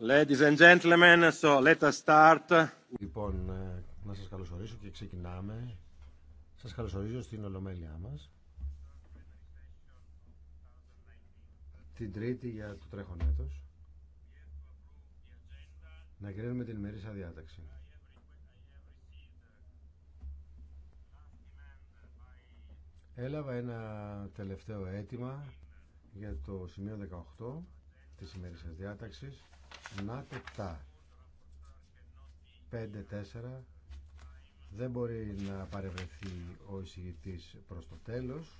Ladies and gentlemen, so let us start. Λοιπόν, ε, να σας καλωσορίσω και ξεκινάμε. Σας καλωσορίζω στην Ολομέλειά μας. Την τρίτη για το τρέχον έτος. Να κρίνουμε την ημερήσα διάταξη. Έλαβα ένα τελευταίο αίτημα για το σημείο 18 της σημερινής διάταξης να τεπτά 5-4 δεν μπορεί να παρευρεθεί ο εισηγητής προς το τέλος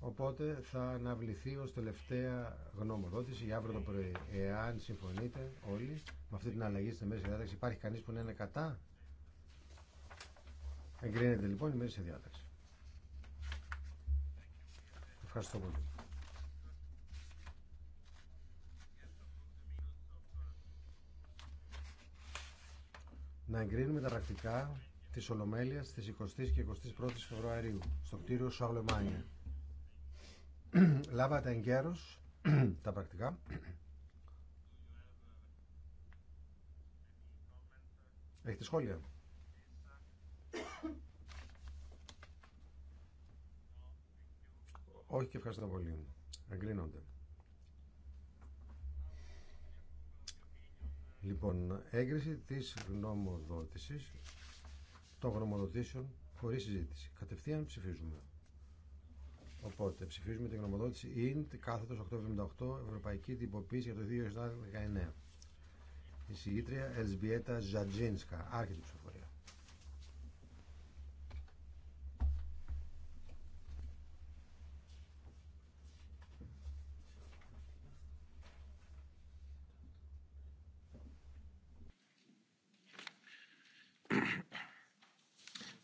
οπότε θα αναβληθεί ως τελευταία γνωμοδότηση για αύριο το πρωί εάν συμφωνείτε όλοι με αυτή την αλλαγή στην της διάταξη υπάρχει κανείς που να είναι κατά εγκρίνεται λοιπόν η ημέρηση διάταξη Ευχαριστώ πολύ. Να εγκρίνουμε τα πρακτικά της Ολομέλειας στις 20 και 21 Φεβρουαρίου στο κτίριο Σαουλεμάνια. Λάβατε εγκαίρως τα πρακτικά. Έχετε σχόλια. Όχι και ευχαριστώ πολύ. Εγκρίνονται. Λοιπόν, έγκριση της γνωμοδότησης των γνωμοδοτήσεων χωρίς συζήτηση. Κατευθείαν ψηφίζουμε. Οπότε ψηφίζουμε την γνωμοδότηση ΙΝΤ κάθετος 878 Ευρωπαϊκή Τυποποίηση για το 2019. Η συγγήτρια Ελσβιέτα Ζατζίνσκα. η ψηφοφορία.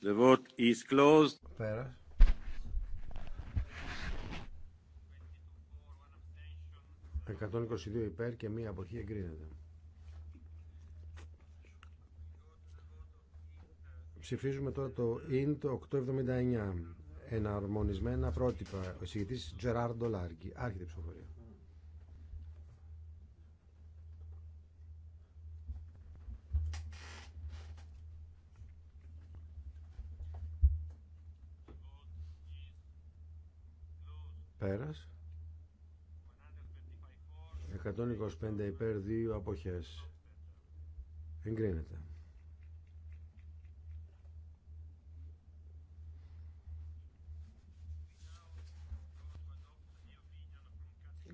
The vote is closed. 122 υπέρ και μία αποχή εγκρίνεται. Ψηφίζουμε τώρα το INT 879. Εναρμονισμένα πρότυπα. Ο εισηγητής Τζεράρντο Λάργκη. Άρχεται η ψηφοφορία. 125 υπέρ 2 αποχές. Εγκρίνεται.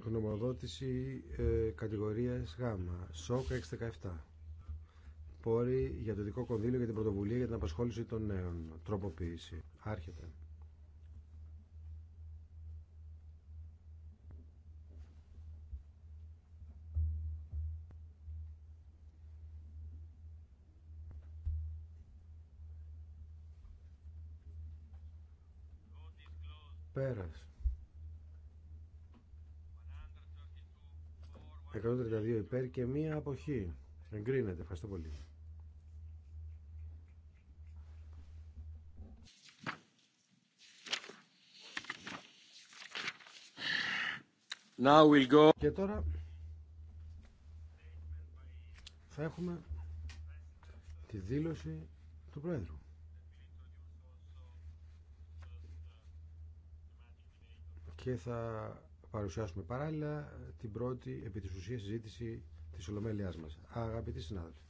Γνωμοδότηση ε, κατηγορίας Γ. ΣΟΚ 617. Πόροι για το δικό κονδύλιο για την πρωτοβουλία για την απασχόληση των νέων. Τροποποίηση. Άρχεται. Πέρας. 132 υπέρ και μία αποχή. Εγκρίνεται. Ευχαριστώ πολύ. Now we'll go. Και τώρα θα έχουμε τη δήλωση του Πρόεδρου. και θα παρουσιάσουμε παράλληλα την πρώτη επί της ουσίας συζήτηση της Ολομέλειάς μας. Αγαπητοί συνάδελφοι.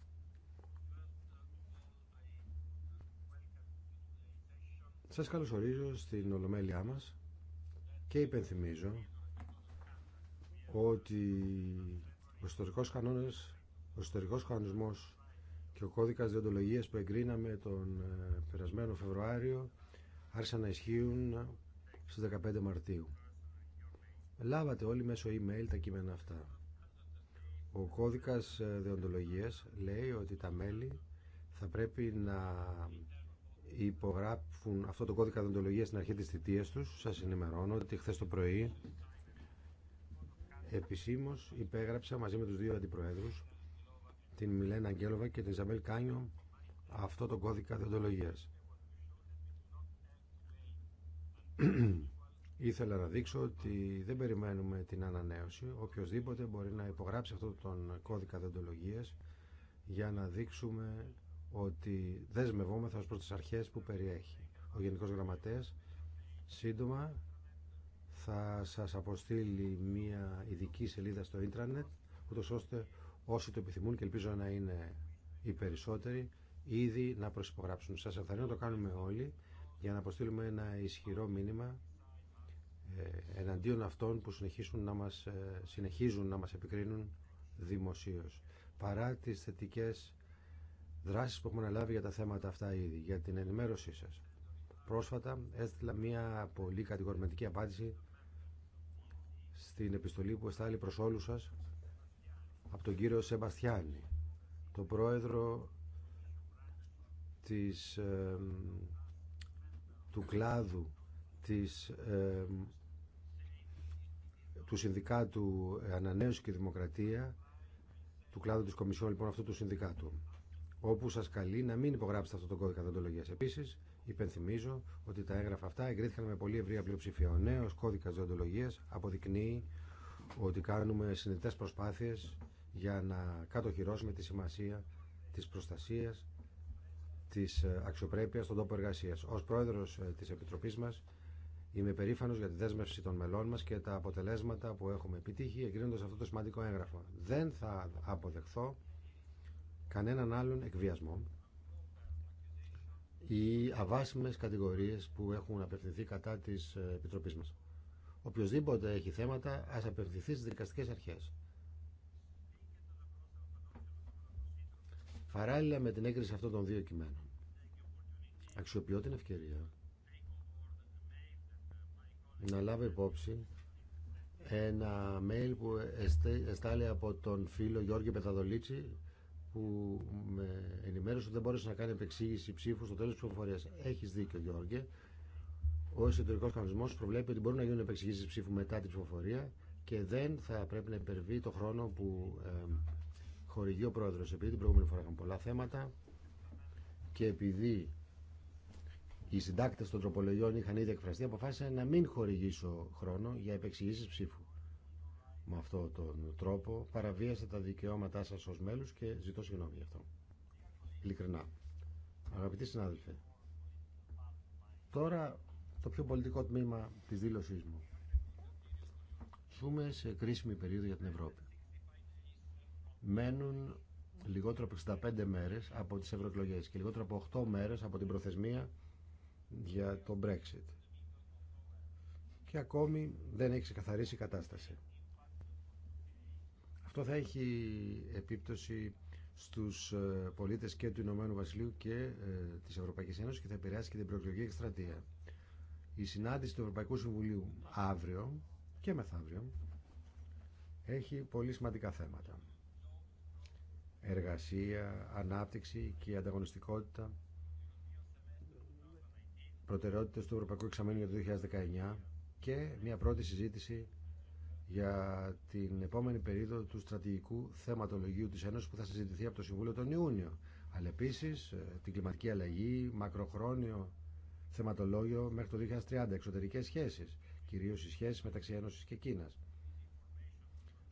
Σας καλωσορίζω στην Ολομέλειά μας και υπενθυμίζω ότι ο ιστορικός κανόνας, ο κανονισμός και ο κώδικας διοντολογίας που εγκρίναμε τον ε, περασμένο Φεβρουάριο άρχισαν να ισχύουν στις 15 Μαρτίου. Λάβατε όλοι μέσω email τα κείμενα αυτά. Ο κώδικας ε, δεοντολογίας λέει ότι τα μέλη θα πρέπει να υπογράφουν αυτό το κώδικα δεοντολογίας στην αρχή της θητείας τους. Σας ενημερώνω ότι χθες το πρωί επισήμως υπέγραψα μαζί με τους δύο αντιπροέδρους την Μιλένα Αγγέλοβα και την Ζαμέλ Κάνιο αυτό το κώδικα δεοντολογίας. Ήθελα να δείξω ότι δεν περιμένουμε την ανανέωση. Οποιοδήποτε μπορεί να υπογράψει αυτόν τον κώδικα δεντολογίας για να δείξουμε ότι δεσμευόμεθα ως προς τις αρχές που περιέχει. Ο Γενικός Γραμματέας σύντομα θα σας αποστείλει μια ειδική σελίδα στο ίντρανετ ούτως ώστε όσοι το επιθυμούν και ελπίζω να είναι οι περισσότεροι ήδη να προσυπογράψουν. Σας ευχαριστώ να το κάνουμε όλοι για να αποστείλουμε ένα ισχυρό μήνυμα ε, εναντίον αυτών που συνεχίζουν να μας, ε, συνεχίζουν να μας επικρίνουν δημοσίως. Παρά τις θετικές δράσεις που έχουμε λάβει για τα θέματα αυτά ήδη, για την ενημέρωσή σας. Πρόσφατα έστειλα μια πολύ κατηγορηματική απάντηση στην επιστολή που εστάλει προς όλους σας από τον κύριο Σεμπαστιάνη, τον πρόεδρο της, του κλάδου της του Συνδικάτου ε, Ανανέωση και Δημοκρατία, του κλάδου τη Κομισιόν λοιπόν αυτού του Συνδικάτου, όπου σα καλεί να μην υπογράψετε αυτό το κώδικα δοντολογία. Επίση, υπενθυμίζω ότι τα έγγραφα αυτά εγκρίθηκαν με πολύ ευρία πλειοψηφία. Ο νέο κώδικα δοντολογία, αποδεικνύει ότι κάνουμε συνειδητέ προσπάθειε για να κατοχυρώσουμε τη σημασία τη προστασία, τη ε, αξιοπρέπεια στον τόπο εργασία. Ω πρόεδρο ε, τη Επιτροπή μα. Είμαι περήφανο για τη δέσμευση των μελών μα και τα αποτελέσματα που έχουμε επιτύχει εγκρίνοντα αυτό το σημαντικό έγγραφο. Δεν θα αποδεχθώ κανέναν άλλον εκβιασμό ή αβάσιμε κατηγορίες που έχουν απευθυνθεί κατά τη ε, επιτροπή μας. Οποιοδήποτε έχει θέματα, ας απευθυνθεί στις δικαστικές αρχέ. Παράλληλα με την έγκριση αυτών των δύο κειμένων, αξιοποιώ την ευκαιρία να λάβει υπόψη ένα mail που εστάλει από τον φίλο Γιώργη Πεταδολίτση που με ενημέρωσε ότι δεν μπόρεσε να κάνει επεξήγηση ψήφου στο τέλο τη ψηφοφορία. Έχει δίκιο, Γιώργη. Ο εσωτερικό κανονισμό προβλέπει ότι μπορούν να γίνουν επεξηγήσει ψήφου μετά την ψηφοφορία και δεν θα πρέπει να υπερβεί το χρόνο που ε, χορηγεί ο πρόεδρο. Επειδή την προηγούμενη φορά είχαμε πολλά θέματα και επειδή οι συντάκτε των τροπολογιών είχαν ήδη εκφραστεί, αποφάσισα να μην χορηγήσω χρόνο για επεξηγήσει ψήφου. Με αυτόν τον τρόπο παραβίασα τα δικαιώματά σα ω μέλου και ζητώ συγγνώμη γι' αυτό. Ειλικρινά. Αγαπητοί συνάδελφοι, τώρα το πιο πολιτικό τμήμα τη δήλωσή μου. Ζούμε σε κρίσιμη περίοδο για την Ευρώπη. Μένουν λιγότερο από 65 μέρε από τι ευρωεκλογέ και λιγότερο από 8 μέρε από την προθεσμία για το Brexit. Και ακόμη δεν έχει ξεκαθαρίσει η κατάσταση. Αυτό θα έχει επίπτωση στους ε, πολίτες και του Ηνωμένου Βασιλείου και ε, της Ευρωπαϊκής Ένωσης και θα επηρεάσει και την προεκλογική εκστρατεία. Η συνάντηση του Ευρωπαϊκού Συμβουλίου αύριο και μεθαύριο έχει πολύ σημαντικά θέματα. Εργασία, ανάπτυξη και ανταγωνιστικότητα προτεραιότητες του Ευρωπαϊκού Εξαμένου για το 2019 και μια πρώτη συζήτηση για την επόμενη περίοδο του στρατηγικού θεματολογίου της Ένωσης που θα συζητηθεί από το Συμβούλιο τον Ιούνιο. Αλλά επίση ε, την κλιματική αλλαγή, μακροχρόνιο θεματολόγιο μέχρι το 2030, εξωτερικές σχέσεις, κυρίως οι σχέσεις μεταξύ Ένωση και κίνα.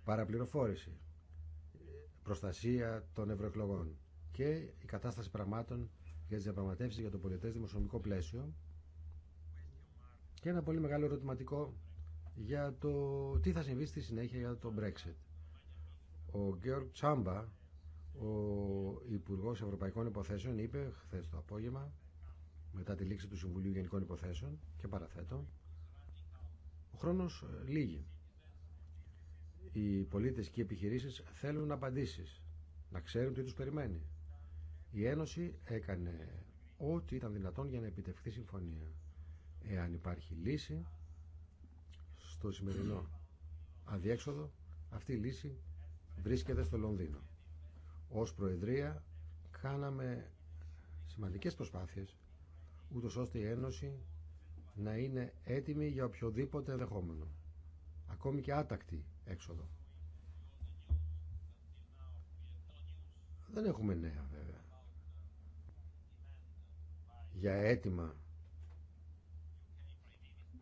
Παραπληροφόρηση, προστασία των ευρωεκλογών και η κατάσταση πραγμάτων για τι διαπραγματεύσει για το πολιτέ δημοσιονομικό πλαίσιο και ένα πολύ μεγάλο ερωτηματικό για το τι θα συμβεί στη συνέχεια για το Brexit. Ο Γκέορκ Τσάμπα, ο Υπουργός Ευρωπαϊκών Υποθέσεων, είπε χθε το απόγευμα, μετά τη λήξη του Συμβουλίου Γενικών Υποθέσεων, και παραθέτω, ο χρόνος ε, λύγει. Οι πολίτες και οι επιχειρήσεις θέλουν απαντήσεις, να ξέρουν τι τους περιμένει. Η Ένωση έκανε ό,τι ήταν δυνατόν για να επιτευχθεί συμφωνία. Εάν υπάρχει λύση στο σημερινό αδιέξοδο, αυτή η λύση βρίσκεται στο Λονδίνο. Ως Προεδρία κάναμε σημαντικές προσπάθειες, ούτως ώστε η Ένωση να είναι έτοιμη για οποιοδήποτε ενδεχόμενο, ακόμη και άτακτη έξοδο. Δεν έχουμε νέα βέβαια για έτοιμα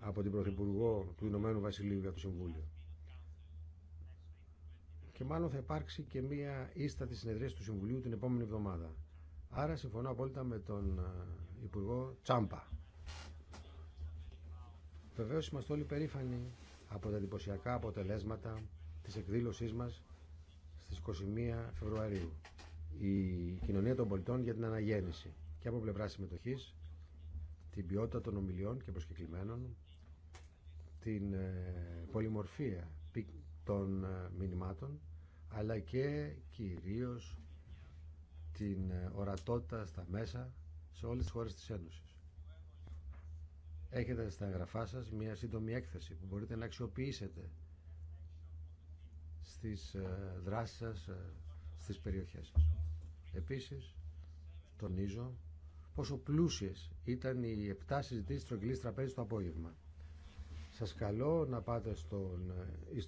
από την Πρωθυπουργό του Ηνωμένου Βασιλείου για το Συμβούλιο. Και μάλλον θα υπάρξει και μία ίστατη συνεδρίαση του Συμβουλίου την επόμενη εβδομάδα. Άρα συμφωνώ απόλυτα με τον ε, Υπουργό Τσάμπα. Βεβαίω είμαστε όλοι περήφανοι από τα εντυπωσιακά αποτελέσματα της εκδήλωσής μας στις 21 Φεβρουαρίου. Η κοινωνία των πολιτών για την αναγέννηση και από πλευρά συμμετοχή, την ποιότητα των ομιλιών και προσκεκλημένων, την ε, πολυμορφία των ε, μηνυμάτων αλλά και κυρίως την ε, ορατότητα στα μέσα σε όλες τις χώρες της Ένωσης. Έχετε στα εγγραφά σας μια σύντομη έκθεση που μπορείτε να αξιοποιήσετε στις δράσεις σας, στις περιοχές σας. Επίσης, τονίζω πόσο πλούσιες ήταν οι επτά συζητήσεις τρογγυλής Τραπέζης το απόγευμα. Σας καλώ να πάτε στον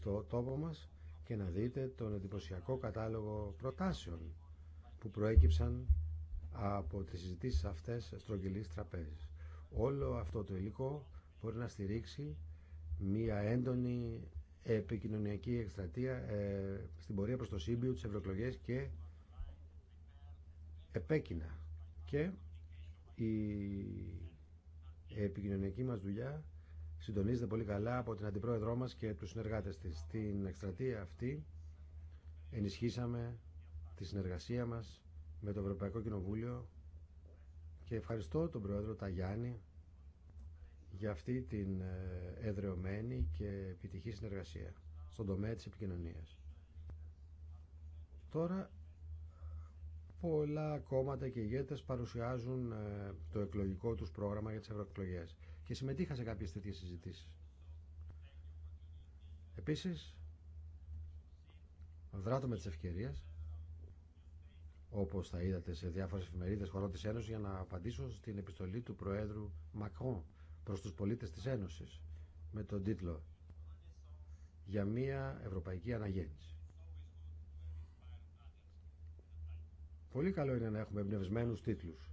ε, τόπο μας και να δείτε τον εντυπωσιακό κατάλογο προτάσεων που προέκυψαν από τις συζητήσεις αυτές στρογγυλής τραπέζης. Όλο αυτό το υλικό μπορεί να στηρίξει μία έντονη επικοινωνιακή εκστρατεία ε, στην πορεία προς το Σύμπιο, τις ευρωεκλογέ και επέκεινα. Και η επικοινωνιακή μας δουλειά συντονίζεται πολύ καλά από την αντιπρόεδρό μας και τους συνεργάτες της. Στην εκστρατεία αυτή ενισχύσαμε τη συνεργασία μας με το Ευρωπαϊκό Κοινοβούλιο και ευχαριστώ τον Πρόεδρο Ταγιάννη για αυτή την ε, εδρεωμένη και επιτυχή συνεργασία στον τομέα της επικοινωνίας. Τώρα πολλά κόμματα και ηγέτες παρουσιάζουν ε, το εκλογικό τους πρόγραμμα για τις ευρωεκλογές και συμμετείχα σε κάποιες τέτοιες συζητήσεις. Επίσης, δράτω με τις ευκαιρίες, όπως θα είδατε σε διάφορες εφημερίδες χωρών της Ένωσης, για να απαντήσω στην επιστολή του Προέδρου Μακρόν προς τους πολίτες της Ένωσης, με τον τίτλο «Για μια Ευρωπαϊκή Αναγέννηση». Πολύ καλό είναι να έχουμε εμπνευσμένου τίτλους.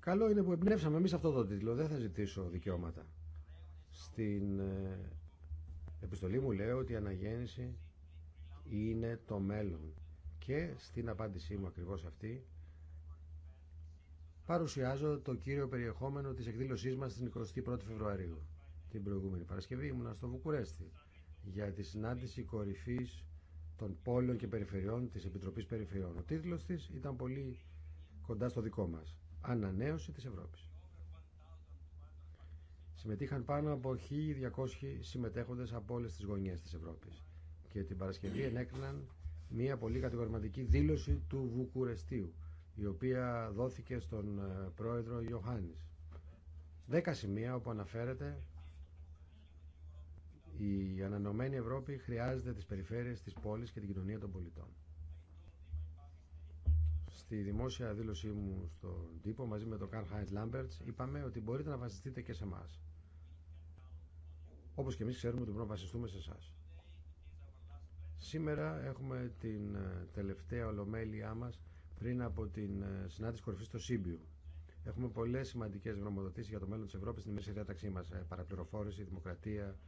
Καλό είναι που εμπνεύσαμε εμείς αυτό το τίτλο. Δεν θα ζητήσω δικαιώματα. Στην ε, επιστολή μου λέω ότι η αναγέννηση είναι το μέλλον. Και στην απάντησή μου ακριβώς αυτή παρουσιάζω το κύριο περιεχόμενο της εκδήλωσής μας στην 21η Φεβρουαρίου. Την προηγούμενη Παρασκευή ήμουνα στο Βουκουρέστι για τη συνάντηση κορυφής των πόλεων και περιφερειών της Επιτροπής Περιφερειών. Ο τίτλος της ήταν πολύ κοντά στο δικό μας ανανέωση της Ευρώπης. Συμμετείχαν πάνω από 1.200 συμμετέχοντες από όλες τις γωνιές της Ευρώπης και την Παρασκευή ενέκριναν μια πολύ κατηγορηματική δήλωση του Βουκουρεστίου η οποία δόθηκε στον ε, πρόεδρο Ιωάννης. Δέκα σημεία όπου αναφέρεται η ανανομένη Ευρώπη χρειάζεται τις περιφέρειες, τις πόλεις και την κοινωνία των πολιτών στη δημόσια δήλωσή μου στον τύπο μαζί με τον Καρλ Χάιντ Λάμπερτς είπαμε ότι μπορείτε να βασιστείτε και σε εμά. Όπω και εμεί ξέρουμε ότι μπορούμε να βασιστούμε σε εσά. Σήμερα έχουμε την ε, τελευταία ολομέλειά μα πριν από την ε, συνάντηση κορυφή στο Σύμπιου. Έχουμε πολλέ σημαντικέ γνωμοδοτήσει για το μέλλον τη Ευρώπη στην μέση διάταξή μα. Ε, παραπληροφόρηση, δημοκρατία,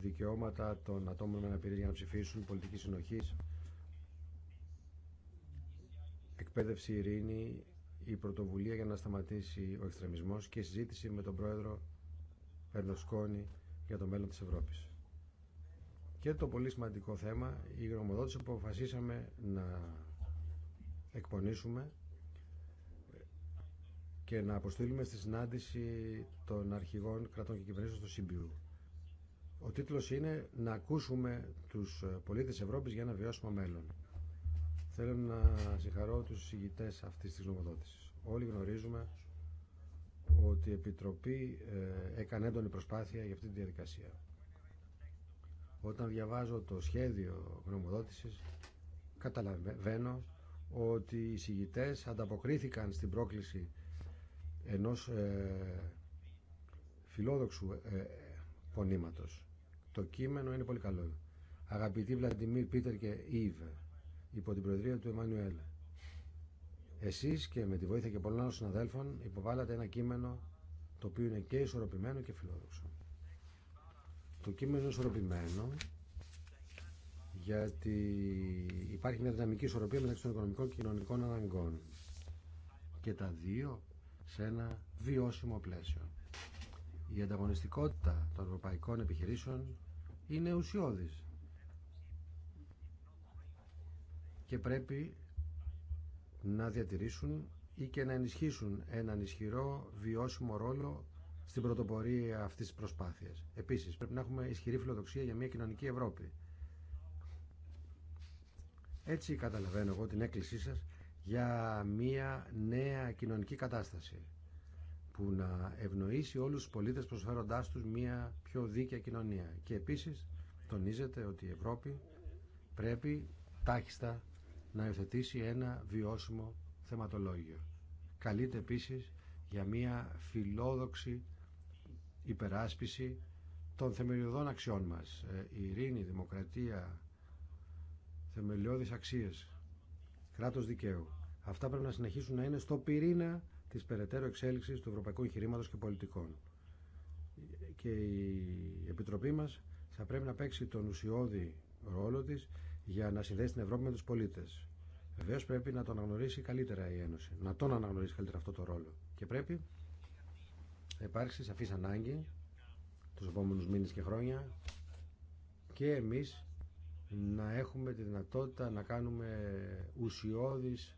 δικαιώματα των ατόμων με αναπηρία για να ψηφίσουν, πολιτική συνοχή, εκπαίδευση, η ειρήνη, η πρωτοβουλία για να σταματήσει ο εξτρεμισμός και η συζήτηση με τον πρόεδρο Περνοσκόνη για το μέλλον της Ευρώπης. Και το πολύ σημαντικό θέμα, η γνωμοδότηση που αποφασίσαμε να εκπονήσουμε και να αποστείλουμε στη συνάντηση των αρχηγών κρατών και κυβερνήσεων του ΣΥΜΠΙΟΥ. Ο τίτλος είναι «Να ακούσουμε τους πολίτες Ευρώπης για ένα βιώσιμο μέλλον». Θέλω να συγχαρώ τους συγητές αυτής της νομοδότησης. Όλοι γνωρίζουμε ότι η Επιτροπή ε, έκανε έντονη προσπάθεια για αυτή τη διαδικασία. Όταν διαβάζω το σχέδιο γνωμοδότησης, καταλαβαίνω ότι οι συγητές ανταποκρίθηκαν στην πρόκληση ενός ε, φιλόδοξου πονήματος. Ε, το κείμενο είναι πολύ καλό. Αγαπητοί Βλαντιμίρ, Πίτερ και Ήβε, υπό την Προεδρία του Εμμανουέλ. Εσείς και με τη βοήθεια και πολλών άλλων συναδέλφων υποβάλλατε ένα κείμενο το οποίο είναι και ισορροπημένο και φιλόδοξο. Το κείμενο είναι ισορροπημένο γιατί υπάρχει μια δυναμική ισορροπία μεταξύ των οικονομικών και κοινωνικών αναγκών και τα δύο σε ένα βιώσιμο πλαίσιο. Η ανταγωνιστικότητα των ευρωπαϊκών επιχειρήσεων είναι ουσιώδης και πρέπει να διατηρήσουν ή και να ενισχύσουν έναν ισχυρό βιώσιμο ρόλο στην πρωτοπορία αυτής της προσπάθειας. Επίσης, πρέπει να έχουμε ισχυρή φιλοδοξία για μια κοινωνική Ευρώπη. Έτσι καταλαβαίνω εγώ την έκκλησή σας για μια νέα κοινωνική κατάσταση που να ευνοήσει όλους τους πολίτες προσφέροντάς τους μια πιο δίκαια κοινωνία. Και επίσης τονίζεται ότι η Ευρώπη πρέπει τάχιστα να υιοθετήσει ένα βιώσιμο θεματολόγιο. Καλείται επίση για μια φιλόδοξη υπεράσπιση των θεμελιωδών αξιών μας. Ε, η ειρήνη, η δημοκρατία, θεμελιώδεις αξίες, κράτος δικαίου. Αυτά πρέπει να συνεχίσουν να είναι στο πυρήνα της περαιτέρω εξέλιξης του ευρωπαϊκού εγχειρήματο και πολιτικών. Και η Επιτροπή μας θα πρέπει να παίξει τον ουσιώδη ρόλο της για να συνδέσει την Ευρώπη με του πολίτε. Βεβαίω πρέπει να τον αναγνωρίσει καλύτερα η Ένωση, να τον αναγνωρίσει καλύτερα αυτό το ρόλο. Και πρέπει να υπάρξει σαφή ανάγκη τους επόμενου μήνες και χρόνια και εμείς να έχουμε τη δυνατότητα να κάνουμε ουσιώδεις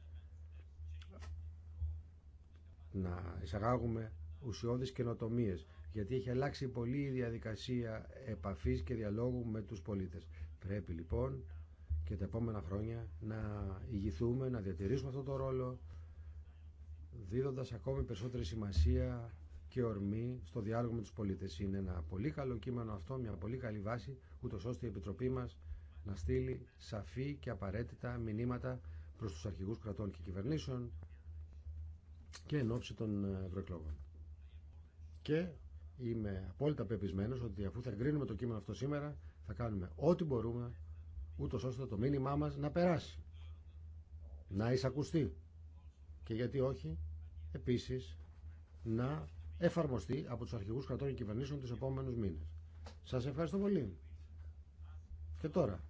να εισαγάγουμε ουσιώδεις καινοτομίε, γιατί έχει αλλάξει πολύ η διαδικασία επαφής και διαλόγου με τους πολίτες. Πρέπει λοιπόν και τα επόμενα χρόνια να ηγηθούμε, να διατηρήσουμε αυτό το ρόλο δίδοντας ακόμη περισσότερη σημασία και ορμή στο διάλογο με τους πολίτες. Είναι ένα πολύ καλό κείμενο αυτό, μια πολύ καλή βάση, ούτω ώστε η Επιτροπή μας να στείλει σαφή και απαραίτητα μηνύματα προς τους αρχηγούς κρατών και κυβερνήσεων και εν ώψη των ε, ευρωεκλογών. Και είμαι απόλυτα πεπισμένος ότι αφού θα εγκρίνουμε το κείμενο αυτό σήμερα, θα κάνουμε ό,τι μπορούμε ούτω ώστε το μήνυμά μας να περάσει, να εισακουστεί και γιατί όχι επίσης να εφαρμοστεί από τους αρχηγούς κρατών και κυβερνήσεων τους επόμενους μήνες. Σας ευχαριστώ πολύ. Και τώρα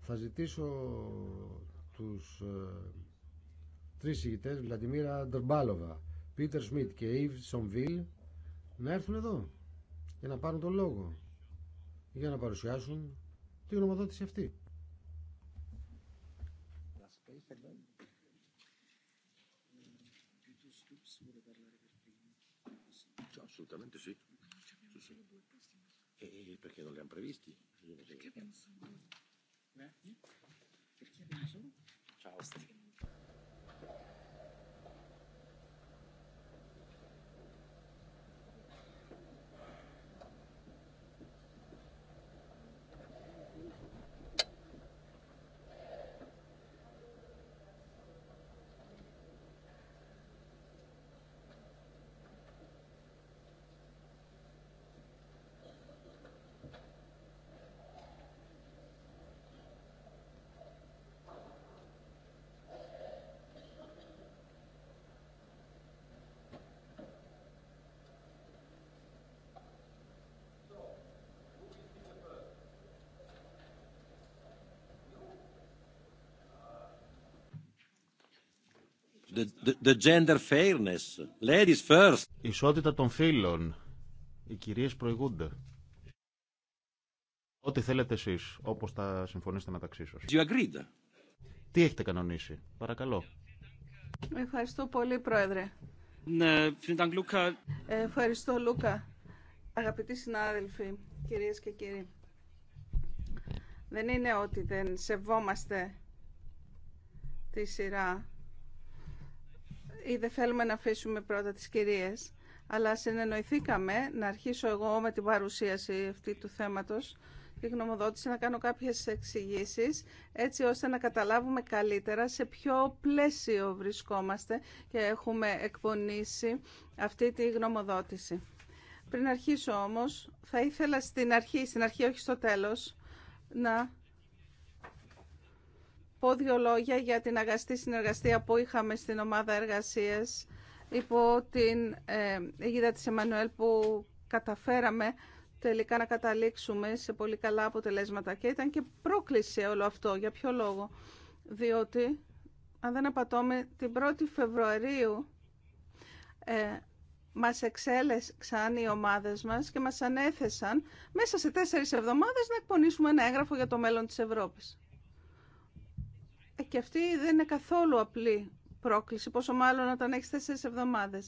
θα ζητήσω τους ε, τρεις ηγητές, Βλαντιμίρα Ντορμπάλοβα, Πίτερ Σμιτ και Ιβ Σομβίλ, να έρθουν εδώ για να πάρουν τον λόγο, για να παρουσιάσουν τη γνωμοδότηση αυτή. Assolutamente sì. E perché non li hanno previsti? Perché abbiamo solo? Perché Ciao. The, the, gender fairness. Ladies first. Ισότητα των φίλων. Οι κυρίες προηγούνται. Ό,τι θέλετε εσείς, όπως θα συμφωνήσετε μεταξύ σας. You agreed. Τι έχετε κανονίσει, παρακαλώ. Ευχαριστώ πολύ, Πρόεδρε. Ναι, Λούκα. Ευχαριστώ, Λούκα. Αγαπητοί συνάδελφοι, κυρίες και κύριοι. Δεν είναι ότι δεν σεβόμαστε τη σειρά ή δεν θέλουμε να αφήσουμε πρώτα τις κυρίες, αλλά συνεννοηθήκαμε να αρχίσω εγώ με την παρουσίαση αυτή του θέματος και γνωμοδότηση να κάνω κάποιες εξηγήσει έτσι ώστε να καταλάβουμε καλύτερα σε ποιο πλαίσιο βρισκόμαστε και έχουμε εκπονήσει αυτή τη γνωμοδότηση. Πριν αρχίσω όμως, θα ήθελα στην αρχή, στην αρχή όχι στο τέλος, να πω δύο λόγια για την αγαστή συνεργασία που είχαμε στην ομάδα εργασίας υπό την ε, αιγύδα της Εμμανουέλ που καταφέραμε τελικά να καταλήξουμε σε πολύ καλά αποτελέσματα και ήταν και πρόκληση όλο αυτό. Για ποιο λόγο. Διότι, αν δεν απατώμε, την 1η Φεβρουαρίου ε, μας εξέλεξαν οι ομάδες μας και μας ανέθεσαν μέσα σε τέσσερις εβδομάδες να εκπονήσουμε ένα έγγραφο για το μέλλον της Ευρώπης. Ε, και αυτή δεν είναι καθόλου απλή πρόκληση, πόσο μάλλον όταν έχει τέσσερι εβδομάδε.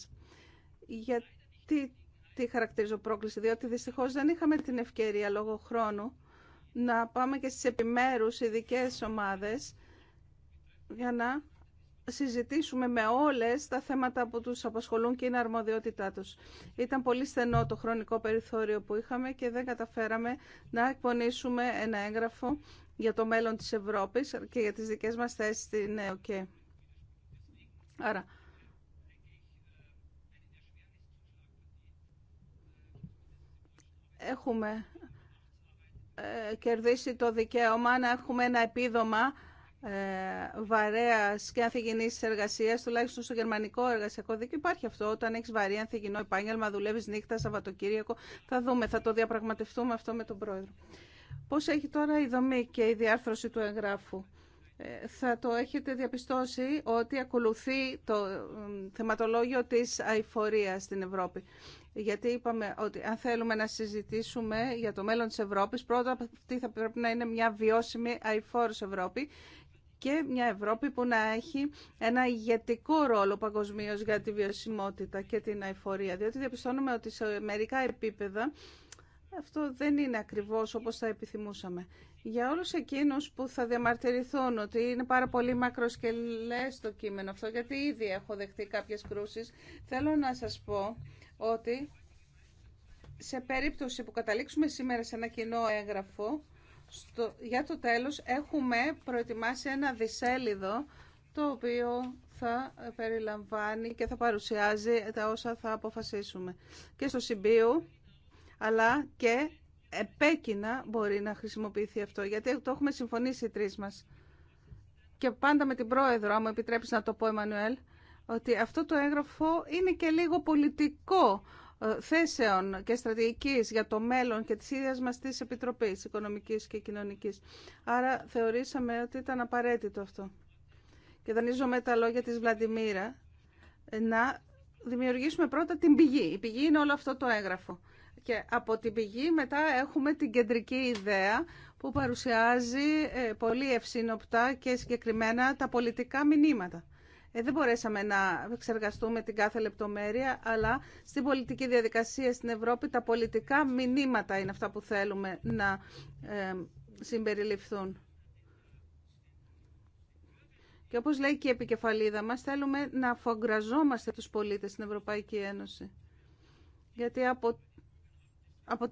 Γιατί τη χαρακτηρίζω πρόκληση, διότι δυστυχώ δεν είχαμε την ευκαιρία λόγω χρόνου να πάμε και στις επιμέρους ειδικέ ομάδες για να συζητήσουμε με όλες τα θέματα που τους απασχολούν και είναι αρμοδιότητά τους. Ήταν πολύ στενό το χρονικό περιθώριο που είχαμε και δεν καταφέραμε να εκπονήσουμε ένα έγγραφο για το μέλλον της Ευρώπης και για τις δικές μας θέσεις στην ΕΟΚΕ. Άρα, έχουμε ε, κερδίσει το δικαίωμα να έχουμε ένα επίδομα ε, βαρέας και ανθυγινής εργασίας, τουλάχιστον στο γερμανικό εργασιακό δίκαιο υπάρχει αυτό. Όταν έχεις βαρύ ανθυγινό επάγγελμα, δουλεύεις νύχτα, Σαββατοκύριακο, θα δούμε, θα το διαπραγματευτούμε αυτό με τον πρόεδρο. Πώς έχει τώρα η δομή και η διάρθρωση του εγγράφου. Ε, θα το έχετε διαπιστώσει ότι ακολουθεί το θεματολόγιο της αηφορίας στην Ευρώπη. Γιατί είπαμε ότι αν θέλουμε να συζητήσουμε για το μέλλον της Ευρώπης, πρώτα αυτή θα πρέπει να είναι μια βιώσιμη αηφόρος Ευρώπη και μια Ευρώπη που να έχει ένα ηγετικό ρόλο παγκοσμίω για τη βιωσιμότητα και την αηφορία. Διότι διαπιστώνουμε ότι σε μερικά επίπεδα αυτό δεν είναι ακριβώς όπως θα επιθυμούσαμε. Για όλους εκείνους που θα διαμαρτυρηθούν ότι είναι πάρα πολύ μακροσκελές το κείμενο αυτό, γιατί ήδη έχω δεχτεί κάποιες κρούσεις, θέλω να σας πω ότι σε περίπτωση που καταλήξουμε σήμερα σε ένα κοινό έγγραφο, στο, για το τέλος έχουμε προετοιμάσει ένα δισέλιδο το οποίο θα περιλαμβάνει και θα παρουσιάζει τα όσα θα αποφασίσουμε. Και στο συμπίου αλλά και επέκεινα μπορεί να χρησιμοποιηθεί αυτό, γιατί το έχουμε συμφωνήσει οι τρεις μας. Και πάντα με την πρόεδρο, αν μου επιτρέψεις να το πω, Εμμανουέλ, ότι αυτό το έγγραφο είναι και λίγο πολιτικό ε, θέσεων και στρατηγικής για το μέλλον και της ίδιας μας της Επιτροπής Οικονομικής και Κοινωνικής. Άρα θεωρήσαμε ότι ήταν απαραίτητο αυτό. Και δανείζομαι τα λόγια της Βλαντιμίρα ε, να δημιουργήσουμε πρώτα την πηγή. Η πηγή είναι όλο αυτό το έγγραφο. Και από την πηγή μετά έχουμε την κεντρική ιδέα που παρουσιάζει ε, πολύ ευσύνοπτα και συγκεκριμένα τα πολιτικά μηνύματα. Ε, δεν μπορέσαμε να εξεργαστούμε την κάθε λεπτομέρεια, αλλά στην πολιτική διαδικασία στην Ευρώπη τα πολιτικά μηνύματα είναι αυτά που θέλουμε να ε, συμπεριληφθούν. Και όπως λέει και η επικεφαλίδα μας, θέλουμε να αφογκραζόμαστε τους πολίτες στην Ευρωπαϊκή Ένωση. Γιατί από από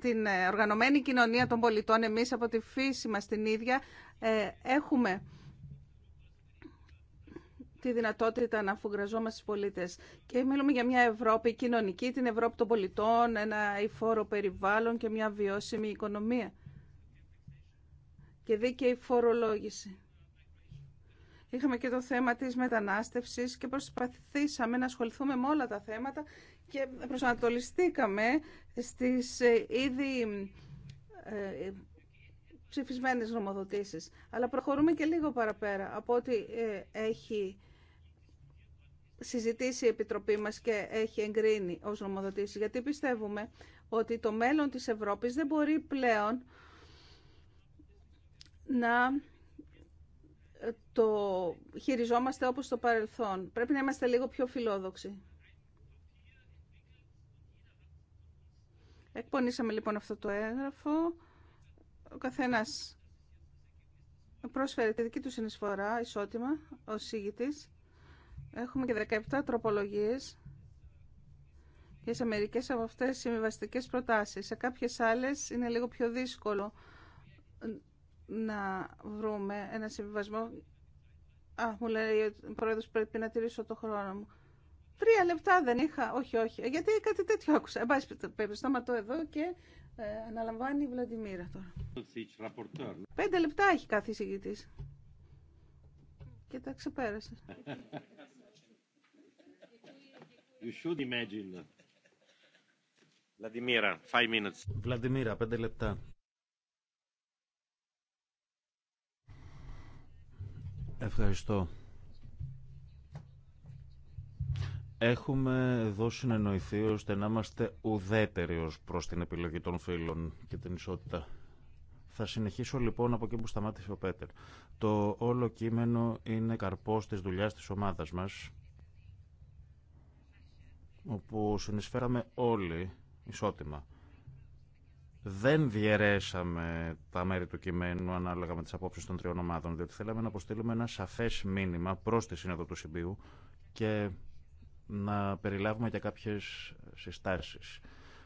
την ε, οργανωμένη κοινωνία των πολιτών, εμείς από τη φύση μας την ίδια, ε, έχουμε τη δυνατότητα να αφουγκραζόμαστε στους πολίτες. Και μιλούμε για μια Ευρώπη κοινωνική, την Ευρώπη των πολιτών, ένα υφόρο περιβάλλον και μια βιώσιμη οικονομία. Και δίκαιη φορολόγηση. Είχαμε και το θέμα της μετανάστευσης και προσπαθήσαμε να ασχοληθούμε με όλα τα θέματα και προσανατολιστήκαμε στις ε, ήδη ε, ψηφισμένες νομοδοτήσεις. Αλλά προχωρούμε και λίγο παραπέρα από ό,τι ε, έχει συζητήσει η Επιτροπή μας και έχει εγκρίνει ως νομοδοτήσεις. Γιατί πιστεύουμε ότι το μέλλον της Ευρώπης δεν μπορεί πλέον να το χειριζόμαστε όπως το παρελθόν. Πρέπει να είμαστε λίγο πιο φιλόδοξοι. Εκπονήσαμε λοιπόν αυτό το έγγραφο. Ο καθένας πρόσφερε τη δική του συνεισφορά, ισότιμα, ω ηγητή. Έχουμε και 17 τροπολογίες και σε μερικέ από αυτές συμβιβαστικέ προτάσεις. Σε κάποιες άλλες είναι λίγο πιο δύσκολο να βρούμε ένα συμβιβασμό. Α, μου λέει ο πρόεδρο πρέπει να τηρήσω το χρόνο μου. Τρία λεπτά δεν είχα, όχι, όχι, γιατί κάτι τέτοιο άκουσα. Εν πάση σταματώ εδώ και ε, αναλαμβάνει η Βλαντιμίρα τώρα. Πέντε λεπτά έχει κάθε εισηγητή. Και τα ξεπέρασε. You should imagine. Βλαντιμίρα, five minutes. Βλαντιμίρα, πέντε λεπτά. Ευχαριστώ. Έχουμε εδώ συνεννοηθεί ώστε να είμαστε ουδέτεροι ως προς την επιλογή των φίλων και την ισότητα. Θα συνεχίσω λοιπόν από εκεί που σταμάτησε ο Πέτερ. Το όλο κείμενο είναι καρπός της δουλειάς της ομάδας μας, όπου συνεισφέραμε όλοι ισότιμα. Δεν διαιρέσαμε τα μέρη του κειμένου ανάλογα με τις απόψεις των τριών ομάδων, διότι θέλαμε να αποστείλουμε ένα σαφές μήνυμα προς τη Σύνοδο του Συμπίου και να περιλάβουμε και κάποιες συστάσεις.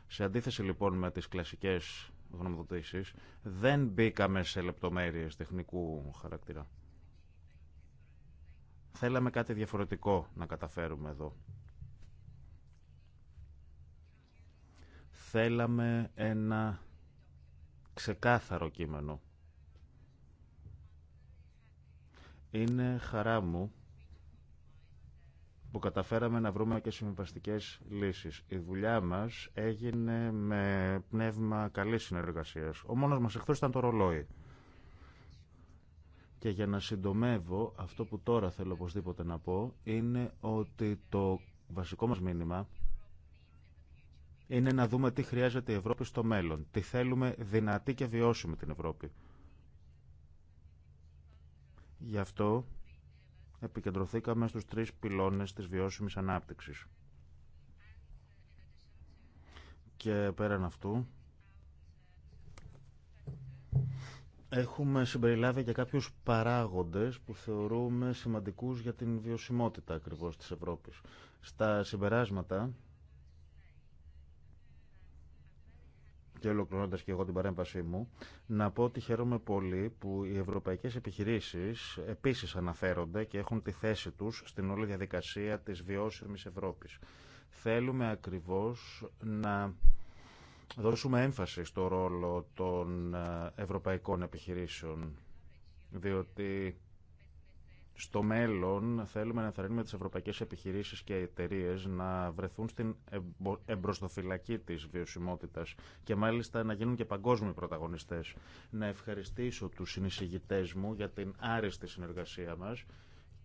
Σε αντίθεση λοιπόν με τις κλασικές γνωμοδοτήσεις, δεν μπήκαμε σε λεπτομέρειες τεχνικού χαρακτήρα. Θέλαμε κάτι διαφορετικό να καταφέρουμε εδώ. Θέλαμε ένα ξεκάθαρο κείμενο. Είναι χαρά μου που καταφέραμε να βρούμε και συμβαστικέ λύσεις. Η δουλειά μας έγινε με πνεύμα καλής συνεργασίας. Ο μόνος μας εχθρός ήταν το ρολόι. Και για να συντομεύω, αυτό που τώρα θέλω οπωσδήποτε να πω είναι ότι το βασικό μας μήνυμα είναι να δούμε τι χρειάζεται η Ευρώπη στο μέλλον. Τι θέλουμε δυνατή και βιώσιμη την Ευρώπη. Γι' αυτό επικεντρωθήκαμε στους τρεις πυλώνες της βιώσιμης ανάπτυξης. Και πέραν αυτού, Έχουμε συμπεριλάβει και κάποιους παράγοντες που θεωρούμε σημαντικούς για την βιωσιμότητα ακριβώς της Ευρώπης. Στα συμπεράσματα και ολοκληρώνοντα και εγώ την παρέμβασή μου, να πω ότι χαίρομαι πολύ που οι ευρωπαϊκέ επιχειρήσει επίση αναφέρονται και έχουν τη θέση του στην όλη διαδικασία τη βιώσιμη Ευρώπη. Θέλουμε ακριβώ να δώσουμε έμφαση στο ρόλο των ε, ευρωπαϊκών επιχειρήσεων, διότι στο μέλλον θέλουμε να θαρρύνουμε τις ευρωπαϊκές επιχειρήσεις και εταιρείε να βρεθούν στην εμπροστοφυλακή της βιωσιμότητας και μάλιστα να γίνουν και παγκόσμιοι πρωταγωνιστές. Να ευχαριστήσω τους συνεισηγητές μου για την άριστη συνεργασία μας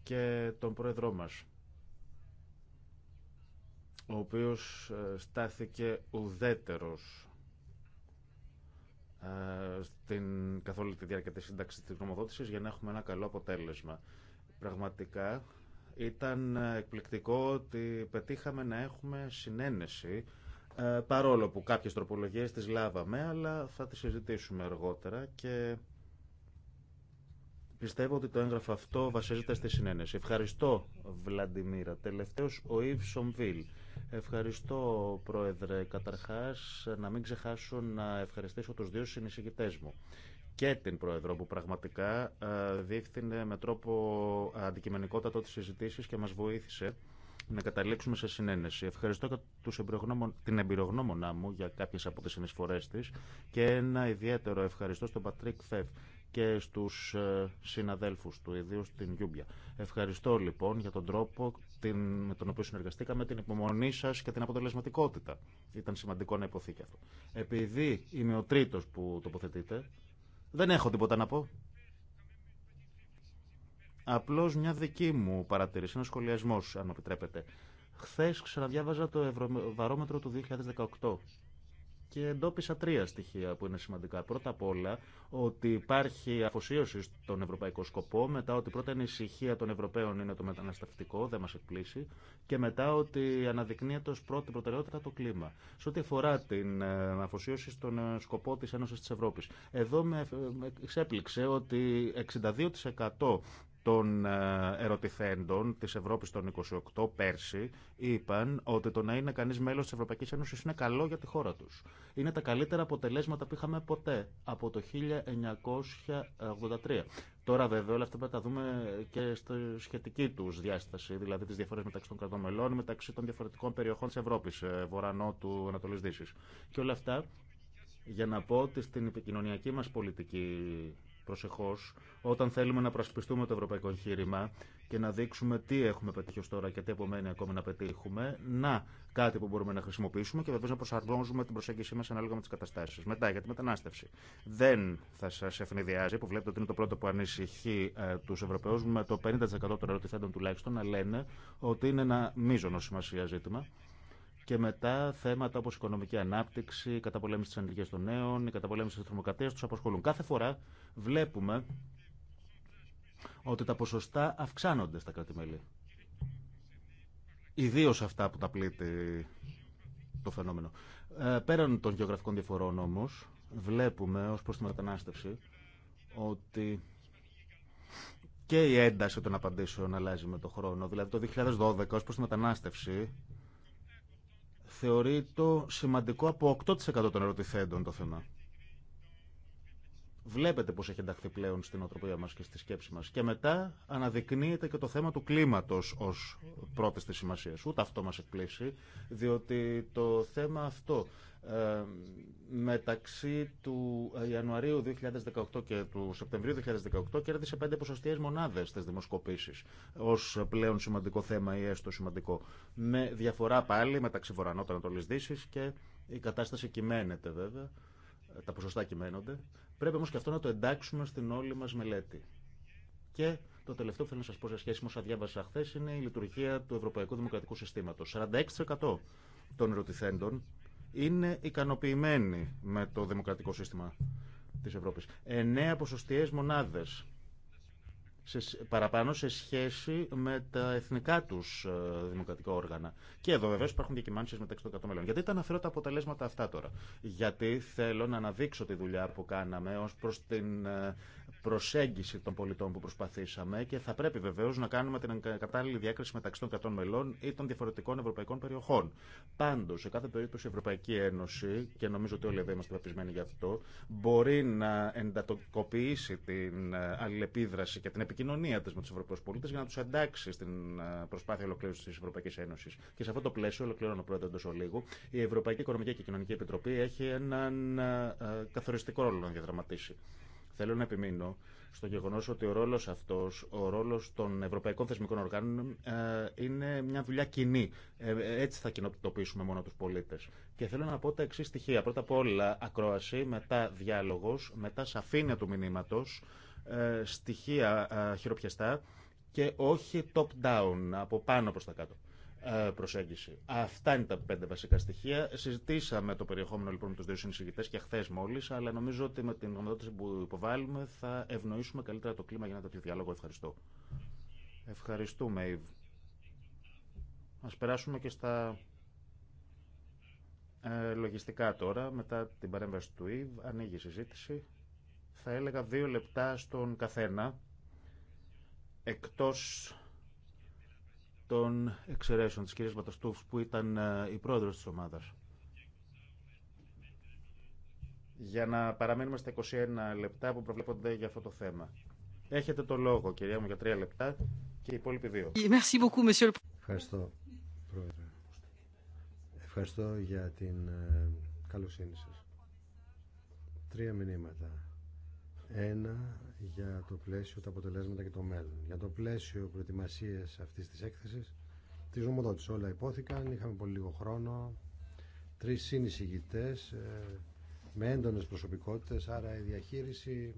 και τον πρόεδρό μας ο οποίος ε, στάθηκε ουδέτερος ε, στην καθ' τη διάρκεια της σύνταξης της νομοδότησης για να έχουμε ένα καλό αποτέλεσμα. Πραγματικά ήταν ε, εκπληκτικό ότι πετύχαμε να έχουμε συνένεση ε, παρόλο που κάποιες τροπολογίες τις λάβαμε αλλά θα τις συζητήσουμε αργότερα και πιστεύω ότι το έγγραφο αυτό βασίζεται στη συνένεση. Ευχαριστώ Βλαντιμίρα. Τελευταίος ο Ιβ Σομβίλ. Ευχαριστώ Πρόεδρε. Καταρχάς να μην ξεχάσω να ευχαριστήσω τους δύο συνεισηγητές μου και την Πρόεδρο που πραγματικά ε, δείχνει με τρόπο αντικειμενικότατο τις συζητήσεις και μας βοήθησε να καταλήξουμε σε συνένεση. Ευχαριστώ τους την εμπειρογνώμονά μου για κάποιες από τις συνεισφορές της και ένα ιδιαίτερο ευχαριστώ στον Πατρίκ Φεύ και στους ε, συναδέλφους του, ιδίω την Γιούμπια. Ευχαριστώ λοιπόν για τον τρόπο με τον οποίο συνεργαστήκαμε, την υπομονή σας και την αποτελεσματικότητα. Ήταν σημαντικό να υποθεί και αυτό. Επειδή είμαι ο τρίτος που τοποθετείται, δεν έχω τίποτα να πω. Απλώς μια δική μου παρατηρήση, ένα σχολιασμός, αν επιτρέπετε. Χθες ξαναδιάβαζα το Ευρωβαρόμετρο του 2018 και εντόπισα τρία στοιχεία που είναι σημαντικά. Πρώτα απ' όλα ότι υπάρχει αφοσίωση στον ευρωπαϊκό σκοπό, μετά ότι πρώτα είναι η ησυχία των Ευρωπαίων είναι το μεταναστευτικό, δεν μα εκπλήσει, και μετά ότι αναδεικνύεται ω πρώτη προτεραιότητα το κλίμα. Σε ό,τι αφορά την ε, αφοσίωση στον ε, σκοπό τη Ένωση τη Ευρώπη. Εδώ ε, με εξέπληξε ότι 62% των ε, ερωτηθέντων της Ευρώπης των 28 πέρσι είπαν ότι το να είναι κανείς μέλος της Ευρωπαϊκής Ένωσης είναι καλό για τη χώρα τους. Είναι τα καλύτερα αποτελέσματα που είχαμε ποτέ από το 1983. Τώρα βέβαια όλα αυτά πρέπει να τα δούμε και στη σχετική τους διάσταση, δηλαδή τις διαφορές μεταξύ των κρατών μελών, μεταξύ των διαφορετικών περιοχών της Ευρώπης ε, βορρανό του Ανατολής Δύσης. Και όλα αυτά για να πω ότι στην επικοινωνιακή μας πολιτική προσεχώ, όταν θέλουμε να προασπιστούμε το ευρωπαϊκό εγχείρημα και να δείξουμε τι έχουμε πετύχει ως τώρα και τι επομένει ακόμα να πετύχουμε, να κάτι που μπορούμε να χρησιμοποιήσουμε και βεβαίω να προσαρμόζουμε την προσέγγιση μα ανάλογα με τι καταστάσει. Μετά για τη μετανάστευση. Δεν θα σα ευνηδιάζει που βλέπετε ότι είναι το πρώτο που ανησυχεί ε, του Ευρωπαίου με το 50% των ερωτηθέντων τουλάχιστον να λένε ότι είναι ένα μείζονο σημασία ζήτημα και μετά θέματα όπω οικονομική ανάπτυξη, η καταπολέμηση τη ανεργία των νέων, η καταπολέμηση τη τρομοκρατία του απασχολούν. Κάθε φορά βλέπουμε ότι τα ποσοστά αυξάνονται στα κράτη-μέλη. Ιδίω αυτά που τα πλήττει το φαινόμενο. Ε, πέραν των γεωγραφικών διαφορών όμω, βλέπουμε ως προς τη μετανάστευση ότι και η ένταση των απαντήσεων αλλάζει με το χρόνο. Δηλαδή το 2012 ω προς τη μετανάστευση θεωρεί το σημαντικό από 8% των ερωτηθέντων το θέμα βλέπετε πώς έχει ενταχθεί πλέον στην οτροπία μας και στη σκέψη μας. Και μετά αναδεικνύεται και το θέμα του κλίματος ως πρώτη της σημασίας. Ούτε αυτό μας εκπλήσει, διότι το θέμα αυτό ε, μεταξύ του Ιανουαρίου 2018 και του Σεπτεμβρίου 2018 κέρδισε πέντε ποσοστιαίες μονάδες στις δημοσκοπήσεις ως πλέον σημαντικό θέμα ή έστω σημαντικό. Με διαφορά πάλι μεταξύ Βορανότανα Δύσης και η κατάσταση κυμαίνεται βέβαια τα ποσοστά κυμαίνονται. Πρέπει όμω και αυτό να το εντάξουμε στην όλη μα μελέτη. Και το τελευταίο που θέλω να σα πω σε σχέση με όσα διάβασα χθε είναι η λειτουργία του Ευρωπαϊκού Δημοκρατικού Συστήματο. 46% των ερωτηθέντων είναι ικανοποιημένοι με το δημοκρατικό σύστημα τη Ευρώπη. 9 ποσοστιαίε μονάδε σε, παραπάνω σε σχέση με τα εθνικά του ε, δημοκρατικά όργανα. Και εδώ βεβαίω υπάρχουν διακυμάνσει μεταξύ των κρατομέλων. μελών. Γιατί τα αναφέρω τα αποτελέσματα αυτά τώρα. Γιατί θέλω να αναδείξω τη δουλειά που κάναμε ω προ την ε, προσέγγιση των πολιτών που προσπαθήσαμε και θα πρέπει βεβαίω να κάνουμε την κατάλληλη διάκριση μεταξύ των κρατών μελών ή των διαφορετικών ευρωπαϊκών περιοχών. Πάντω, σε κάθε περίπτωση η Ευρωπαϊκή Ένωση, και νομίζω ότι όλοι εδώ είμαστε πεπισμένοι γι' αυτό, μπορεί να εντατοκοποιήσει την ε, αλληλεπίδραση και την επικοινωνία τη με του Ευρωπαίου πολίτε για να του εντάξει στην ε, προσπάθεια ολοκλήρωση τη Ευρωπαϊκή Ένωση. Και σε αυτό το πλαίσιο, ολοκληρώνω πρώτα εντό ολίγου, η Ευρωπαϊκή Οικονομική και Κοινωνική Επιτροπή έχει έναν ε, καθοριστικό ρόλο να διαδραματίσει. Θέλω να επιμείνω στο γεγονό ότι ο ρόλο αυτό, ο ρόλο των ευρωπαϊκών θεσμικών οργάνων, ε, είναι μια δουλειά κοινή. Ε, έτσι θα κοινοποιήσουμε μόνο του πολίτε. Και θέλω να πω τα εξή στοιχεία. Πρώτα απ' όλα, ακρόαση, μετά διάλογο, μετά σαφήνεια του μηνύματο, ε, στοιχεία χειροπιαστά και όχι top-down, από πάνω προ τα κάτω. Ε, προσέγγιση. Αυτά είναι τα πέντε βασικά στοιχεία. Συζητήσαμε το περιεχόμενο λοιπόν με του δύο συνεισηγητέ και χθε μόλι, αλλά νομίζω ότι με την γνωμοδότηση που υποβάλλουμε θα ευνοήσουμε καλύτερα το κλίμα για ένα τέτοιο διάλογο. Ευχαριστώ. Ευχαριστούμε, Ιβ. Α περάσουμε και στα ε, λογιστικά τώρα. Μετά την παρέμβαση του Ιβ, ανοίγει η συζήτηση. Θα έλεγα δύο λεπτά στον καθένα. Εκτός των εξαιρέσεων της κυρίας Μπαταστούφ που ήταν ε, η πρόεδρος της ομάδας. Για να παραμένουμε στα 21 λεπτά που προβλέπονται για αυτό το θέμα. Έχετε το λόγο, κυρία μου, για τρία λεπτά και οι υπόλοιποι δύο. Ε, Ευχαριστώ, πρόεδρε. Ευχαριστώ για την ε, καλοσύνη σας. Τρία μηνύματα ένα για το πλαίσιο, τα αποτελέσματα και το μέλλον. Για το πλαίσιο προετοιμασίε αυτή τη έκθεση, τη νομοδότηση όλα υπόθηκαν, είχαμε πολύ λίγο χρόνο. Τρει συνεισηγητέ ε, με έντονε προσωπικότητε, άρα η διαχείριση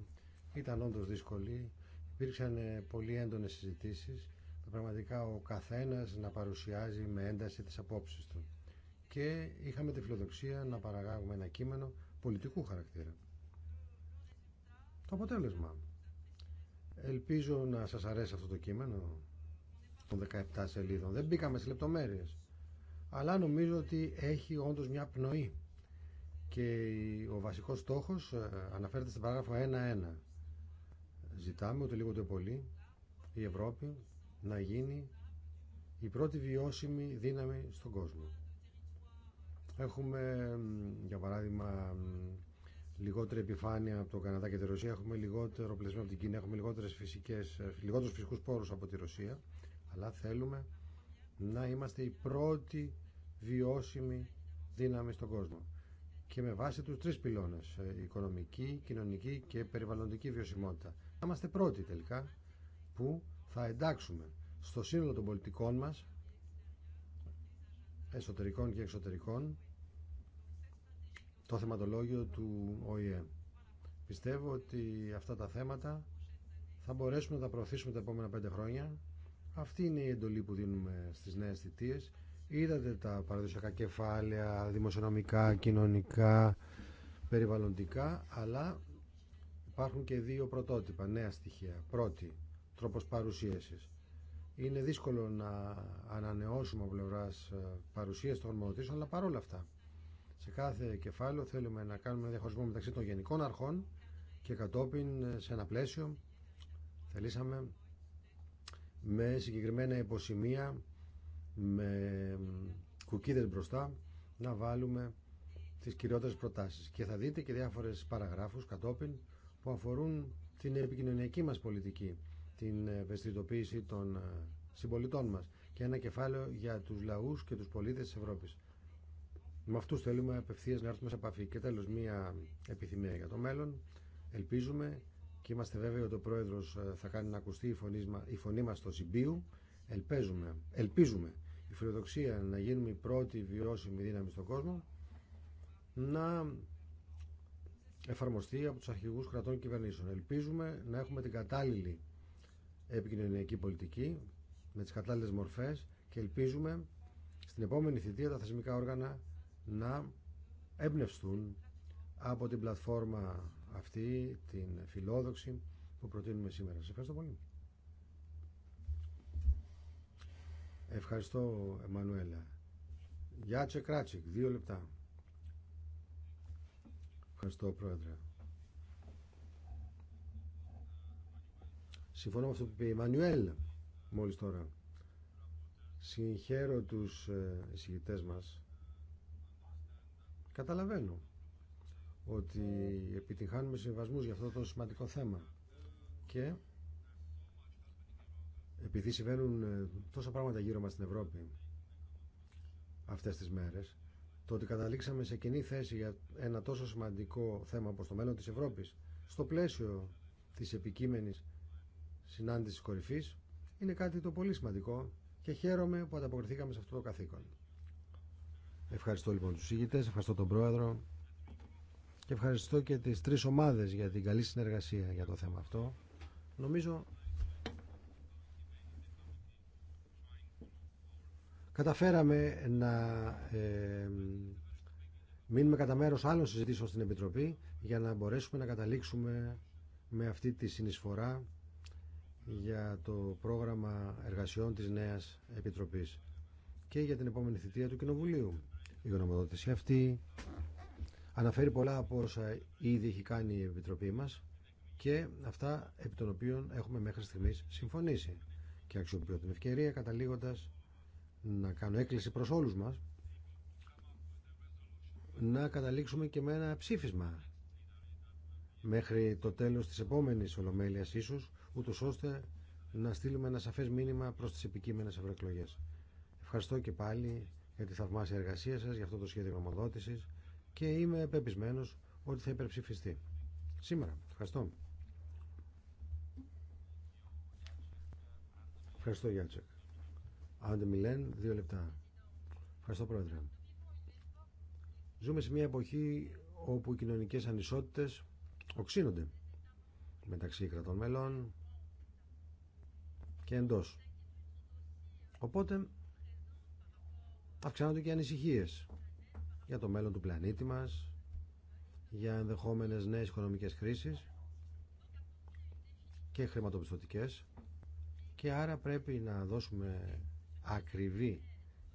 ήταν όντω δύσκολη. Υπήρξαν ε, πολύ έντονε συζητήσει. Πραγματικά ο καθένα να παρουσιάζει με ένταση τι απόψει του. Και είχαμε τη φιλοδοξία να παραγάγουμε ένα κείμενο πολιτικού χαρακτήρα το αποτέλεσμα. Ελπίζω να σας αρέσει αυτό το κείμενο των 17 σελίδων. Δεν μπήκαμε σε λεπτομέρειες. Αλλά νομίζω ότι έχει όντως μια πνοή. Και ο βασικός στόχος ε, αναφέρεται στην παράγραφο 1-1. Ζητάμε ότι λίγο ούτε πολύ η Ευρώπη να γίνει η πρώτη βιώσιμη δύναμη στον κόσμο. Έχουμε, για παράδειγμα, λιγότερη επιφάνεια από τον Καναδά και τη Ρωσία, έχουμε λιγότερο πλαισμό από την Κίνα, έχουμε λιγότερες φυσικές, ε, λιγότερους φυσικούς πόρους από τη Ρωσία, αλλά θέλουμε να είμαστε η πρώτη βιώσιμη δύναμη στον κόσμο. Και με βάση τους τρεις πυλώνες, ε, οικονομική, κοινωνική και περιβαλλοντική βιωσιμότητα. Να είμαστε πρώτοι τελικά που θα εντάξουμε στο σύνολο των πολιτικών μας, εσωτερικών και εξωτερικών, το θεματολόγιο του ΟΗΕ. Πιστεύω ότι αυτά τα θέματα θα μπορέσουμε να τα προωθήσουμε τα επόμενα πέντε χρόνια. Αυτή είναι η εντολή που δίνουμε στις νέες θητείες. Είδατε τα παραδοσιακά κεφάλαια, δημοσιονομικά, κοινωνικά, περιβαλλοντικά, αλλά υπάρχουν και δύο πρωτότυπα, νέα στοιχεία. Πρώτη, τρόπος παρουσίασης. Είναι δύσκολο να ανανεώσουμε από πλευρά ε, παρουσίας των αλλά παρόλα αυτά σε κάθε κεφάλαιο θέλουμε να κάνουμε διαχωρισμό μεταξύ των γενικών αρχών και κατόπιν ε, σε ένα πλαίσιο θελήσαμε με συγκεκριμένα υποσημεία, με κουκίδες μπροστά, να βάλουμε τις κυριότερες προτάσεις. Και θα δείτε και διάφορες παραγράφους κατόπιν που αφορούν την επικοινωνιακή μας πολιτική, την ευαισθητοποίηση των ε, συμπολιτών μας και ένα κεφάλαιο για τους λαούς και τους πολίτες της Ευρώπης. Με αυτού θέλουμε απευθεία να έρθουμε σε επαφή. Και τέλο μία επιθυμία για το μέλλον. Ελπίζουμε και είμαστε βέβαιοι ότι ο πρόεδρο ε, θα κάνει να ακουστεί η φωνή, η φωνή μας στο Συμπίου. Ελπίζουμε, ελπίζουμε η φιλοδοξία να γίνουμε η πρώτη βιώσιμη δύναμη στον κόσμο να εφαρμοστεί από τους αρχηγούς κρατών και κυβερνήσεων. Ελπίζουμε να έχουμε την κατάλληλη επικοινωνιακή πολιτική με τις κατάλληλες μορφές και ελπίζουμε στην επόμενη θητεία τα θεσμικά όργανα να εμπνευστούν από την πλατφόρμα αυτή, την φιλόδοξη που προτείνουμε σήμερα. Σας ευχαριστώ πολύ. Ευχαριστώ, Εμμανουέλα. Γιάτσε Κράτσικ, δύο λεπτά. Ευχαριστώ, Πρόεδρε. Συμφωνώ με αυτό που είπε η μόλις τώρα. Συγχαίρω τους ε, εισηγητές μας Καταλαβαίνω ότι ε. επιτυχάνουμε συμβασμούς για αυτό το σημαντικό θέμα και επειδή συμβαίνουν ε, τόσα πράγματα γύρω μας στην Ευρώπη αυτές τις μέρες το ότι καταλήξαμε σε κοινή θέση για ένα τόσο σημαντικό θέμα όπως το μέλλον της Ευρώπης στο πλαίσιο της επικείμενης συνάντησης κορυφής είναι κάτι το πολύ σημαντικό και χαίρομαι που ανταποκριθήκαμε σε αυτό το καθήκον. Ευχαριστώ λοιπόν τους ηγητές, ευχαριστώ τον Πρόεδρο και ευχαριστώ και τις τρεις ομάδες για την καλή συνεργασία για το θέμα αυτό. Νομίζω καταφέραμε να ε, μείνουμε κατά μέρος άλλων συζητήσεων στην Επιτροπή για να μπορέσουμε να καταλήξουμε με αυτή τη συνεισφορά για το πρόγραμμα εργασιών της νέας Επιτροπής και για την επόμενη θητεία του Κοινοβουλίου. Η γνωμοδότηση αυτή αναφέρει πολλά από όσα ήδη έχει κάνει η Επιτροπή μας και αυτά επί των οποίων έχουμε μέχρι στιγμής συμφωνήσει. Και αξιοποιώ την ευκαιρία καταλήγοντας να κάνω έκκληση προς όλους μας να καταλήξουμε και με ένα ψήφισμα μέχρι το τέλος της επόμενης Ολομέλειας ίσως, ούτως ώστε να στείλουμε ένα σαφές μήνυμα προς τις επικείμενες ευρωεκλογές. Ευχαριστώ και πάλι για τη θαυμάσια εργασία σας, για αυτό το σχέδιο γνωμοδότησης και είμαι πεπισμένο ότι θα υπερψηφιστεί. Σήμερα. Ευχαριστώ. Ευχαριστώ Γιάντσεκ. Άντε Μιλέν, δύο λεπτά. Ευχαριστώ Πρόεδρε. Ζούμε σε μια εποχή όπου οι κοινωνικές ανισότητες οξύνονται μεταξύ κρατών μελών και εντός. Οπότε αυξάνονται και ανησυχίες για το μέλλον του πλανήτη μας, για ενδεχόμενες νέες οικονομικές κρίσεις και χρηματοπιστωτικές και άρα πρέπει να δώσουμε ακριβή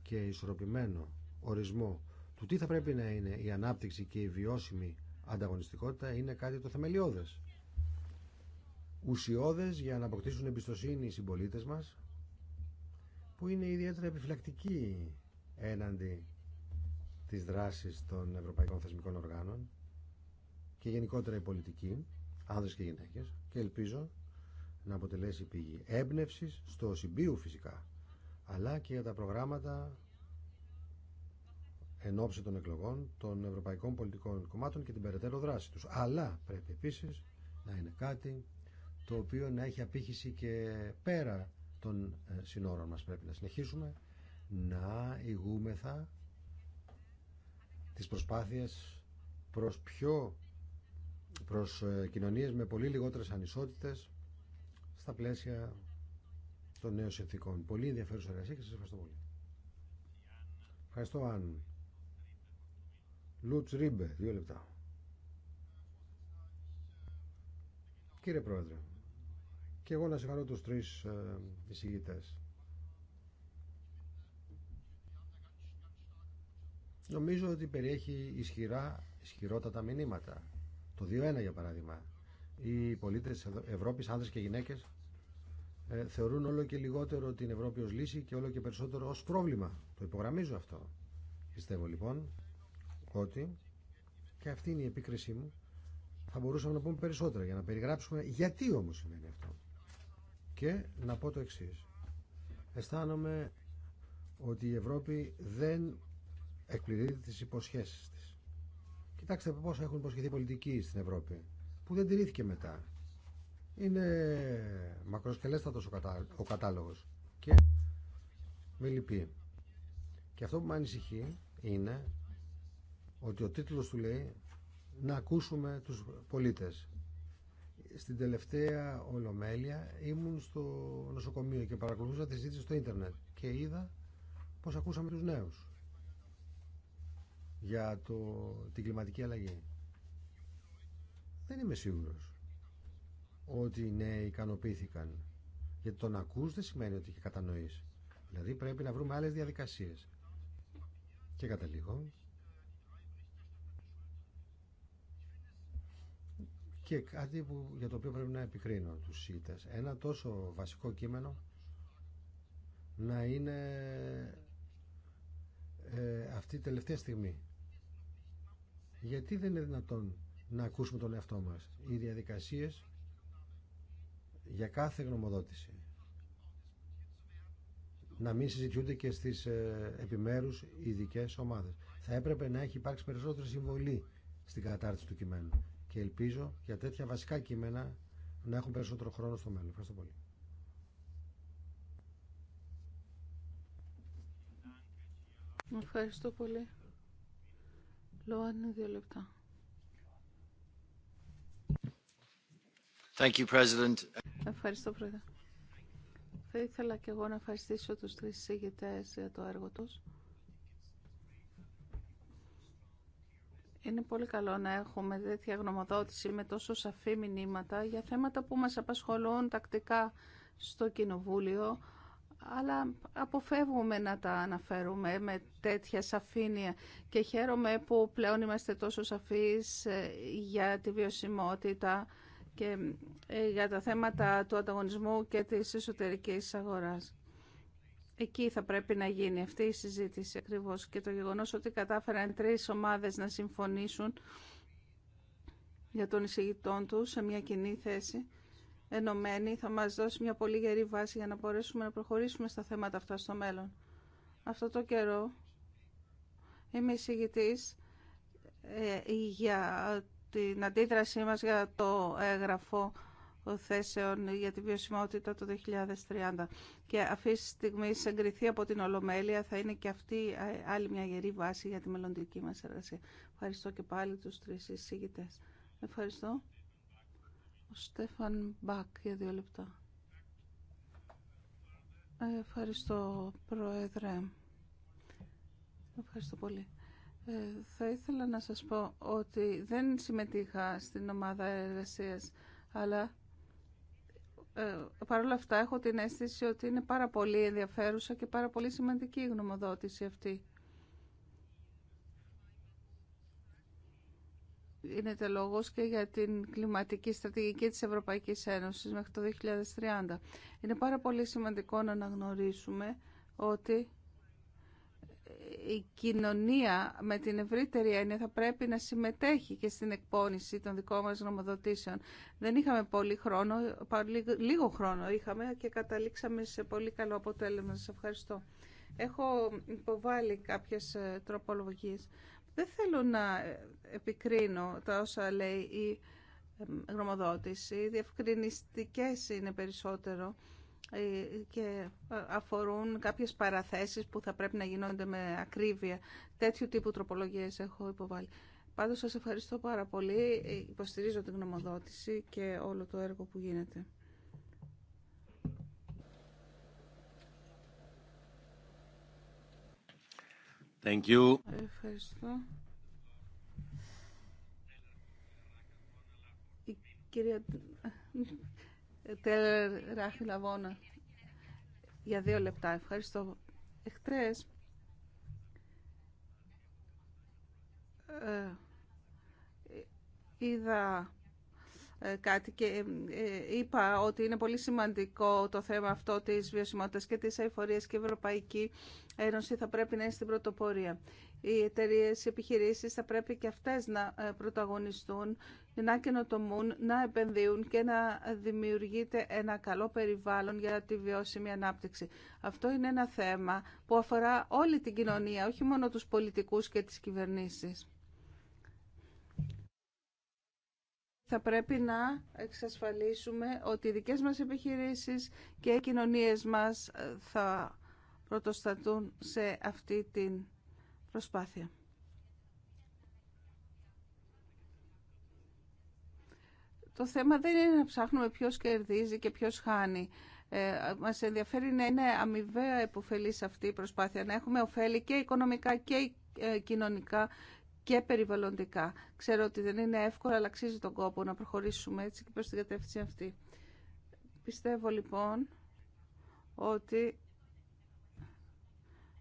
και ισορροπημένο ορισμό του τι θα πρέπει να είναι η ανάπτυξη και η βιώσιμη ανταγωνιστικότητα είναι κάτι το θεμελιώδες. Ουσιώδες για να αποκτήσουν εμπιστοσύνη οι συμπολίτε μας που είναι ιδιαίτερα επιφυλακτικοί έναντι της δράσης των ευρωπαϊκών θεσμικών οργάνων και γενικότερα η πολιτική, άνδρες και γυναίκες και ελπίζω να αποτελέσει πηγή έμπνευσης στο συμπίου φυσικά αλλά και για τα προγράμματα εν ώψη των εκλογών των ευρωπαϊκών πολιτικών κομμάτων και την περαιτέρω δράση τους. Αλλά πρέπει επίσης να είναι κάτι το οποίο να έχει απήχηση και πέρα των ε, συνόρων μας πρέπει να συνεχίσουμε να ηγούμεθα τις προσπάθειες προς πιο προς ε, κοινωνίες με πολύ λιγότερες ανισότητες στα πλαίσια των νέων συνθήκων. Πολύ ενδιαφέρουσα εργασία και σας ευχαριστώ πολύ. Ευχαριστώ αν. Λουτς Ρίμπε, δύο λεπτά. Κύριε Πρόεδρε, και εγώ να συγχαρώ τους τρεις ε, εισηγητές. νομίζω ότι περιέχει ισχυρά, ισχυρότατα μηνύματα. Το 2-1 για παράδειγμα. Οι πολίτες της Ευρώπης, άνδρες και γυναίκες, ε, θεωρούν όλο και λιγότερο την Ευρώπη ως λύση και όλο και περισσότερο ως πρόβλημα. Το υπογραμμίζω αυτό. Πιστεύω λοιπόν ότι και αυτή είναι η επίκρισή μου θα μπορούσαμε να πούμε περισσότερα για να περιγράψουμε γιατί όμως σημαίνει αυτό. Και να πω το εξής. Αισθάνομαι ότι η Ευρώπη δεν εκπληρεί τις υποσχέσεις της. Κοιτάξτε πόσο έχουν υποσχεθεί πολιτικοί στην Ευρώπη, που δεν τηρήθηκε μετά. Είναι μακροσκελέστατος ο κατάλογος και με λυπεί. Και αυτό που με ανησυχεί είναι ότι ο τίτλος του λέει «Να ακούσουμε τους πολίτες». Στην τελευταία Ολομέλεια ήμουν στο νοσοκομείο και παρακολουθούσα τη συζήτηση στο ίντερνετ και είδα πως ακούσαμε τους νέους για το, την κλιματική αλλαγή. Δεν είμαι σίγουρος ότι οι ναι, νέοι ικανοποιήθηκαν. Γιατί τον ακούς δεν σημαίνει ότι και κατανοείς. Δηλαδή πρέπει να βρούμε άλλες διαδικασίες. Και καταλήγω. Και κάτι που, για το οποίο πρέπει να επικρίνω τους ΣΥΤΑΣ. Ένα τόσο βασικό κείμενο να είναι ε, αυτή η τελευταία στιγμή. Γιατί δεν είναι δυνατόν να ακούσουμε τον εαυτό μας. Οι διαδικασίες για κάθε γνωμοδότηση να μην συζητιούνται και στις ε, επιμέρους ειδικέ ομάδες. Θα έπρεπε να έχει υπάρξει περισσότερη συμβολή στην κατάρτιση του κειμένου και ελπίζω για τέτοια βασικά κείμενα να έχουν περισσότερο χρόνο στο μέλλον. Ευχαριστώ πολύ. Ευχαριστώ πολύ είναι δύο λεπτά. Thank you, President. Ευχαριστώ, Πρόεδρε. Θα ήθελα και εγώ να ευχαριστήσω τους τρεις συγγητές για το έργο τους. Είναι πολύ καλό να έχουμε τέτοια γνωμοδότηση με τόσο σαφή μηνύματα για θέματα που μας απασχολούν τακτικά στο Κοινοβούλιο αλλά αποφεύγουμε να τα αναφέρουμε με τέτοια σαφήνεια και χαίρομαι που πλέον είμαστε τόσο σαφείς ε, για τη βιωσιμότητα και ε, για τα θέματα του ανταγωνισμού και της εσωτερικής αγοράς. Εκεί θα πρέπει να γίνει αυτή η συζήτηση ακριβώς και το γεγονός ότι κατάφεραν τρεις ομάδες να συμφωνήσουν για τον εισηγητών του σε μια κοινή θέση ενωμένοι θα μας δώσει μια πολύ γερή βάση για να μπορέσουμε να προχωρήσουμε στα θέματα αυτά στο μέλλον. Αυτό το καιρό είμαι εισηγητής ε, για την αντίδρασή μας για το έγγραφο θέσεων για τη βιωσιμότητα το 2030. Και αυτή τη στιγμή εγκριθεί από την Ολομέλεια θα είναι και αυτή ε, άλλη μια γερή βάση για τη μελλοντική μας εργασία. Ευχαριστώ και πάλι τους τρεις εισηγητές. Ευχαριστώ. Ο Στέφαν Μπακ για δύο λεπτά. Ε, ευχαριστώ, Πρόεδρε. Ευχαριστώ πολύ. Ε, θα ήθελα να σας πω ότι δεν συμμετείχα στην ομάδα εργασίας, αλλά ε, παρόλα αυτά έχω την αίσθηση ότι είναι πάρα πολύ ενδιαφέρουσα και πάρα πολύ σημαντική η γνωμοδότηση αυτή. Είναι λόγος και για την κλιματική στρατηγική της Ευρωπαϊκής Ένωσης μέχρι το 2030. Είναι πάρα πολύ σημαντικό να αναγνωρίσουμε ότι η κοινωνία με την ευρύτερη έννοια θα πρέπει να συμμετέχει και στην εκπόνηση των δικών μας νομοδοτήσεων. Δεν είχαμε πολύ χρόνο, λίγο χρόνο είχαμε και καταλήξαμε σε πολύ καλό αποτέλεσμα. Σας ευχαριστώ. Έχω υποβάλει κάποιες ε, τροπολογίες. Δεν θέλω να επικρίνω τα όσα λέει η γνωμοδότηση. Διευκρινιστικές είναι περισσότερο ε, και ε, αφορούν κάποιες παραθέσεις που θα πρέπει να γινόνται με ακρίβεια. Τέτοιου τύπου τροπολογίες έχω υποβάλει. Πάντως σας ευχαριστώ πάρα πολύ. Ε, υποστηρίζω την γνωμοδότηση και όλο το έργο που γίνεται. Thank you. Ευχαριστώ. Η κυρία Τέλερ Ράχη Λαβώνα. Για δύο λεπτά. Ευχαριστώ. Εχθές ε, είδα ε, κάτι και ε, είπα ότι είναι πολύ σημαντικό το θέμα αυτό της βιωσιμότητας και της αηφορίας και η Ευρωπαϊκή Ένωση θα πρέπει να είναι στην πρωτοπορία. Οι εταιρείε, οι επιχειρήσει θα πρέπει και αυτές να ε, πρωταγωνιστούν, να καινοτομούν, να επενδύουν και να δημιουργείται ένα καλό περιβάλλον για τη βιώσιμη ανάπτυξη. Αυτό είναι ένα θέμα που αφορά όλη την κοινωνία, όχι μόνο τους πολιτικούς και τις κυβερνήσεις. θα πρέπει να εξασφαλίσουμε ότι οι δικές μας επιχειρήσεις και οι κοινωνίες μας ε, θα πρωτοστατούν σε αυτή την προσπάθεια. Το θέμα δεν είναι να ψάχνουμε ποιος κερδίζει και ποιος χάνει. Ε, μας ενδιαφέρει να είναι αμοιβαία επωφελής αυτή η προσπάθεια, να έχουμε ωφέλη και οικονομικά και ε, κοινωνικά και περιβαλλοντικά. Ξέρω ότι δεν είναι εύκολο, αλλά αξίζει τον κόπο να προχωρήσουμε έτσι και προς την κατεύθυνση αυτή. Πιστεύω λοιπόν ότι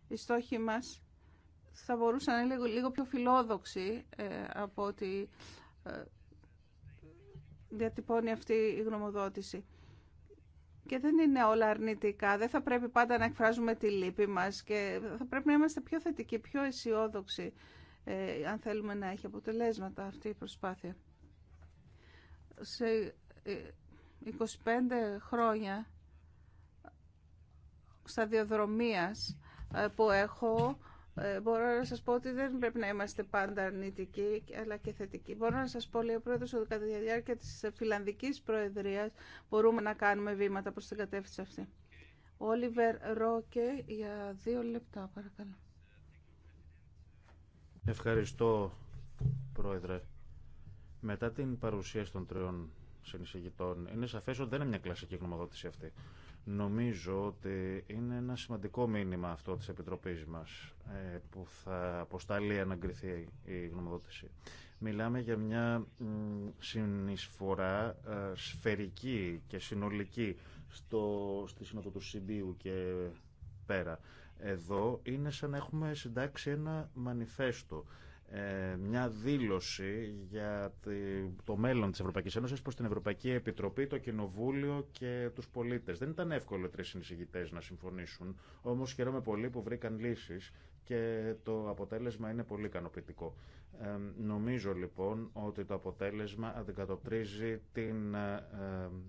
οι στόχοι μας θα μπορούσαν να είναι λίγο, πιο φιλόδοξοι ε, από ότι ε, διατυπώνει αυτή η γνωμοδότηση. Και δεν είναι όλα αρνητικά. Δεν θα πρέπει πάντα να εκφράζουμε τη λύπη μας και θα πρέπει να είμαστε πιο θετικοί, πιο αισιόδοξοι ε, αν θέλουμε να έχει αποτελέσματα αυτή η προσπάθεια. Σε 25 ε, χρόνια σταδιοδρομίας ε, που έχω, ε, μπορώ να σας πω ότι δεν πρέπει να είμαστε πάντα αρνητικοί αλλά και θετικοί. Μπορώ να σας πω, λέει ο Πρόεδρος, ότι κατά τη διάρκεια της Φιλανδικής Προεδρίας μπορούμε να κάνουμε βήματα προς την κατεύθυνση αυτή. Όλιβερ Ρόκε για δύο λεπτά, παρακαλώ. Ευχαριστώ, Πρόεδρε. Μετά την παρουσίαση των τριών συνεισηγητών, είναι σαφές ότι δεν είναι μια κλασική γνωμοδότηση αυτή. Νομίζω ότι είναι ένα σημαντικό μήνυμα αυτό της Επιτροπής μας ε, που θα αποσταλεί αν αγκριθεί η γνωμοδότηση. Μιλάμε για μια συνεισφορά ε, σφαιρική και συνολική στο, στη Σύνοδο του Συμπίου και πέρα. Εδώ είναι σαν να έχουμε συντάξει ένα μανιφέστο, ε, μια δήλωση για το μέλλον της Ευρωπαϊκής Ένωσης προς την Ευρωπαϊκή Επιτροπή, το Κοινοβούλιο και τους πολίτες. Δεν ήταν εύκολο τρεις συνεισηγητές να συμφωνήσουν, όμως χαίρομαι πολύ που βρήκαν λύσεις και το αποτέλεσμα είναι πολύ ικανοποιητικό. Ε, νομίζω λοιπόν ότι το αποτέλεσμα αντικατοπτρίζει την ε,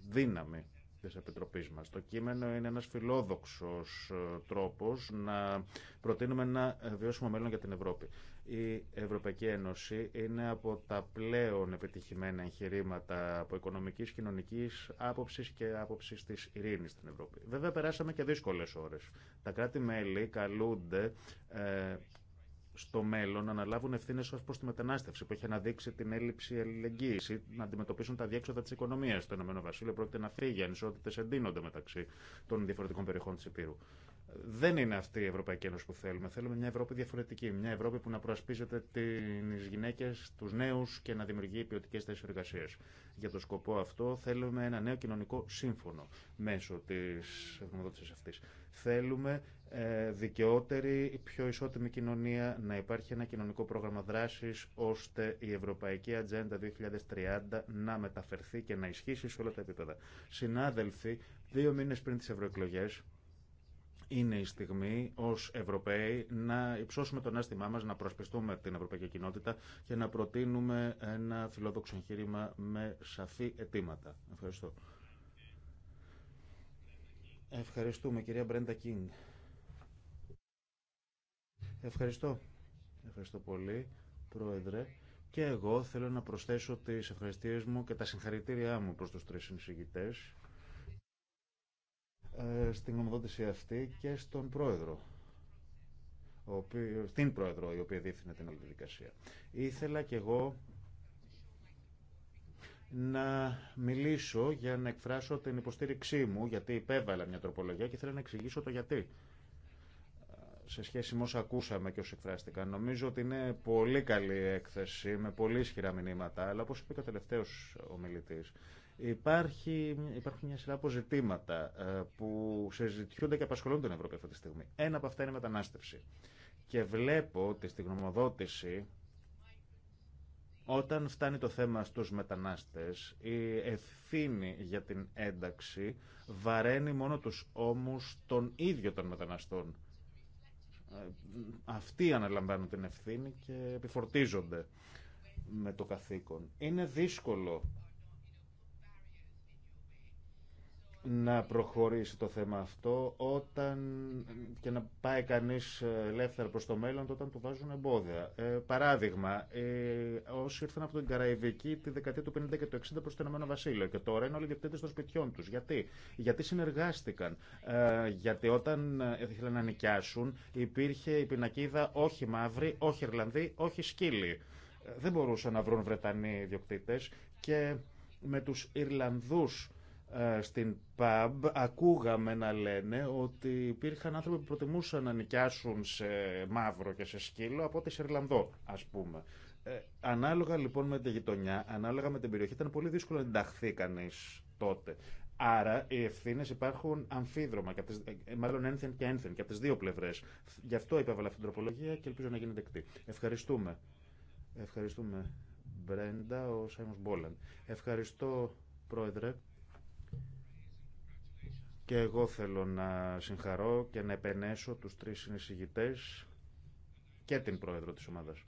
δύναμη της επιτροπή μα. Το κείμενο είναι ένας φιλόδοξος ε, τρόπος να προτείνουμε ένα βιώσιμο μέλλον για την Ευρώπη. Η Ευρωπαϊκή Ένωση είναι από τα πλέον επιτυχημένα εγχειρήματα από οικονομικής, κοινωνικής άποψης και άποψης της ειρήνης στην Ευρώπη. Βέβαια περάσαμε και δύσκολες ώρες. Τα κράτη-μέλη καλούνται ε, στο μέλλον αναλάβουν ευθύνε ω προ τη μετανάστευση που έχει αναδείξει την έλλειψη αλληλεγγύη ή να αντιμετωπίσουν τα διέξοδα τη οικονομία. Το ΕΒ πρόκειται να φύγει, ανισότητε εντείνονται μεταξύ των διαφορετικών περιοχών τη Επίρου. Δεν είναι αυτή η Ευρωπαϊκή Ένωση που θέλουμε. Θέλουμε μια Ευρώπη διαφορετική. Μια Ευρώπη που να προασπίζεται τι γυναίκε, του νέου και να δημιουργεί ποιοτικέ θέσει εργασία. Για τον σκοπό αυτό θέλουμε ένα νέο κοινωνικό σύμφωνο μέσω τη γνωμοδότηση αυτή. Θέλουμε ε, δικαιότερη, πιο ισότιμη κοινωνία, να υπάρχει ένα κοινωνικό πρόγραμμα δράση ώστε η Ευρωπαϊκή Ατζέντα 2030 να μεταφερθεί και να ισχύσει σε όλα τα επίπεδα. Συνάδελφοι, δύο μήνε πριν τι ευρωεκλογέ, είναι η στιγμή ω Ευρωπαίοι να υψώσουμε τον αίσθημά μα, να προασπιστούμε την Ευρωπαϊκή Κοινότητα και να προτείνουμε ένα φιλόδοξο εγχείρημα με σαφή αιτήματα. Ευχαριστώ. Ευχαριστούμε, κυρία Μπρέντα Κίνγκ. Ευχαριστώ. Ευχαριστώ πολύ, Πρόεδρε. Και εγώ θέλω να προσθέσω τις ευχαριστίες μου και τα συγχαρητήριά μου προς τους τρεις συνεισηγητές ε, στην ομοδότηση αυτή και στον πρόεδρο ο στην πρόεδρο η οποία διεύθυνε την όλη δικασία. Ήθελα κι εγώ να μιλήσω για να εκφράσω την υποστήριξή μου, γιατί υπέβαλα μια τροπολογία και ήθελα να εξηγήσω το γιατί. Ε, σε σχέση με όσα ακούσαμε και όσοι εκφράστηκαν, νομίζω ότι είναι πολύ καλή έκθεση, με πολύ ισχυρά μηνύματα, αλλά όπως είπε και ο τελευταίος ομιλητής, Υπάρχει, υπάρχουν μια σειρά αποζητήματα ε, που συζητιούνται και απασχολούν την Ευρώπη αυτή τη στιγμή. Ένα από αυτά είναι η μετανάστευση. Και βλέπω ότι στη γνωμοδότηση όταν φτάνει το θέμα στους μετανάστες, η ευθύνη για την ένταξη βαραίνει μόνο τους ώμους των ίδιων των μεταναστών. Ε, αυτοί αναλαμβάνουν την ευθύνη και επιφορτίζονται με το καθήκον. Είναι δύσκολο να προχωρήσει το θέμα αυτό όταν και να πάει κανείς ελεύθερα προς το μέλλον όταν του βάζουν εμπόδια. Ε, παράδειγμα, ε, όσοι ήρθαν από την Καραϊβική τη δεκαετία του 50 και του 60 προς το Ηνωμένο Βασίλειο και τώρα είναι όλοι διευθύντες των σπιτιών τους. Γιατί? Γιατί συνεργάστηκαν. Ε, γιατί όταν ήθελαν να νοικιάσουν υπήρχε η πινακίδα όχι μαύρη, όχι Ιρλανδοί, όχι σκύλοι. Ε, δεν μπορούσαν να βρουν Βρετανοί ιδιοκτήτες και με τους Ιρλανδούς ε, στην ΠΑΜΠ ακούγαμε να λένε ότι υπήρχαν άνθρωποι που προτιμούσαν να νοικιάσουν σε μαύρο και σε σκύλο από ότι σε Ιρλανδό, ας πούμε. Ε, ανάλογα λοιπόν με τη γειτονιά, ανάλογα με την περιοχή, ήταν πολύ δύσκολο να ενταχθεί κανεί τότε. Άρα οι ευθύνε υπάρχουν αμφίδρομα, και τις, ε, μάλλον ένθεν και ένθεν, και από τι δύο πλευρέ. Γι' αυτό υπέβαλα αυτή την τροπολογία και ελπίζω να γίνει δεκτή. Ευχαριστούμε. Ευχαριστούμε, Μπρέντα, ο Σάιμον Μπόλαν. Ευχαριστώ, Πρόεδρε. Και εγώ θέλω να συγχαρώ και να επενέσω τους τρεις συνεισηγητές και την πρόεδρο της ομάδας.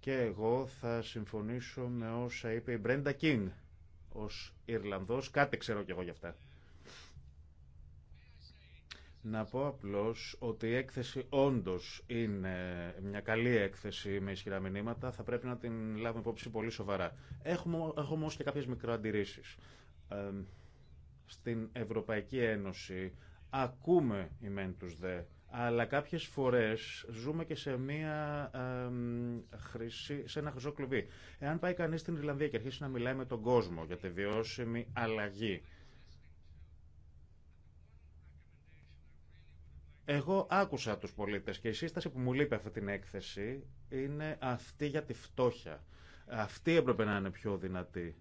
Και εγώ θα συμφωνήσω με όσα είπε η Μπρέντα Κίνγκ ως Ιρλανδός. Κάτι ξέρω κι εγώ γι' αυτά. Να πω απλώς ότι η έκθεση όντως είναι μια καλή έκθεση με ισχυρά μηνύματα. Θα πρέπει να την λάβουμε υπόψη πολύ σοβαρά. Έχουμε, έχουμε όμως και κάποιες μικροαντηρήσεις στην Ευρωπαϊκή Ένωση ακούμε οι μεν τους δε, αλλά κάποιες φορές ζούμε και σε, μια, ε, χρυσή, σε ένα χρυσό κλουβί. Εάν πάει κανείς στην Ιρλανδία και αρχίσει να μιλάει με τον κόσμο για τη βιώσιμη αλλαγή, Εγώ άκουσα τους πολίτες και η σύσταση που μου λείπει αυτή την έκθεση είναι αυτή για τη φτώχεια. Αυτή έπρεπε να είναι πιο δυνατή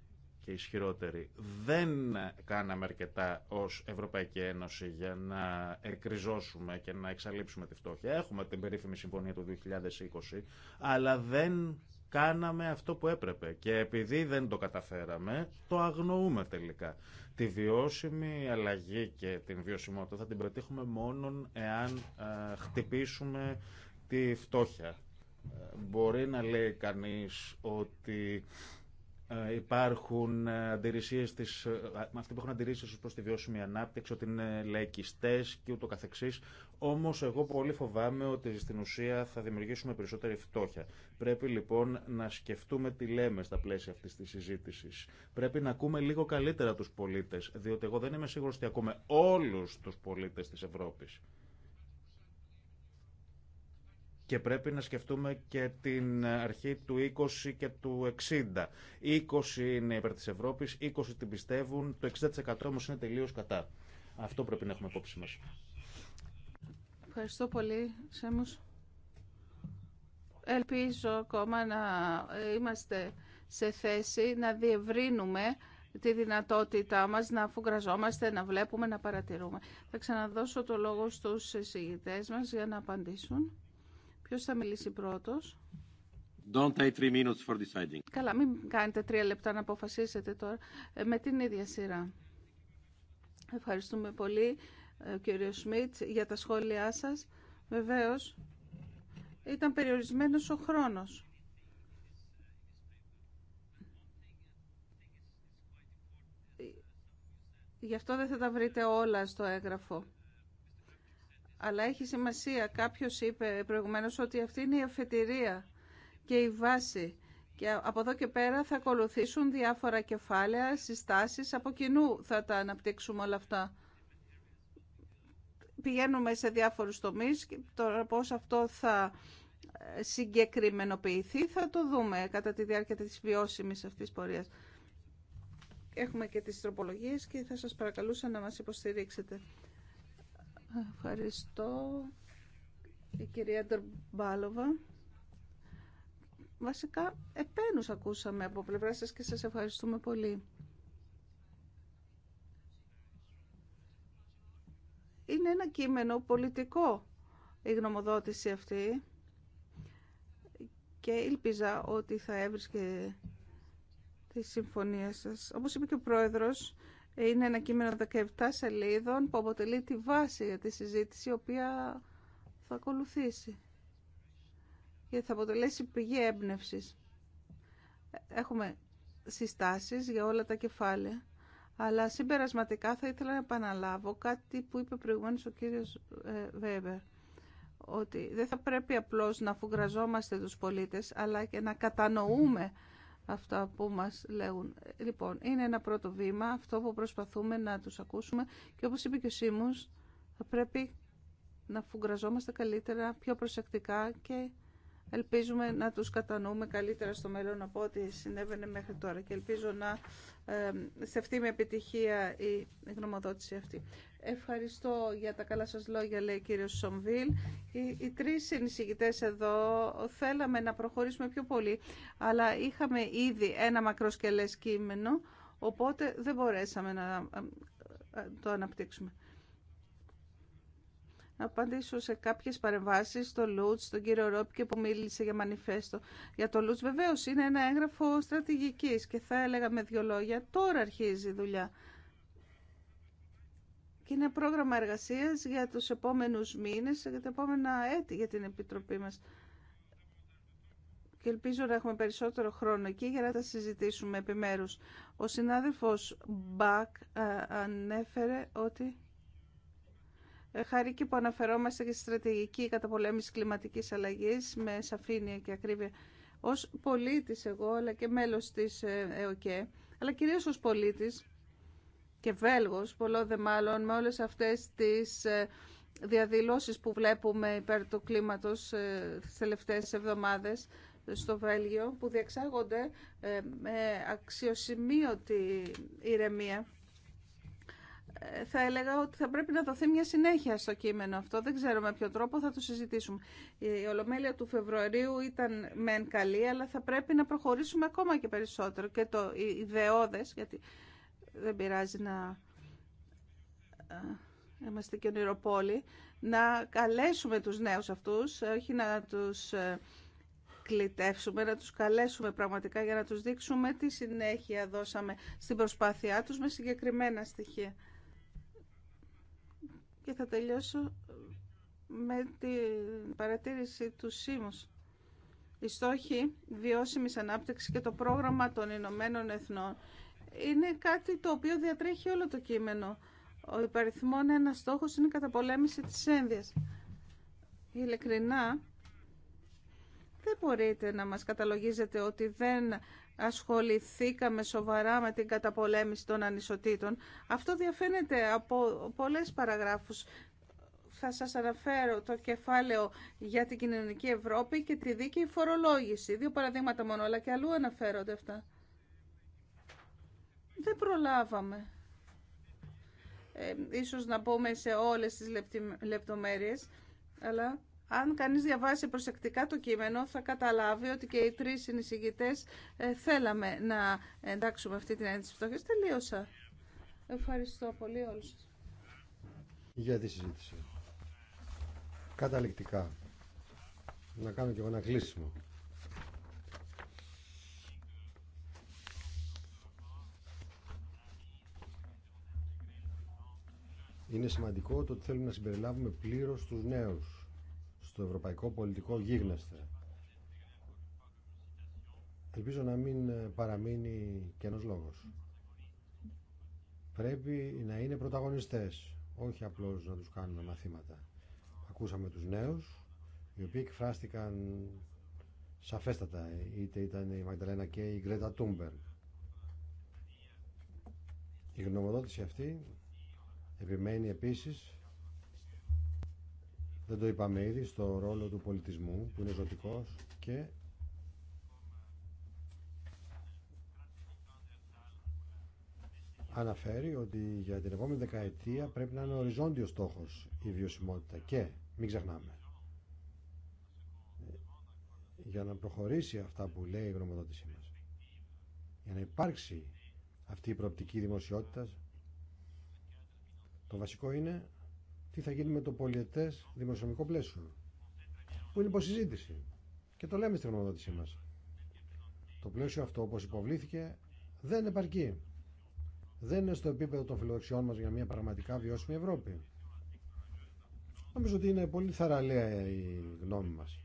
και ισχυρότερη. Δεν κάναμε αρκετά ως Ευρωπαϊκή Ένωση για να εκριζώσουμε και να εξαλείψουμε τη φτώχεια. Έχουμε την περίφημη συμφωνία του 2020, αλλά δεν κάναμε αυτό που έπρεπε. Και επειδή δεν το καταφέραμε, το αγνοούμε τελικά. Τη βιώσιμη αλλαγή και την βιωσιμότητα θα την πετύχουμε μόνον εάν ε, χτυπήσουμε τη φτώχεια. Ε, μπορεί να λέει κανείς ότι ε, υπάρχουν ε, αντιρρησίες της, ε, αυτοί που έχουν αντιρρήσεις προς τη βιώσιμη ανάπτυξη, ότι είναι λαϊκιστές και ούτω καθεξής. Όμως εγώ πολύ φοβάμαι ότι στην ουσία θα δημιουργήσουμε περισσότερη φτώχεια. Πρέπει λοιπόν να σκεφτούμε τι λέμε στα πλαίσια αυτής της συζήτησης. Πρέπει να ακούμε λίγο καλύτερα τους πολίτες, διότι εγώ δεν είμαι σίγουρος ότι ακούμε όλους τους πολίτες της Ευρώπης. Και πρέπει να σκεφτούμε και την αρχή του 20 και του 60. 20 είναι υπέρ της Ευρώπης, 20 την πιστεύουν, το 60% όμως είναι τελείως κατά. Αυτό πρέπει να έχουμε υπόψη μας. Ευχαριστώ πολύ, Σέμος. Ελπίζω ακόμα να είμαστε σε θέση να διευρύνουμε τη δυνατότητά μας να αφουγκραζόμαστε, να βλέπουμε, να παρατηρούμε. Θα ξαναδώσω το λόγο στους εισηγητές μας για να απαντήσουν. Ποιος θα μιλήσει πρώτος. Don't Καλά, μην κάνετε τρία λεπτά να αποφασίσετε τώρα. Ε, με την ίδια σειρά. Ευχαριστούμε πολύ, ε, κύριο Σμιτ, για τα σχόλιά σας. Βεβαίως, ήταν περιορισμένος ο χρόνος. Γι' αυτό δεν θα τα βρείτε όλα στο έγγραφο αλλά έχει σημασία. Κάποιος είπε προηγουμένως ότι αυτή είναι η αφετηρία και η βάση. Και από εδώ και πέρα θα ακολουθήσουν διάφορα κεφάλαια, συστάσεις, από κοινού θα τα αναπτύξουμε όλα αυτά. Πηγαίνουμε σε διάφορους τομείς και τώρα πώς αυτό θα ε, συγκεκριμενοποιηθεί θα το δούμε κατά τη διάρκεια της βιώσιμης αυτής πορείας. Έχουμε και τις τροπολογίες και θα σας παρακαλούσα να μας υποστηρίξετε. Ευχαριστώ. Η κυρία Ντορμπάλοβα. Βασικά, επένους ακούσαμε από πλευρά σας και σας ευχαριστούμε πολύ. Είναι ένα κείμενο πολιτικό η γνωμοδότηση αυτή και ήλπιζα ότι θα έβρισκε τη συμφωνία σας. Όπως είπε και ο Πρόεδρος, είναι ένα κείμενο 17 σελίδων που αποτελεί τη βάση για τη συζήτηση η οποία θα ακολουθήσει και θα αποτελέσει πηγή έμπνευση. Έχουμε συστάσεις για όλα τα κεφάλαια, αλλά συμπερασματικά θα ήθελα να επαναλάβω κάτι που είπε προηγουμένως ο κύριος ε, Βέβερ ότι δεν θα πρέπει απλώς να φουγκραζόμαστε τους πολίτες, αλλά και να κατανοούμε αυτά που μας λέγουν. Λοιπόν, είναι ένα πρώτο βήμα, αυτό που προσπαθούμε να τους ακούσουμε και όπως είπε και ο Σίμους, θα πρέπει να φουγκραζόμαστε καλύτερα, πιο προσεκτικά και Ελπίζουμε να τους κατανοούμε καλύτερα στο μέλλον από ό,τι συνέβαινε μέχρι τώρα και ελπίζω να στεφτεί με επιτυχία η γνωμοδότηση αυτή. Ευχαριστώ για τα καλά σας λόγια, λέει κύριος Σομβίλ. Οι, οι τρεις συνεισηγητές εδώ θέλαμε να προχωρήσουμε πιο πολύ, αλλά είχαμε ήδη ένα μακροσκελές κείμενο, οπότε δεν μπορέσαμε να το αναπτύξουμε να απαντήσω σε κάποιες παρεμβάσει στο Λούτς, τον κύριο και που μίλησε για μανιφέστο. Για το Λούτς βεβαίω είναι ένα έγγραφο στρατηγικής και θα έλεγα με δύο λόγια τώρα αρχίζει η δουλειά. Και είναι πρόγραμμα εργασία για τους επόμενους μήνες, για τα επόμενα έτη για την Επιτροπή μας. Και ελπίζω να έχουμε περισσότερο χρόνο εκεί για να τα συζητήσουμε επιμέρους. Ο συνάδελφος Μπακ ε, ανέφερε ότι ε, και που αναφερόμαστε και στη στρατηγική καταπολέμηση κλιματικής αλλαγής με σαφήνεια και ακρίβεια. Ως πολίτης εγώ, αλλά και μέλος της ε, ΕΟΚΕ, αλλά κυρίως ως πολίτης και Βέλγος, πολλό δε μάλλον, με όλες αυτές τις ε, διαδηλώσεις που βλέπουμε υπέρ του κλίματος τις τελευταίες εβδομάδες στο Βέλγιο, που διεξάγονται με αξιοσημείωτη ηρεμία θα έλεγα ότι θα πρέπει να δοθεί μια συνέχεια στο κείμενο αυτό. Δεν ξέρω με ποιο τρόπο θα το συζητήσουμε. Η Ολομέλεια του Φεβρουαρίου ήταν μεν καλή, αλλά θα πρέπει να προχωρήσουμε ακόμα και περισσότερο. Και το δεόδες, γιατί δεν πειράζει να ε, είμαστε και ονειροπόλοι, να καλέσουμε τους νέους αυτούς, όχι να τους ε, κλητεύσουμε, να τους καλέσουμε πραγματικά για να τους δείξουμε τι συνέχεια δώσαμε στην προσπάθειά τους με συγκεκριμένα στοιχεία και θα τελειώσω με την παρατήρηση του ΣΥΜΟΣ. Οι στόχοι βιώσιμης ανάπτυξης και το πρόγραμμα των Ηνωμένων Εθνών είναι κάτι το οποίο διατρέχει όλο το κείμενο. Ο υπαριθμόν ένα στόχος είναι η καταπολέμηση της ένδυας. Ειλικρινά, δεν μπορείτε να μας καταλογίζετε ότι δεν ασχοληθήκαμε σοβαρά με την καταπολέμηση των ανισοτήτων. Αυτό διαφαίνεται από πολλές παραγράφους. Θα σας αναφέρω το κεφάλαιο για την κοινωνική Ευρώπη και τη δίκαιη φορολόγηση. Δύο παραδείγματα μόνο, αλλά και αλλού αναφέρονται αυτά. Δεν προλάβαμε. Ε, ίσως να πούμε σε όλες τις λεπτομέρειες, αλλά αν κανείς διαβάσει προσεκτικά το κείμενο θα καταλάβει ότι και οι τρεις συνεισηγητές ε, θέλαμε να εντάξουμε αυτή την της φτώχειας. Τελείωσα. Ευχαριστώ πολύ όλους σας. Για τη συζήτηση. Καταληκτικά. Να κάνω και εγώ ένα κλείσιμο. Είναι σημαντικό το ότι θέλουμε να συμπεριλάβουμε πλήρως τους νέους στο ευρωπαϊκό πολιτικό γίγνεσθε. Ελπίζω να μην ε, παραμείνει κενός λόγος. Πρέπει να είναι πρωταγωνιστές, όχι απλώς να τους κάνουμε μαθήματα. Ακούσαμε τους νέους, οι οποίοι εκφράστηκαν σαφέστατα, είτε ήταν η Μαγδαλένα και η Γκρέτα Τούμπερ. Η γνωμοδότηση αυτή επιμένει επίσης δεν το είπαμε ήδη, στο ρόλο του πολιτισμού που είναι ζωτικός και αναφέρει ότι για την επόμενη δεκαετία πρέπει να είναι οριζόντιος στόχος η βιωσιμότητα και μην ξεχνάμε για να προχωρήσει αυτά που λέει η γνωμοδότησή μας για να υπάρξει αυτή η προοπτική δημοσιότητας το βασικό είναι τι θα γίνει με το πολιτέ δημοσιονομικό πλαίσιο που είναι υποσυζήτηση και το λέμε στην γνωμοδότησή μας. Το πλαίσιο αυτό όπως υποβλήθηκε δεν επαρκεί. Δεν είναι στο επίπεδο των φιλοδοξιών μας για μια πραγματικά βιώσιμη Ευρώπη. Νομίζω ότι είναι πολύ θαραλέα η γνώμη μας.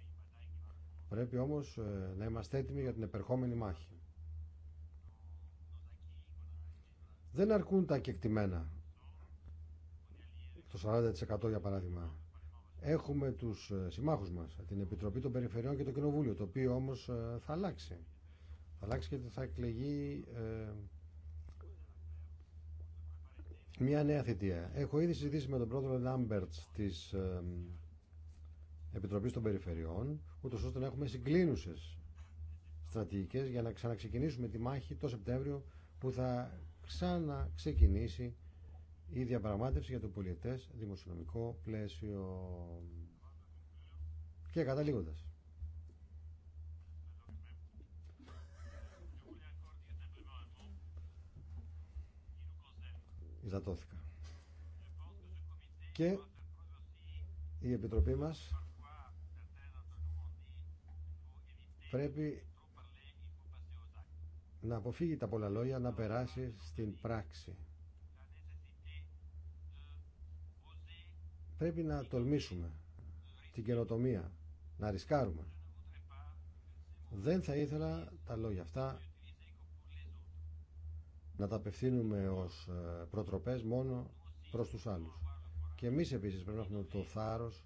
Πρέπει όμως ε, να είμαστε έτοιμοι για την επερχόμενη μάχη. Δεν αρκούν τα κεκτημένα το 40% για παράδειγμα. Έχουμε τους ε, συμμάχους μας, την Επιτροπή των Περιφερειών και το Κοινοβούλιο, το οποίο όμως ε, θα αλλάξει. Θα αλλάξει και θα εκλεγεί ε, μια νέα θητεία. Έχω ήδη συζητήσει με τον πρόεδρο Λάμπερτ της ε, Επιτροπής των Περιφερειών, ούτω ώστε να έχουμε συγκλίνουσες στρατηγικέ για να ξαναξεκινήσουμε τη μάχη το Σεπτέμβριο που θα ξαναξεκινήσει η διαπραγμάτευση για το πολιτέ δημοσιονομικό πλαίσιο. Και καταλήγοντας. Ζατώθηκα. Και η Επιτροπή μας πρέπει να αποφύγει τα πολλά λόγια, να περάσει στην πράξη. Πρέπει να τολμήσουμε την καινοτομία, να ρισκάρουμε. Δεν θα ήθελα τα λόγια αυτά να τα απευθύνουμε ως ε, προτροπές μόνο προς τους άλλους. Και εμείς επίσης πρέπει να έχουμε το θάρρος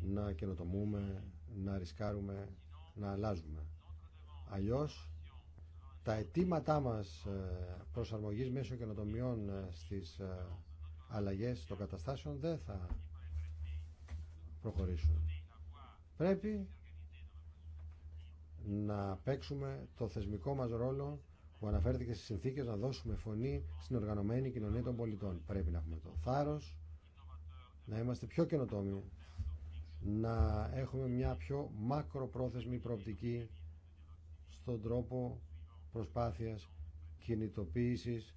να καινοτομούμε, να ρισκάρουμε, να αλλάζουμε. Αλλιώς τα αιτήματά μας ε, προσαρμογής μέσω καινοτομιών ε, στις αλλαγές των καταστάσεων δεν θα προχωρήσουν. Πρέπει να παίξουμε το θεσμικό μας ρόλο που αναφέρθηκε στις συνθήκες να δώσουμε φωνή στην οργανωμένη κοινωνία των πολιτών. Πρέπει να έχουμε το θάρρος, να είμαστε πιο καινοτόμοι, να έχουμε μια πιο μακροπρόθεσμη προοπτική στον τρόπο προσπάθειας κινητοποίησης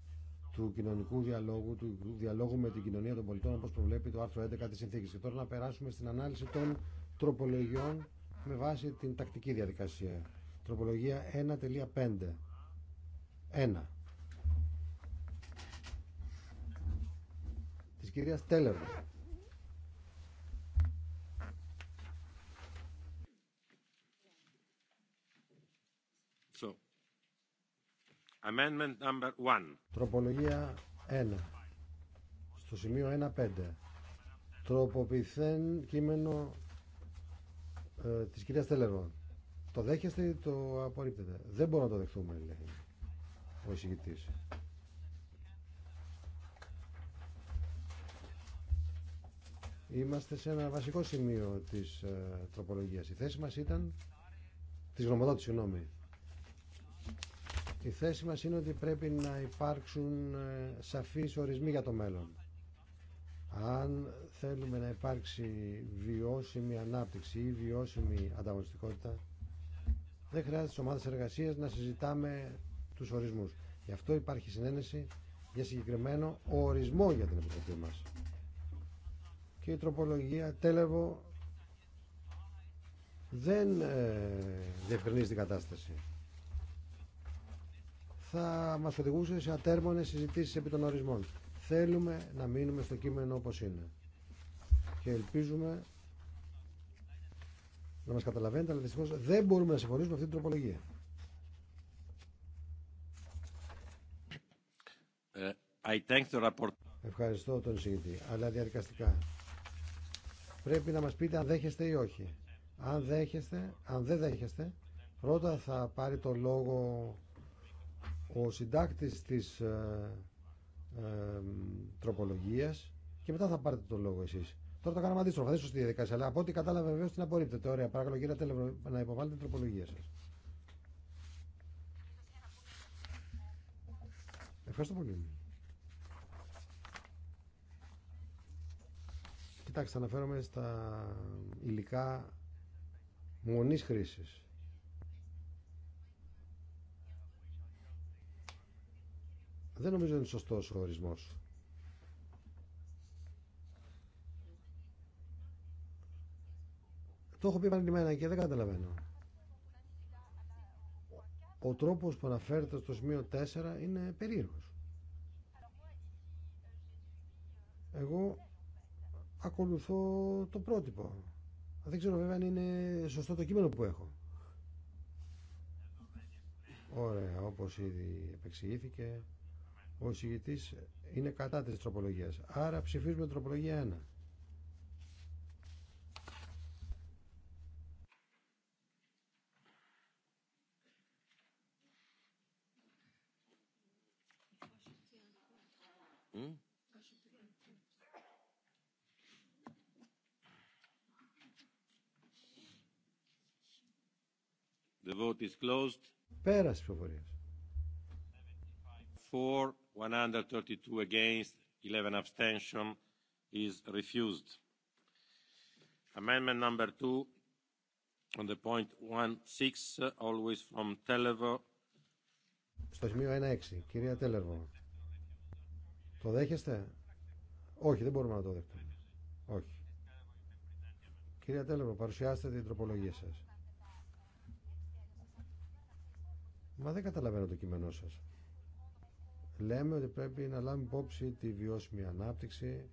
του κοινωνικού διαλόγου, του διαλόγου με την κοινωνία των πολιτών, όπως προβλέπει το άρθρο 11 της συνθήκης. Και τώρα να περάσουμε στην ανάλυση των τροπολογιών με βάση την τακτική διαδικασία. Τροπολογία 1.5. 1. Της κυρίας Τέλερ. Amendment number Τροπολογία 1. Στο σημείο 1.5. Τροποποιηθέν κείμενο ε, της κυρίας Τέλερων. Το δέχεστε ή το απορρίπτετε. Δεν μπορούμε να το δεχθούμε λέει ο εισηγητής. Είμαστε σε ένα βασικό σημείο της ε, τροπολογίας. Η θέση μας ήταν της γνωμοδότησης, συγγνώμη. Η θέση μας είναι ότι πρέπει να υπάρξουν ε, σαφείς ορισμοί για το μέλλον. Αν θέλουμε να υπάρξει βιώσιμη ανάπτυξη ή βιώσιμη ανταγωνιστικότητα, δεν χρειάζεται στις ομάδες εργασίας να συζητάμε τους ορισμούς. Γι' αυτό υπάρχει συνένεση για συγκεκριμένο ορισμό για την επιτροπή μας. Και η τροπολογία τέλευο δεν ε, διευκρινίζει την κατάσταση θα μας οδηγούσε σε ατέρμονες συζητήσει επί των ορισμών. Θέλουμε να μείνουμε στο κείμενο όπως είναι. Και ελπίζουμε να μας καταλαβαίνετε, αλλά δυστυχώ δεν μπορούμε να συμφωνήσουμε αυτή την τροπολογία. Ε, I thank the report. Ευχαριστώ τον συγκριτή. αλλά διαδικαστικά. Πρέπει να μας πείτε αν δέχεστε ή όχι. Αν δέχεστε, αν δεν δέχεστε, πρώτα θα πάρει το λόγο ο συντάκτης της ε, ε, τροπολογίας και μετά θα πάρετε το λόγο εσείς. Τώρα το κάναμε αντίστροφα, δεν σωστή διαδικασία, αλλά από ό,τι κατάλαβα βεβαίω την απορρίπτεται. Ωραία, παρακαλώ κύριε να υποβάλλετε την τροπολογία σας. Ευχαριστώ πολύ. Κοιτάξτε, αναφέρομαι στα υλικά μονής χρήσης. Δεν νομίζω είναι σωστός ο ορισμός. Το έχω πει επανειλημμένα και δεν καταλαβαίνω. Ο τρόπος που αναφέρεται στο σημείο 4 είναι περίεργος. Εγώ ακολουθώ το πρότυπο. Δεν ξέρω βέβαια αν είναι σωστό το κείμενο που έχω. Ωραία, όπως ήδη επεξηγήθηκε. Ο συγητή είναι κατά τη τροπολογίας. Άρα ψηφίζουμε τροπολογία 1. The vote is closed. Πέρασε η ψηφοφορία. 132 against, 11 abstention is refused. Amendment number two on the point 1.6, always from Televo. Στο σημείο 1.6, κυρία Τέλερβο. Το δέχεστε? Όχι, δεν μπορούμε να το δεχτούμε. Όχι. Κυρία Τέλερβο, παρουσιάστε την τροπολογία σας. Μα δεν καταλαβαίνω το κείμενό σας λέμε ότι πρέπει να λάβουμε υπόψη τη βιώσιμη ανάπτυξη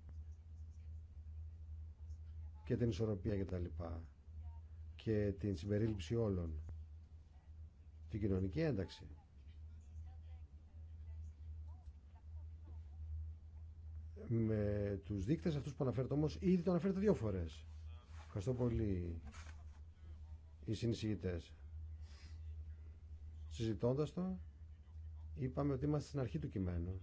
και την ισορροπία και τα λοιπά και την συμπερίληψη όλων την κοινωνική ένταξη με τους δείκτες αυτούς που αναφέρετε όμως ήδη το αναφέρετε δύο φορές ευχαριστώ πολύ οι συνεισηγητές συζητώντας το είπαμε ότι είμαστε στην αρχή του κειμένου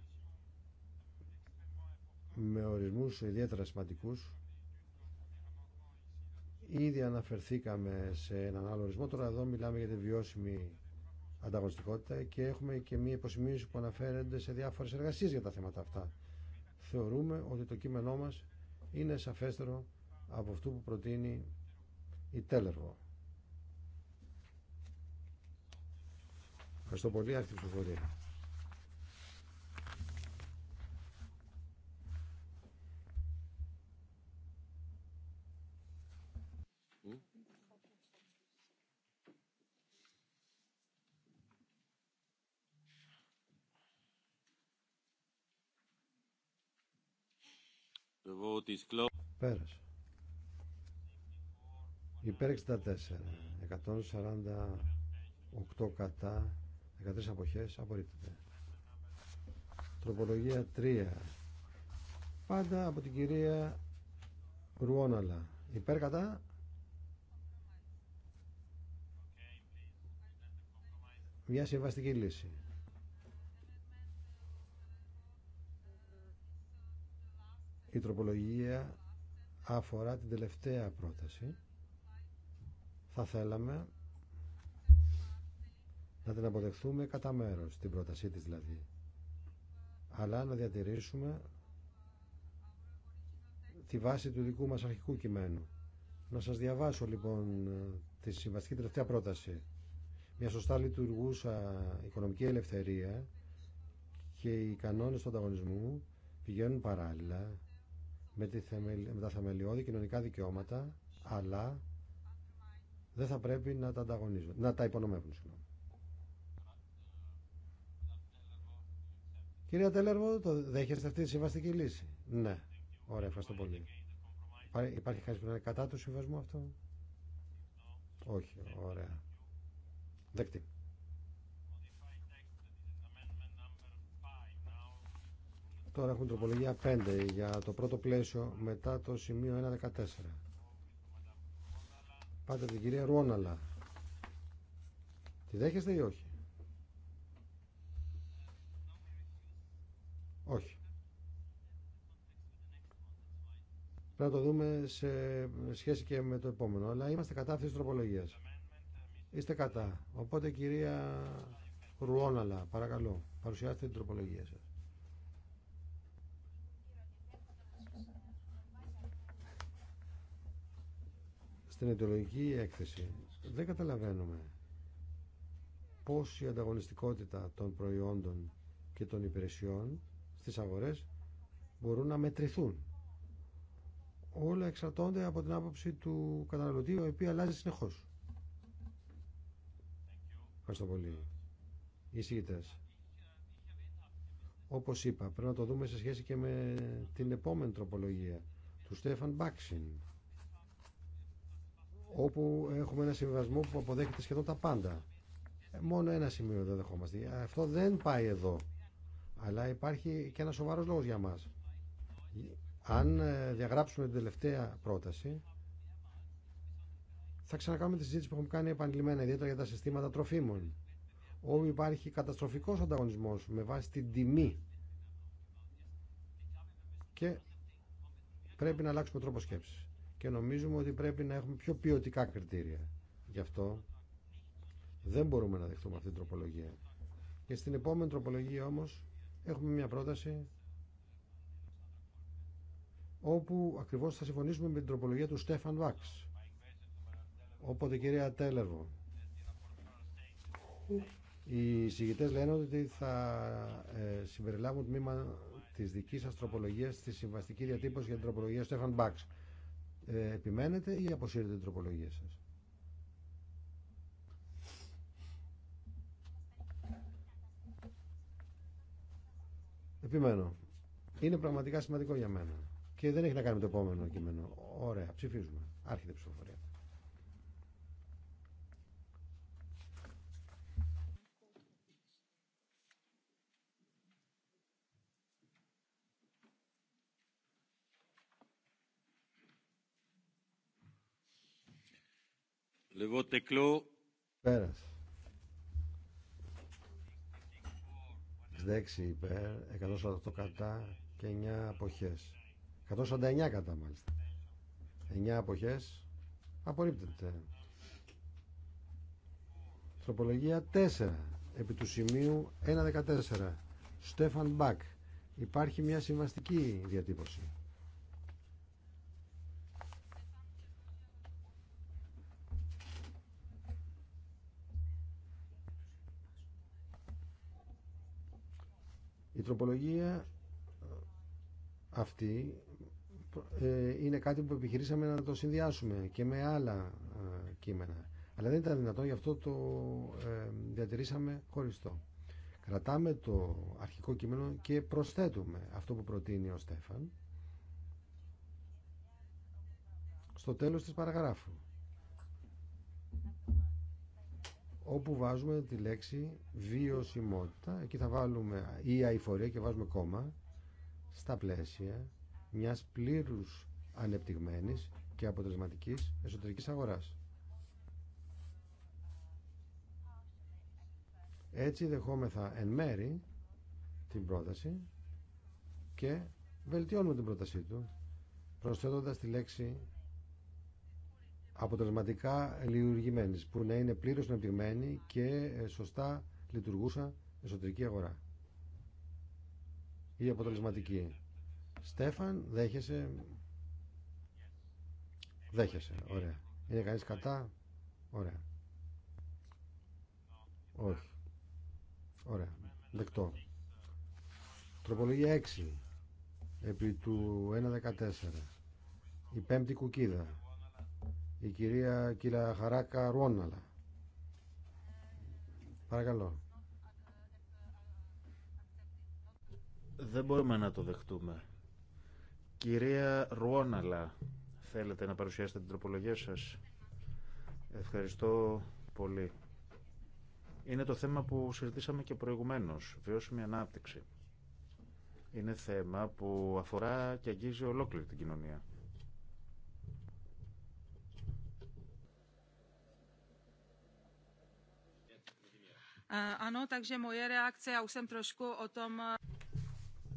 με ορισμούς ιδιαίτερα σημαντικούς ήδη αναφερθήκαμε σε έναν άλλο ορισμό τώρα εδώ μιλάμε για τη βιώσιμη ανταγωνιστικότητα και έχουμε και μία υποσημείωση που αναφέρεται σε διάφορες εργασίες για τα θέματα αυτά θεωρούμε ότι το κείμενό μας είναι σαφέστερο από αυτού που προτείνει η Τέλεργο. Ευχαριστώ πολύ, άρχιτη ψηφοφορία. Πέρασε. Υπέρ 64. 148 κατά. 13 αποχές. Απορρίπτεται. Τροπολογία 3. Πάντα από την κυρία Ρουόναλα. Υπέρ κατά. Μια συμβαστική λύση. Η τροπολογία αφορά την τελευταία πρόταση. Θα θέλαμε να την αποδεχθούμε κατά μέρος, την πρότασή της δηλαδή. Αλλά να διατηρήσουμε τη βάση του δικού μας αρχικού κειμένου. Να σας διαβάσω λοιπόν τη συμβαστική τελευταία πρόταση. Μια σωστά λειτουργούσα οικονομική ελευθερία και οι κανόνες του ανταγωνισμού πηγαίνουν παράλληλα με, τη θεμελι... με τα θεμελιώδη κοινωνικά δικαιώματα, αλλά δεν θα πρέπει να τα ανταγωνίζουν, να τα υπονομεύουν. Συγγνώμη. Κυρία Τέλερβο, το δέχεστε αυτή τη συμβαστική λύση. Ναι. Ωραία, ευχαριστώ πολύ. Υπάρχει κάτι που να είναι κατά του συμβασμού αυτό. Όχι, ωραία. Δεκτή. Τώρα έχουν τροπολογία 5 για το πρώτο πλαίσιο μετά το σημείο 1.14. Πάτε την κυρία Ρουόναλα. Τη δέχεστε ή όχι. Όχι. Πρέπει να το δούμε σε σχέση και με το επόμενο. Αλλά είμαστε κατά αυτής της τροπολογίας. Είστε κατά. Οπότε κυρία Ρουόναλα, παρακαλώ, παρουσιάστε την τροπολογία σας. στην εντολογική έκθεση δεν καταλαβαίνουμε πώς η ανταγωνιστικότητα των προϊόντων και των υπηρεσιών στις αγορές μπορούν να μετρηθούν. Όλα εξαρτώνται από την άποψη του καταναλωτή, ο οποίος αλλάζει συνεχώς. Ευχαριστώ πολύ. Εισηγητές. Όπως είπα, πρέπει να το δούμε σε σχέση και με την επόμενη τροπολογία του Στέφαν Μπάξιν όπου έχουμε ένα συμβιβασμό που αποδέχεται σχεδόν τα πάντα. Ε, μόνο ένα σημείο δεν δεχόμαστε. Αυτό δεν πάει εδώ. Αλλά υπάρχει και ένα σοβαρό λόγο για μα. Αν ε, διαγράψουμε την τελευταία πρόταση, θα ξανακάνουμε τη συζήτηση που έχουμε κάνει επανειλημμένα, ιδιαίτερα για τα συστήματα τροφίμων, όπου υπάρχει καταστροφικό ανταγωνισμό με βάση την τιμή και πρέπει να αλλάξουμε τρόπο σκέψης και νομίζουμε ότι πρέπει να έχουμε πιο ποιοτικά κριτήρια. Γι' αυτό δεν μπορούμε να δεχτούμε αυτή την τροπολογία. Και στην επόμενη τροπολογία όμως έχουμε μια πρόταση όπου ακριβώς θα συμφωνήσουμε με την τροπολογία του Στέφαν Βάξ. Οπότε κυρία Τέλερβο, οι συγγητές λένε ότι θα ε, συμπεριλάβουν τμήμα της δικής σας τροπολογίας στη συμβαστική διατύπωση για την τροπολογία Στέφαν Βάξ. Ε, επιμένετε ή αποσύρετε την τροπολογία σας. Επιμένω. Είναι πραγματικά σημαντικό για μένα. Και δεν έχει να κάνει με το επόμενο κείμενο. Ωραία, ψηφίζουμε. Άρχεται η ψηφοφορία. Πέρασε. υπέρ, 148 κατά και 9 απόχέ. 149 κατά μάλιστα. 9 απόχέ. Απορρίπτεται. Τροπολογία 4. Επί του σημείου 1.14. Στέφαν Μπακ. Υπάρχει μια συμβαστική διατύπωση. τροπολογία αυτή ε, είναι κάτι που επιχειρήσαμε να το συνδυάσουμε και με άλλα ε, κείμενα. Αλλά δεν ήταν δυνατό, γι' αυτό το ε, διατηρήσαμε χωριστό. Κρατάμε το αρχικό κείμενο και προσθέτουμε αυτό που προτείνει ο Στέφαν στο τέλος της παραγράφου. όπου βάζουμε τη λέξη βιωσιμότητα, εκεί θα βάλουμε ή αηφορία και βάζουμε κόμμα, στα πλαίσια μιας πλήρους ανεπτυγμένης και αποτελεσματικής εσωτερικής αγοράς. Έτσι δεχόμεθα εν μέρη την πρόταση και βελτιώνουμε την πρότασή του προσθέτοντας τη λέξη αποτελεσματικά λειτουργημένες που να είναι πλήρως αναπτυγμένη και ε, σωστά λειτουργούσα εσωτερική αγορά. Η αποτελεσματική. Στέφαν, δέχεσαι. Δέχεσαι, ωραία. Είναι κανείς κατά. Ωραία. Όχι. Ωραία. Δεκτό. Τροπολογία 6. Επί του 1.14. Η πέμπτη κουκίδα η κυρία κυρία Χαράκα Ρουόναλα. Παρακαλώ. Δεν μπορούμε να το δεχτούμε. Κυρία Ρουόναλα, θέλετε να παρουσιάσετε την τροπολογία σας. Ευχαριστώ πολύ. Είναι το θέμα που συζητήσαμε και προηγουμένως, βιώσιμη ανάπτυξη. Είναι θέμα που αφορά και αγγίζει ολόκληρη την κοινωνία.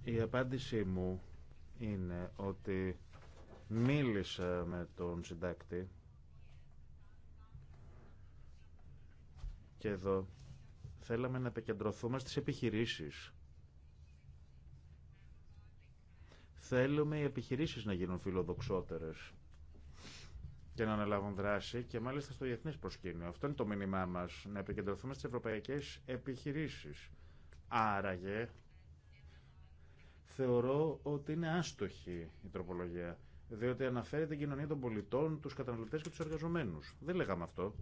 Η απάντησή μου είναι ότι μίλησα με τον συντάκτη και εδώ θέλαμε να επικεντρωθούμε στις επιχειρήσεις. Θέλουμε οι επιχειρήσεις να γίνουν φιλοδοξότερες και να αναλάβουν δράση και μάλιστα στο διεθνές προσκήνιο. Αυτό είναι το μήνυμά μας, να επικεντρωθούμε στις ευρωπαϊκές επιχειρήσεις. Άραγε, θεωρώ ότι είναι άστοχη η τροπολογία, διότι αναφέρει την κοινωνία των πολιτών, τους καταναλωτές και τους εργαζομένους. Δεν λέγαμε αυτό.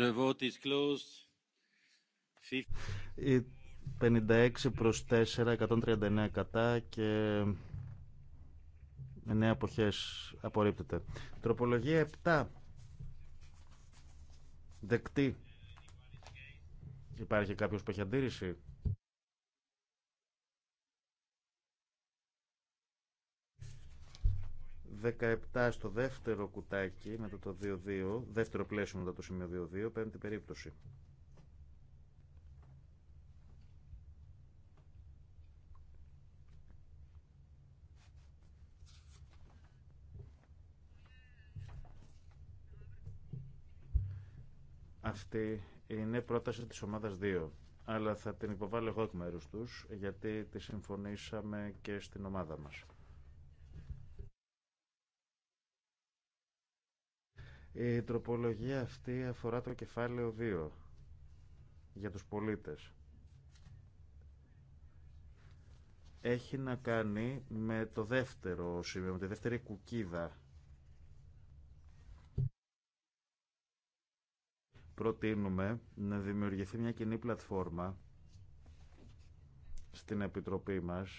The vote is closed. 56 προς 4, 139 κατά και 9 αποχές απορρίπτεται. Τροπολογία 7. Δεκτή. Υπάρχει κάποιος που έχει αντίρρηση. 17 στο δεύτερο κουτάκι μετά το 2-2, δεύτερο πλαίσιο μετά το σημείο 2-2, πέμπτη περίπτωση. Αυτή είναι πρόταση της ομάδας 2, αλλά θα την υποβάλω εγώ εκ μέρους τους, γιατί τη συμφωνήσαμε και στην ομάδα μας. Η τροπολογία αυτή αφορά το κεφάλαιο 2 για τους πολίτες. Έχει να κάνει με το δεύτερο σημείο, με τη δεύτερη κουκίδα. Προτείνουμε να δημιουργηθεί μια κοινή πλατφόρμα στην Επιτροπή μας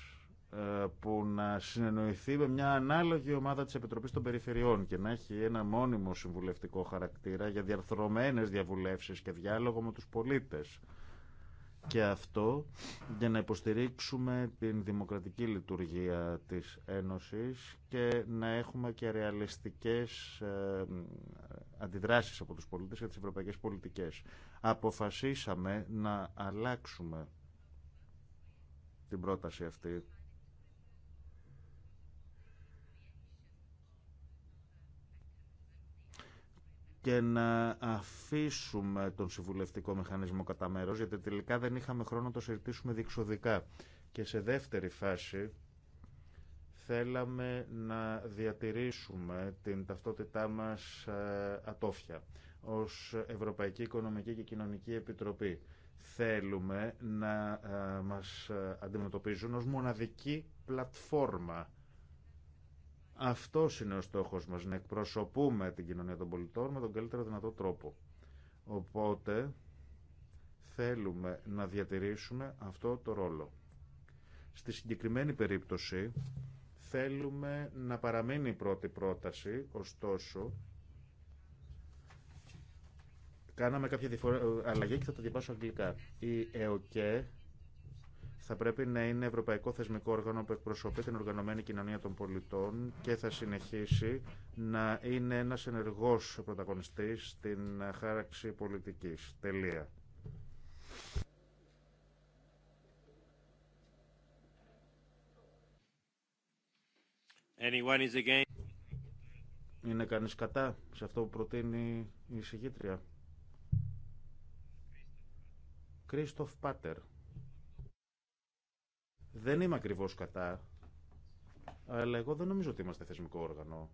που να συνεννοηθεί με μια ανάλογη ομάδα της Επιτροπής των Περιφερειών και να έχει ένα μόνιμο συμβουλευτικό χαρακτήρα για διαρθρωμένες διαβουλεύσεις και διάλογο με τους πολίτες. Και αυτό για να υποστηρίξουμε την δημοκρατική λειτουργία της Ένωσης και να έχουμε και ρεαλιστικές ε, αντιδράσεις από τους πολίτες για τις ευρωπαϊκές πολιτικές. Αποφασίσαμε να αλλάξουμε την πρόταση αυτή και να αφήσουμε τον συμβουλευτικό μηχανισμό κατά μέρο, γιατί τελικά δεν είχαμε χρόνο να το συζητήσουμε διεξοδικά. Και σε δεύτερη φάση θέλαμε να διατηρήσουμε την ταυτότητά μας ε, ατόφια ως Ευρωπαϊκή Οικονομική και Κοινωνική Επιτροπή. Θέλουμε να ε, μας ε, αντιμετωπίζουν ως μοναδική πλατφόρμα αυτό είναι ο στόχο μα, να εκπροσωπούμε την κοινωνία των πολιτών με τον καλύτερο δυνατό τρόπο. Οπότε θέλουμε να διατηρήσουμε αυτό το ρόλο. Στη συγκεκριμένη περίπτωση θέλουμε να παραμείνει η πρώτη πρόταση, ωστόσο κάναμε κάποια αλλαγή και θα το διαβάσω αγγλικά. Η ΕΟΚΕ θα πρέπει να είναι ευρωπαϊκό θεσμικό όργανο που εκπροσωπεί την οργανωμένη κοινωνία των πολιτών και θα συνεχίσει να είναι ένας ενεργός πρωταγωνιστής στην χάραξη πολιτικής. Τελεία. Anyone is Είναι κανείς κατά σε αυτό που προτείνει η εισηγήτρια. Κρίστοφ Πάτερ. Δεν είμαι ακριβώ κατά, αλλά εγώ δεν νομίζω ότι είμαστε θεσμικό όργανο.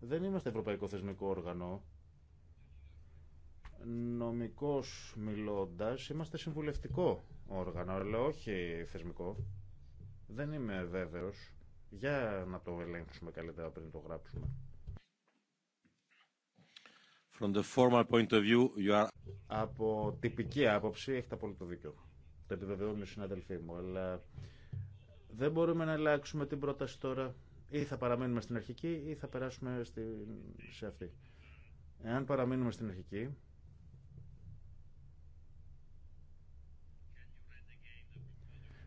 Δεν είμαστε ευρωπαϊκό θεσμικό όργανο. Νομικός μιλώντας, είμαστε συμβουλευτικό όργανο, αλλά όχι θεσμικό. Δεν είμαι βέβαιο. Για να το ελέγξουμε καλύτερα πριν το γράψουμε. From the formal point of view, you are... Από τυπική άποψη έχετε απόλυτο δίκιο το επιβεβαιώνουν οι συναδελφοί μου, αλλά δεν μπορούμε να αλλάξουμε την πρόταση τώρα. Ή θα παραμείνουμε στην αρχική ή θα περάσουμε στη, σε αυτή. Εάν παραμείνουμε στην αρχική,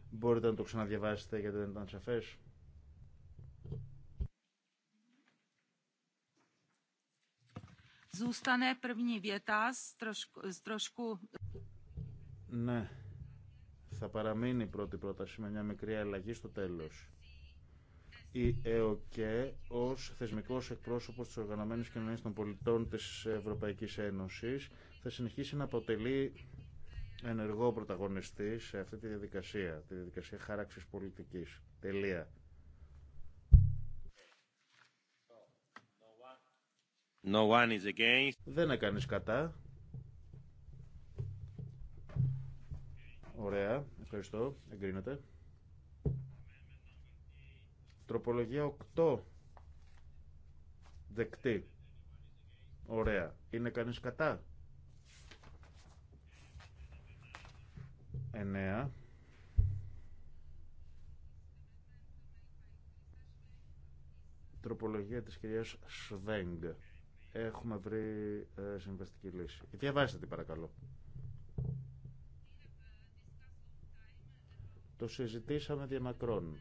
Μπορείτε να το ξαναδιαβάσετε γιατί δεν ήταν σαφές. Ναι, θα παραμείνει η πρώτη πρόταση με μια μικρή αλλαγή στο τέλος. Η ΕΟΚΕ ως θεσμικός εκπρόσωπος της Οργανωμένης Κοινωνίας των Πολιτών της Ευρωπαϊκής Ένωσης θα συνεχίσει να αποτελεί ενεργό πρωταγωνιστή σε αυτή τη διαδικασία, τη διαδικασία χάραξης πολιτικής. Τελεία. No one is against. Δεν έκανε κατά. Ωραία, ευχαριστώ. Εγκρίνεται. Τροπολογία 8. Δεκτή. Ωραία. Είναι κανείς κατά. 9. Τροπολογία της κυρίας Σβέγγ. Έχουμε βρει ε, συμβαστική λύση. Διαβάστε την παρακαλώ. Το συζητήσαμε διαμακρών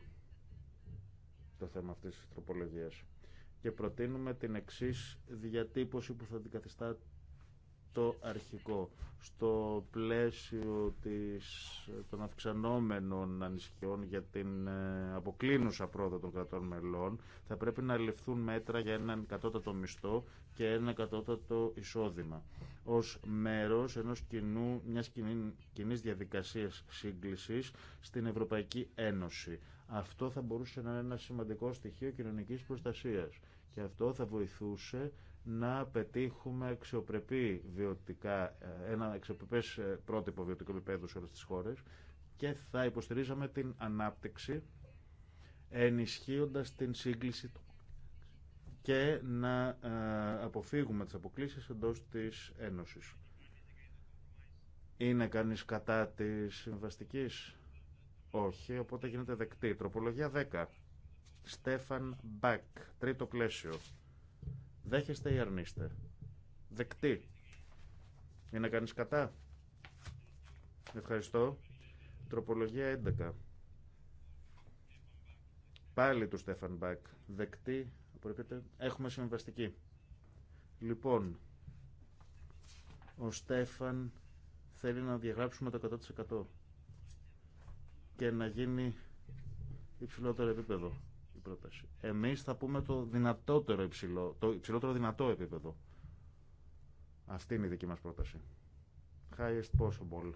το θέμα αυτής της τροπολογίας και προτείνουμε την εξής διατύπωση που θα αντικαθιστά το αρχικό. Στο πλαίσιο της, των αυξανόμενων ανησυχιών για την ε, αποκλίνουσα πρόοδο των κρατών μελών θα πρέπει να ληφθούν μέτρα για έναν κατώτατο μισθό και ένα κατώτατο εισόδημα ως μέρος ενός κοινού, μιας κοινής διαδικασίας σύγκλησης στην Ευρωπαϊκή Ένωση. Αυτό θα μπορούσε να είναι ένα σημαντικό στοιχείο κοινωνικής προστασίας και αυτό θα βοηθούσε να πετύχουμε αξιοπρεπή βιωτικά, ε, ένα αξιοπρεπέ ε, πρότυπο βιωτικού επίπεδου σε όλε χώρες και θα υποστηρίζαμε την ανάπτυξη ενισχύοντας την σύγκληση του και να ε, αποφύγουμε τις αποκλήσεις εντός της Ένωσης. Είναι κανείς κατά της συμβαστικής? Όχι, οπότε γίνεται δεκτή. Τροπολογία 10. Στέφαν Μπακ, τρίτο πλαίσιο. Δέχεστε ή αρνείστε. Δεκτή. Είναι κανείς κατά. Ευχαριστώ. Τροπολογία 11. Πάλι του Στέφαν Μπακ. Δεκτή. Έχουμε συμβαστική. Λοιπόν, ο Στέφαν θέλει να διαγράψουμε το 100% και να γίνει υψηλότερο επίπεδο την πρόταση. Εμείς θα πούμε το, δυνατότερο υψηλό, το υψηλότερο δυνατό επίπεδο. Αυτή είναι η δική μας πρόταση. Highest possible.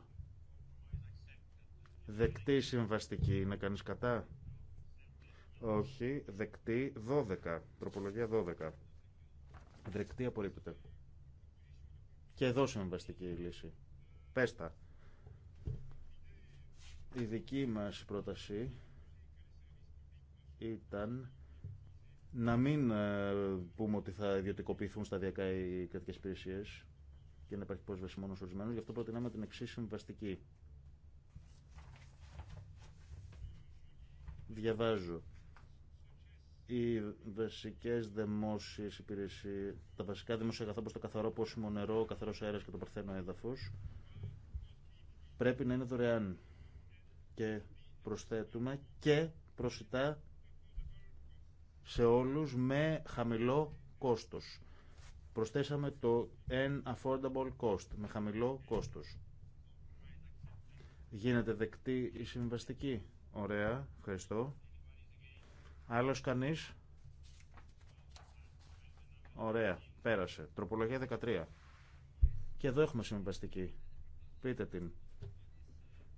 Δεκτή συμβαστική. Είναι κανείς κατά. Όχι. Δεκτή 12. Τροπολογία 12. Δεκτή απορρίπτεται. Και εδώ συμβαστική η λύση. Πέστα. Η δική μας πρόταση ήταν να μην ε, πούμε ότι θα ιδιωτικοποιηθούν σταδιακά οι κρατικέ υπηρεσίε και να υπάρχει πρόσβαση μόνο ορισμένου. Γι' αυτό προτείναμε την εξή συμβαστική. Διαβάζω. Οι βασικές δημόσιες υπηρεσίες, τα βασικά δημόσια αγαθά όπω το καθαρό πόσιμο νερό, ο καθαρός αέρας και το παρθένο έδαφο. πρέπει να είναι δωρεάν. Και προσθέτουμε και προσιτά σε όλους με χαμηλό κόστος. Προσθέσαμε το N affordable cost με χαμηλό κόστος. Γίνεται δεκτή η συμβαστική. Ωραία, ευχαριστώ. Άλλος κανείς. Ωραία, πέρασε. Τροπολογία 13. Και εδώ έχουμε συμβαστική. Πείτε την.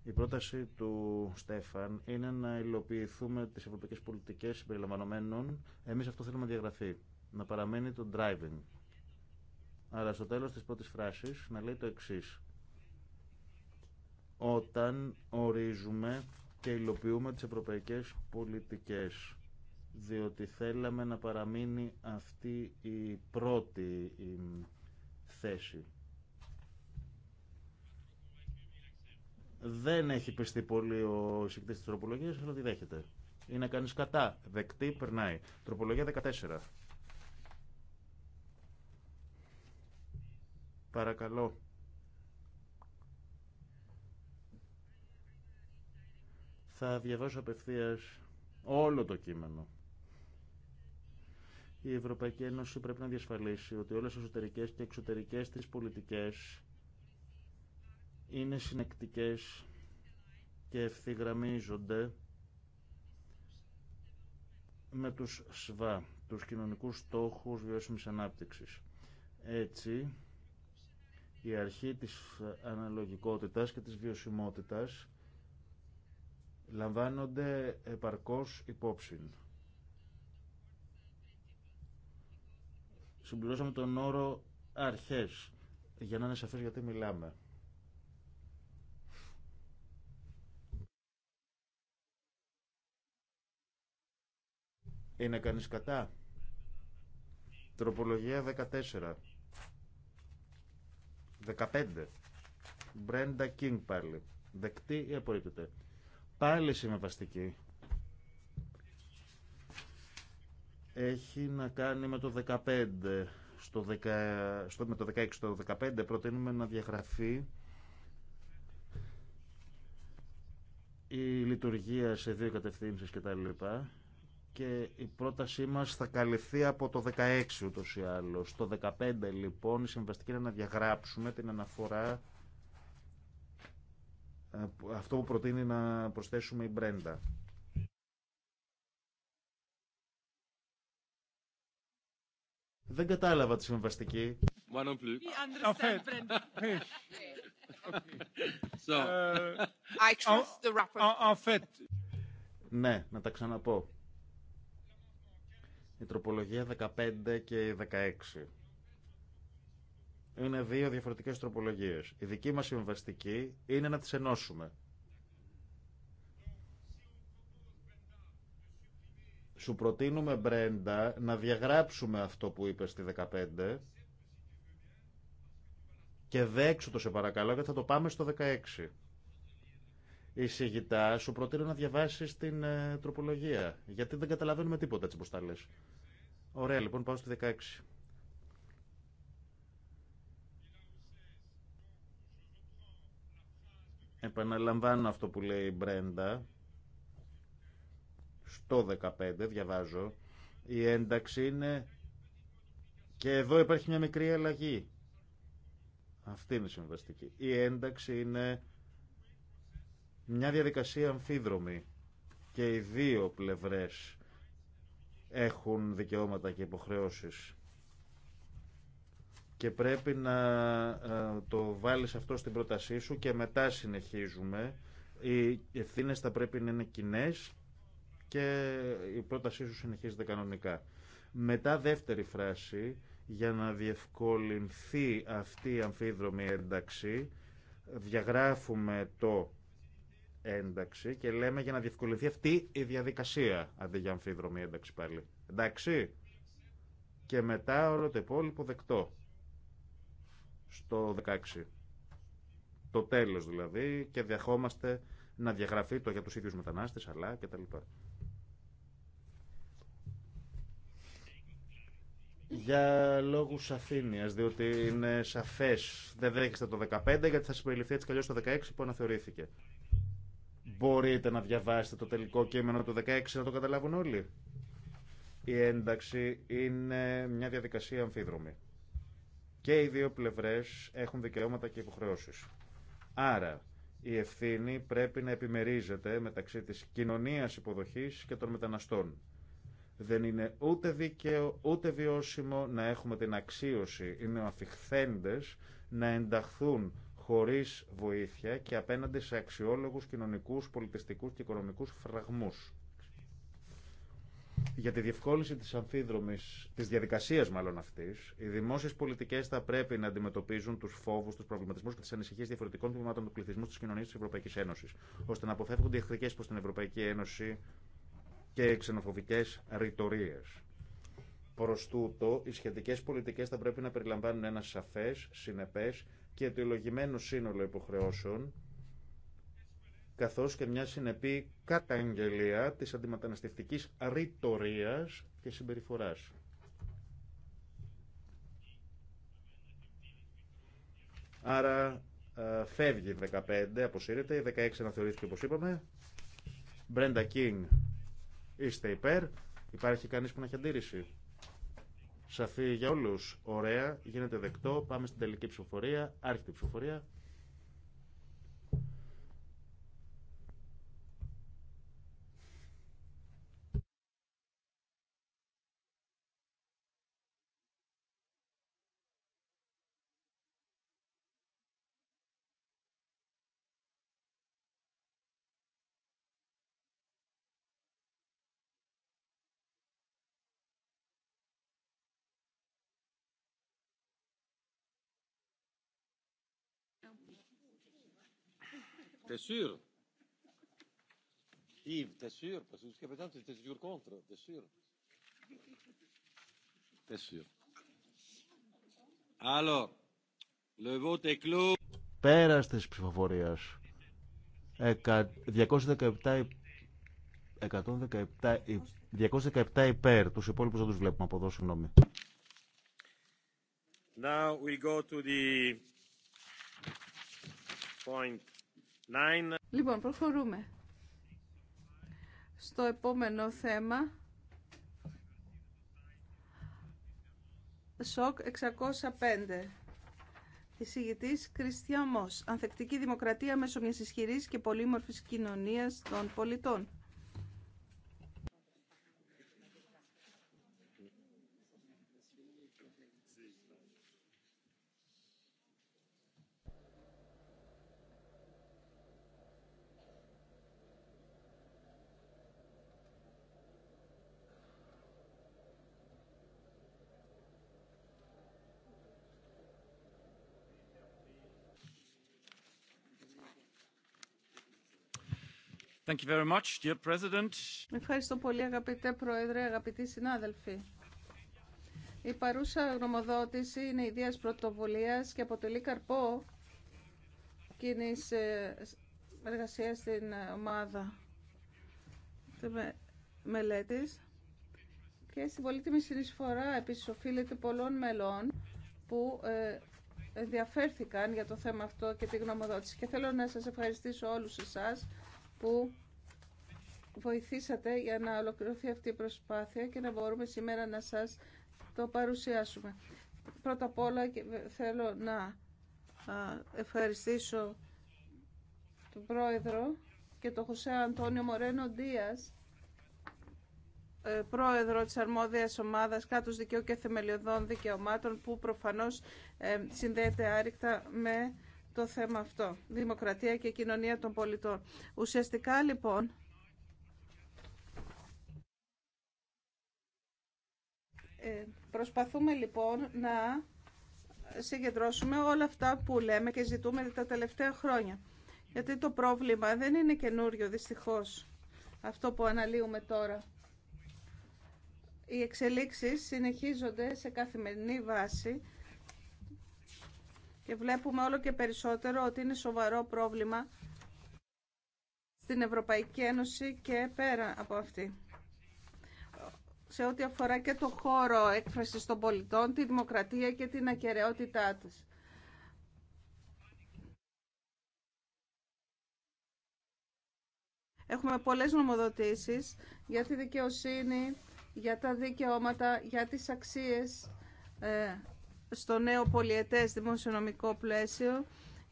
Η πρόταση του Στέφαν είναι να υλοποιηθούμε τις ευρωπαϊκές πολιτικές συμπεριλαμβανομένων. Εμείς αυτό θέλουμε να διαγραφεί, να παραμένει το driving. Άρα στο τέλος της πρώτης φράσης να λέει το εξής. Όταν ορίζουμε και υλοποιούμε τις ευρωπαϊκές πολιτικές διότι θέλαμε να παραμείνει αυτή η πρώτη θέση Δεν έχει πιστεί πολύ ο συγκριτή τη τροπολογία, αλλά τη δέχεται. Είναι κανεί κατά. Δεκτή, περνάει. Τροπολογία 14. Παρακαλώ. Θα διαβάσω απευθεία όλο το κείμενο. Η Ευρωπαϊκή Ένωση πρέπει να διασφαλίσει ότι όλες οι εσωτερικές και εξωτερικές της πολιτικές είναι συνεκτικές και ευθυγραμμίζονται με τους ΣΒΑ, τους κοινωνικούς στόχους βιώσιμης ανάπτυξης. Έτσι, η αρχή της αναλογικότητας και της βιωσιμότητας λαμβάνονται επαρκώς υπόψη. Συμπληρώσαμε τον όρο αρχές, για να είναι σαφές γιατί μιλάμε. Είναι κανείς κατά. Τροπολογία 14. 15. Μπρέντα Κίνγκ πάλι. Δεκτή ή απορρίπτεται. Πάλι συμβαστική. Έχει να κάνει με το 15. Στο 10, στο, με το 16 το 15 προτείνουμε να διαγραφεί η λειτουργία σε δύο κατευθύνσεις κτλ και η πρότασή μας θα καλυφθεί από το 16 ούτως ή άλλως. Το 15 λοιπόν η συμβαστική είναι να διαγράψουμε την αναφορά ε, αυτό που προτείνει να προσθέσουμε η Μπρέντα. Δεν κατάλαβα τη συμβαστική. Ναι, να τα ξαναπώ. Η τροπολογία 15 και η 16. Είναι δύο διαφορετικές τροπολογίες. Η δική μας συμβαστική είναι να τις ενώσουμε. Σου προτείνουμε, Μπρέντα, να διαγράψουμε αυτό που είπες στη 15 και δέξου το σε παρακαλώ γιατί θα το πάμε στο 16 εισηγητά, σου προτείνω να διαβάσει την ε, τροπολογία. Γιατί δεν καταλαβαίνουμε τίποτα έτσι όπω τα λες. Ωραία, λοιπόν, πάω στη 16. Επαναλαμβάνω αυτό που λέει η Μπρέντα. Στο 15 διαβάζω. Η ένταξη είναι... Και εδώ υπάρχει μια μικρή αλλαγή. Αυτή είναι η συμβαστική. Η ένταξη είναι μια διαδικασία αμφίδρομη και οι δύο πλευρές έχουν δικαιώματα και υποχρεώσεις και πρέπει να ε, το βάλεις αυτό στην πρότασή σου και μετά συνεχίζουμε. Οι ευθύνε θα πρέπει να είναι κοινέ και η πρότασή σου συνεχίζεται κανονικά. Μετά δεύτερη φράση, για να διευκολυνθεί αυτή η αμφίδρομη ένταξη, διαγράφουμε το ένταξη και λέμε για να διευκολυνθεί αυτή η διαδικασία αντί για αμφίδρομη ένταξη πάλι. Εντάξει. Και μετά όλο το υπόλοιπο δεκτό. Στο 16. Το τέλος δηλαδή και διαχόμαστε να διαγραφεί το για τους ίδιους μετανάστες αλλά και τα λοιπά. Για λόγους σαφήνειας, διότι είναι σαφές. Δεν δέχεστε το 15 γιατί θα συμπεριληφθεί έτσι καλώς το 16 που αναθεωρήθηκε. Μπορείτε να διαβάσετε το τελικό κείμενο του 16 να το καταλάβουν όλοι. Η ένταξη είναι μια διαδικασία αμφίδρομη. Και οι δύο πλευρές έχουν δικαιώματα και υποχρεώσεις. Άρα, η ευθύνη πρέπει να επιμερίζεται μεταξύ της κοινωνίας υποδοχής και των μεταναστών. Δεν είναι ούτε δίκαιο, ούτε βιώσιμο να έχουμε την αξίωση οι νεοαφιχθέντες να ενταχθούν χωρίς βοήθεια και απέναντι σε αξιόλογους κοινωνικούς, πολιτιστικούς και οικονομικούς φραγμούς. Για τη διευκόλυνση της αμφίδρομης, της διαδικασίας μάλλον αυτής, οι δημόσιες πολιτικές θα πρέπει να αντιμετωπίζουν τους φόβους, τους προβληματισμούς και τις ανησυχίες διαφορετικών τμήματων του πληθυσμού της κοινωνίας της Ευρωπαϊκής Ένωσης, ώστε να αποφεύγονται οι εχθρικές προς την Ευρωπαϊκή Ένωση και ξενοφοβικές ρητορίες. Προ τούτο, οι σχετικές πολιτικέ θα πρέπει να περιλαμβάνουν ένα σαφέ, συνεπές και αιτιολογημένο σύνολο υποχρεώσεων, καθώς και μια συνεπή καταγγελία της αντιμεταναστευτικής ρητορία και συμπεριφοράς. Άρα ε, φεύγει 15, αποσύρεται, 16 να θεωρήθηκε όπως είπαμε. Μπρέντα Κίνγκ, είστε υπέρ. Υπάρχει κανείς που να έχει αντίρρηση. Σαφή για όλους. Ωραία. Γίνεται δεκτό. Πάμε στην τελική ψηφοφορία. Άρχιτη ψηφοφορία. T'es sûr Yves, t'es sûr Parce que jusqu'à présent, tu étais toujours contre. T'es sûr T'es sûr. Alors, le vote est clos. Πέρα τη ψηφοφορία. 217 117, 217 υπέρ. Τους υπόλοιπους δεν τους βλέπουμε από εδώ, συγγνώμη. Now we go to the point Λοιπόν, προχωρούμε. Στο επόμενο θέμα, ΣΟΚ 605. Εισηγητή Κριστιαμό. Ανθεκτική δημοκρατία μέσω μια ισχυρή και πολύμορφη κοινωνία των πολιτών. Thank you very much, dear President. Ευχαριστώ πολύ αγαπητέ Πρόεδρε, αγαπητοί συνάδελφοι. Η παρούσα γνωμοδότηση είναι ιδίας πρωτοβουλίας και αποτελεί καρπό κοινής ε, εργασία στην ομάδα με, μελέτης και στην πολύτιμη συνεισφορά επίσης οφείλεται πολλών μελών που ε, ενδιαφέρθηκαν για το θέμα αυτό και τη γνωμοδότηση. Και θέλω να σας ευχαριστήσω όλους εσάς που βοηθήσατε για να ολοκληρωθεί αυτή η προσπάθεια και να μπορούμε σήμερα να σας το παρουσιάσουμε. Πρώτα απ' όλα θέλω να ευχαριστήσω τον Πρόεδρο και τον Χωσέ Αντώνιο Μορένο Ντίας, ε, Πρόεδρο της Αρμόδιας Ομάδας κάτω Δικαίου και Θεμελιωδών Δικαιωμάτων, που προφανώς ε, συνδέεται άρρηκτα με το θέμα αυτό. Δημοκρατία και κοινωνία των πολιτών. Ουσιαστικά λοιπόν ε, προσπαθούμε λοιπόν να συγκεντρώσουμε όλα αυτά που λέμε και ζητούμε τα τελευταία χρόνια. Γιατί το πρόβλημα δεν είναι καινούριο δυστυχώς αυτό που αναλύουμε τώρα. Οι εξελίξεις συνεχίζονται σε καθημερινή βάση και βλέπουμε όλο και περισσότερο ότι είναι σοβαρό πρόβλημα στην Ευρωπαϊκή Ένωση και πέρα από αυτή. Σε ό,τι αφορά και το χώρο έκφρασης των πολιτών, τη δημοκρατία και την ακαιρεότητά της. Έχουμε πολλές νομοδοτήσεις για τη δικαιοσύνη, για τα δικαιώματα, για τις αξίες ε, στο νέο πολιετές δημοσιονομικό πλαίσιο,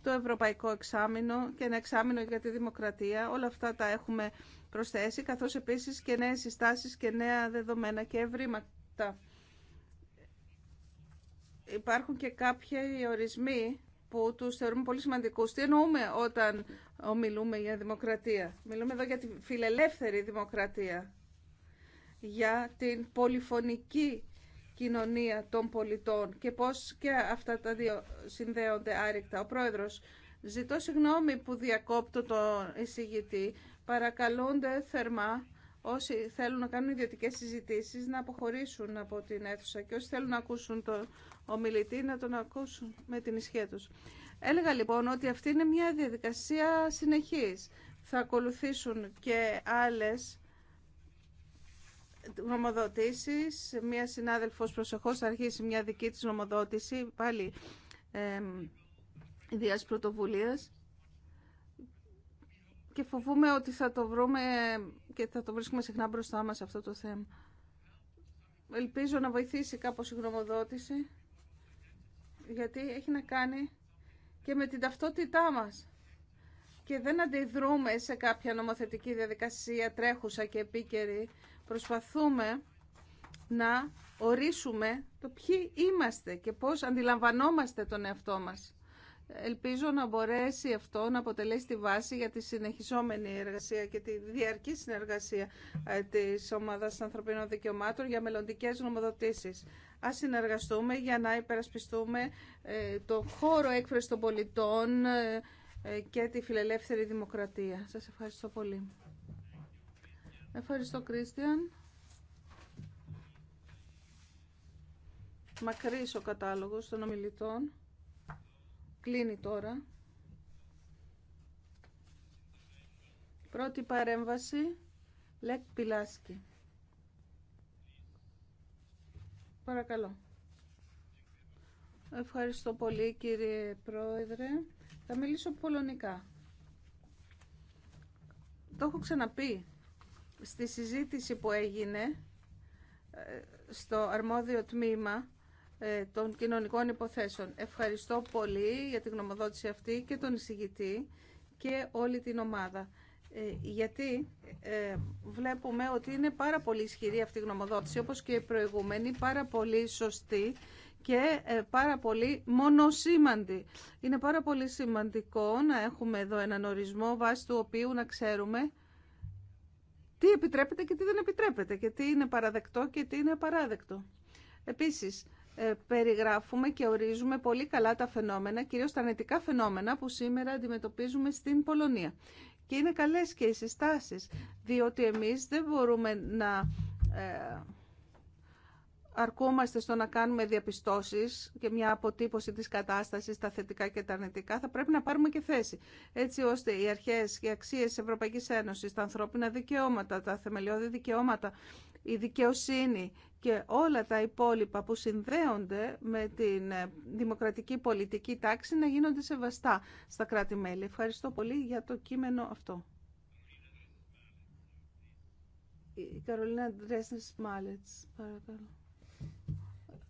το Ευρωπαϊκό Εξάμεινο και ένα εξάμεινο για τη δημοκρατία. Όλα αυτά τα έχουμε προσθέσει, καθώς επίσης και νέες συστάσεις και νέα δεδομένα και ευρήματα. Υπάρχουν και κάποιοι ορισμοί που τους θεωρούμε πολύ σημαντικούς. Τι εννοούμε όταν ομιλούμε για δημοκρατία. Μιλούμε εδώ για τη φιλελεύθερη δημοκρατία, για την πολυφωνική κοινωνία των πολιτών και πώς και αυτά τα δύο συνδέονται άρρηκτα. Ο πρόεδρος, ζητώ συγγνώμη που διακόπτω τον εισηγητή. Παρακαλούνται θερμά όσοι θέλουν να κάνουν ιδιωτικές συζητήσεις να αποχωρήσουν από την αίθουσα και όσοι θέλουν να ακούσουν τον ομιλητή να τον ακούσουν με την ισχύ τους. Έλεγα λοιπόν ότι αυτή είναι μια διαδικασία συνεχής. Θα ακολουθήσουν και άλλες νομοδοτήσεις. Μία συνάδελφος προσεχώς θα αρχίσει μια δική της νομοδότηση, πάλι ε, πρωτοβουλία. πρωτοβουλίας. Και φοβούμε ότι θα το βρούμε και θα το βρίσκουμε συχνά μπροστά μας αυτό το θέμα. Ελπίζω να βοηθήσει κάπως η γνωμοδότηση, γιατί έχει να κάνει και με την ταυτότητά μας και δεν αντιδρούμε σε κάποια νομοθετική διαδικασία τρέχουσα και επίκαιρη προσπαθούμε να ορίσουμε το ποιοι είμαστε και πώς αντιλαμβανόμαστε τον εαυτό μας. Ελπίζω να μπορέσει αυτό να αποτελέσει τη βάση για τη συνεχιζόμενη εργασία και τη διαρκή συνεργασία ε, της Ομάδας Ανθρωπίνων Δικαιωμάτων για μελλοντικές νομοδοτήσεις. Ας συνεργαστούμε για να υπερασπιστούμε ε, το χώρο έκφραση των πολιτών ε, και τη φιλελεύθερη δημοκρατία. Σας ευχαριστώ πολύ. Ευχαριστώ, Κρίστιαν. Μακρύς ο κατάλογος των ομιλητών. Κλείνει τώρα. Πρώτη παρέμβαση, Λεκ Πιλάσκη. Παρακαλώ. Ευχαριστώ πολύ κύριε Πρόεδρε. Θα μιλήσω πολωνικά. Το έχω ξαναπεί στη συζήτηση που έγινε ε, στο αρμόδιο τμήμα ε, των κοινωνικών υποθέσεων. Ευχαριστώ πολύ για την γνωμοδότηση αυτή και τον εισηγητή και όλη την ομάδα. Ε, γιατί βλέπουμε ότι είναι πάρα πολύ ισχυρή αυτή η γνωμοδότηση, όπως και η προηγούμενη, πάρα πολύ σωστή και πάρα πολύ μονοσήμαντη. Είναι πάρα πολύ σημαντικό να έχουμε εδώ έναν ορισμό βάσει του οποίου να ξέρουμε τι επιτρέπεται και τι δεν επιτρέπεται και τι είναι παραδεκτό και τι είναι απαράδεκτο. Επίσης, ε, περιγράφουμε και ορίζουμε πολύ καλά τα φαινόμενα, κυρίως τα αρνητικά φαινόμενα που σήμερα αντιμετωπίζουμε στην Πολωνία. Και είναι καλές και οι συστάσεις, διότι εμείς δεν μπορούμε να ε, αρκούμαστε στο να κάνουμε διαπιστώσεις και μια αποτύπωση της κατάστασης, τα θετικά και τα αρνητικά, θα πρέπει να πάρουμε και θέση. Έτσι ώστε οι αρχές και οι αξίες της Ευρωπαϊκής Ένωσης, τα ανθρώπινα δικαιώματα, τα θεμελιώδη δικαιώματα, η δικαιοσύνη και όλα τα υπόλοιπα που συνδέονται με την ε, δημοκρατική πολιτική τάξη να γίνονται σεβαστά στα κράτη-μέλη. Ευχαριστώ πολύ για το κείμενο αυτό. Η Καρολίνα Ντρέσνες Μάλετς, παρακαλώ.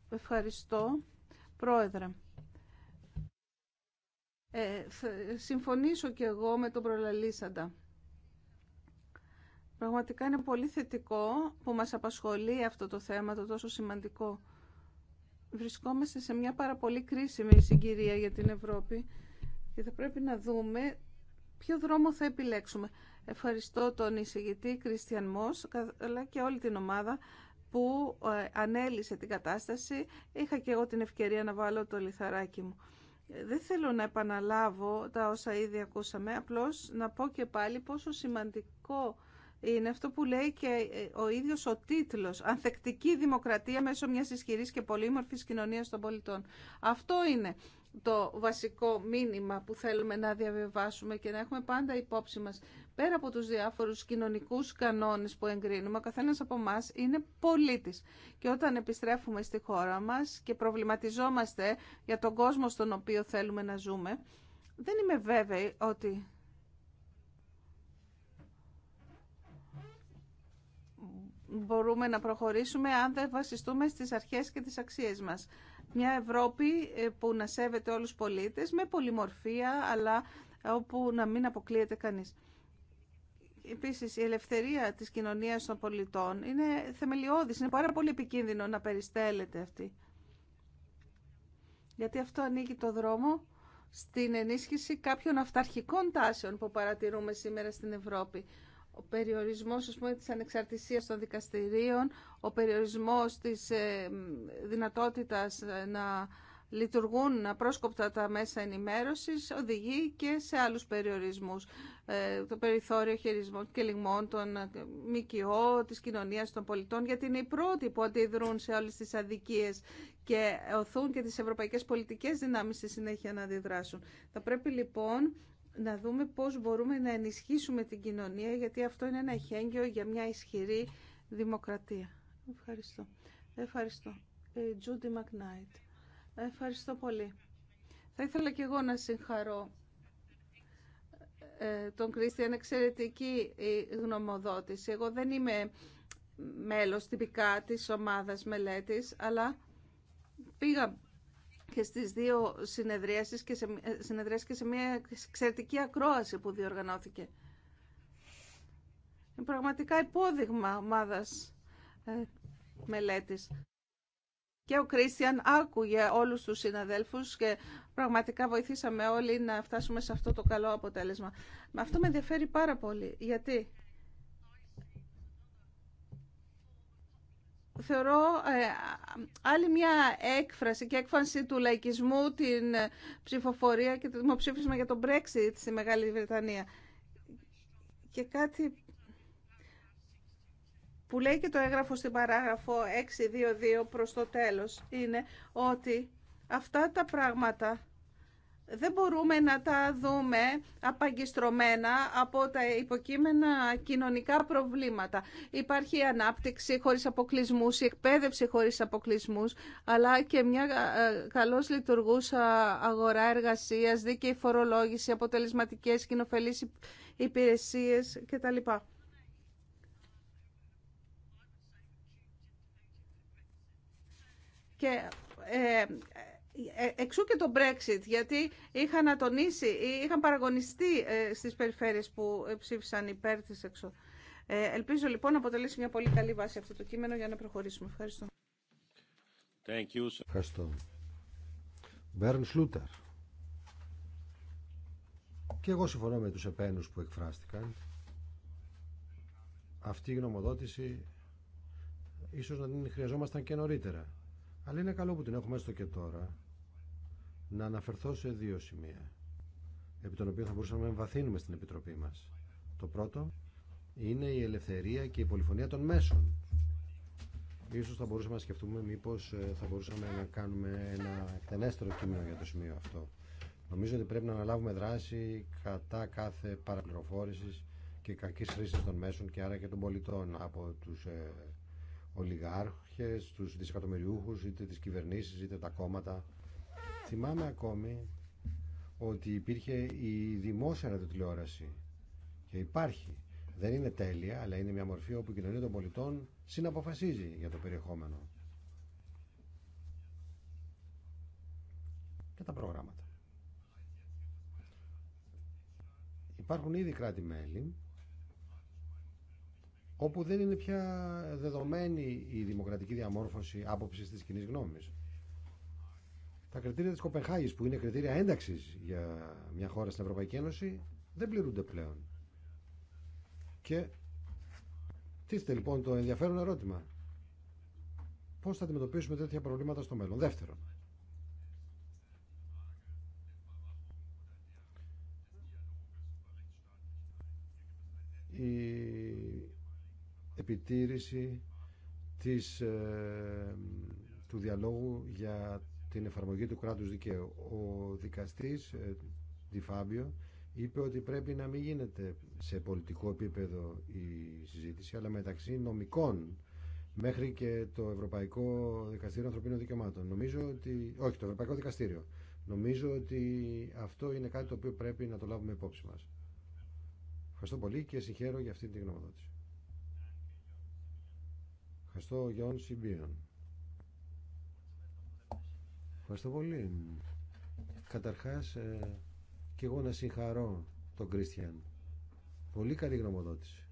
Ευχαριστώ, Πρόεδρε. Ε, συμφωνήσω και εγώ με τον προλαλήσαντα. Πραγματικά είναι πολύ θετικό που μας απασχολεί αυτό το θέμα, το τόσο σημαντικό. Βρισκόμαστε σε μια πάρα πολύ κρίσιμη συγκυρία για την Ευρώπη και θα πρέπει να δούμε ποιο δρόμο θα επιλέξουμε. Ευχαριστώ τον εισηγητή Κριστιαν Μος αλλά και όλη την ομάδα που ε, ανέλησε την κατάσταση. Είχα και εγώ την ευκαιρία να βάλω το λιθαράκι μου. Ε, δεν θέλω να επαναλάβω τα όσα ήδη ακούσαμε, απλώς να πω και πάλι πόσο σημαντικό είναι αυτό που λέει και ε, ο ίδιος ο τίτλος «Ανθεκτική δημοκρατία μέσω μιας ισχυρής και πολύμορφης κοινωνίας των πολιτών». Αυτό είναι το βασικό μήνυμα που θέλουμε να διαβιβάσουμε και να έχουμε πάντα υπόψη μας πέρα από τους διάφορους κοινωνικούς κανόνες που εγκρίνουμε, ο καθένας από εμά είναι πολίτης. Και όταν επιστρέφουμε στη χώρα μας και προβληματιζόμαστε για τον κόσμο στον οποίο θέλουμε να ζούμε, δεν είμαι βέβαιη ότι μπορούμε να προχωρήσουμε αν δεν βασιστούμε στις αρχές και τις αξίες μας. Μια Ευρώπη ε, που να σέβεται όλους τους πολίτες με πολυμορφία αλλά όπου να μην αποκλείεται κανείς. Επίσης, η ελευθερία της κοινωνίας των πολιτών είναι θεμελιώδης, είναι πάρα πολύ επικίνδυνο να περιστέλλεται αυτή. Γιατί αυτό ανοίγει το δρόμο στην ενίσχυση κάποιων αυταρχικών τάσεων που παρατηρούμε σήμερα στην Ευρώπη ο περιορισμός ας πούμε, της ανεξαρτησίας των δικαστηρίων, ο περιορισμός της ε, δυνατότητας ε, να λειτουργούν απρόσκοπτα τα μέσα ενημέρωσης οδηγεί και σε άλλους περιορισμούς. Ε, το περιθώριο χειρισμών και λιγμών των ΜΚΟ, της κοινωνίας των πολιτών, γιατί είναι οι πρώτοι που αντιδρούν σε όλες τις αδικίες και οθούν και τις ευρωπαϊκές πολιτικές δυνάμεις στη συνέχεια να αντιδράσουν. Θα πρέπει λοιπόν να δούμε πώς μπορούμε να ενισχύσουμε την κοινωνία, γιατί αυτό είναι ένα εχέγγυο για μια ισχυρή δημοκρατία. Ευχαριστώ. Ευχαριστώ. Ε, Τζούντι Μακνάιτ. Ευχαριστώ πολύ. Θα ήθελα και εγώ να συγχαρώ ε, τον Κρίστιαν. Εξαιρετική η γνωμοδότηση. Εγώ δεν είμαι μέλος τυπικά της ομάδας μελέτης, αλλά πήγα και στις δύο συνεδριάσεις και σε, ε, συνεδρίες και σε μια εξαιρετική ακρόαση που διοργανώθηκε. Είναι πραγματικά υπόδειγμα ομάδας ε, μελέτης. Και ο Κρίστιαν άκουγε όλους τους συναδέλφους και πραγματικά βοηθήσαμε όλοι να φτάσουμε σε αυτό το καλό αποτέλεσμα. Αυτό με ενδιαφέρει πάρα πολύ. Γιατί θεωρώ ε, άλλη μια έκφραση και έκφανση του λαϊκισμού την ψηφοφορία και το δημοψήφισμα για το Brexit στη Μεγάλη Βρετανία. Και κάτι που λέει και το έγγραφο στην παράγραφο 622 προς το τέλος είναι ότι αυτά τα πράγματα δεν μπορούμε να τα δούμε απαγκιστρωμένα από τα υποκείμενα κοινωνικά προβλήματα. Υπάρχει η ανάπτυξη χωρίς αποκλεισμούς, η εκπαίδευση χωρίς αποκλεισμούς, αλλά και μια ε, καλώς λειτουργούσα αγορά εργασίας, δίκαιη φορολόγηση, αποτελεσματικές κοινοφελείς υπηρεσίες κτλ. Και ε, ε, εξού και το Brexit, γιατί είχαν ατονίσει ή είχαν παραγωνιστεί ε, στις περιφέρειες που ε, ψήφισαν υπέρ της εξω. ελπίζω λοιπόν να αποτελέσει μια πολύ καλή βάση αυτό το κείμενο για να προχωρήσουμε. Ευχαριστώ. Thank you. Ευχαριστώ. Μπέρν Σλούτερ. Και εγώ συμφωνώ με τους επένους που εκφράστηκαν. Αυτή η γνωμοδότηση ίσως να την χρειαζόμασταν και νωρίτερα. Αλλά είναι καλό που την έχουμε έστω και τώρα να αναφερθώ σε δύο σημεία επί των οποίων θα μπορούσαμε να εμβαθύνουμε στην Επιτροπή μας. Το πρώτο είναι η ελευθερία και η πολυφωνία των μέσων. Ίσως θα μπορούσαμε να σκεφτούμε μήπως ε, θα μπορούσαμε να κάνουμε ένα εκτενέστερο κείμενο για το σημείο αυτό. Νομίζω ότι πρέπει να αναλάβουμε δράση κατά κάθε παραπληροφόρηση και κακής χρήση των μέσων και άρα και των πολιτών από τους ε, ολιγάρχες, τους δισεκατομμυριούχους, είτε τις κυβερνήσει, είτε τα κόμματα Θυμάμαι ακόμη ότι υπήρχε η δημόσια ραδιοτηλεόραση και υπάρχει. Δεν είναι τέλεια, αλλά είναι μια μορφή όπου η κοινωνία των πολιτών συναποφασίζει για το περιεχόμενο και τα προγράμματα. Υπάρχουν ήδη κράτη-μέλη όπου δεν είναι πια δεδομένη η δημοκρατική διαμόρφωση άποψης της κοινή γνώμης. Τα κριτήρια της Κοπενχάγης που είναι κριτήρια ένταξης για μια χώρα στην Ευρωπαϊκή Ένωση δεν πληρούνται πλέον. Και τίθεται λοιπόν το ενδιαφέρον ερώτημα. Πώς θα αντιμετωπίσουμε τέτοια προβλήματα στο μέλλον. Δεύτερον, η επιτήρηση της, ε, του διαλόγου για την εφαρμογή του κράτους δικαίου. Ο δικαστής Διφάμπιο ε, είπε ότι πρέπει να μην γίνεται σε πολιτικό επίπεδο η συζήτηση, αλλά μεταξύ νομικών μέχρι και το Ευρωπαϊκό Δικαστήριο Ανθρωπίνων Δικαιωμάτων. Νομίζω ότι... Όχι, το Ευρωπαϊκό Δικαστήριο. Νομίζω ότι αυτό είναι κάτι το οποίο πρέπει να το λάβουμε υπόψη μας. Ευχαριστώ πολύ και συγχαίρω για αυτή την γνωμοδότηση. Ευχαριστώ Γιώργο Σιμπίον. Ευχαριστώ πολύ. Καταρχάς, ε, και εγώ να συγχαρώ τον Κρίστιαν. Πολύ καλή γνωμοδότηση.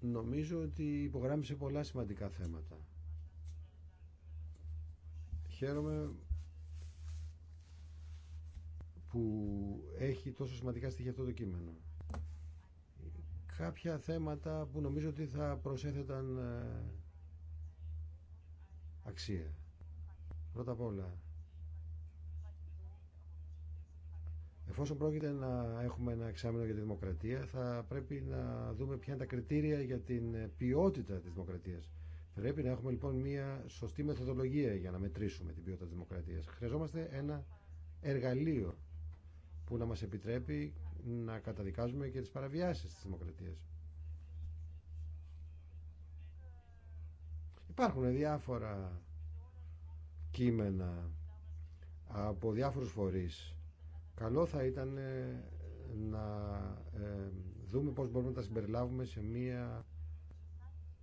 Νομίζω ότι υπογράμμισε πολλά σημαντικά θέματα. Χαίρομαι που έχει τόσο σημαντικά στοιχεία αυτό το κείμενο κάποια θέματα που νομίζω ότι θα προσέθεταν ε, αξία. Πρώτα απ' όλα, εφόσον πρόκειται να έχουμε ένα εξάμεινο για τη δημοκρατία, θα πρέπει να δούμε ποια είναι τα κριτήρια για την ε, ποιότητα της δημοκρατίας. Πρέπει να έχουμε λοιπόν μια σωστή μεθοδολογία για να μετρήσουμε την ποιότητα της δημοκρατίας. Χρειαζόμαστε ένα εργαλείο που να μας επιτρέπει να καταδικάζουμε και τις παραβιάσεις της δημοκρατίας. Υπάρχουν διάφορα κείμενα από διάφορους φορείς. Καλό θα ήταν ε, να ε, δούμε πώς μπορούμε να τα συμπεριλάβουμε σε μία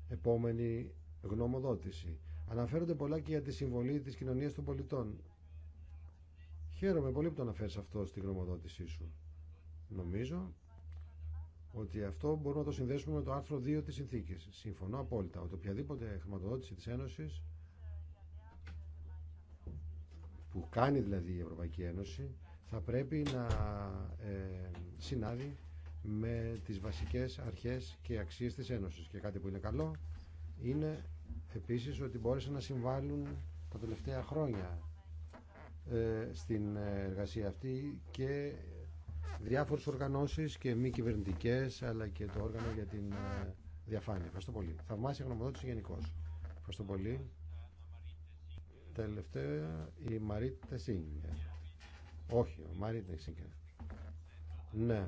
επόμενη γνωμοδότηση. Αναφέρονται πολλά και για τη συμβολή της κοινωνίας των πολιτών. Χαίρομαι πολύ που το αναφέρεις αυτό στη γνωμοδότησή σου. Νομίζω ότι αυτό μπορούμε να το συνδέσουμε με το άρθρο 2 της συνθήκης. Συμφωνώ απόλυτα ότι οποιαδήποτε χρηματοδότηση της Ένωσης που κάνει δηλαδή η Ευρωπαϊκή Ένωση θα πρέπει να ε, συνάδει με τις βασικές αρχές και αξίες της Ένωσης. Και κάτι που είναι καλό είναι επίσης ότι μπόρεσαν να συμβάλλουν τα τελευταία χρόνια ε, στην εργασία αυτή και Διάφορε οργανώσεις και μη κυβερνητικέ, αλλά και το όργανο για την ε, διαφάνεια. Ευχαριστώ πολύ. Θαυμάσια γνωμοδότηση γενικώ. Ευχαριστώ πολύ. Τελευταία η Μαρίτα Τεσίνγκερ. Όχι, ο Μαρίτα Τεσίνγκερ. Ναι.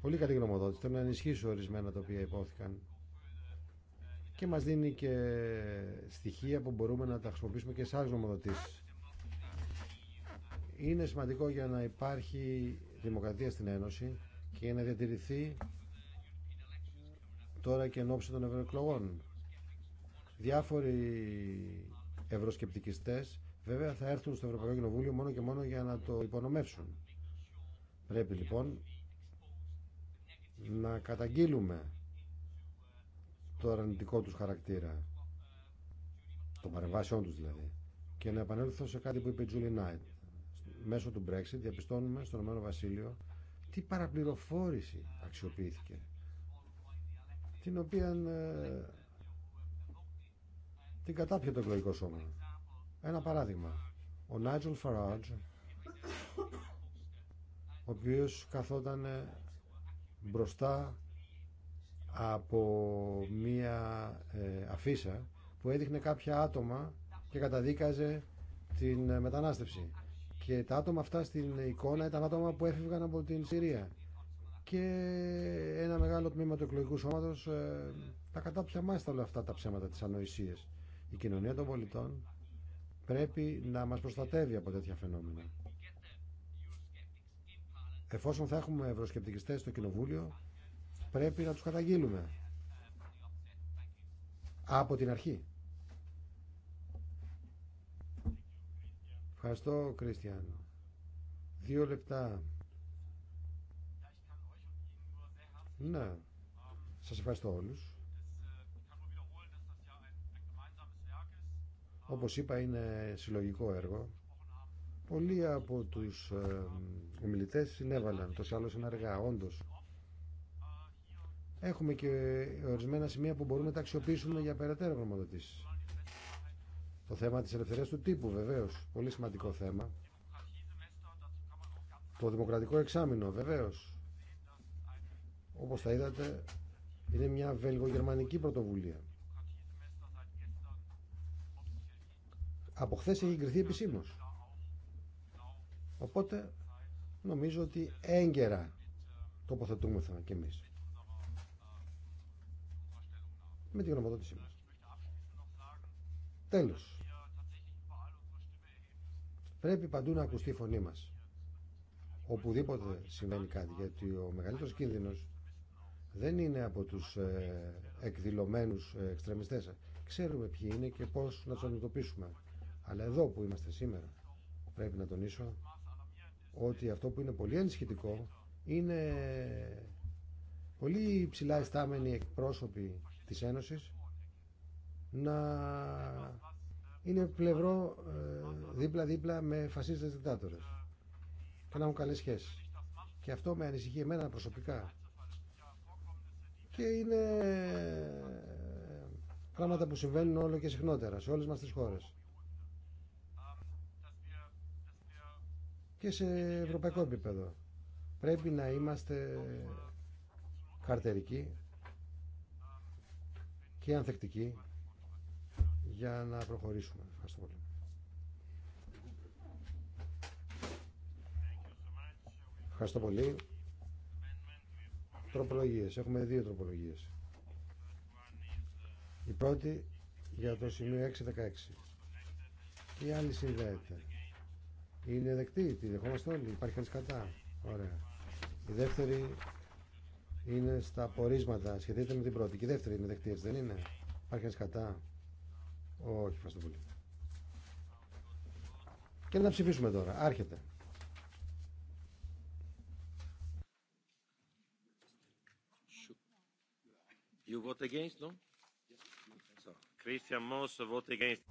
Πολύ καλή γνωμοδότηση. Θέλω να ενισχύσω ορισμένα τα οποία υπόθηκαν και μας δίνει και στοιχεία που μπορούμε να τα χρησιμοποιήσουμε και σε άλλες νομοδοτήσεις είναι σημαντικό για να υπάρχει δημοκρατία στην Ένωση και να διατηρηθεί τώρα και εν ώψη των ευρωεκλογών. Διάφοροι ευρωσκεπτικιστές βέβαια θα έρθουν στο Ευρωπαϊκό Κοινοβούλιο μόνο και μόνο για να το υπονομεύσουν. Πρέπει λοιπόν να καταγγείλουμε το αρνητικό τους χαρακτήρα των παρεμβάσεών τους δηλαδή και να επανέλθω σε κάτι που είπε η Τζούλι Νάιτ μέσω του Brexit διαπιστώνουμε στον Ηνωμένο Βασίλειο τι παραπληροφόρηση αξιοποιήθηκε την οποία ε, την κατάπιε το εκλογικό σώμα. Ένα παράδειγμα. Ο Νάιτζελ Φαράτζ ο οποίος καθόταν μπροστά από μία ε, αφίσα που έδειχνε κάποια άτομα και καταδίκαζε την ε, μετανάστευση. Και τα άτομα αυτά στην εικόνα ήταν άτομα που έφευγαν από την Συρία. Και ένα μεγάλο τμήμα του εκλογικού σώματο ε, τα κατάπια μάλιστα όλα αυτά τα ψέματα, της ανοησίε. Η κοινωνία των πολιτών πρέπει να μα προστατεύει από τέτοια φαινόμενα. Εφόσον θα έχουμε ευρωσκεπτικιστέ στο Κοινοβούλιο, πρέπει να του καταγγείλουμε. Από την αρχή. Ευχαριστώ, Κριστιαν. Δύο λεπτά. Ναι. Σας ευχαριστώ όλους. Όπως είπα, είναι συλλογικό έργο. Πολλοί από τους ε, ομιλητέ συνέβαλαν, τόσο άλλο είναι αργά, όντως. Έχουμε και ορισμένα σημεία που μπορούμε να τα αξιοποιήσουμε για περαιτέρω γνωμοδοτήσεις. Το θέμα της ελευθερίας του τύπου βεβαίως, πολύ σημαντικό θέμα. Το δημοκρατικό εξάμεινο βεβαίως. Όπως θα είδατε είναι μια βελγογερμανική πρωτοβουλία. Από χθες έχει εγκριθεί επισήμως Οπότε νομίζω ότι έγκαιρα τοποθετούμεθα και εμείς. Με την γνωμοδότησή μας. Τέλος. Πρέπει παντού να ακουστεί η φωνή μας. Οπουδήποτε συμβαίνει κάτι, γιατί ο μεγαλύτερος κίνδυνος δεν είναι από τους ε, εκδηλωμένους ε, εξτρεμιστές. Ξέρουμε ποιοι είναι και πώς να τους αντιμετωπίσουμε. Αλλά εδώ που είμαστε σήμερα πρέπει να τονίσω ότι αυτό που είναι πολύ ανησυχητικό είναι πολύ ψηλά ιστάμενοι εκπρόσωποι της Ένωσης να είναι πλευρό ε, δίπλα-δίπλα με φασίστες δικτάτορες και να έχουν καλές σχέσεις. Και αυτό με ανησυχεί εμένα προσωπικά. Και είναι ε, πράγματα που συμβαίνουν όλο και συχνότερα σε όλες μας τις χώρες. Και σε ευρωπαϊκό επίπεδο. Πρέπει να είμαστε καρτερικοί και ανθεκτικοί για να προχωρήσουμε. Ευχαριστώ πολύ. Ευχαριστώ πολύ. Τροπολογίες. Έχουμε δύο τροπολογίες. Η πρώτη για το σημειο 616. Και η άλλη συνδέεται. Είναι δεκτή, τη δεχόμαστε όλοι. Υπάρχει κανείς κατά. Ωραία. Η δεύτερη είναι στα πορίσματα. Σχετίζεται με την πρώτη. Και η δεύτερη είναι δεκτή, έτσι δεν είναι. Υπάρχει κανείς κατά. Όχι, ευχαριστώ πολύ. Και να ψηφίσουμε τώρα. Άρχεται. You vote against, no?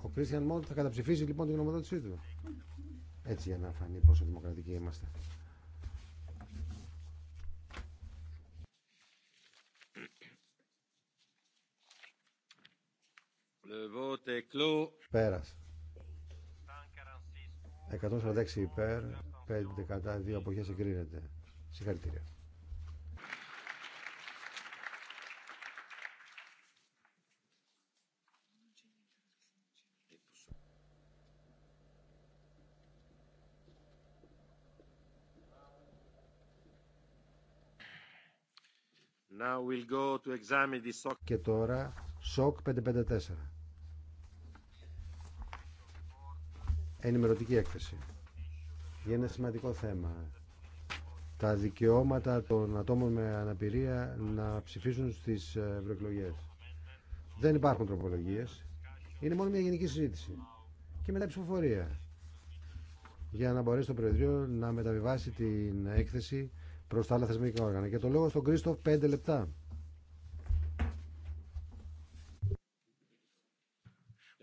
Ο Κρίστιαν Μόλ θα καταψηφίσει λοιπόν την γνωμοδότησή του. Έτσι για να φανεί πόσο δημοκρατικοί είμαστε. Ε, Πέρας. 146 υπέρ, 5 κατά, 2 αποχές εγκρίνεται. Συγχαρητήρια. Now we'll go to examine the... SOC. Και τώρα, SOC 554. ενημερωτική έκθεση. Για ένα σημαντικό θέμα. Τα δικαιώματα των ατόμων με αναπηρία να ψηφίσουν στις ε, ευρωεκλογέ. Δεν υπάρχουν τροπολογίες. Είναι μόνο μια γενική συζήτηση. Και μετά ψηφοφορία. Για να μπορέσει το Προεδρείο να μεταβιβάσει την έκθεση προς τα άλλα θεσμικά όργανα. Και το λόγο στον Κρίστοφ 5 λεπτά.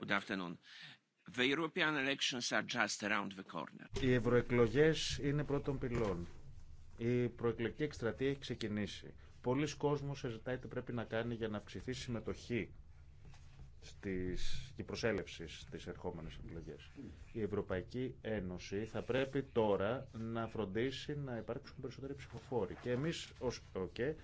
Good οι ευρωεκλογέ είναι πρώτων πυλών. Η προεκλογική εκστρατεία έχει ξεκινήσει. Πολλοί κόσμοι συζητάει τι πρέπει να κάνει για να αυξηθεί η συμμετοχή στις, και η προσέλευση στις ερχόμενες εκλογέ. Η Ευρωπαϊκή Ένωση θα πρέπει τώρα να φροντίσει να υπάρξουν περισσότεροι ψηφοφόροι. Και εμείς ως ΟΚΕ okay,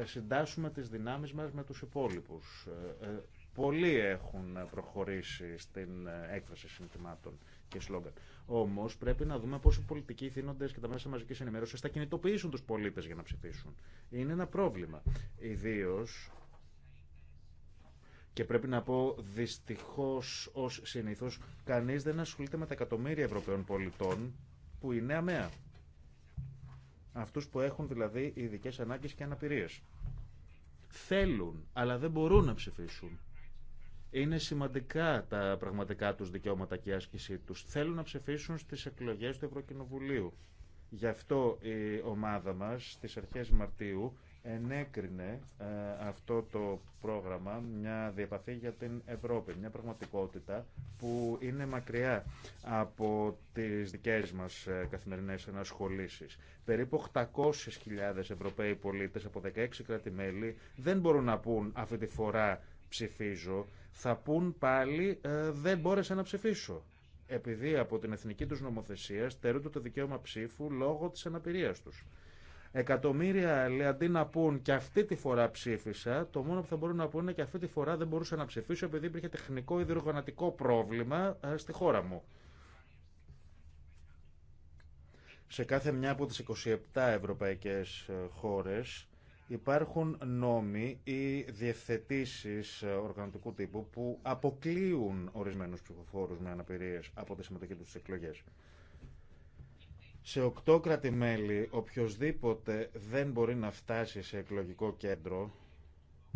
ε, συντάσσουμε τις δυνάμεις μας με τους υπόλοιπους ε, ε, Πολλοί έχουν προχωρήσει στην ε, έκφραση συνθημάτων και σλόγγαν. Όμω πρέπει να δούμε πόσο πολιτικοί θύνοντε και τα μέσα μαζική ενημέρωση θα κινητοποιήσουν του πολίτε για να ψηφίσουν. Είναι ένα πρόβλημα. Ιδίω και πρέπει να πω δυστυχώ ω συνήθω κανεί δεν ασχολείται με τα εκατομμύρια Ευρωπαίων πολιτών που είναι αμαία. Αυτού που έχουν δηλαδή ειδικέ ανάγκε και αναπηρίε. Θέλουν, αλλά δεν μπορούν να ψηφίσουν. Είναι σημαντικά τα πραγματικά τους δικαιώματα και η άσκησή τους. Θέλουν να ψηφίσουν στις εκλογές του Ευρωκοινοβουλίου. Γι' αυτό η ομάδα μας στις αρχές Μαρτίου ενέκρινε ε, αυτό το πρόγραμμα μια διαπαθή για την Ευρώπη, μια πραγματικότητα που είναι μακριά από τις δικές μας ε, καθημερινές ενασχολήσεις. Περίπου 800.000 Ευρωπαίοι πολίτες από 16 κράτη-μέλη δεν μπορούν να πούν αυτή τη φορά ψηφίζω θα πούν πάλι ε, δεν μπόρεσα να ψηφίσω. Επειδή από την εθνική τους νομοθεσία στερούνται το δικαίωμα ψήφου λόγω της αναπηρίας τους. Εκατομμύρια λέει αντί να πούν και αυτή τη φορά ψήφισα, το μόνο που θα μπορούν να πούνε είναι και αυτή τη φορά δεν μπορούσα να ψηφίσω επειδή υπήρχε τεχνικό ή διοργανωτικό πρόβλημα ε, στη χώρα μου. Σε κάθε μια από τις 27 ευρωπαϊκές ε, χώρες Υπάρχουν νόμοι ή διευθετήσεις ε, οργανωτικού τύπου που αποκλείουν ορισμένους ψηφοφόρους με αναπηρίες από τη συμμετοχή τους στις εκλογές. Σε οκτώ κράτη-μέλη, οποιοδήποτε δεν μπορεί να φτάσει σε εκλογικό κέντρο,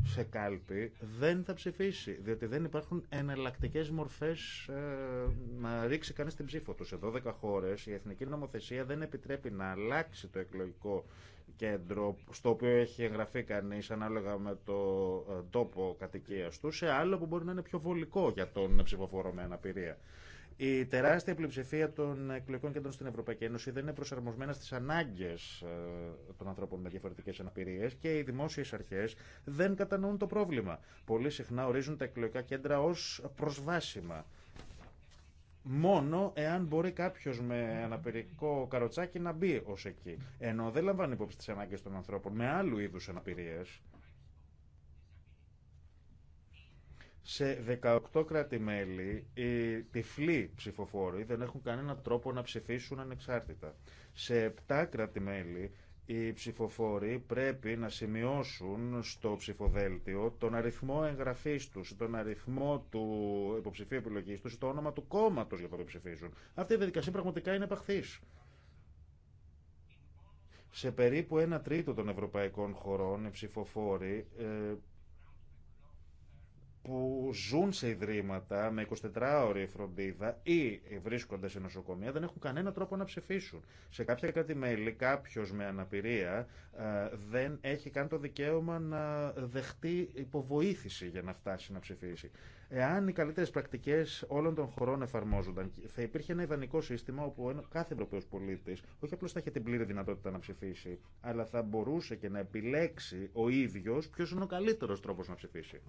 σε κάλπη, δεν θα ψηφίσει, διότι δεν υπάρχουν εναλλακτικέ μορφές ε, να ρίξει κανείς την ψήφο του. Σε 12 χώρες η εθνική νομοθεσία δεν επιτρέπει να αλλάξει το εκλογικό κέντρο στο οποίο έχει εγγραφεί κανείς ανάλογα με το ε, τόπο κατοικίας του σε άλλο που μπορεί να είναι πιο βολικό για τον ψηφοφόρο με αναπηρία. Η τεράστια πλειοψηφία των εκλογικών κέντρων στην Ευρωπαϊκή Ένωση δεν είναι προσαρμοσμένα στι ανάγκε ε, των ανθρώπων με διαφορετικέ αναπηρίε και οι δημόσιε αρχέ δεν κατανοούν το πρόβλημα. Πολύ συχνά ορίζουν τα εκλογικά κέντρα ω προσβάσιμα μόνο εάν μπορεί κάποιο με αναπηρικό καροτσάκι να μπει ω εκεί. Ενώ δεν λαμβάνει υπόψη τι ανάγκε των ανθρώπων με άλλου είδου αναπηρίε. Σε 18 κράτη-μέλη οι τυφλοί ψηφοφόροι δεν έχουν κανένα τρόπο να ψηφίσουν ανεξάρτητα. Σε 7 κράτη-μέλη οι ψηφοφόροι πρέπει να σημειώσουν στο ψηφοδέλτιο τον αριθμό εγγραφής τους, τον αριθμό του υποψηφίου επιλογής τους, το όνομα του κόμματος για το οποίο ψηφίζουν. Αυτή η διαδικασία πραγματικά είναι επαχθής. Σε περίπου ένα τρίτο των ευρωπαϊκών χωρών οι ψηφοφόροι ε, που ζουν σε ιδρύματα με 24 ώρη φροντίδα ή βρίσκονται σε νοσοκομεία δεν έχουν κανένα τρόπο να ψηφίσουν. Σε κάποια κράτη-μέλη κάποιος με αναπηρία ε, δεν έχει καν το δικαίωμα να δεχτεί υποβοήθηση για να φτάσει να ψηφίσει. Εάν οι καλύτερε πρακτικέ όλων των χωρών εφαρμόζονταν, θα υπήρχε ένα ιδανικό σύστημα όπου κάθε Ευρωπαίο πολίτη όχι απλώ θα είχε την πλήρη δυνατότητα να ψηφίσει, αλλά θα μπορούσε και να επιλέξει ο ίδιο ποιο είναι ο καλύτερο τρόπο να ψηφίσει.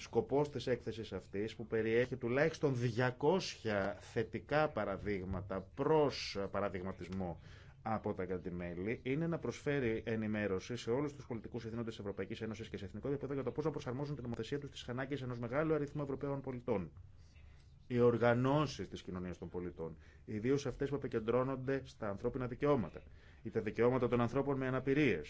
Σκοπός της έκθεσης αυτής που περιέχει τουλάχιστον 200 θετικά παραδείγματα προς παραδειγματισμό από τα κράτη-μέλη είναι να προσφέρει ενημέρωση σε όλου του πολιτικού ηθήνοντε τη Ευρωπαϊκή Ένωση και σε εθνικό επίπεδο για το πώ να προσαρμόζουν την νομοθεσία του στι ανάγκε ενό μεγάλου αριθμού Ευρωπαίων πολιτών. Οι οργανώσει τη κοινωνία των πολιτών, ιδίω αυτέ που επικεντρώνονται στα ανθρώπινα δικαιώματα, ή τα δικαιώματα των ανθρώπων με αναπηρίε,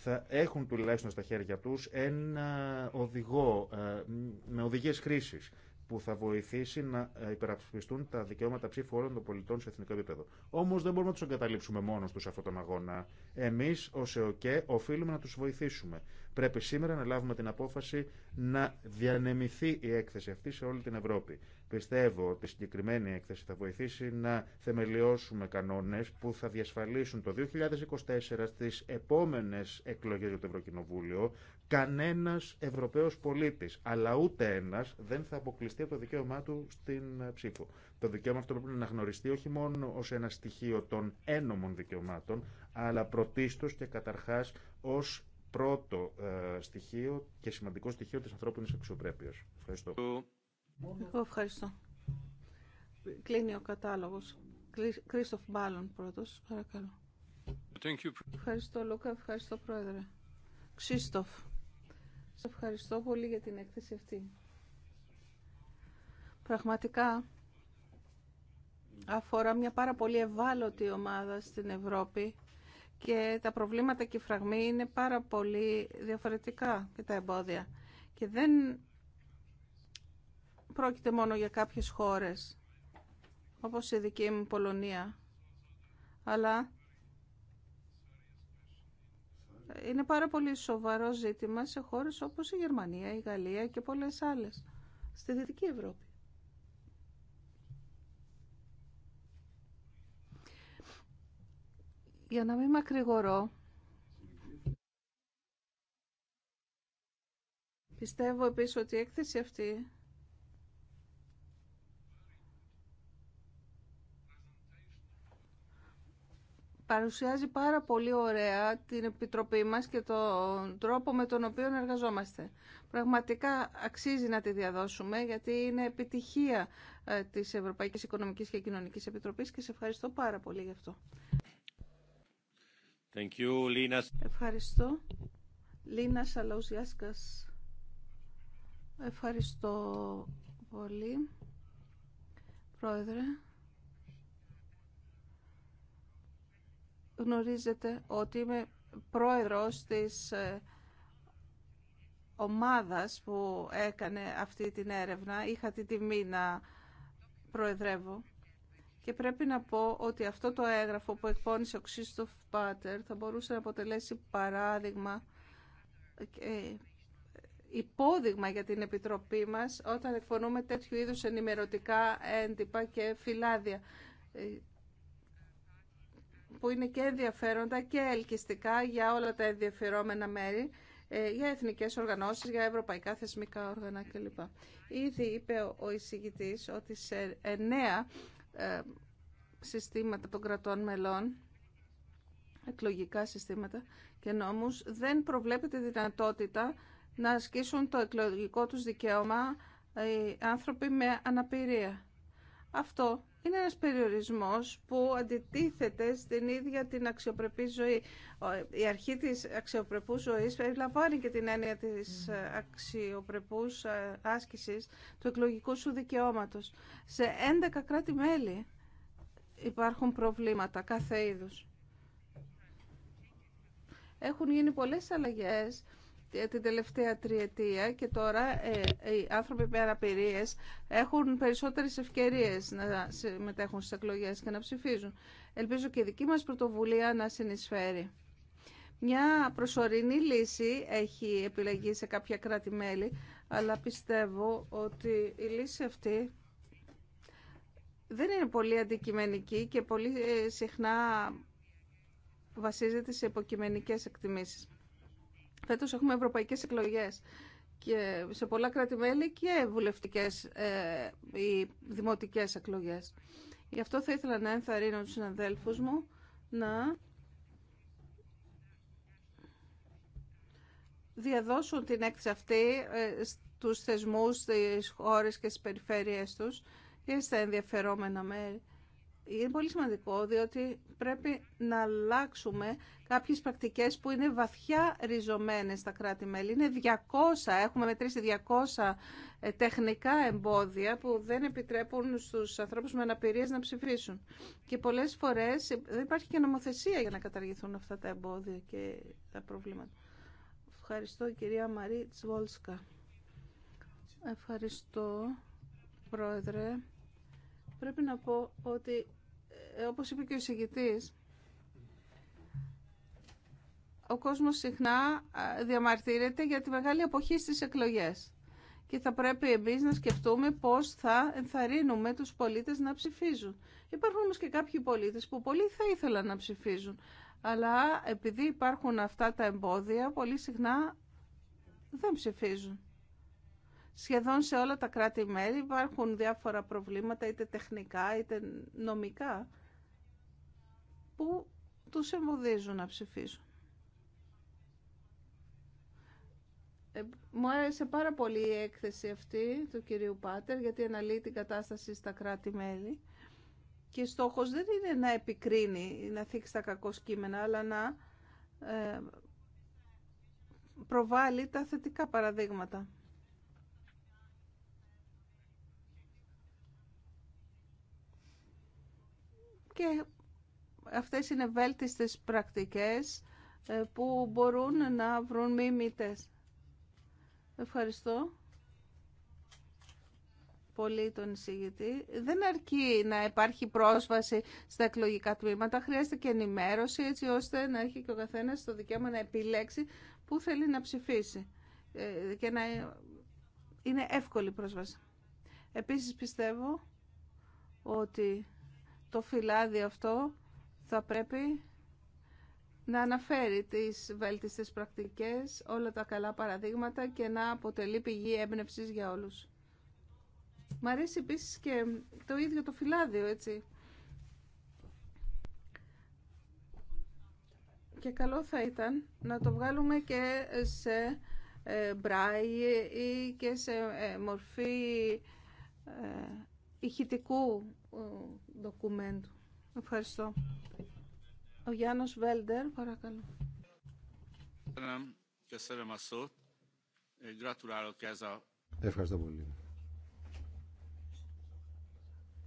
θα έχουν τουλάχιστον στα χέρια τους ένα οδηγό ε, με οδηγίες χρήσης που θα βοηθήσει να ε, υπερασπιστούν τα δικαιώματα ψήφου όλων των πολιτών σε εθνικό επίπεδο. Όμω δεν μπορούμε να του εγκαταλείψουμε μόνο του σε αυτόν τον αγώνα. Εμεί ω ΕΟΚΕ οφείλουμε να του βοηθήσουμε. Πρέπει σήμερα να λάβουμε την απόφαση να διανεμηθεί η έκθεση αυτή σε όλη την Ευρώπη. Πιστεύω ότι η συγκεκριμένη έκθεση θα βοηθήσει να θεμελιώσουμε κανόνες που θα διασφαλίσουν το 2024 στις επόμενες εκλογές για το Ευρωκοινοβούλιο κανένας Ευρωπαίος πολίτης, αλλά ούτε ένας δεν θα αποκλειστεί από το δικαίωμά του στην ψήφο. Το δικαίωμα αυτό πρέπει να αναγνωριστεί όχι μόνο ως ένα στοιχείο των ένομων δικαιωμάτων, αλλά πρωτίστως και καταρχάς ως πρώτο ε, στοιχείο και σημαντικό στοιχείο της ανθρώπινης αξιοπρέπειας. Ευχαριστώ. Εγώ ευχαριστώ. Κλείνει ο κατάλογος. Κρίστοφ Μπάλλον πρώτος, παρακαλώ. Ευχαριστώ Λούκα, ευχαριστώ Πρόεδρε. Ξίστοφ, Σα ευχαριστώ πολύ για την έκθεση αυτή. Πραγματικά αφορά μια πάρα πολύ ευάλωτη ομάδα στην Ευρώπη και τα προβλήματα και οι φραγμοί είναι πάρα πολύ διαφορετικά και τα εμπόδια. Και δεν πρόκειται μόνο για κάποιες χώρες, όπως η δική μου Πολωνία, αλλά είναι πάρα πολύ σοβαρό ζήτημα σε χώρες όπως η Γερμανία, η Γαλλία και πολλές άλλες, στη Δυτική Ευρώπη. Για να μην μακρηγορώ, πιστεύω επίσης ότι η έκθεση αυτή παρουσιάζει πάρα πολύ ωραία την Επιτροπή μας και τον τρόπο με τον οποίο εργαζόμαστε. Πραγματικά αξίζει να τη διαδώσουμε γιατί είναι επιτυχία ε, της Ευρωπαϊκής Οικονομικής και Κοινωνικής Επιτροπής και σε ευχαριστώ πάρα πολύ γι' αυτό. Thank you, Lina. Ευχαριστώ. Λίνα Σαλαουζιάσκας. Ευχαριστώ πολύ. Πρόεδρε. γνωρίζετε ότι είμαι πρόεδρος της ε, ομάδας που έκανε αυτή την έρευνα. Είχα την τιμή να προεδρεύω. Και πρέπει να πω ότι αυτό το έγγραφο που εκπώνησε ο Ξίστοφ Πάτερ θα μπορούσε να αποτελέσει παράδειγμα και υπόδειγμα για την Επιτροπή μας όταν εκπονούμε τέτοιου είδους ενημερωτικά έντυπα και φυλάδια ε, που είναι και ενδιαφέροντα και ελκυστικά για όλα τα ενδιαφερόμενα μέρη, ε, για εθνικές οργανώσεις, για ευρωπαϊκά θεσμικά όργανα κλπ. Ήδη είπε ο εισηγητής ότι σε εννέα ε, συστήματα των κρατών μελών, εκλογικά συστήματα και νόμους, δεν προβλέπεται δυνατότητα να ασκήσουν το εκλογικό τους δικαίωμα ε, οι άνθρωποι με αναπηρία. Αυτό είναι ένας περιορισμός που αντιτίθεται στην ίδια την αξιοπρεπή ζωή. Η αρχή της αξιοπρεπούς ζωής περιλαμβάνει και την έννοια της ε, αξιοπρεπούς ε, άσκησης του εκλογικού σου δικαιώματος. Σε 11 κράτη-μέλη υπάρχουν προβλήματα κάθε είδους. Έχουν γίνει πολλές αλλαγές ε, την τελευταία τριετία και τώρα ε, ε, οι άνθρωποι με έχουν περισσότερες ευκαιρίες να συμμετέχουν στις εκλογές και να ψηφίζουν. Ελπίζω και η δική μας πρωτοβουλία να συνεισφέρει. Μια προσωρινή λύση έχει επιλεγεί σε κάποια κράτη-μέλη, αλλά πιστεύω ότι η λύση αυτή δεν είναι πολύ αντικειμενική και πολύ συχνά βασίζεται σε υποκειμενικές εκτιμήσεις. Φέτος έχουμε ευρωπαϊκές εκλογές και σε πολλά κράτη-μέλη και βουλευτικές ε, ή δημοτικές εκλογές. Γι' αυτό θα ήθελα να ενθαρρύνω τους συναδέλφους μου να διαδώσουν την έκθεση αυτή ε, στους θεσμούς, στις χώρες και στις περιφέρειές τους και στα ενδιαφερόμενα μέρη είναι πολύ σημαντικό διότι πρέπει να αλλάξουμε κάποιες πρακτικές που είναι βαθιά ριζωμένες στα κράτη-μέλη. Είναι 200, έχουμε μετρήσει 200 ε, τεχνικά εμπόδια που δεν επιτρέπουν στους ανθρώπους με αναπηρίες να ψηφίσουν. Και πολλές φορές ε, δεν υπάρχει και νομοθεσία για να καταργηθούν αυτά τα εμπόδια και τα προβλήματα. Ευχαριστώ κυρία Μαρή Τσβόλσκα. Ευχαριστώ πρόεδρε. Πρέπει να πω ότι όπως είπε και ο εισηγητής, ο κόσμος συχνά διαμαρτύρεται για τη μεγάλη αποχή στις εκλογές. Και θα πρέπει εμείς να σκεφτούμε πώς θα ενθαρρύνουμε τους πολίτες να ψηφίζουν. Υπάρχουν όμως και κάποιοι πολίτες που πολύ θα ήθελαν να ψηφίζουν. Αλλά επειδή υπάρχουν αυτά τα εμπόδια, πολύ συχνά δεν ψηφίζουν. Σχεδόν σε όλα τα κράτη-μέρη υπάρχουν διάφορα προβλήματα, είτε τεχνικά είτε νομικά, που τους εμποδίζουν να ψηφίσουν. Ε, μου άρεσε πάρα πολύ η έκθεση αυτή του κυρίου Πάτερ γιατί αναλύει την κατάσταση στα κράτη-μέλη και στόχος δεν είναι να επικρίνει, να θίξει τα κακό κείμενα, αλλά να ε, προβάλλει τα θετικά παραδείγματα. Και Αυτές είναι βέλτιστες πρακτικές ε, που μπορούν να βρουν μιμητές. Ευχαριστώ πολύ τον εισηγητή. Δεν αρκεί να υπάρχει πρόσβαση στα εκλογικά τμήματα, χρειάζεται και ενημέρωση έτσι ώστε να έχει και ο καθένας το δικαίωμα να επιλέξει που θέλει να ψηφίσει ε, και να είναι εύκολη πρόσβαση. Επίσης πιστεύω ότι το φυλάδι αυτό θα πρέπει να αναφέρει τις βέλτιστες πρακτικές, όλα τα καλά παραδείγματα και να αποτελεί πηγή έμπνευσης για όλους. Μ' αρέσει επίσης και το ίδιο το φυλάδιο, έτσι. Και καλό θα ήταν να το βγάλουμε και σε ε, μπράι ή και σε ε, μορφή ε, ηχητικού ντοκουμέντου. Ευχαριστώ. Ο Γιάννος Βέλντερ, παρακαλώ. Ευχαριστώ πολύ.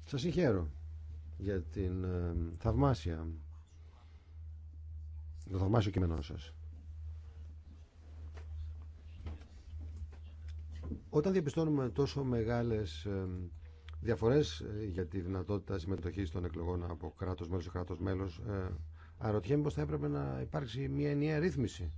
Σα συγχαίρω για την ε, θαυμάσια το θαυμάσιο κείμενό σα. Όταν διαπιστώνουμε τόσο μεγάλες ε, διαφορές ε, για τη δυνατότητα συμμετοχής των εκλογών από κράτο μέλο σε κράτος μέλος. Ε, Αρωτιέμαι πω θα έπρεπε να υπάρξει μια ενιαία ρύθμιση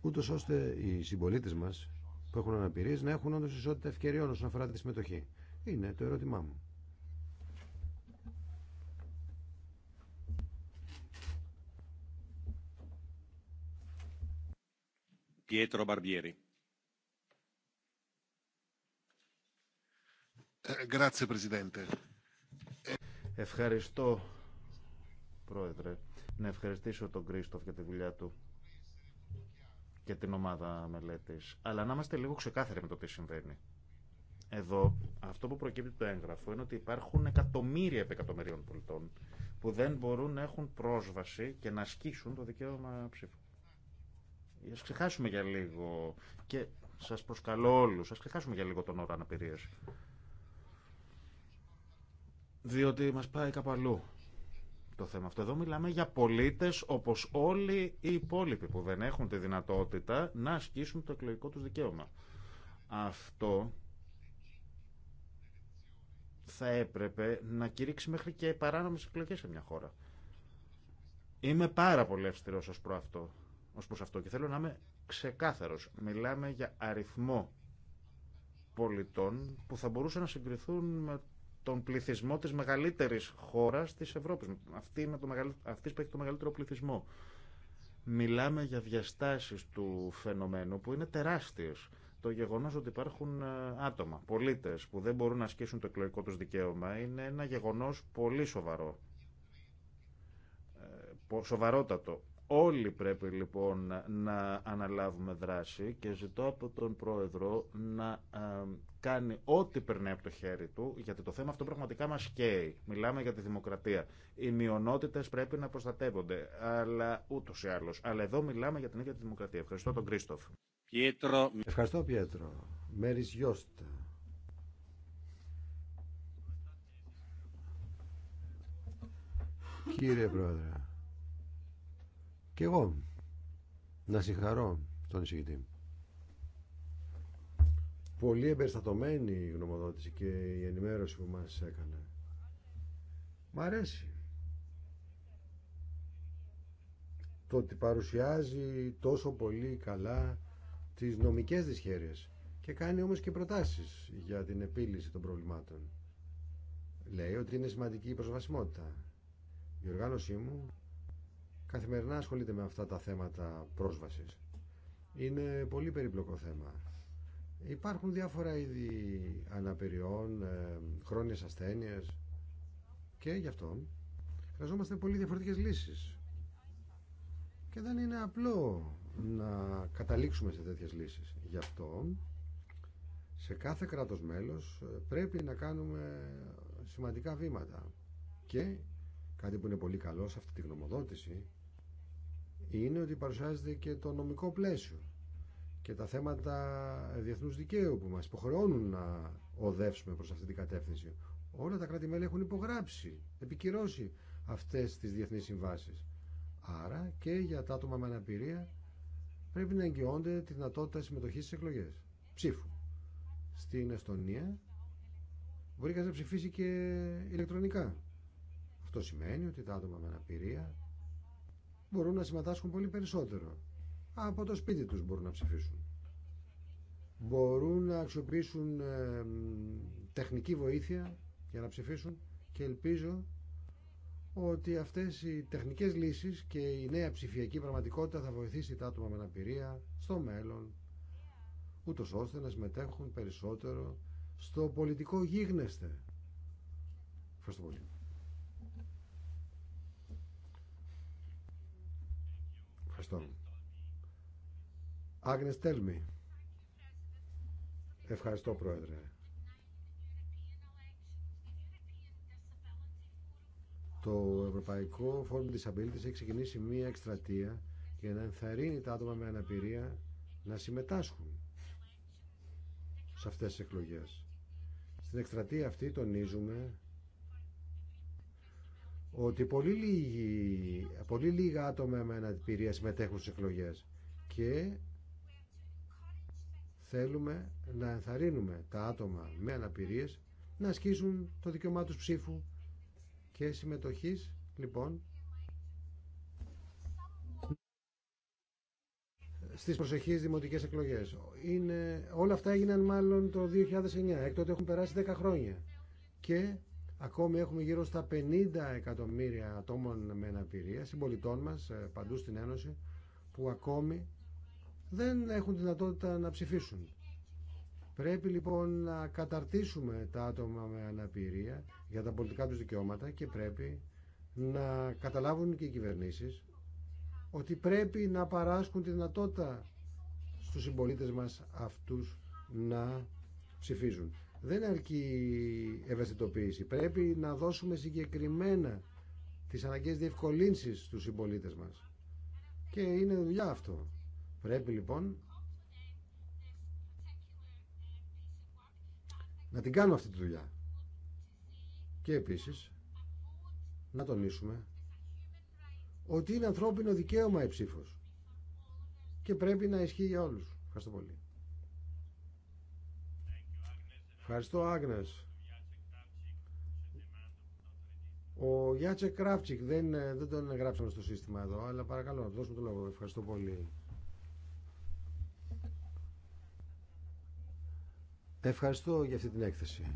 ούτως ώστε οι συμπολίτε μας που έχουν αναπηρίε να έχουν όντως ισότητα ευκαιριών όσον αφορά τη συμμετοχή. Είναι το ερώτημά μου. Pietro Barbieri. Ε, Ευχαριστώ, Πρόεδρε. Να ευχαριστήσω τον Κρίστοφ για τη δουλειά του και την ομάδα μελέτης. Αλλά να είμαστε λίγο ξεκάθαροι με το τι συμβαίνει. Εδώ, αυτό που προκύπτει το έγγραφο είναι ότι υπάρχουν εκατομμύρια εκατομμυρίων πολιτών που δεν μπορούν να έχουν πρόσβαση και να ασκήσουν το δικαίωμα ψήφου. Ας ξεχάσουμε για λίγο και σας προσκαλώ όλους, ας ξεχάσουμε για λίγο τον ώρα αναπηρίας διότι μας πάει κάπου αλλού το θέμα αυτό. Εδώ μιλάμε για πολίτες όπως όλοι οι υπόλοιποι που δεν έχουν τη δυνατότητα να ασκήσουν το εκλογικό τους δικαίωμα. Αυτό θα έπρεπε να κηρύξει μέχρι και παράνομες εκλογές σε μια χώρα. Είμαι πάρα πολύ ευστηρός ως, προ αυτό, ως προς αυτό και θέλω να είμαι ξεκάθαρος. Μιλάμε για αριθμό πολιτών που θα μπορούσαν να συγκριθούν με τον πληθυσμό της μεγαλύτερης χώρας της Ευρώπης, αυτή, είναι το μεγαλ... αυτής που έχει το μεγαλύτερο πληθυσμό. Μιλάμε για διαστάσεις του φαινομένου που είναι τεράστιες. Το γεγονός ότι υπάρχουν ε, άτομα, πολίτες που δεν μπορούν να ασκήσουν το εκλογικό τους δικαίωμα είναι ένα γεγονός πολύ σοβαρό, ε, σοβαρότατο Όλοι πρέπει λοιπόν να αναλάβουμε δράση και ζητώ από τον Πρόεδρο να κάνει ό,τι περνάει από το χέρι του, γιατί το θέμα αυτό πραγματικά μας καίει. Μιλάμε για τη δημοκρατία. Οι μειονότητες πρέπει να προστατεύονται, αλλά ούτως ή άλλως. Αλλά εδώ μιλάμε για την ίδια τη δημοκρατία. Ευχαριστώ τον Κρίστοφ. Ευχαριστώ Πιέτρο. Μέρις Γιώστα. Κύριε Πρόεδρε. Και εγώ να συγχαρώ τον εισηγητή. Πολύ εμπεριστατωμένη η γνωμοδότηση και η ενημέρωση που μας έκανε. Μ' αρέσει. Το ότι παρουσιάζει τόσο πολύ καλά τις νομικές δυσχέρειες και κάνει όμως και προτάσεις για την επίλυση των προβλημάτων. Λέει ότι είναι σημαντική η προσβασιμότητα. Η οργάνωσή μου καθημερινά ασχολείται με αυτά τα θέματα πρόσβασης. Είναι πολύ περίπλοκο θέμα. Υπάρχουν διάφορα είδη αναπηριών, ε, χρόνιες ασθένειες και γι' αυτό χρειαζόμαστε πολύ διαφορετικές λύσεις. Και δεν είναι απλό να καταλήξουμε σε τέτοιες λύσεις. Γι' αυτό σε κάθε κράτος μέλος ε, πρέπει να κάνουμε σημαντικά βήματα. Και κάτι που είναι πολύ καλό σε αυτή τη γνωμοδότηση είναι ότι παρουσιάζεται και το νομικό πλαίσιο και τα θέματα διεθνούς δικαίου που μας υποχρεώνουν να οδεύσουμε προς αυτή την κατεύθυνση. Όλα τα κράτη-μέλη έχουν υπογράψει, επικυρώσει αυτές τις διεθνείς συμβάσεις. Άρα και για τα άτομα με αναπηρία πρέπει να εγγυώνται τη δυνατότητα συμμετοχή στι εκλογέ. Ψήφου. Στην Εστονία μπορεί να ψηφίσει και ηλεκτρονικά. Αυτό σημαίνει ότι τα άτομα με αναπηρία μπορούν να συμμετάσχουν πολύ περισσότερο. Από το σπίτι τους μπορούν να ψηφίσουν. Μπορούν να αξιοποιήσουν ε, τεχνική βοήθεια για να ψηφίσουν και ελπίζω ότι αυτές οι τεχνικές λύσεις και η νέα ψηφιακή πραγματικότητα θα βοηθήσει τα άτομα με αναπηρία στο μέλλον, ούτως ώστε να συμμετέχουν περισσότερο στο πολιτικό γίγνεσθε. Ευχαριστώ πολύ. Ευχαριστώ. Άγνες Τέλμη. Ευχαριστώ Πρόεδρε. Το Ευρωπαϊκό Φόρουμ Disabilities έχει ξεκινήσει μία εκστρατεία για να ενθαρρύνει τα άτομα με αναπηρία να συμμετάσχουν σε αυτές τις εκλογές. Στην εκστρατεία αυτή τονίζουμε ότι πολύ, λίγοι, πολύ λίγα άτομα με αναπηρία συμμετέχουν στις εκλογές και θέλουμε να ενθαρρύνουμε τα άτομα με αναπηρίες να ασκήσουν το δικαιωμά τους ψήφου και συμμετοχής λοιπόν στις προσεχείς δημοτικές εκλογές. Είναι, όλα αυτά έγιναν μάλλον το 2009, έκτοτε έχουν περάσει 10 χρόνια και Ακόμη έχουμε γύρω στα 50 εκατομμύρια ατόμων με αναπηρία, συμπολιτών μας ε, παντού στην Ένωση, που ακόμη δεν έχουν δυνατότητα να ψηφίσουν. Πρέπει λοιπόν να καταρτήσουμε τα άτομα με αναπηρία για τα πολιτικά τους δικαιώματα και πρέπει να καταλάβουν και οι κυβερνήσεις ότι πρέπει να παράσκουν τη δυνατότητα στους συμπολίτες μας αυτούς να ψηφίζουν. Δεν αρκεί ευαισθητοποίηση. Πρέπει να δώσουμε συγκεκριμένα τις αναγκαίες διευκολύνσεις στους συμπολίτε μας. Και είναι δουλειά αυτό. Πρέπει λοιπόν να την κάνουμε αυτή τη δουλειά. Και επίσης να τονίσουμε ότι είναι ανθρώπινο δικαίωμα η ψήφος και πρέπει να ισχύει για όλους. Ευχαριστώ πολύ. Ευχαριστώ Άγνες. Ο Γιάτσε Κράφτσικ δεν, ε, δεν τον γράψαμε στο σύστημα εδώ, αλλά παρακαλώ να του δώσουμε το λόγο. Ευχαριστώ πολύ. Ευχαριστώ για αυτή την έκθεση.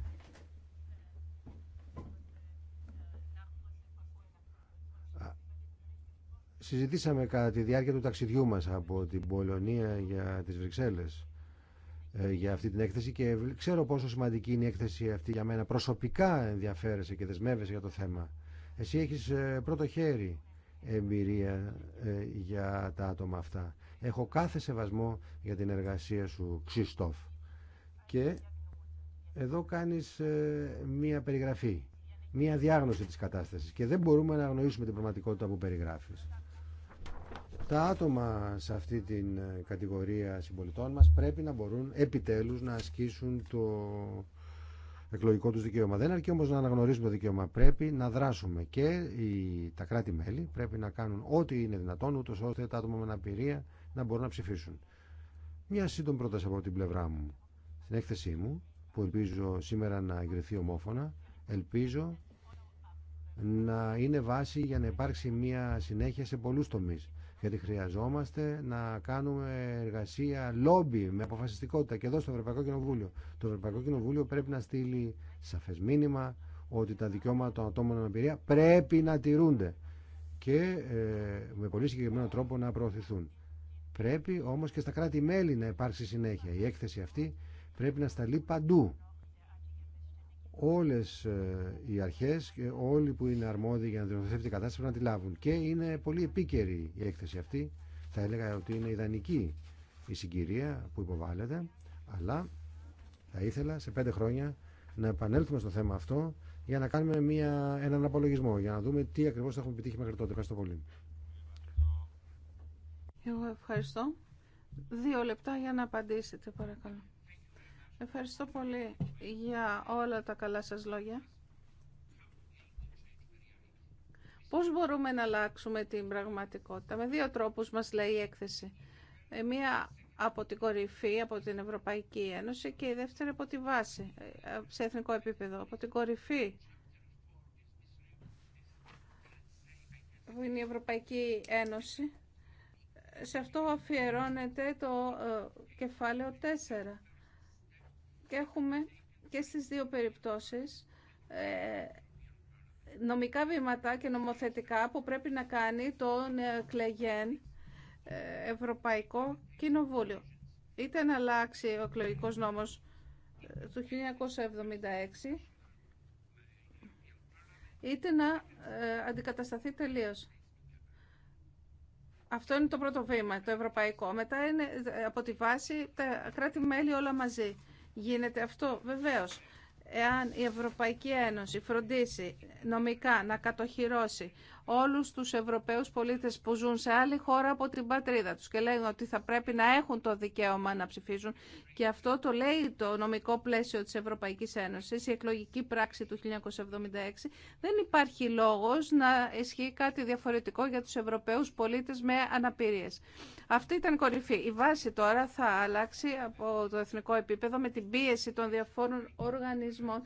Συζητήσαμε κατά τη διάρκεια του ταξιδιού μας από την Πολωνία για τις Βρυξέλλες ε, για αυτή την έκθεση και ξέρω πόσο σημαντική είναι η έκθεση αυτή για μένα. Προσωπικά ενδιαφέρεσαι και δεσμεύεσαι για το θέμα. Εσύ έχεις ε, πρώτο χέρι εμπειρία ε, για τα άτομα αυτά. Έχω κάθε σεβασμό για την εργασία σου, Ξιστόφ. Και εδώ κάνεις μία περιγραφή, μία διάγνωση της κατάστασης και δεν μπορούμε να αγνοήσουμε την πραγματικότητα που περιγράφεις. Τα άτομα σε αυτή την ε, κατηγορία συμπολιτών μας πρέπει να μπορούν επιτέλους να ασκήσουν το εκλογικό τους δικαίωμα. Δεν αρκεί όμως να αναγνωρίζουμε το δικαίωμα. Πρέπει να δράσουμε και οι, τα κράτη-μέλη πρέπει να κάνουν ό,τι είναι δυνατόν ούτως ώστε τα άτομα με αναπηρία να μπορούν να ψηφίσουν. Μια σύντομη πρόταση από την πλευρά μου. Στην έκθεσή μου, που ελπίζω σήμερα να εγκριθεί ομόφωνα, ελπίζω να είναι βάση για να υπάρξει μια συνέχεια σε πολλούς τομείς γιατί χρειαζόμαστε να κάνουμε εργασία λόμπι με αποφασιστικότητα και εδώ στο Ευρωπαϊκό Κοινοβούλιο. Το Ευρωπαϊκό Κοινοβούλιο πρέπει να στείλει σαφέ μήνυμα ότι τα δικαιώματα των ατόμων αναπηρία πρέπει να τηρούνται και ε, με πολύ συγκεκριμένο τρόπο να προωθηθούν. Πρέπει όμως και στα κράτη-μέλη να υπάρξει συνέχεια. Η έκθεση αυτή πρέπει να σταλεί παντού όλες ε, οι αρχές και όλοι που είναι αρμόδιοι για να διορθωθεί η κατάσταση πρέπει να τη λάβουν. Και είναι πολύ επίκαιρη η έκθεση αυτή. Θα έλεγα ότι είναι ιδανική η συγκυρία που υποβάλλεται, αλλά θα ήθελα σε πέντε χρόνια να επανέλθουμε στο θέμα αυτό για να κάνουμε μια, έναν απολογισμό, για να δούμε τι ακριβώς θα έχουμε επιτύχει μέχρι τότε. Ευχαριστώ πολύ. Εγώ ευχαριστώ. Δύο λεπτά για να απαντήσετε, παρακαλώ. Ευχαριστώ πολύ για όλα τα καλά σας λόγια. Πώς μπορούμε να αλλάξουμε την πραγματικότητα. Με δύο τρόπους μας λέει η έκθεση. Ε, μία από την κορυφή, από την Ευρωπαϊκή Ένωση και η δεύτερη από τη βάση, ε, σε εθνικό επίπεδο. Από την κορυφή που είναι η Ευρωπαϊκή Ένωση, σε αυτό αφιερώνεται το ε, κεφάλαιο 4 και έχουμε και στις δύο περιπτώσεις ε, νομικά βήματα και νομοθετικά που πρέπει να κάνει το νεοεκλεγέν ε, Ευρωπαϊκό Κοινοβούλιο. Ε, είτε να αλλάξει ο εκλογικό νόμος του 1976, είτε να αντικατασταθεί τελείως. Αυτό είναι το πρώτο βήμα, το ευρωπαϊκό. Μετά είναι από τη βάση τα κράτη-μέλη όλα μαζί γίνεται αυτό. Βεβαίως, εάν η Ευρωπαϊκή Ένωση φροντίσει νομικά να κατοχυρώσει όλους τους Ευρωπαίους πολίτες που ζουν σε άλλη χώρα από την πατρίδα τους και λένε ότι θα πρέπει να έχουν το δικαίωμα να ψηφίζουν και αυτό το λέει το νομικό πλαίσιο της Ευρωπαϊκής Ένωσης, η εκλογική πράξη του 1976. Δεν υπάρχει λόγος να ισχύει κάτι διαφορετικό για τους Ευρωπαίους πολίτες με αναπηρίες. Αυτή ήταν κορυφή. Η βάση τώρα θα αλλάξει από το εθνικό επίπεδο με την πίεση των διαφόρων οργανισμών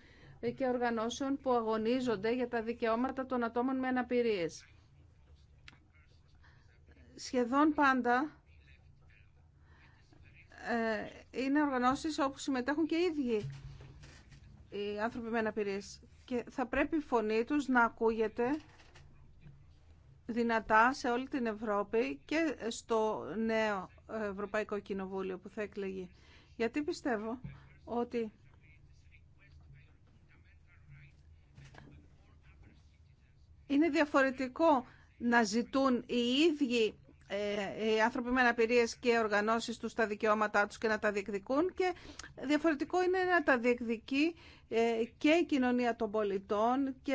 και οργανώσεων που αγωνίζονται για τα δικαιώματα των ατόμων με αναπηρίες. Σχεδόν πάντα ε, είναι οργανώσεις όπου συμμετέχουν και οι ίδιοι οι άνθρωποι με αναπηρίες. Και θα πρέπει η φωνή τους να ακούγεται δυνατά σε όλη την Ευρώπη και στο νέο Ευρωπαϊκό Κοινοβούλιο που θα εκλεγεί. Γιατί πιστεύω ότι Είναι διαφορετικό να ζητούν οι ίδιοι ε, οι άνθρωποι με αναπηρίε και οργανώσεις τους τα δικαιώματά τους και να τα διεκδικούν και διαφορετικό είναι να τα διεκδικεί ε, και η κοινωνία των πολιτών και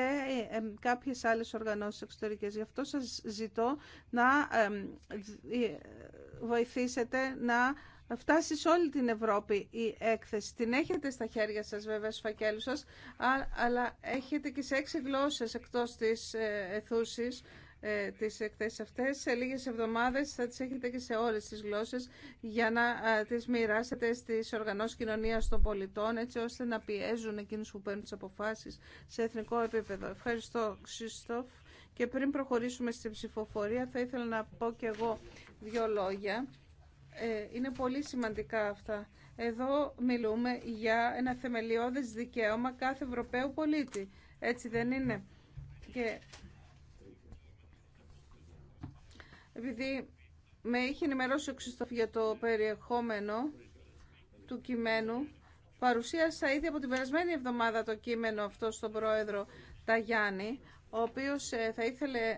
ε, κάποιες άλλες οργανώσεις εξωτερικές. Γι' αυτό σας ζητώ να βοηθήσετε να φτάσει σε όλη την Ευρώπη η έκθεση. Την έχετε στα χέρια σας βέβαια στους φακέλους σας, αλλά έχετε και σε έξι γλώσσες εκτός της εθούσης ε, τις εκθέσεις αυτές. Σε λίγες εβδομάδες θα τις έχετε και σε όλες τις γλώσσες για να τις μοιράσετε στις οργανώσεις κοινωνίας των πολιτών έτσι ώστε να πιέζουν εκείνους που παίρνουν τις αποφάσεις σε εθνικό επίπεδο. Ευχαριστώ Ξύστοφ. Και πριν προχωρήσουμε στη ψηφοφορία θα ήθελα να πω και εγώ δύο λόγια ε, είναι πολύ σημαντικά αυτά. Εδώ μιλούμε για ένα θεμελιώδες δικαίωμα κάθε Ευρωπαίου πολίτη. Έτσι δεν είναι. Και επειδή με είχε ενημερώσει ο Ξυστοφ για το περιεχόμενο του κειμένου, παρουσίασα ήδη από την περασμένη εβδομάδα το κείμενο αυτό στον πρόεδρο Ταγιάννη, ο οποίος ε, θα ήθελε,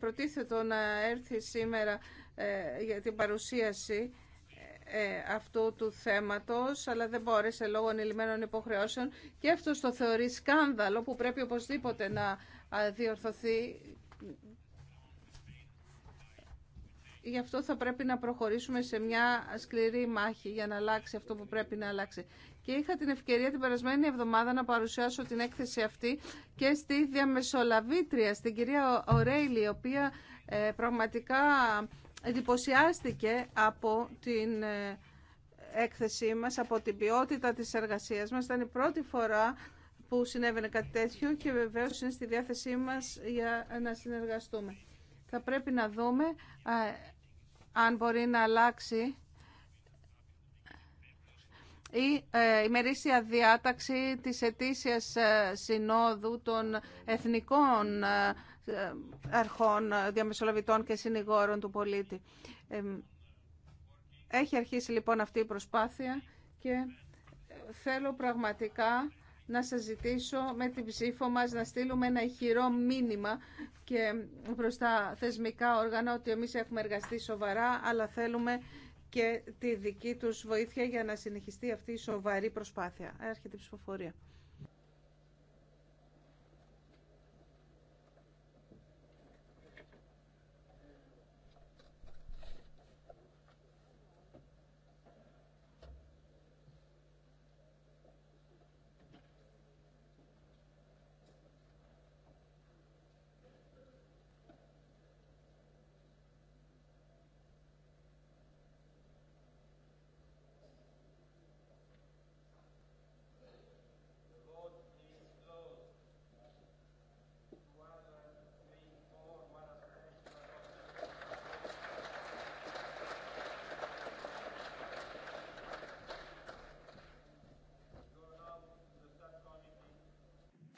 προτίθετο να έρθει σήμερα ε, για την παρουσίαση ε, αυτού του θέματος, αλλά δεν μπόρεσε λόγω ανηλυμένων υποχρεώσεων και αυτός το θεωρεί σκάνδαλο που πρέπει οπωσδήποτε να διορθωθεί. Γι' αυτό θα πρέπει να προχωρήσουμε σε μια σκληρή μάχη για να αλλάξει αυτό που πρέπει να αλλάξει. Και είχα την ευκαιρία την περασμένη εβδομάδα να παρουσιάσω την έκθεση αυτή και στη διαμεσολαβήτρια, στην κυρία Ορέιλη, η οποία ε, πραγματικά εντυπωσιάστηκε από την ε, έκθεσή μας, από την ποιότητα της εργασίας μας. Ήταν η πρώτη φορά που συνέβαινε κάτι τέτοιο και βεβαίως είναι στη διάθεσή μας για να συνεργαστούμε. Θα πρέπει να δούμε αν μπορεί να αλλάξει η ε, ημερήσια διάταξη της ετήσιας ε, συνόδου των εθνικών ε, αρχών, ε, διαμεσολαβητών και συνηγόρων του πολίτη. Ε, έχει αρχίσει λοιπόν αυτή η προσπάθεια και θέλω πραγματικά να σας ζητήσω με την ψήφο μας να στείλουμε ένα ηχηρό μήνυμα και προς τα θεσμικά όργανα ότι εμείς έχουμε εργαστεί σοβαρά αλλά θέλουμε και τη δική τους βοήθεια για να συνεχιστεί αυτή η σοβαρή προσπάθεια. Έρχεται η ψηφοφορία.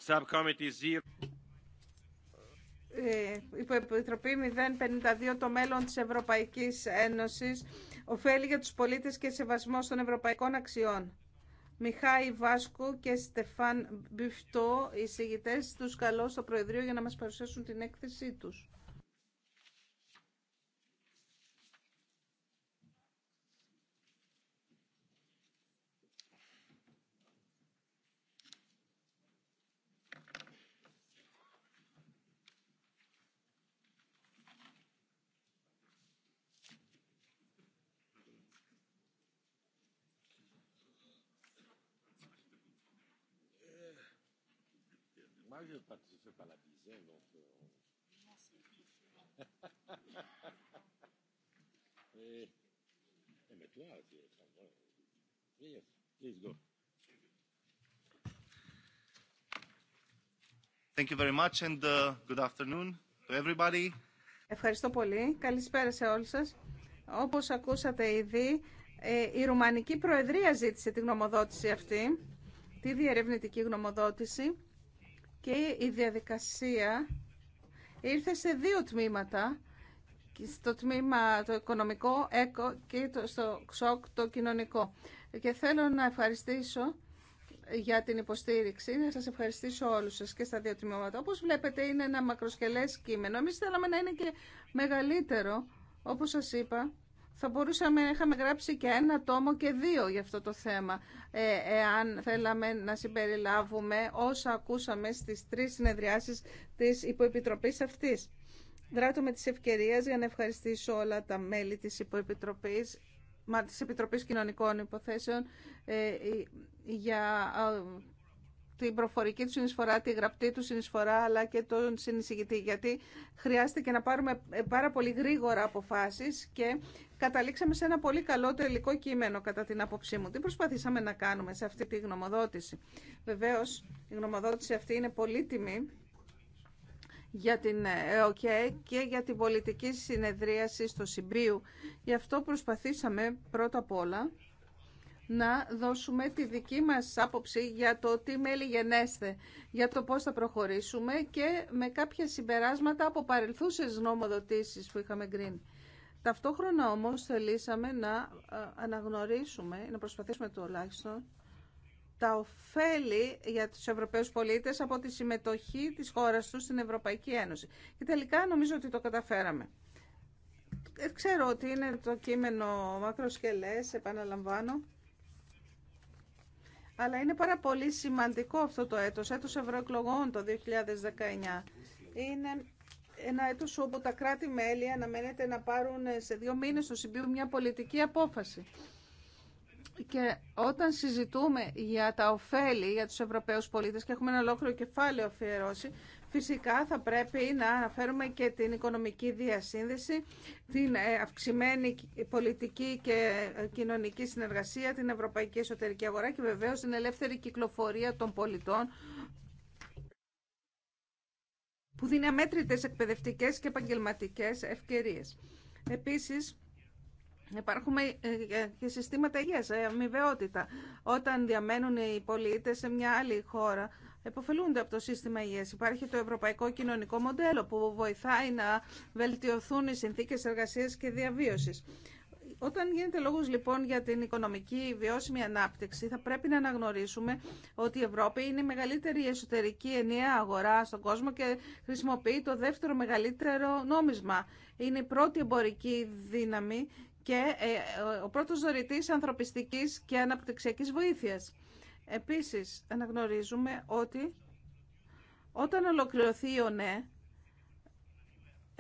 Subcommittee zero. 052 ε, το μέλλον της Ευρωπαϊκής Ένωσης ωφέλει για τους πολίτες και σεβασμό των ευρωπαϊκών αξιών. Μιχάη Βάσκου και Στεφάν Μπιφτό, οι συγητές τους καλώ στο Προεδρείο για να μας παρουσιάσουν την έκθεσή τους. se paladisait, donc... Et... Euh, eh, mais toi, Yes, please go. Thank you very much and uh, good afternoon to everybody. Ευχαριστώ πολύ. Καλησπέρα σε όλους σας. Όπως ακούσατε ήδη, ε, η Ρουμανική Προεδρία ζήτησε τη γνωμοδότηση αυτή, τη διερευνητική γνωμοδότηση και η διαδικασία ήρθε σε δύο τμήματα στο τμήμα το οικονομικό ΕΚΟ και στο ΞΟΚ το κοινωνικό. Και θέλω να ευχαριστήσω για την υποστήριξη, να σας ευχαριστήσω όλους σας και στα δύο τμήματα. Όπως βλέπετε είναι ένα μακροσκελές κείμενο. Εμείς θέλαμε να είναι και μεγαλύτερο, όπως σας είπα, θα μπορούσαμε να είχαμε γράψει και ένα τόμο και δύο για αυτό το θέμα, ε, εάν θέλαμε να συμπεριλάβουμε όσα ακούσαμε στις τρεις συνεδριάσεις της υποεπιτροπής αυτής. Δράτω με τις ευκαιρίες για να ευχαριστήσω όλα τα μέλη της υποεπιτροπής, μα της Επιτροπής Κοινωνικών Υποθέσεων, ε, ε για ε, την προφορική του συνεισφορά, τη γραπτή του συνεισφορά, αλλά και τον συνεισηγητή, γιατί χρειάστηκε να πάρουμε πάρα πολύ γρήγορα αποφάσεις και καταλήξαμε σε ένα πολύ καλό τελικό κείμενο, κατά την άποψή μου. Τι προσπαθήσαμε να κάνουμε σε αυτή τη γνωμοδότηση. Βεβαίως, η γνωμοδότηση αυτή είναι πολύτιμη για την ΕΟΚΕ και για την πολιτική συνεδρίαση στο Συμπίου. Γι' αυτό προσπαθήσαμε πρώτα απ' όλα να δώσουμε τη δική μας άποψη για το τι μέλη γενέστε, για το πώς θα προχωρήσουμε και με κάποια συμπεράσματα από παρελθούσες νομοδοτήσεις που είχαμε γκρίνει. Ταυτόχρονα όμως θελήσαμε να ε, αναγνωρίσουμε, να προσπαθήσουμε τουλάχιστον, τα ωφέλη για τους Ευρωπαίους πολίτες από τη συμμετοχή της χώρας τους στην Ευρωπαϊκή Ένωση. Και τελικά νομίζω ότι το καταφέραμε. Ε, ξέρω ότι είναι το κείμενο μακροσκελές, επαναλαμβάνω, αλλά είναι πάρα πολύ σημαντικό αυτό το έτος, έτος ευρωεκλογών το 2019. Είναι ένα έτος όπου τα κράτη-μέλη αναμένεται να πάρουν σε δύο μήνες στο συμπίου μια πολιτική απόφαση. Και όταν συζητούμε για τα ωφέλη για τους Ευρωπαίους πολίτες και έχουμε ένα ολόκληρο κεφάλαιο αφιερώσει, Φυσικά θα πρέπει να αναφέρουμε και την οικονομική διασύνδεση, την ε, αυξημένη πολιτική και ε, κοινωνική συνεργασία, την ευρωπαϊκή εσωτερική αγορά και βεβαίως την ελεύθερη κυκλοφορία των πολιτών που δίνει αμέτρητες εκπαιδευτικές και επαγγελματικές ευκαιρίες. Επίσης, Υπάρχουν ε, και συστήματα υγείας, αμοιβαιότητα. Όταν διαμένουν οι πολίτες σε μια άλλη χώρα, εποφελούνται από το σύστημα υγείας. Υπάρχει το ευρωπαϊκό κοινωνικό μοντέλο που βοηθάει να βελτιωθούν οι συνθήκες εργασίας και διαβίωσης. Όταν γίνεται λόγος λοιπόν για την οικονομική βιώσιμη ανάπτυξη θα πρέπει να αναγνωρίσουμε ότι η Ευρώπη είναι η μεγαλύτερη εσωτερική ενιαία αγορά στον κόσμο και χρησιμοποιεί το δεύτερο μεγαλύτερο νόμισμα. Είναι η πρώτη εμπορική δύναμη και ε, ε, ο πρώτος δωρητής ανθρωπιστικής και αναπτυξιακής βοήθειας. Επίσης, αναγνωρίζουμε ότι όταν ολοκληρωθεί ο ΝΕ, ναι,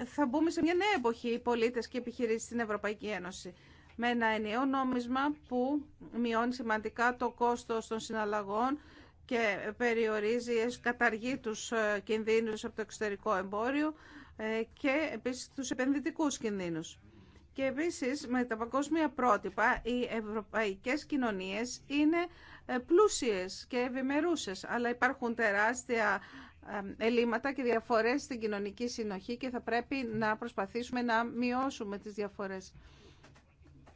θα μπούμε σε μια νέα εποχή οι πολίτες και οι επιχειρήσεις στην Ευρωπαϊκή Ένωση με ένα ενιαίο νόμισμα που μειώνει σημαντικά το κόστος των συναλλαγών και περιορίζει, καταργεί τους ε, κινδύνους από το εξωτερικό εμπόριο ε, και επίσης τους επενδυτικούς κινδύνους. Και επίσης με τα παγκόσμια πρότυπα οι ευρωπαϊκές κοινωνίες είναι ε, πλούσιες και ευημερούσες, αλλά υπάρχουν τεράστια ελλείμματα και διαφορές στην κοινωνική συνοχή και θα πρέπει να προσπαθήσουμε να μειώσουμε τις διαφορές.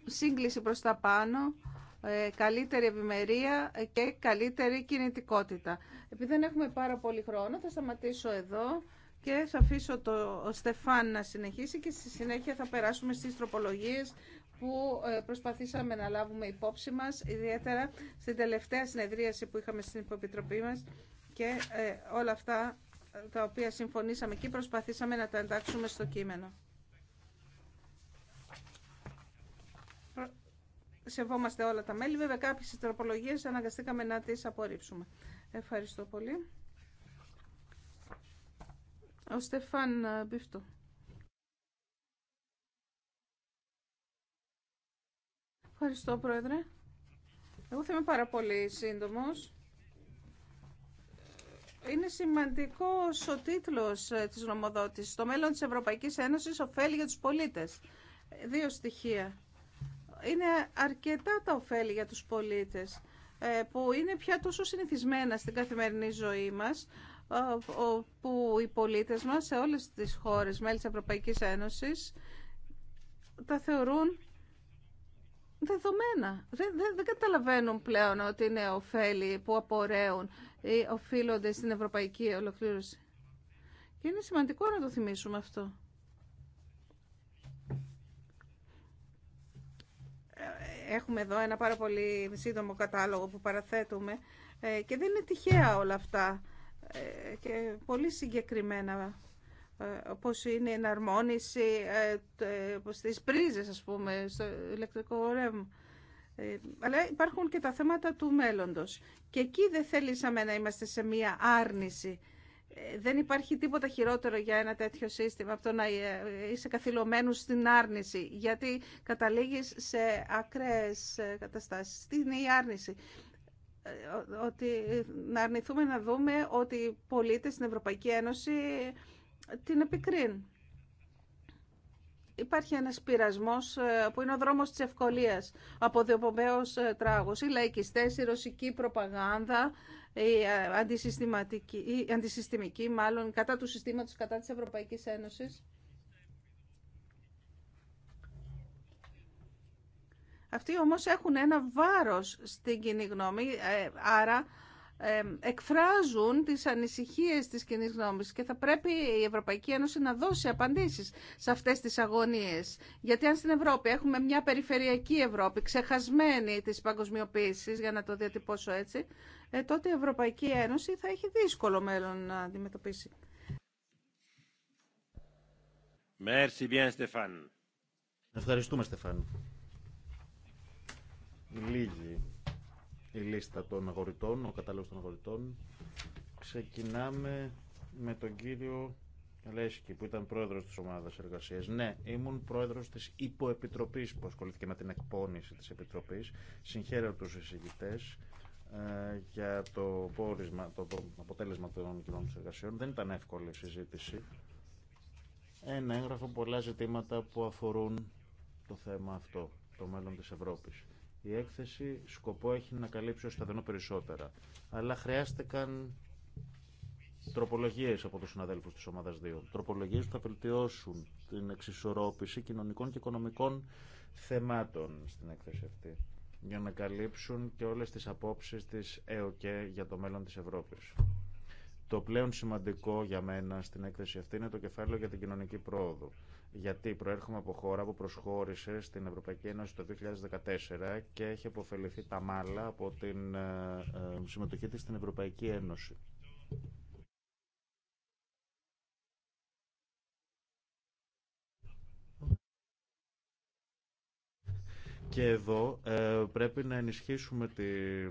Σύγκληση προς τα πάνω, ε, καλύτερη ευημερία ε, και καλύτερη κινητικότητα. Επειδή δεν έχουμε πάρα πολύ χρόνο, θα σταματήσω εδώ και θα αφήσω το Στεφάν να συνεχίσει και στη συνέχεια θα περάσουμε στις τροπολογίες που ε, προσπαθήσαμε να λάβουμε υπόψη μας, ιδιαίτερα στην τελευταία συνεδρίαση που είχαμε στην Υποπιτροπή μας και ε, όλα αυτά ε, τα οποία συμφωνήσαμε και προσπαθήσαμε να τα εντάξουμε στο κείμενο. Σεβόμαστε όλα τα μέλη, βέβαια κάποιες τροπολογίες αναγκαστήκαμε να τις απορρίψουμε. Ευχαριστώ πολύ. Ο Στεφάν Μπίφτο. Ε, Ευχαριστώ, Πρόεδρε. Εγώ θα είμαι πάρα πολύ σύντομος. Είναι σημαντικός ο τίτλος ε, της νομοδότησης. Το μέλλον της Ευρωπαϊκή Ένωσης ωφέλει για τους πολίτες. Δύο στοιχεία. Είναι αρκετά τα ωφέλη για τους πολίτες ε, που είναι πια τόσο συνηθισμένα στην καθημερινή ζωή μας που οι πολίτες μας σε όλες τις χώρες μέλη της Ευρωπαϊκής Ένωσης τα θεωρούν δεδομένα. Δεν, δεν, δεν καταλαβαίνουν πλέον ότι είναι ωφέλη που απορρέουν ή οφείλονται στην ευρωπαϊκή ολοκλήρωση. Και είναι σημαντικό να το θυμίσουμε αυτό. Έχουμε εδώ ένα πάρα πολύ σύντομο κατάλογο που παραθέτουμε ε, και δεν είναι τυχαία όλα αυτά ε, και πολύ συγκεκριμένα ε, όπως είναι η εναρμόνιση στις ε, πρίζες ας πούμε στο ηλεκτρικό ρεύμα αλλά υπάρχουν και τα θέματα του μέλλοντος και εκεί δεν θέλησαμε να είμαστε σε μία άρνηση δεν υπάρχει τίποτα χειρότερο για ένα τέτοιο σύστημα από το να είσαι καθυλωμένο στην άρνηση, γιατί καταλήγεις σε ακραίες καταστάσεις. Τι είναι η άρνηση ότι να αρνηθούμε να δούμε ότι οι πολίτες στην Ευρωπαϊκή Ένωση την επικρίνουν. Υπάρχει ένας πειρασμός ε, που είναι ο δρόμος της ευκολίας από διοπομπέως ε, τράγους. Οι λαϊκιστές, η ρωσική προπαγάνδα, η ε, αντισυστηματική, η αντισυστημική μάλλον κατά του συστήματος, κατά της Ευρωπαϊκής Ένωσης. Αυτοί όμως έχουν ένα βάρος στην κοινή γνώμη, ε, άρα ε, εκφράζουν τις ανησυχίες της κοινή γνώμης και θα πρέπει η Ευρωπαϊκή Ένωση να δώσει απαντήσεις σε αυτές τις αγωνίες. Γιατί αν στην Ευρώπη έχουμε μια περιφερειακή Ευρώπη ξεχασμένη της παγκοσμιοποίηση, για να το διατυπώσω έτσι, ε, τότε η Ευρωπαϊκή Ένωση θα έχει δύσκολο μέλλον να αντιμετωπίσει. Merci bien, Ευχαριστούμε, Στεφάν λίγη η λίστα των αγορητών, ο κατάλογος των αγορητών. Ξεκινάμε με τον κύριο Λέσκι που ήταν πρόεδρος της ομάδας εργασίας. Ναι, ήμουν πρόεδρος της υποεπιτροπής που ασχολήθηκε με την εκπόνηση της επιτροπής. Συγχαίρω τους εισηγητές ε, για το, πόρισμα, το αποτέλεσμα των κοινών εργασιών. Δεν ήταν εύκολη η συζήτηση. Ένα έγγραφο πολλά ζητήματα που αφορούν το θέμα αυτό, το μέλλον της Ευρώπης. Η έκθεση σκοπό έχει να καλύψει ο σταθερό περισσότερα. Αλλά χρειάστηκαν τροπολογίε από του συναδέλφου τη ομάδα 2. Τροπολογίε που θα βελτιώσουν την εξισορρόπηση κοινωνικών και οικονομικών θεμάτων στην έκθεση αυτή. Για να καλύψουν και όλε τι απόψει τη ΕΟΚΕ για το μέλλον τη Ευρώπη. Το πλέον σημαντικό για μένα στην έκθεση αυτή είναι το κεφάλαιο για την κοινωνική πρόοδο γιατί προέρχομαι από χώρα που προσχώρησε στην Ευρωπαϊκή Ένωση το 2014 και έχει αποφεληθεί τα μάλα από την ε, ε, συμμετοχή της στην Ευρωπαϊκή Ένωση. Και εδώ ε, πρέπει να ενισχύσουμε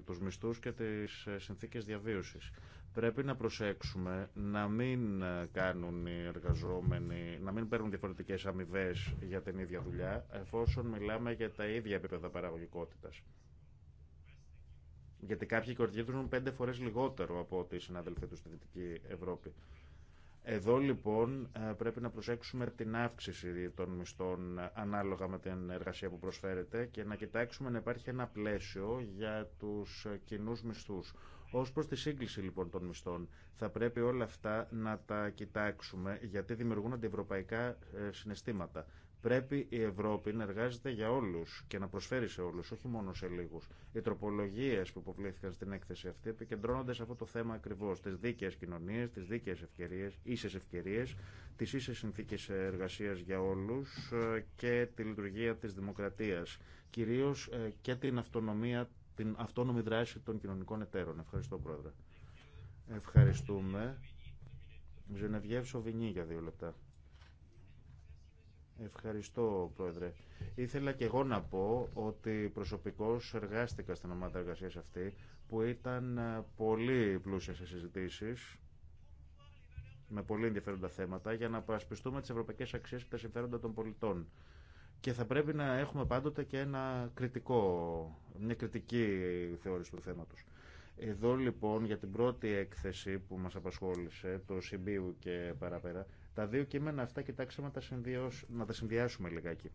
τους μισθούς και τις συνθήκες διαβίωσης. Πρέπει να προσέξουμε να μην ε, κάνουν οι εργαζόμενοι, να μην παίρνουν διαφορετικές αμοιβέ για την ίδια δουλειά, εφόσον μιλάμε για τα ίδια επίπεδα παραγωγικότητας. Γιατί κάποιοι κερδίζουν πέντε φορές λιγότερο από ό,τι οι συνάδελφοί του στη Δυτική Ευρώπη. Εδώ λοιπόν ε, πρέπει να προσέξουμε την αύξηση των μισθών ε, ανάλογα με την εργασία που προσφέρεται και να κοιτάξουμε να υπάρχει ένα πλαίσιο για τους κοινούς μισθούς Ω προ τη σύγκληση λοιπόν των μισθών, θα πρέπει όλα αυτά να τα κοιτάξουμε γιατί δημιουργούν αντιευρωπαϊκά ε, συναισθήματα. Πρέπει η Ευρώπη να εργάζεται για όλου και να προσφέρει σε όλου, όχι μόνο σε λίγου. Οι τροπολογίε που υποβλήθηκαν στην έκθεση αυτή επικεντρώνονται σε αυτό το θέμα ακριβώ. Τι δίκαιε κοινωνίε, τι δίκαιε ευκαιρίε, ίσε ευκαιρίε, τι ίσε συνθήκε εργασία για όλου ε, και τη λειτουργία τη δημοκρατία. Κυρίω ε, και την αυτονομία την αυτόνομη δράση των κοινωνικών εταίρων. Ευχαριστώ, Πρόεδρε. Ευχαριστούμε. Ζενεβιεύ Σοβινή για δύο λεπτά. Ευχαριστώ, Πρόεδρε. Ήθελα και εγώ να πω ότι προσωπικώς εργάστηκα στην ομάδα εργασίας αυτή, που ήταν ε, πολύ πλούσια σε συζητήσεις, με πολύ ενδιαφέροντα θέματα, για να προασπιστούμε τις ευρωπαϊκές αξίες και τα συμφέροντα των πολιτών. Και θα πρέπει να έχουμε πάντοτε και ένα κριτικό, μια κριτική θεώρηση του θέματος. Εδώ λοιπόν για την πρώτη έκθεση που μας απασχόλησε, το Συμπίου και παραπέρα, τα δύο κείμενα αυτά κοιτάξαμε να τα συνδυάσουμε λιγάκι.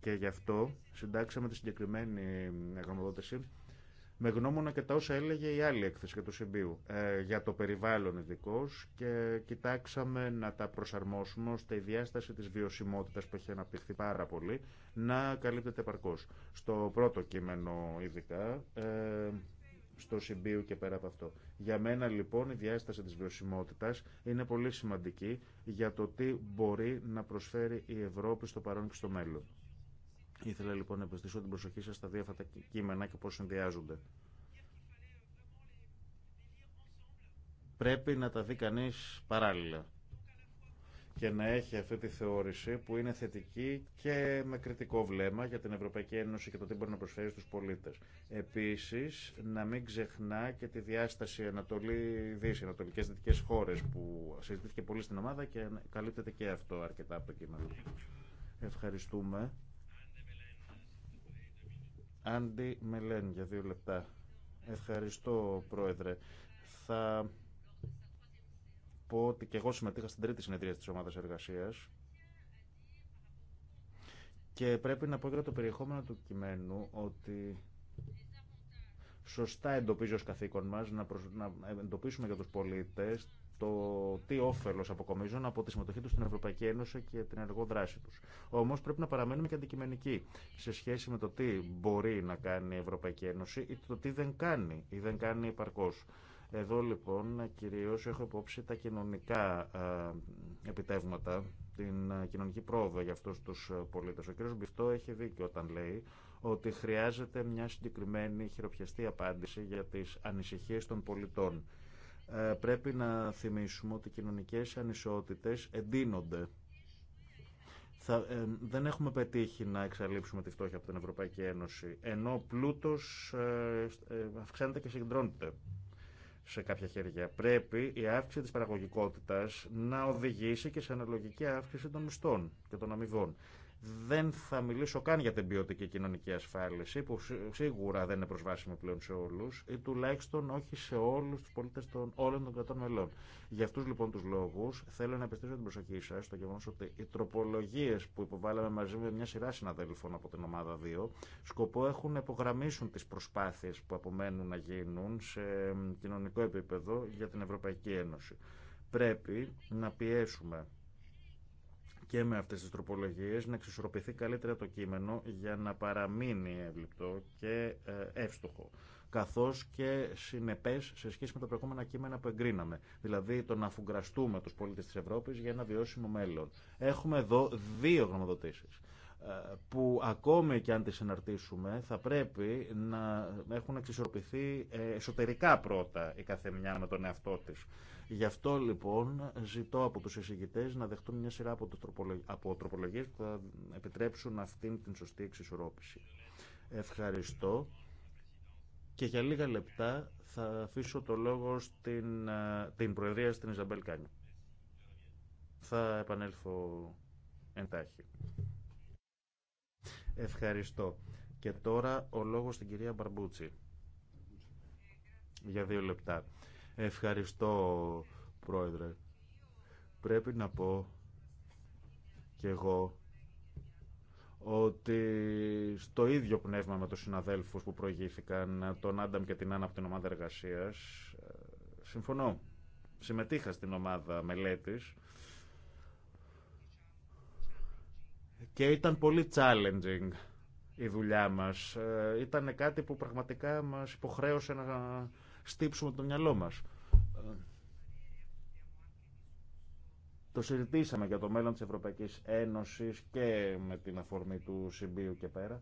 Και γι' αυτό συντάξαμε τη συγκεκριμένη αγνοδότηση με γνώμονα και τα όσα έλεγε η άλλη έκθεση και του Συμπίου ε, για το περιβάλλον ειδικώ και κοιτάξαμε να τα προσαρμόσουμε ώστε η διάσταση της βιωσιμότητας που έχει αναπτυχθεί πάρα πολύ να καλύπτεται επαρκώς. Στο πρώτο κείμενο ειδικά, ε, στο Συμπίου και πέρα από αυτό. Για μένα λοιπόν η διάσταση της βιωσιμότητας είναι πολύ σημαντική για το τι μπορεί να προσφέρει η Ευρώπη στο παρόν και στο μέλλον. Ήθελα λοιπόν να επιστήσω την προσοχή σας στα δύο αυτά τα κείμενα και πώς συνδυάζονται. Πρέπει να τα δει κανεί παράλληλα και να έχει αυτή τη θεώρηση που είναι θετική και με κριτικό βλέμμα για την Ευρωπαϊκή Ένωση και το τι μπορεί να προσφέρει στους πολίτες. Επίσης, να μην ξεχνά και τη διάσταση Ανατολή-Δύση, Ανατολικές Δυτικές χώρες που συζητήθηκε πολύ στην ομάδα και καλύπτεται και αυτό αρκετά από το κείμενο. Ευχαριστούμε. Άντι Μελέν για δύο λεπτά. Ευχαριστώ Πρόεδρε. Θα πω ότι και εγώ συμμετείχα στην τρίτη συνεδρία της ομάδας εργασίας και πρέπει να πω για το περιεχόμενο του κειμένου ότι σωστά εντοπίζει ως καθήκον μας να, να εντοπίσουμε για τους πολίτες το τι όφελο αποκομίζουν από τη συμμετοχή του στην Ευρωπαϊκή Ένωση και την εργόδράση δράση του. Όμω πρέπει να παραμένουμε και αντικειμενικοί σε σχέση με το τι μπορεί να κάνει η Ευρωπαϊκή Ένωση ή το τι δεν κάνει ή δεν κάνει επαρκώ. Εδώ λοιπόν κυρίως έχω υπόψη τα κοινωνικά ε, επιτεύγματα, την ε, κοινωνική πρόοδο για αυτούς τους ε, πολίτες. Ο κ. Μπιφτό έχει δίκιο όταν λέει ότι χρειάζεται μια συγκεκριμένη χειροπιαστή απάντηση για τις ανησυχίες των πολιτών. Ε, πρέπει να θυμίσουμε ότι οι κοινωνικές ανισότητες εντείνονται. Θα, ε, δεν έχουμε πετύχει να εξαλείψουμε τη φτώχεια από την Ευρωπαϊκή Ένωση, ενώ ο πλούτος ε, αυξάνεται και συγκεντρώνεται σε κάποια χέρια. Πρέπει η αύξηση της παραγωγικότητας να οδηγήσει και σε αναλογική αύξηση των μισθών και των αμοιβών. Δεν θα μιλήσω καν για την ποιοτική κοινωνική ασφάλιση, που σίγουρα δεν είναι προσβάσιμη πλέον σε όλου, ή τουλάχιστον όχι σε όλου του πολίτε των όλων των κρατών μελών. Για αυτού λοιπόν του λόγου, θέλω να επιστήσω την προσοχή σα στο γεγονό ότι οι τροπολογίε που υποβάλαμε μαζί με μια σειρά συναδέλφων από την ομάδα 2, σκοπό έχουν να υπογραμμίσουν τι προσπάθειε που απομένουν να γίνουν σε κοινωνικό επίπεδο για την Ευρωπαϊκή Ένωση. Πρέπει να πιέσουμε και με αυτές τις τροπολογίες να εξισορροπηθεί καλύτερα το κείμενο για να παραμείνει εύληπτο και ε, εύστοχο καθώς και συνεπές σε σχέση με τα προηγούμενα κείμενα που εγκρίναμε. Δηλαδή το να αφουγκραστούμε τους πολίτες της Ευρώπης για ένα βιώσιμο μέλλον. Έχουμε εδώ δύο γνωμοδοτήσεις ε, που ακόμη και αν τις συναρτήσουμε θα πρέπει να έχουν εξισορροπηθεί ε, εσωτερικά πρώτα η καθεμιά με τον εαυτό της Γι' αυτό λοιπόν ζητώ από τους εισηγητές να δεχτούν μια σειρά από, από τροπολογίες που θα επιτρέψουν αυτήν την σωστή εξισορρόπηση. Ευχαριστώ. Και για λίγα λεπτά θα αφήσω το λόγο στην ε, την Προεδρία στην Ιζαμπέλ Κάνιο. Θα επανέλθω εντάχει. Ευχαριστώ. Και τώρα ο λόγος στην κυρία Μπαρμπούτσι. Για δύο λεπτά. Ευχαριστώ, Πρόεδρε. Πρέπει να πω και εγώ ότι στο ίδιο πνεύμα με τους συναδέλφους που προηγήθηκαν, τον Άνταμ και την Άννα από την ομάδα εργασίας, ε, συμφωνώ. Συμμετείχα στην ομάδα μελέτης και ήταν πολύ challenging η δουλειά μας. Ε, ήταν κάτι που πραγματικά μας υποχρέωσε να στύψουμε το μυαλό μας. Ε, το συζητήσαμε για το μέλλον της Ευρωπαϊκής Ένωσης και με την αφορμή του Συμπίου και πέρα.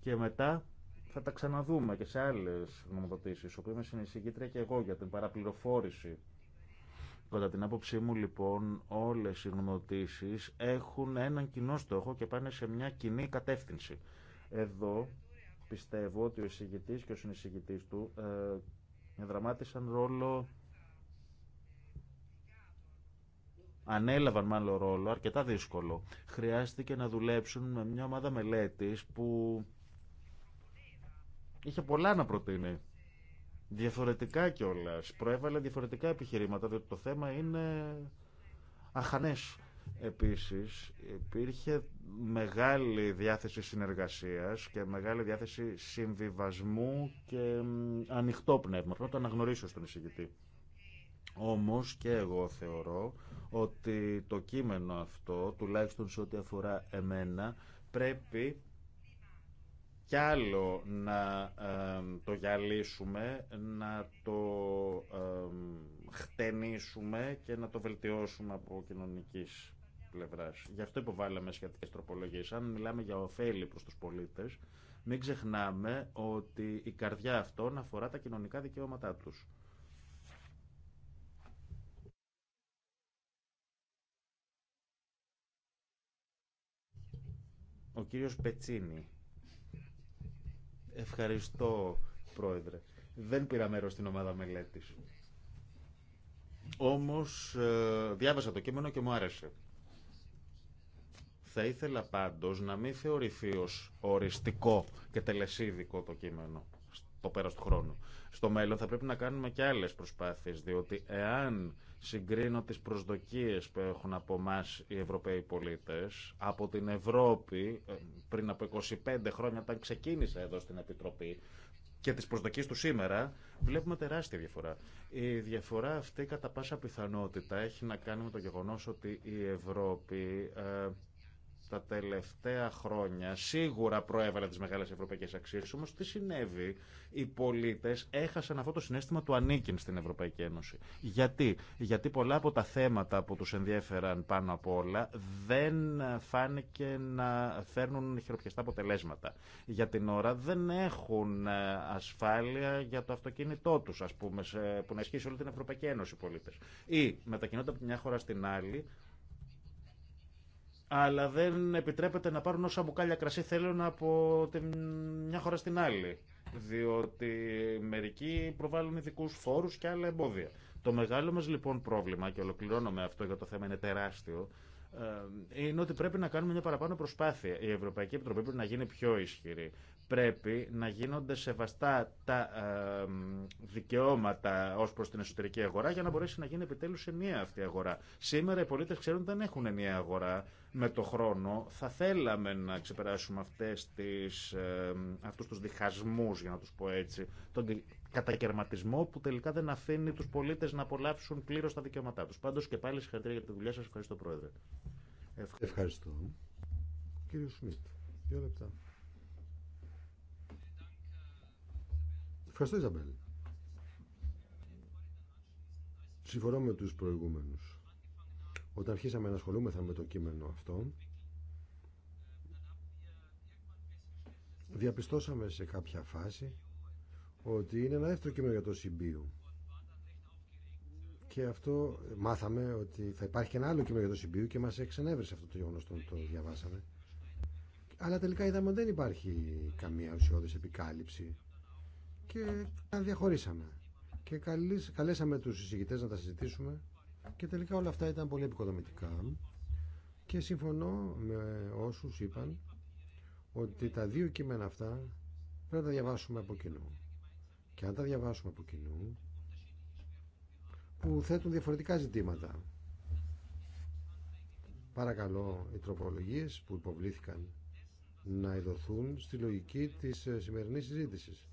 Και μετά θα τα ξαναδούμε και σε άλλες νομοθετήσεις όπου είμαι συνεισηγήτρια και εγώ για την παραπληροφόρηση. Κατά την άποψή μου, λοιπόν, όλες οι νομοθετήσεις έχουν έναν κοινό στόχο και πάνε σε μια κοινή κατεύθυνση. Εδώ πιστεύω ότι ο εισηγητής και ο συνεισηγητής του ε, Δραμάτισαν ρόλο ανέλαβαν μάλλον ρόλο, αρκετά δύσκολο. Χρειάστηκε να δουλέψουν με μια ομάδα μελέτης που είχε πολλά να προτείνει. Διαφορετικά κιόλα. Προέβαλε διαφορετικά επιχειρήματα, διότι το θέμα είναι αχανές. Επίσης υπήρχε μεγάλη διάθεση συνεργασίας και μεγάλη διάθεση συμβιβασμού και ανοιχτό πνεύμα. Πρώτα να το αναγνωρίσω στον εισηγητή. Όμως και εγώ θεωρώ ότι το κείμενο αυτό, τουλάχιστον σε ό,τι αφορά εμένα, πρέπει κι άλλο να το γυαλίσουμε, να το χτενίσουμε και να το βελτιώσουμε από κοινωνικής πλευρά. Γι' αυτό υποβάλαμε σχετικέ τροπολογίε. Αν μιλάμε για ωφέλη προ του πολίτε, μην ξεχνάμε ότι η καρδιά αυτών αφορά τα κοινωνικά δικαιώματά του. Ο κύριος Πετσίνη. Ευχαριστώ, Πρόεδρε. Δεν πήρα μέρος στην ομάδα μελέτης. Όμως ε, διάβασα το κείμενο και μου άρεσε. Θα ήθελα πάντως να μην θεωρηθεί ως οριστικό και τελεσίδικο το κείμενο το πέρας του χρόνου. Στο μέλλον θα πρέπει να κάνουμε και άλλες προσπάθειες, διότι εάν συγκρίνω τις προσδοκίες που έχουν από εμά οι Ευρωπαίοι πολίτες, από την Ευρώπη ε, πριν από 25 χρόνια όταν ξεκίνησα εδώ στην Επιτροπή, και τις προσδοκίες του σήμερα, βλέπουμε τεράστια διαφορά. Η διαφορά αυτή κατά πάσα πιθανότητα έχει να κάνει με το γεγονός ότι η Ευρώπη ε, τα τελευταία χρόνια σίγουρα προέβαλε τις μεγάλες ευρωπαϊκές αξίες, όμως τι συνέβη, οι πολίτες έχασαν αυτό το συνέστημα του ανήκειν στην Ευρωπαϊκή Ένωση. Γιατί, Γιατί πολλά από τα θέματα που τους ενδιέφεραν πάνω από όλα δεν φάνηκε να φέρνουν χειροπιαστά αποτελέσματα. Για την ώρα δεν έχουν ε, ασφάλεια για το αυτοκίνητό τους, ας πούμε, που να ισχύει όλη την Ευρωπαϊκή Ένωση οι πολίτες. Ή μετακινούνται από τη μια χώρα στην άλλη, αλλά δεν επιτρέπεται να πάρουν όσα μπουκάλια κρασί θέλουν από μια χώρα στην άλλη. Διότι μερικοί προβάλλουν ειδικού φόρου και άλλα εμπόδια. Το μεγάλο μα λοιπόν πρόβλημα, και ολοκληρώνω με αυτό γιατί το θέμα είναι τεράστιο, ε, είναι ότι πρέπει να κάνουμε μια παραπάνω προσπάθεια. Η Ευρωπαϊκή Επιτροπή πρέπει να γίνει πιο ισχυρή. Πρέπει να γίνονται σεβαστά τα ε, δικαιώματα ω προ την εσωτερική αγορά για να μπορέσει να γίνει επιτέλου μια αυτή η αγορά. Σήμερα οι πολίτε ξέρουν ότι δεν έχουν ενιαία αγορά με το χρόνο θα θέλαμε να ξεπεράσουμε αυτές τις, ε, αυτούς τους διχασμούς, για να τους πω έτσι, τον κατακαιρματισμό που τελικά δεν αφήνει τους πολίτες να απολαύσουν πλήρως τα δικαιώματά τους. Πάντως και πάλι συγχαρητήρια για τη δουλειά σας. Ευχαριστώ Πρόεδρε. Ευχαριστώ. Ευχαριστώ. Κύριο Σμιτ, δύο λεπτά. Ευχαριστώ Ιζαμπέλ. Συμφωνώ με τους προηγούμενους όταν αρχίσαμε να ασχολούμεθα με το κείμενο αυτό, διαπιστώσαμε σε κάποια φάση ότι είναι ένα δεύτερο κείμενο για το ΣΥΠΙΟΥ. Και αυτό μάθαμε ότι θα υπάρχει και ένα άλλο κείμενο για το ΣΥΠΙΟΥ και μας εξενέβρισε αυτό το γεγονό όταν το διαβάσαμε. Αλλά τελικά είδαμε ότι δεν υπάρχει καμία ουσιώδης επικάλυψη και τα διαχωρίσαμε. Και καλέσαμε τους συζητητές να τα συζητήσουμε και τελικά όλα αυτά ήταν πολύ επικοδομητικά και συμφωνώ με όσους είπαν ότι τα δύο κείμενα αυτά πρέπει να τα διαβάσουμε από κοινού. Και αν τα διαβάσουμε από κοινού, που θέτουν διαφορετικά ζητήματα. Παρακαλώ οι τροπολογίες που υποβλήθηκαν να ειδωθούν στη λογική της σημερινής συζήτησης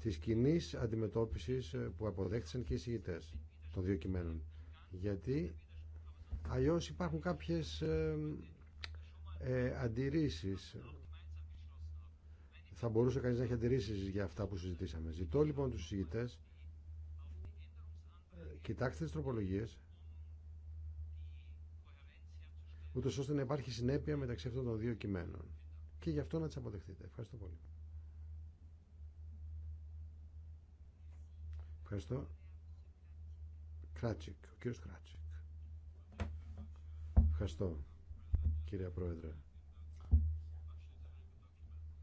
της κοινή αντιμετώπισης που αποδέχτησαν και οι συγητές των δύο κειμένων. Γιατί αλλιώς υπάρχουν κάποιες ε, ε, αντιρρήσεις. Θα μπορούσε κανείς να έχει αντιρρήσεις για αυτά που συζητήσαμε. Ζητώ λοιπόν τους συζητητές, ε, κοιτάξτε τις τροπολογίες, ούτω ώστε να υπάρχει συνέπεια μεταξύ αυτών των δύο κειμένων. Και γι' αυτό να τι αποδεχτείτε. Ευχαριστώ πολύ. Ευχαριστώ. Κράτσικ, ο κύριος Κράτσικ. Ευχαριστώ, κύριε Πρόεδρε.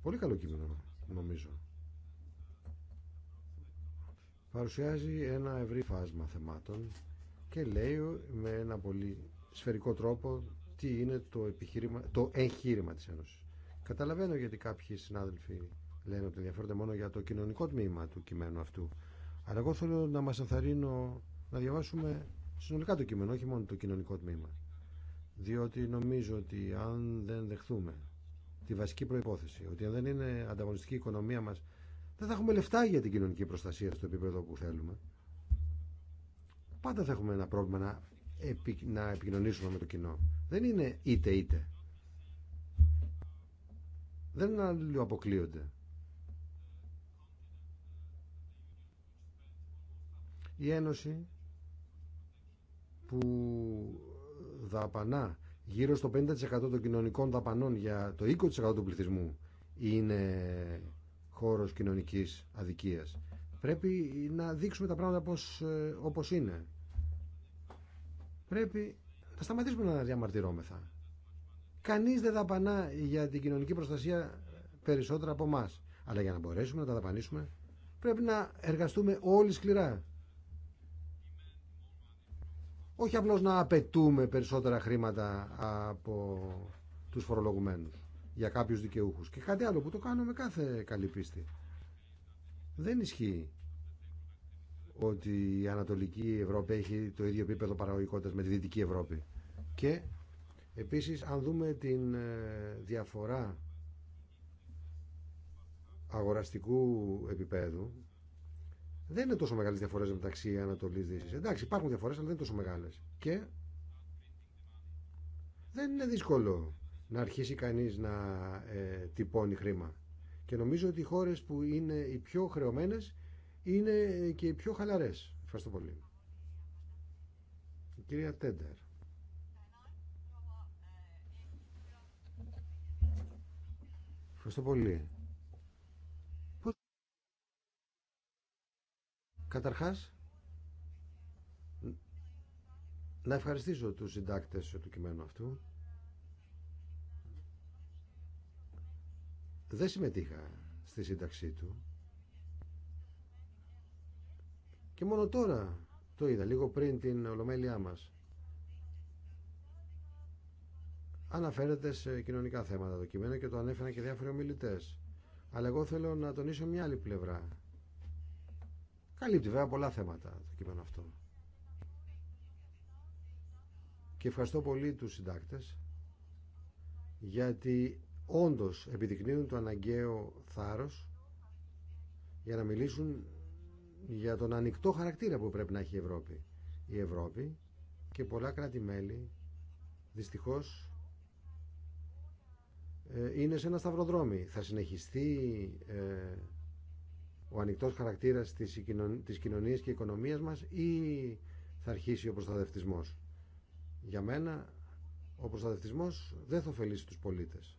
Πολύ καλό κείμενο, νομίζω. Παρουσιάζει ένα ευρύ φάσμα θεμάτων και λέει με ένα πολύ σφαιρικό τρόπο τι είναι το, επιχείρημα, το εγχείρημα της Ένωσης. Καταλαβαίνω γιατί κάποιοι συνάδελφοι λένε ότι ενδιαφέρονται μόνο για το κοινωνικό τμήμα του κειμένου αυτού. Αλλά εγώ θέλω να μας ενθαρρύνω να διαβάσουμε συνολικά το κείμενο, όχι μόνο το κοινωνικό τμήμα. Διότι νομίζω ότι αν δεν δεχθούμε τη βασική προϋπόθεση, ότι αν δεν είναι ανταγωνιστική η οικονομία μας, δεν θα έχουμε λεφτά για την κοινωνική προστασία στο επίπεδο που θέλουμε. Πάντα θα έχουμε ένα πρόβλημα να, επι... να επικοινωνήσουμε με το κοινό. Δεν είναι είτε είτε. Δεν αποκλείονται. Η Ένωση που δαπανά γύρω στο 50% των κοινωνικών δαπανών για το 20% του πληθυσμού είναι χώρος κοινωνικής αδικίας. Πρέπει να δείξουμε τα πράγματα πώς, ε, όπως είναι. Πρέπει να σταματήσουμε να διαμαρτυρόμεθα. Κανείς δεν δαπανά για την κοινωνική προστασία περισσότερα από εμά. Αλλά για να μπορέσουμε να τα δαπανίσουμε πρέπει να εργαστούμε όλοι σκληρά όχι απλώς να απαιτούμε περισσότερα χρήματα από τους φορολογουμένους για κάποιους δικαιούχους και κάτι άλλο που το κάνουμε κάθε καλή πίστη. Δεν ισχύει ότι η Ανατολική Ευρώπη έχει το ίδιο επίπεδο παραγωγικότητας με τη Δυτική Ευρώπη. Και επίσης αν δούμε την ε, διαφορά αγοραστικού επίπεδου δεν είναι τόσο μεγάλε διαφορέ μεταξύ Ανατολή Δύση. Εντάξει, υπάρχουν διαφορέ, αλλά δεν είναι τόσο μεγάλε. Και δεν είναι δύσκολο να αρχίσει κανεί να ε, τυπώνει χρήμα. Και νομίζω ότι οι χώρε που είναι οι πιο χρεωμένε είναι και οι πιο χαλαρέ. Ευχαριστώ πολύ. Η κυρία Τέντερ. Ευχαριστώ πολύ. Καταρχάς, να ευχαριστήσω τους συντάκτες του κειμένου αυτού. Δεν συμμετείχα στη σύνταξή του. Και μόνο τώρα το είδα, λίγο πριν την ολομέλειά μας. Αναφέρεται σε κοινωνικά θέματα το κείμενο και το ανέφεραν και διάφοροι ομιλητέ. Αλλά εγώ θέλω να τονίσω μια άλλη πλευρά Καλύπτει βέβαια πολλά θέματα το κείμενο αυτό. Και ευχαριστώ πολύ τους συντάκτες γιατί όντως επιδεικνύουν το αναγκαίο θάρρος για να μιλήσουν για τον ανοιχτό χαρακτήρα που πρέπει να έχει η Ευρώπη. Η Ευρώπη και πολλά κράτη-μέλη δυστυχώς ε, είναι σε ένα σταυροδρόμι. Θα συνεχιστεί ε, ο ανοιχτός χαρακτήρας της κοινωνίας και οικονομίας μας ή θα αρχίσει ο προστατευτισμός. Για μένα ο προστατευτισμός δεν θα ωφελήσει τους πολίτες.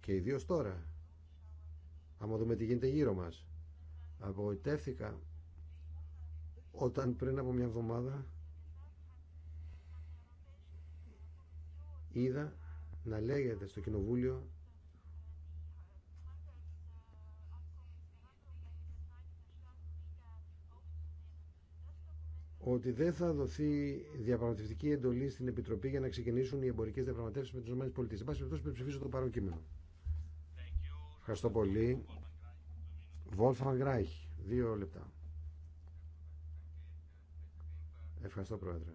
Και ιδίω τώρα, άμα δούμε τι γίνεται γύρω μας. Απογοητεύθηκα όταν πριν από μια εβδομάδα είδα να λέγεται στο Κοινοβούλιο ότι δεν θα δοθεί διαπραγματευτική εντολή στην Επιτροπή για να ξεκινήσουν οι εμπορικέ διαπραγματεύσει με τι ΗΠΑ. Εν πάση περιπτώσει, ψηφίσω το παρόν κείμενο. Ευχαριστώ πολύ. Βόλφαν Γκράιχ, δύο λεπτά. Ευχαριστώ, Πρόεδρε.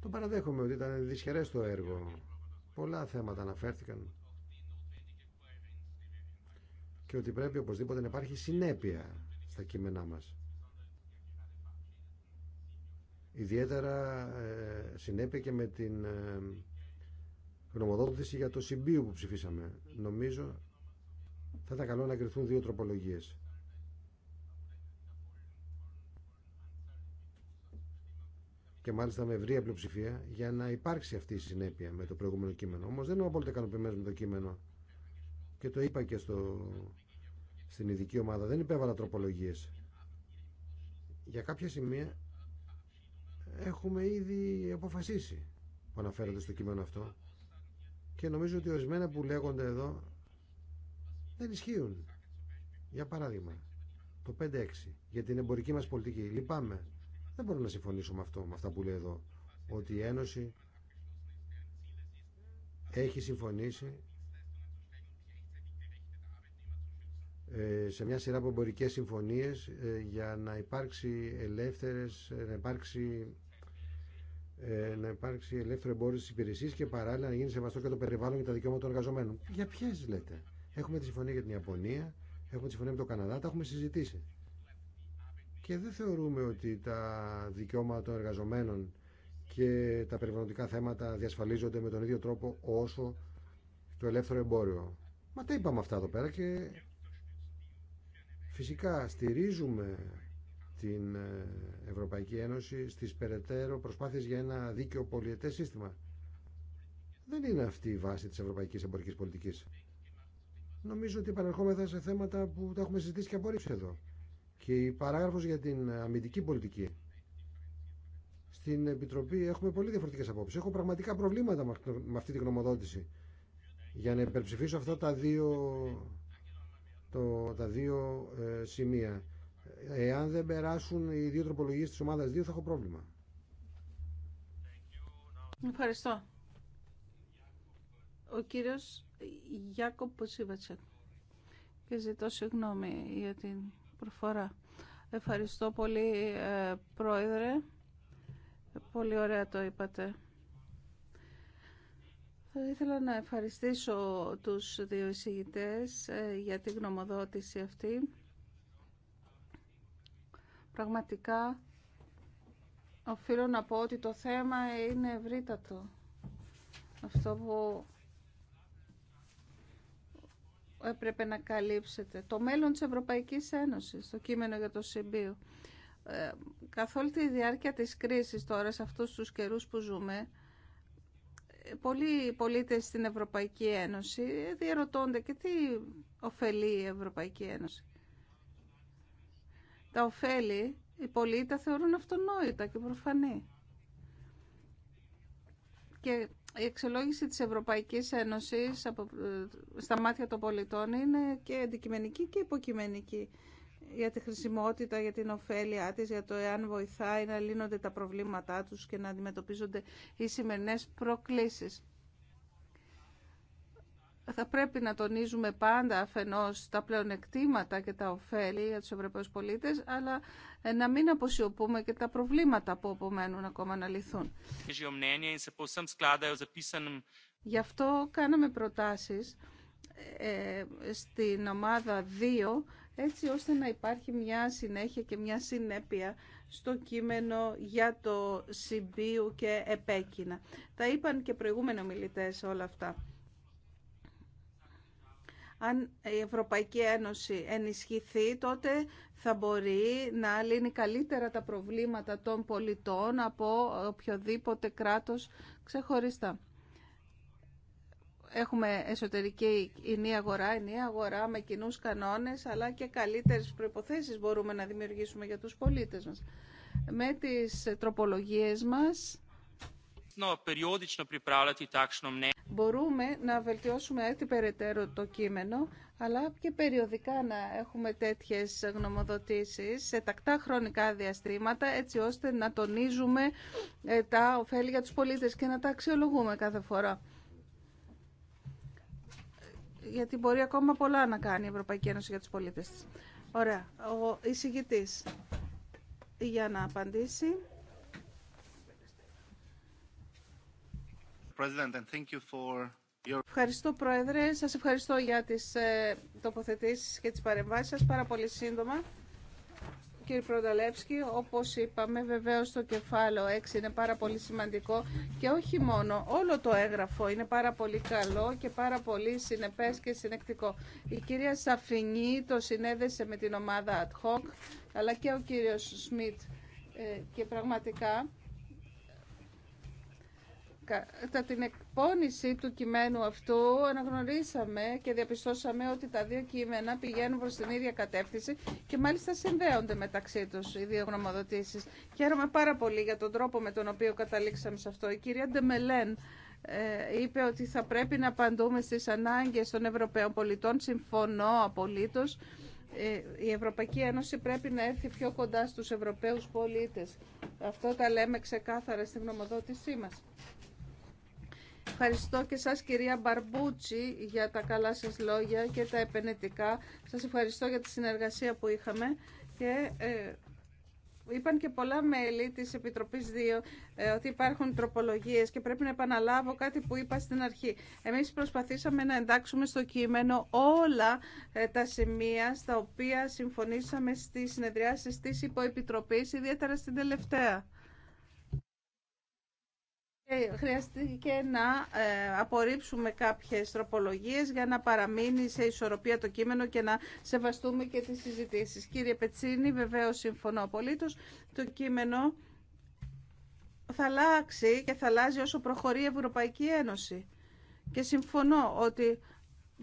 Το παραδέχομαι ότι ήταν δυσχερέ το έργο. Πολλά θέματα αναφέρθηκαν. Και ότι πρέπει οπωσδήποτε να υπάρχει συνέπεια στα κείμενά μας. Ιδιαίτερα ε, συνέπεια και με την ε, γνωμοδότηση για το συμπίου που ψηφίσαμε. Νομίζω θα ήταν καλό να κρυθούν δύο τροπολογίες. και μάλιστα με ευρία πλειοψηφία για να υπάρξει αυτή η συνέπεια με το προηγούμενο κείμενο. Όμω δεν είμαι απόλυτα ικανοποιημένο με το κείμενο και το είπα και στο στην ειδική ομάδα δεν υπέβαλα τροπολογίε. Για κάποια σημεία έχουμε ήδη αποφασίσει που αναφέρονται στο κείμενο αυτό και νομίζω ότι ορισμένα που λέγονται εδώ δεν ισχύουν. Για παράδειγμα, το 5-6 για την εμπορική μας πολιτική. Λυπάμαι. Δεν μπορώ να συμφωνήσω με αυτό, με αυτά που λέει εδώ. Ότι η Ένωση έχει συμφωνήσει Ε, σε μια σειρά από εμπορικές συμφωνίες ε, για να υπάρξει ελεύθερες, ε, να υπάρξει να υπάρξει ελεύθερο εμπόριο στι υπηρεσίε και παράλληλα να γίνει σεβαστό και το περιβάλλον και τα δικαιώματα των εργαζομένων. Για ποιε λέτε. Έχουμε τη συμφωνία για την Ιαπωνία, έχουμε τη συμφωνία με τον Καναδά, τα έχουμε συζητήσει. Και δεν θεωρούμε ότι τα δικαιώματα των εργαζομένων και τα περιβαλλοντικά θέματα διασφαλίζονται με τον ίδιο τρόπο όσο το ελεύθερο εμπόριο. Μα τα είπαμε αυτά εδώ πέρα και Φυσικά στηρίζουμε την ε, Ευρωπαϊκή Ένωση στις περαιτέρω προσπάθειες για ένα δίκαιο πολιετές σύστημα. Δεν είναι αυτή η βάση της ευρωπαϊκής εμπορικής πολιτικής. Νομίζω ότι επαναρχόμεθα σε θέματα που τα έχουμε συζητήσει και απορρίψει εδώ. Και η παράγραφος για την αμυντική πολιτική. Στην Επιτροπή έχουμε πολύ διαφορετικές απόψεις. Έχω πραγματικά προβλήματα με αυτή τη γνωμοδότηση για να υπερψηφίσω αυτά τα δύο τα δύο ε, σημεία. Εάν δεν περάσουν οι δύο τροπολογίες της ομάδας δύο θα έχω πρόβλημα. Ευχαριστώ. Ο κύριος Γιάκο Ποσίβατσεκ και ζητώ συγγνώμη για την προφορά. Ευχαριστώ πολύ, ε, Πρόεδρε. Πολύ ωραία το είπατε. Θα ε, ήθελα να ευχαριστήσω τους δύο εισηγητές ε, για την γνωμοδότηση αυτή. Πραγματικά οφείλω να πω ότι το θέμα είναι ευρύτατο. Αυτό που έπρεπε να καλύψετε. Το μέλλον της Ευρωπαϊκής Ένωσης, το κείμενο για το ΣΥΜΠΙΟ. Ε, καθ' όλη τη διάρκεια της κρίσης τώρα, σε αυτούς τους καιρούς που ζούμε, πολλοί πολίτες στην Ευρωπαϊκή Ένωση διαρωτώνται και τι ωφελεί η Ευρωπαϊκή Ένωση. Τα ωφέλη οι πολίτες τα θεωρούν αυτονόητα και προφανή. Και η εξολόγηση της Ευρωπαϊκής Ένωσης ε, στα μάτια των πολιτών είναι και αντικειμενική και υποκειμενική για τη χρησιμότητα, για την ωφέλειά της, για το εάν βοηθάει να λύνονται τα προβλήματά τους και να αντιμετωπίζονται οι σημερινές προκλήσεις. Θα πρέπει να τονίζουμε πάντα αφενός τα πλεονεκτήματα και τα ωφέλη για τους Ευρωπαίους πολίτες, αλλά ε, να μην αποσιωπούμε και τα προβλήματα που απομένουν ακόμα να λυθούν. Γι' αυτό κάναμε προτάσεις ε, ε, στην ομάδα 2 έτσι ώστε να υπάρχει μια συνέχεια και μια συνέπεια στο κείμενο για το Συμπίου και Επέκεινα. Τα είπαν και προηγούμενοι μιλητές όλα αυτά. Αν η Ευρωπαϊκή Ένωση ενισχυθεί, τότε θα μπορεί να λύνει καλύτερα τα προβλήματα των πολιτών από οποιοδήποτε κράτος ξεχωριστά έχουμε εσωτερική ενία αγορά, ενία αγορά με κοινού κανόνε, αλλά και καλύτερες προποθέσει μπορούμε να δημιουργήσουμε για τους πολίτες μας. Με τις τροπολογίες μας μπορούμε να βελτιώσουμε έτσι περαιτέρω το κείμενο, αλλά και περιοδικά να έχουμε τέτοιες γνωμοδοτήσεις σε τακτά χρονικά διαστήματα, έτσι ώστε να τονίζουμε ε, τα ωφέλη για τους πολίτες και να τα αξιολογούμε κάθε φορά γιατί μπορεί ακόμα πολλά να κάνει η Ευρωπαϊκή Ένωση για τους πολίτες της. Ωραία. Ο εισηγητής για να απαντήσει. Ευχαριστώ Πρόεδρε. Σας ευχαριστώ για τις ε, τοποθετήσεις και τις παρεμβάσεις σας. Πάρα πολύ σύντομα. Κύριε Προδολεύσκη, όπως είπαμε, βεβαίως το κεφάλαιο 6 είναι πάρα πολύ σημαντικό και όχι μόνο, όλο το έγγραφο είναι πάρα πολύ καλό και πάρα πολύ συνεπές και συνεκτικό. Η κυρία Σαφινή το συνέδεσε με την ομάδα ad hoc, αλλά και ο κύριος Σμιτ ε, και πραγματικά Κατά την εκπόνηση του κειμένου αυτού αναγνωρίσαμε και διαπιστώσαμε ότι τα δύο κείμενα πηγαίνουν προς την ίδια κατεύθυνση και μάλιστα συνδέονται μεταξύ τους οι δύο γνωμοδοτήσεις. Χαίρομαι πάρα πολύ για τον τρόπο με τον οποίο καταλήξαμε σε αυτό. Η κυρία Ντεμελέν ε, είπε ότι θα πρέπει να απαντούμε στις ανάγκες των Ευρωπαίων πολιτών. Συμφωνώ απολύτως. Ε, η Ευρωπαϊκή Ένωση πρέπει να έρθει πιο κοντά στους Ευρωπαίους πολίτες. Αυτό τα λέμε ξεκάθαρα στην γνωμοδότησή μας. Ευχαριστώ και σας κυρία Μπαρμπούτσι για τα καλά σας λόγια και τα επενετικά. Σας ευχαριστώ για τη συνεργασία που είχαμε και ε, είπαν και πολλά μέλη της Επιτροπής 2 ε, ότι υπάρχουν τροπολογίες και πρέπει να επαναλάβω κάτι που είπα στην αρχή. Εμείς προσπαθήσαμε να εντάξουμε στο κείμενο όλα ε, τα σημεία στα οποία συμφωνήσαμε στις συνεδριάσεις της υποεπιτροπής, ιδιαίτερα στην τελευταία. Ε, Χρειαστήκε να ε, απορρίψουμε κάποιες τροπολογίες για να παραμείνει σε ισορροπία το κείμενο και να σεβαστούμε και τις συζητήσεις. Κύριε Πετσίνη, βεβαίως συμφωνώ απολύτως. Το κείμενο θα αλλάξει και θα αλλάζει όσο προχωρεί η Ευρωπαϊκή Ένωση. Και συμφωνώ ότι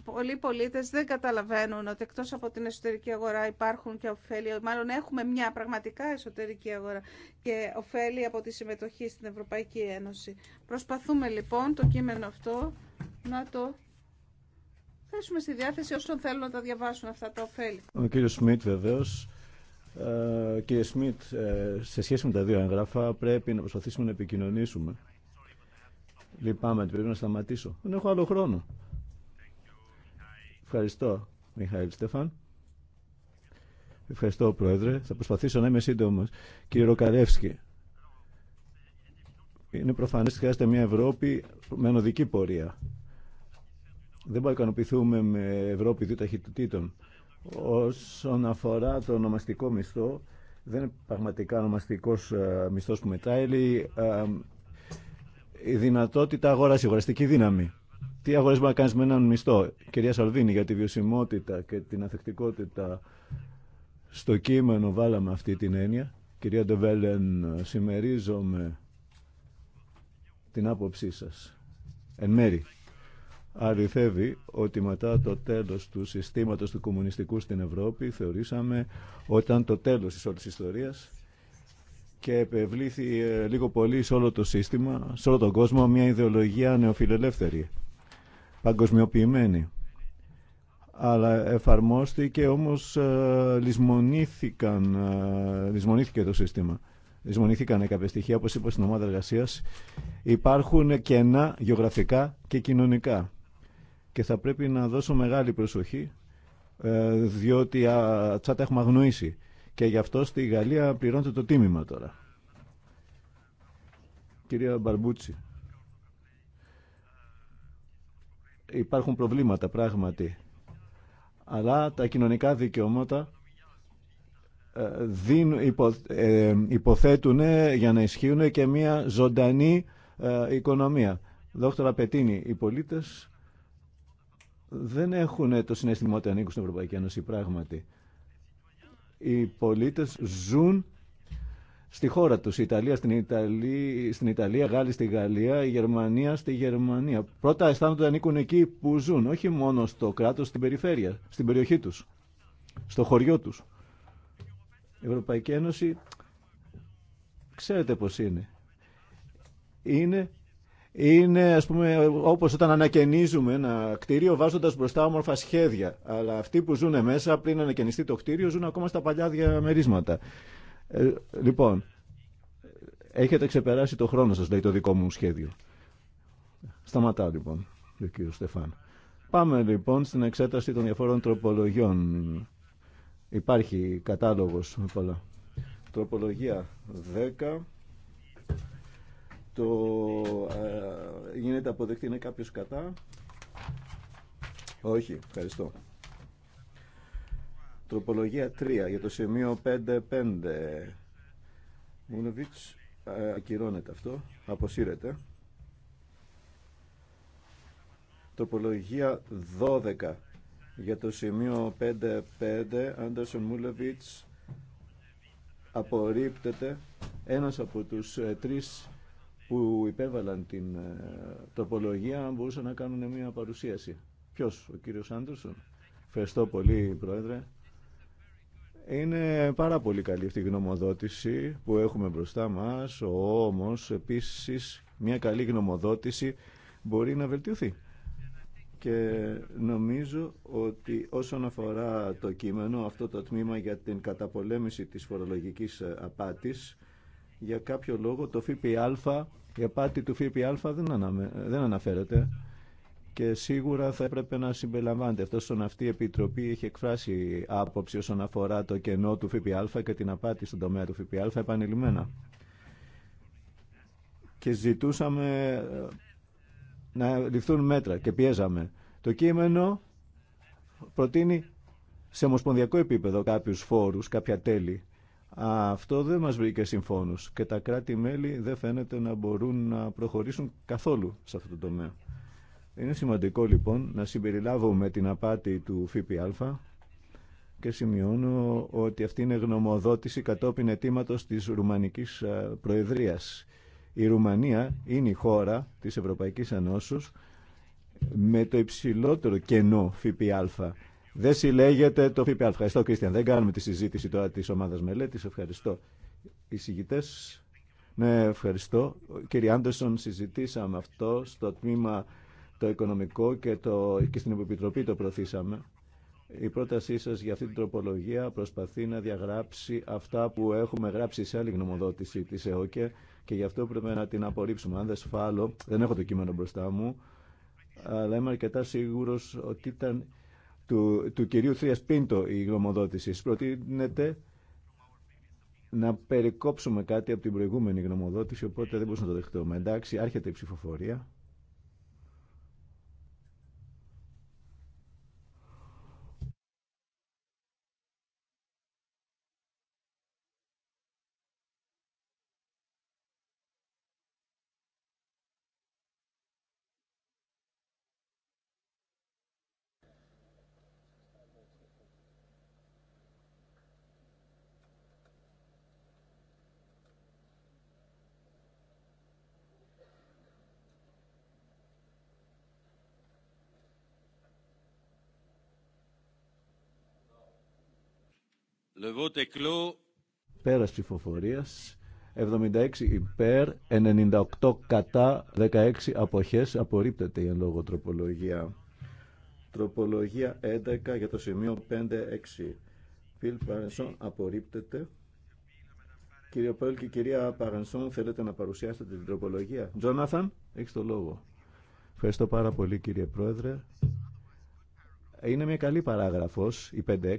πολλοί πολίτες δεν καταλαβαίνουν ότι εκτός από την εσωτερική αγορά υπάρχουν και ωφέλη, μάλλον έχουμε μια πραγματικά εσωτερική αγορά και ωφέλη από τη συμμετοχή στην Ευρωπαϊκή Ένωση. Προσπαθούμε λοιπόν το κείμενο αυτό να το θέσουμε στη διάθεση όσων θέλουν να τα διαβάσουν αυτά τα ωφέλη. Ο κύριος Σμιτ βεβαίως. Ε, κύριε Σμιτ, ε, σε σχέση με τα δύο εγγράφα πρέπει να προσπαθήσουμε να επικοινωνήσουμε. Λυπάμαι, πρέπει να σταματήσω. Δεν έχω άλλο χρόνο. Ευχαριστώ, Μιχαήλ Στεφάν. Ευχαριστώ, Πρόεδρε. Θα προσπαθήσω να είμαι σύντομο. Κύριε Ροκαρεύσκη, είναι προφανέ ότι χρειάζεται μια Ευρώπη με ανωδική πορεία. Δεν ικανοποιηθούμε με Ευρώπη δύο ταχυτήτων. Όσον αφορά το ονομαστικό μισθό, δεν είναι πραγματικά ονομαστικό ε, μισθό που μετράει, ε, ε, η δυνατότητα αγορά, η αγοραστική δύναμη τι αγορές μπορεί να κάνει με έναν μισθό. Κυρία Σαλβίνη, για τη βιωσιμότητα και την αθεκτικότητα στο κείμενο βάλαμε αυτή την έννοια. Κυρία Ντεβέλεν, συμμερίζομαι την άποψή σας. Εν μέρη, αριθεύει ότι μετά το τέλος του συστήματος του κομμουνιστικού στην Ευρώπη θεωρήσαμε όταν το τέλος της όλης ιστορίας και επευλήθη ε, λίγο πολύ σε όλο το σύστημα, σε όλο τον κόσμο, μια ιδεολογία νεοφιλελεύθερη παγκοσμιοποιημένη. Αλλά εφαρμόστηκε όμως ε, ε, λησμονήθηκε το σύστημα. Λησμονήθηκαν κάποια στοιχεία, όπως είπα στην ομάδα εργασία. Υπάρχουν κενά γεωγραφικά και κοινωνικά. Και θα πρέπει να δώσω μεγάλη προσοχή, ε, διότι τα έχουμε αγνοήσει. Και γι' αυτό στη Γαλλία πληρώνεται το τίμημα τώρα. Κυρία Μπαρμπούτσι. υπάρχουν προβλήματα πράγματι. Αλλά τα κοινωνικά δικαιώματα ε, ε, υποθέτουν για να ισχύουν και μια ζωντανή ε, οικονομία. Δόκτωρα Πετίνη, οι πολίτες δεν έχουν το συνέστημα ότι ανήκουν στην Ευρωπαϊκή Ένωση πράγματι. Οι πολίτες ζουν στη χώρα τους. Η Ιταλία στην Ιταλία, στην Ιταλία Γάλλη στη Γαλλία, η Γερμανία στη Γερμανία. Πρώτα αισθάνονται ότι ανήκουν εκεί που ζουν, όχι μόνο στο κράτος, στην περιφέρεια, στην περιοχή τους, στο χωριό τους. Η Ευρωπαϊκή Ένωση, ξέρετε πώς είναι. Είναι είναι ας πούμε όπως όταν ανακαινίζουμε ένα κτίριο βάζοντας μπροστά όμορφα σχέδια. Αλλά αυτοί που ζουν μέσα πριν ανακαινιστεί το κτίριο ζουν ακόμα στα παλιά διαμερίσματα. Ε, λοιπόν, έχετε ξεπεράσει το χρόνο σας, λέει το δικό μου σχέδιο. Σταματά λοιπόν, λέει ο κύριος Στεφάν. Πάμε λοιπόν στην εξέταση των διαφόρων τροπολογιών. Υπάρχει κατάλογος. Πολλά. Τροπολογία 10. Το, ε, γίνεται αποδεκτή, είναι κάποιος κατά. Όχι, ευχαριστώ. Τροπολογία 3 για το σημείο 5-5. Μουνοβίτς ακυρώνεται αυτό, αποσύρεται. Τροπολογία 12 για το σημείο 5-5. Άντερσον Μούλεβιτς απορρίπτεται. Ένας από τους ε, τρεις που υπέβαλαν την ε, τροπολογία μπορούσαν να κάνουν μια παρουσίαση. Ποιος, ο κύριος Άντερσον. Ευχαριστώ πολύ, Πρόεδρε. Είναι πάρα πολύ καλή αυτή η γνωμοδότηση που έχουμε μπροστά μας, όμως επίσης μια καλή γνωμοδότηση μπορεί να βελτιωθεί. Και νομίζω ότι όσον αφορά το κείμενο, αυτό το τμήμα για την καταπολέμηση της φορολογικής απάτης, για κάποιο λόγο το ΦΠΑ, η απάτη του ΦΠΑ δεν, αναφέρεται και σίγουρα θα έπρεπε να συμπεριλαμβάνεται. Αυτό στον αυτή η Επιτροπή έχει εκφράσει άποψη όσον αφορά το κενό του ΦΠΑ και την απάτη στον τομέα του ΦΠΑ επανειλημμένα. Και ζητούσαμε ε, να ληφθούν μέτρα και πιέζαμε. Το κείμενο προτείνει σε ομοσπονδιακό επίπεδο κάποιους φόρους, κάποια τέλη. Αυτό δεν μας βρήκε συμφώνους και τα κράτη-μέλη δεν φαίνεται να μπορούν να προχωρήσουν καθόλου σε αυτό το τομέα. Είναι σημαντικό λοιπόν να συμπεριλάβουμε την απάτη του ΦΠΑ και σημειώνω ότι αυτή είναι γνωμοδότηση κατόπιν αιτήματος της Ρουμανικής ε, Προεδρίας. Η Ρουμανία είναι η χώρα της Ευρωπαϊκής Ανώσους με το υψηλότερο κενό ΦΠΑ. Δεν συλλέγεται το ΦΠΑ. Ευχαριστώ, Κρίστιαν. Δεν κάνουμε τη συζήτηση τώρα της ομάδας μελέτης. Ευχαριστώ. Οι συγητές... Ναι, ευχαριστώ. Κύριε Άντερσον, συζητήσαμε αυτό στο τμήμα το οικονομικό και, το, και στην Επιτροπή το προωθήσαμε. Η πρότασή σας για αυτή την τροπολογία προσπαθεί να διαγράψει αυτά που έχουμε γράψει σε άλλη γνωμοδότηση της ΕΟΚΕ και γι' αυτό πρέπει να την απορρίψουμε. Αν δεν σφάλω, δεν έχω το κείμενο μπροστά μου, αλλά είμαι αρκετά σίγουρος ότι ήταν του, κυρίου Θρίας Πίντο η γνωμοδότηση. Προτείνεται να περικόψουμε κάτι από την προηγούμενη γνωμοδότηση, οπότε δεν μπορούσαμε να το δεχτούμε. Εντάξει, άρχεται η ψηφοφορία. Le vote est 76 υπέρ, 98 κατά, 16 αποχές. Απορρίπτεται η εν λόγω τροπολογία. Τροπολογία 11 για το σημείο 5-6. Φιλ Παρενσόν απορρίπτεται. Κύριε Πέλ και κυρία Παρενσόν, θέλετε να παρουσιάσετε την τροπολογία. Τζόναθαν, έχει το λόγο. Ευχαριστώ πάρα πολύ κύριε Πρόεδρε. Είναι μια καλή παράγραφος, η 5-6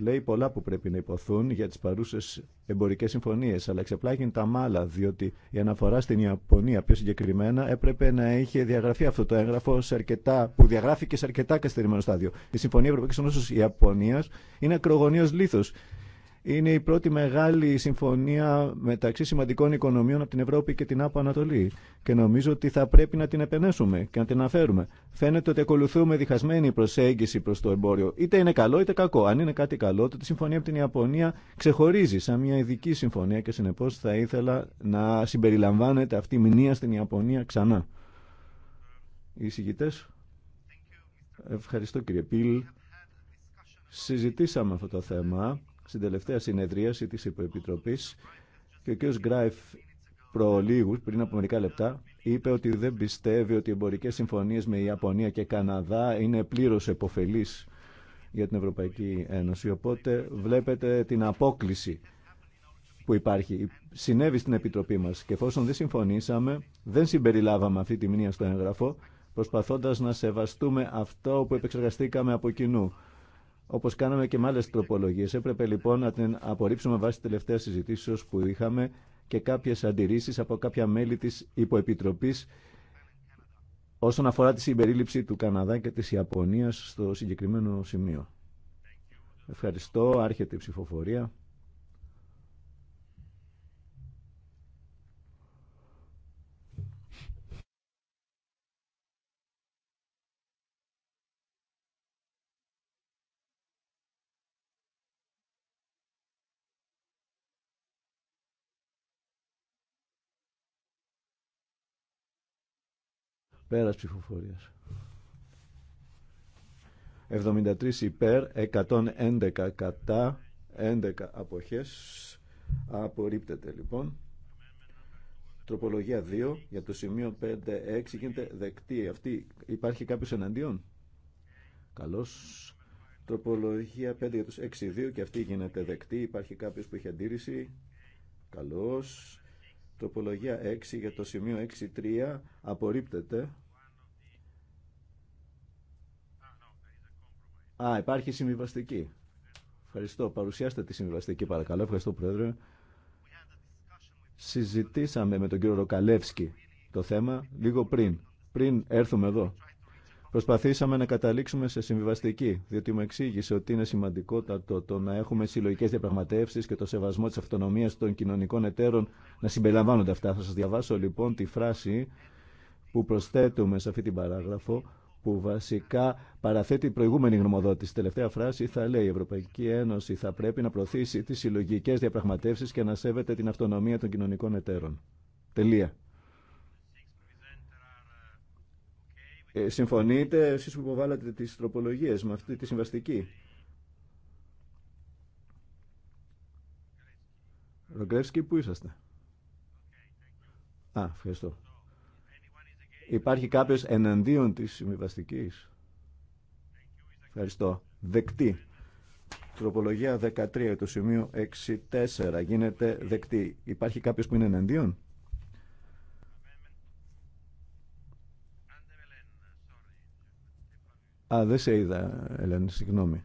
λέει πολλά που πρέπει να υποθούν για τις παρούσες εμπορικές συμφωνίες, αλλά ξεπλάγει τα μάλα, διότι η αναφορά στην Ιαπωνία πιο συγκεκριμένα έπρεπε να είχε διαγραφεί αυτό το έγγραφο σε αρκετά, που διαγράφηκε σε αρκετά καστερημένο στάδιο. Η Συμφωνία Ευρωπαϊκής Ενώσης Ιαπωνίας είναι ακρογωνίως λήθος είναι η πρώτη μεγάλη συμφωνία μεταξύ σημαντικών οικονομιών από την Ευρώπη και την Αποανατολή. Και νομίζω ότι θα πρέπει να την επενέσουμε και να την αναφέρουμε. Φαίνεται ότι ακολουθούμε διχασμένη προσέγγιση προ το εμπόριο. Είτε είναι καλό είτε κακό. Αν είναι κάτι καλό, τότε η συμφωνία από την Ιαπωνία ξεχωρίζει σαν μια ειδική συμφωνία και συνεπώ θα ήθελα να συμπεριλαμβάνεται αυτή η μηνύα στην Ιαπωνία ξανά. Οι συγκητέ. Ευχαριστώ κύριε Πίλ. Συζητήσαμε αυτό το θέμα στην τελευταία συνεδρίαση της Επιτροπής και ο κ. Γκράιφ προλίγου, πριν από μερικά λεπτά, είπε ότι δεν πιστεύει ότι οι εμπορικές συμφωνίες με Ιαπωνία και Καναδά είναι πλήρως επωφελείς για την Ευρωπαϊκή Ένωση. Οπότε βλέπετε την απόκληση που υπάρχει. Συνέβη στην Επιτροπή μας και εφόσον δεν συμφωνήσαμε, δεν συμπεριλάβαμε αυτή τη μνήμα στο έγγραφο, προσπαθώντας να σεβαστούμε αυτό που επεξεργαστήκαμε από κοινού. Όπω κάναμε και με άλλε τροπολογίε, έπρεπε λοιπόν να την απορρίψουμε βάσει τελευταία συζητήσεω που είχαμε και κάποιε αντιρρήσει από κάποια μέλη τη υποεπιτροπή όσον αφορά τη συμπερίληψη του Καναδά και της Ιαπωνίας στο συγκεκριμένο σημείο. Ευχαριστώ. Άρχεται η ψηφοφορία. Πέρας ψηφοφορίας. 73 υπέρ, 111 κατά, 11 αποχές. Απορρίπτεται λοιπόν. Τροπολογία 2 για το σημείο 5-6 γίνεται δεκτή. Αυτή υπάρχει κάποιος εναντίον. Καλώς. Τροπολογία 5 για τους 6-2 και αυτή γίνεται δεκτή. Υπάρχει κάποιος που έχει αντίρρηση. Καλώς. Τροπολογία 6 για το σημείο 6.3 απορρίπτεται. Α, υπάρχει συμβιβαστική. Ευχαριστώ. Παρουσιάστε τη συμβιβαστική παρακαλώ. Ευχαριστώ Πρόεδρε. Συζητήσαμε με τον κύριο Ροκαλεύσκη το θέμα λίγο πριν. Πριν έρθουμε εδώ. Προσπαθήσαμε να καταλήξουμε σε συμβιβαστική, διότι μου εξήγησε ότι είναι σημαντικότατο το να έχουμε συλλογικέ διαπραγματεύσει και το σεβασμό τη αυτονομία των κοινωνικών εταίρων να συμπεριλαμβάνονται αυτά. Θα σα διαβάσω λοιπόν τη φράση που προσθέτουμε σε αυτή την παράγραφο, που βασικά παραθέτει προηγούμενη γνωμοδότηση. Τελευταία φράση θα λέει: Η Ευρωπαϊκή Ένωση θα πρέπει να προωθήσει τι συλλογικέ διαπραγματεύσει και να σέβεται την αυτονομία των κοινωνικών εταίρων. Τελεία. Ε, συμφωνείτε εσείς που υποβάλλατε τις τροπολογίες με αυτή τη συμβαστική. Ρογκρέφσκι, πού είσαστε. Α, ευχαριστώ. Υπάρχει κάποιος εναντίον της συμβαστικής. Ευχαριστώ. Δεκτή. Τροπολογία 13, το σημείο 64. Γίνεται δεκτή. Υπάρχει κάποιος που είναι εναντίον. Α, δεν σε είδα, Ελένη, συγγνώμη.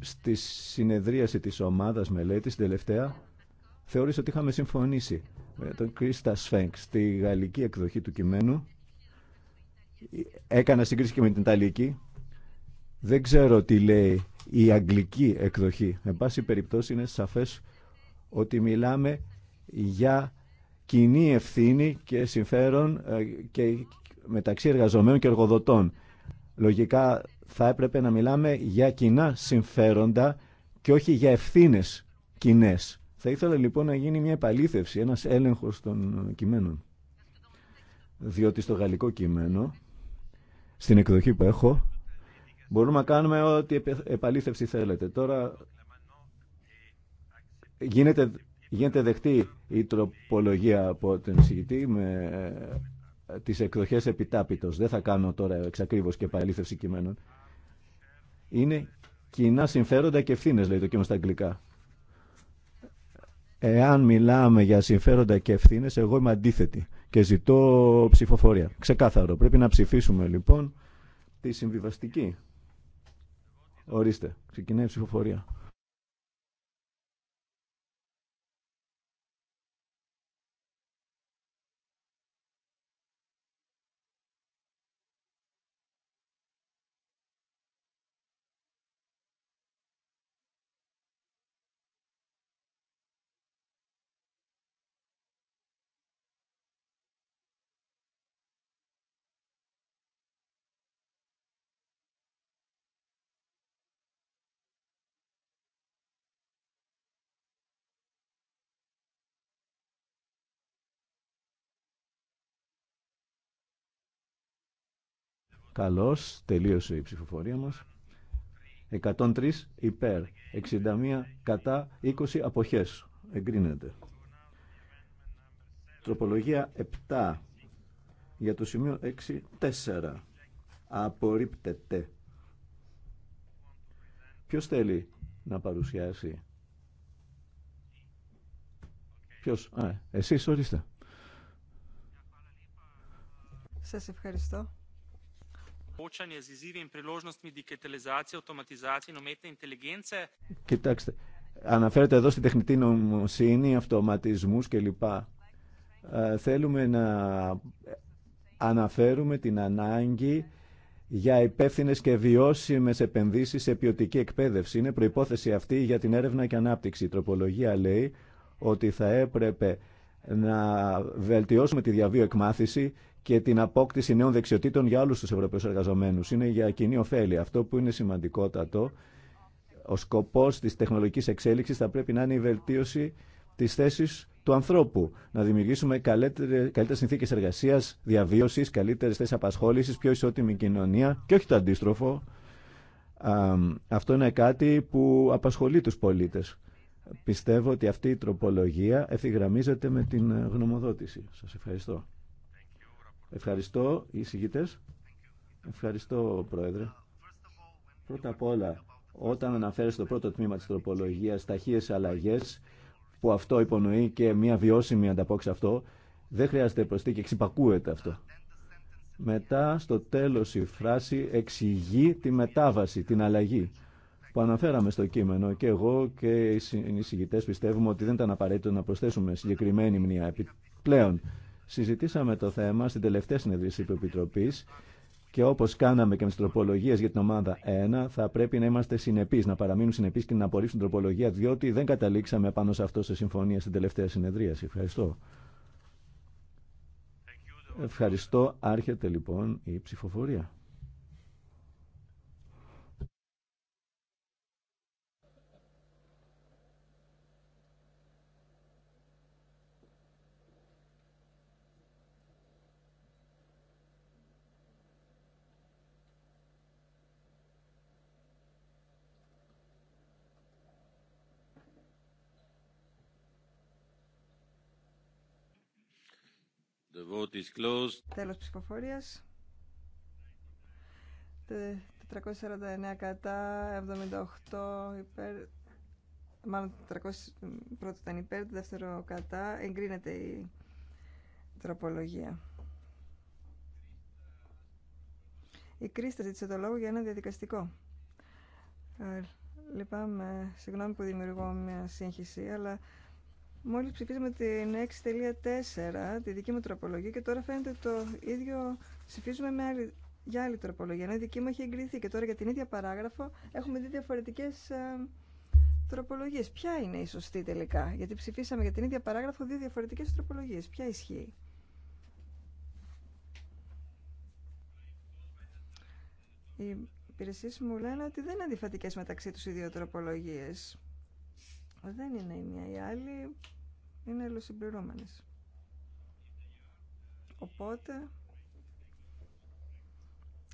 Στη συνεδρίαση της ομάδας μελέτης, την τελευταία, θεωρήσα ότι είχαμε συμφωνήσει με τον Κρίστα Σφέγκ στη γαλλική εκδοχή του κειμένου. Έκανα σύγκριση και με την Ιταλική. Δεν ξέρω τι λέει η αγγλική εκδοχή. Εν πάση περιπτώσει είναι σαφές ότι μιλάμε για κοινή ευθύνη και συμφέρον ε, και μεταξύ εργαζομένων και εργοδοτών. Λογικά θα έπρεπε να μιλάμε για κοινά συμφέροντα και όχι για ευθύνε κοινέ. Θα ήθελα λοιπόν να γίνει μια επαλήθευση, ένας έλεγχος των κειμένων. Διότι στο γαλλικό κείμενο, στην εκδοχή που έχω, μπορούμε να κάνουμε ό,τι επαλήθευση θέλετε. Τώρα γίνεται, γίνεται η τροπολογία από τον συγκητή τις εκδοχές επιτάπητος. Δεν θα κάνω τώρα εξακρίβως και παλήθευση κειμένων. Είναι κοινά συμφέροντα και ευθύνε, λέει το κείμενο στα αγγλικά. Εάν μιλάμε για συμφέροντα και ευθύνε, εγώ είμαι αντίθετη και ζητώ ψηφοφορία. Ξεκάθαρο. Πρέπει να ψηφίσουμε λοιπόν τη συμβιβαστική. Ορίστε, ξεκινάει η ψηφοφορία. Καλώς, τελείωσε η ψηφοφορία μας. 103 υπέρ, 61 κατά, 20 αποχές. Εγκρίνεται. Τροπολογία 7 για το σημείο 6, 4. Απορρίπτεται. Ποιος θέλει να παρουσιάσει. Ποιος. Α, εσείς ορίστε. Σας ευχαριστώ z Κοιτάξτε, αναφέρεται εδώ στην τεχνητή νομοσύνη, αυτοματισμούς κλπ. Ε, θέλουμε να αναφέρουμε την ανάγκη για υπεύθυνε και βιώσιμες επενδύσεις σε ποιοτική εκπαίδευση. Είναι προϋπόθεση αυτή για την έρευνα και ανάπτυξη. Η τροπολογία λέει ότι θα έπρεπε να βελτιώσουμε τη διαβίω εκμάθηση και την απόκτηση νέων δεξιοτήτων για όλους τους Ευρωπαίους εργαζομένους. Είναι για κοινή ωφέλη. Αυτό που είναι σημαντικότατο, ο σκοπός της τεχνολογικής εξέλιξης θα πρέπει να είναι η βελτίωση της θέσης του ανθρώπου. Να δημιουργήσουμε καλύτερε συνθήκες εργασίας, διαβίωσης, καλύτερες θέσεις απασχόλησης, πιο ισότιμη κοινωνία και όχι το αντίστροφο. αυτό είναι κάτι που απασχολεί τους πολίτες. Πιστεύω ότι αυτή η τροπολογία ευθυγραμμίζεται με την γνωμοδότηση. Σας ευχαριστώ. Ευχαριστώ, οι Ευχαριστώ, Πρόεδρε. Πρώτα απ' όλα, όταν αναφέρει το πρώτο τμήμα της τροπολογίας ταχείες αλλαγές, που αυτό υπονοεί και μια βιώσιμη ανταπόκριση αυτό, δεν χρειάζεται προσθήκη, και εξυπακούεται αυτό. Μετά, στο τέλος, η φράση εξηγεί τη μετάβαση, την αλλαγή που αναφέραμε στο κείμενο και εγώ και οι συνεισηγητές πιστεύουμε ότι δεν ήταν απαραίτητο να προσθέσουμε συγκεκριμένη μνήμα επιπλέον. Συζητήσαμε το θέμα στην τελευταία συνεδρία του Επιτροπή και όπω κάναμε και με τι τροπολογίε για την ομάδα 1, θα πρέπει να είμαστε συνεπεί, να παραμείνουν συνεπεί και να απορρίψουν τροπολογία, διότι δεν καταλήξαμε πάνω σε αυτό σε συμφωνία στην τελευταία συνεδρία. Ευχαριστώ. Ευχαριστώ. Άρχεται λοιπόν η ψηφοφορία. Τέλος is Τέλος ψηφοφορίας. 449 κατά, 78 υπέρ, μάλλον 300, πρώτο ήταν υπέρ, το δεύτερο κατά, εγκρίνεται η τροπολογία. Η Κρίστα ζήτησε το λόγο για ένα διαδικαστικό. Ε, λυπάμαι, συγγνώμη που δημιουργώ μια σύγχυση, αλλά Μόλις ψηφίσαμε την 6.4, τη δική μου τροπολογία και τώρα φαίνεται το ίδιο ψηφίζουμε με άλλη, για άλλη τροπολογία. Ενώ η δική μου έχει εγκριθεί και τώρα για την ίδια παράγραφο έχουμε δύο διαφορετικές ε, τροπολογίες. Ποια είναι η σωστή τελικά, γιατί ψηφίσαμε για την ίδια παράγραφο δύο διαφορετικές τροπολογίες. Ποια ισχύει. Οι υπηρεσίε μου λένε ότι δεν είναι αντιφατικές μεταξύ τους οι δύο τροπολογίες. Δεν είναι η μία η άλλη, είναι ελοσυμπληρώμενες. Οπότε,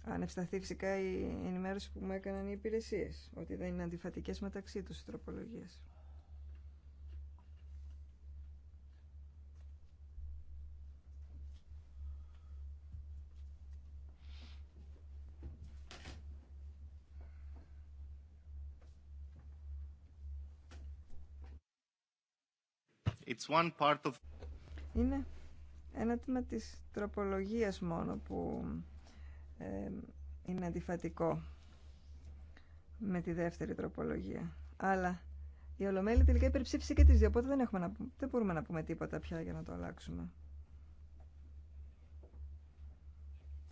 αν ευσταθεί φυσικά η ενημέρωση που μου έκαναν οι υπηρεσίες, ότι δεν είναι αντιφατικές μεταξύ τους οι τροπολογίες. one part of... Είναι ένα τμήμα της τροπολογίας μόνο που ε, είναι αντιφατικό με τη δεύτερη τροπολογία. Αλλά η Ολομέλη τελικά υπερψήφισε και τις δύο, οπότε δεν, έχουμε να, δεν μπορούμε να πούμε τίποτα πια για να το αλλάξουμε.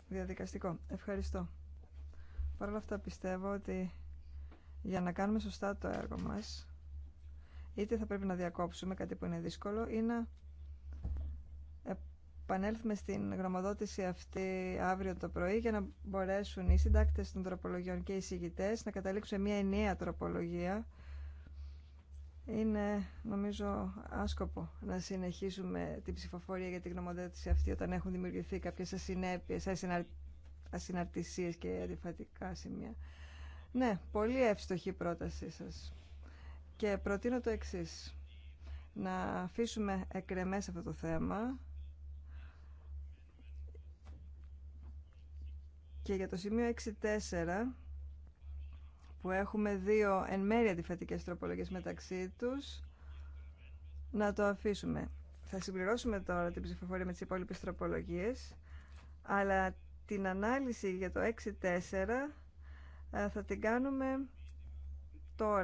Διαδικαστικό. Ευχαριστώ. Παρ' όλα αυτά πιστεύω ότι για να κάνουμε σωστά το έργο μας είτε θα πρέπει να διακόψουμε κάτι που είναι δύσκολο ή να επανέλθουμε στην γνωμοδότηση αυτή αύριο το πρωί για να μπορέσουν οι συντάκτες των τροπολογιών και οι συγητές να καταλήξουν μια ενιαία τροπολογία. Είναι νομίζω άσκοπο να συνεχίσουμε την ψηφοφορία για την γνωμοδότηση αυτή όταν έχουν δημιουργηθεί κάποιες ασυνέπειες, ασυναρτησίες και αντιφατικά σημεία. Ναι, πολύ εύστοχη η πρότασή σας. Και προτείνω το εξή Να αφήσουμε εκρεμές αυτό το θέμα και για το σημείο 6.4 που έχουμε δύο εν μέρει αντιφατικές τροπολογίες μεταξύ τους να το αφήσουμε. Θα συμπληρώσουμε τώρα την ψηφοφορία με τις υπόλοιπες τροπολογίες αλλά την ανάλυση για το 6.4 ε, θα την κάνουμε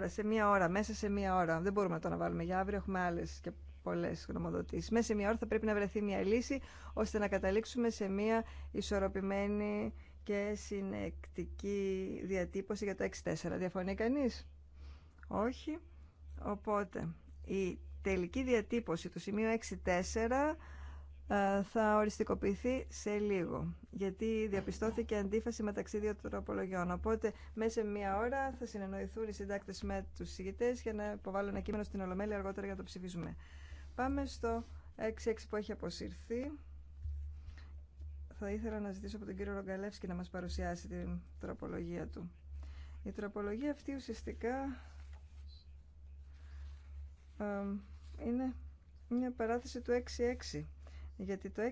σε μία ώρα, μέσα σε μία ώρα. Δεν μπορούμε να το αναβάλουμε για αύριο, έχουμε άλλε και πολλέ γνωμοδοτήσει. Μέσα σε μία ώρα θα πρέπει να βρεθεί μία λύση ώστε να καταλήξουμε σε μία ισορροπημένη και συνεκτική διατύπωση για το 6-4. Διαφωνεί κανεί, Όχι. Οπότε, η τελική διατύπωση του σημείου 6-4 ε, θα οριστικοποιηθεί σε λίγο, γιατί διαπιστώθηκε αντίφαση μεταξύ δύο τροπολογιών. Οπότε, μέσα σε μία ώρα θα συνεννοηθούν οι συντάκτε με του συζητητέ για να υποβάλουν ένα κείμενο στην Ολομέλεια αργότερα για να το ψηφίζουμε. Πάμε στο 6-6 που έχει αποσυρθεί. Θα ήθελα να ζητήσω από τον κύριο Ρογκαλεύσκη να μα παρουσιάσει την τροπολογία του. Η τροπολογία αυτή ουσιαστικά ε, είναι μια παράθεση του 6-6 γιατί το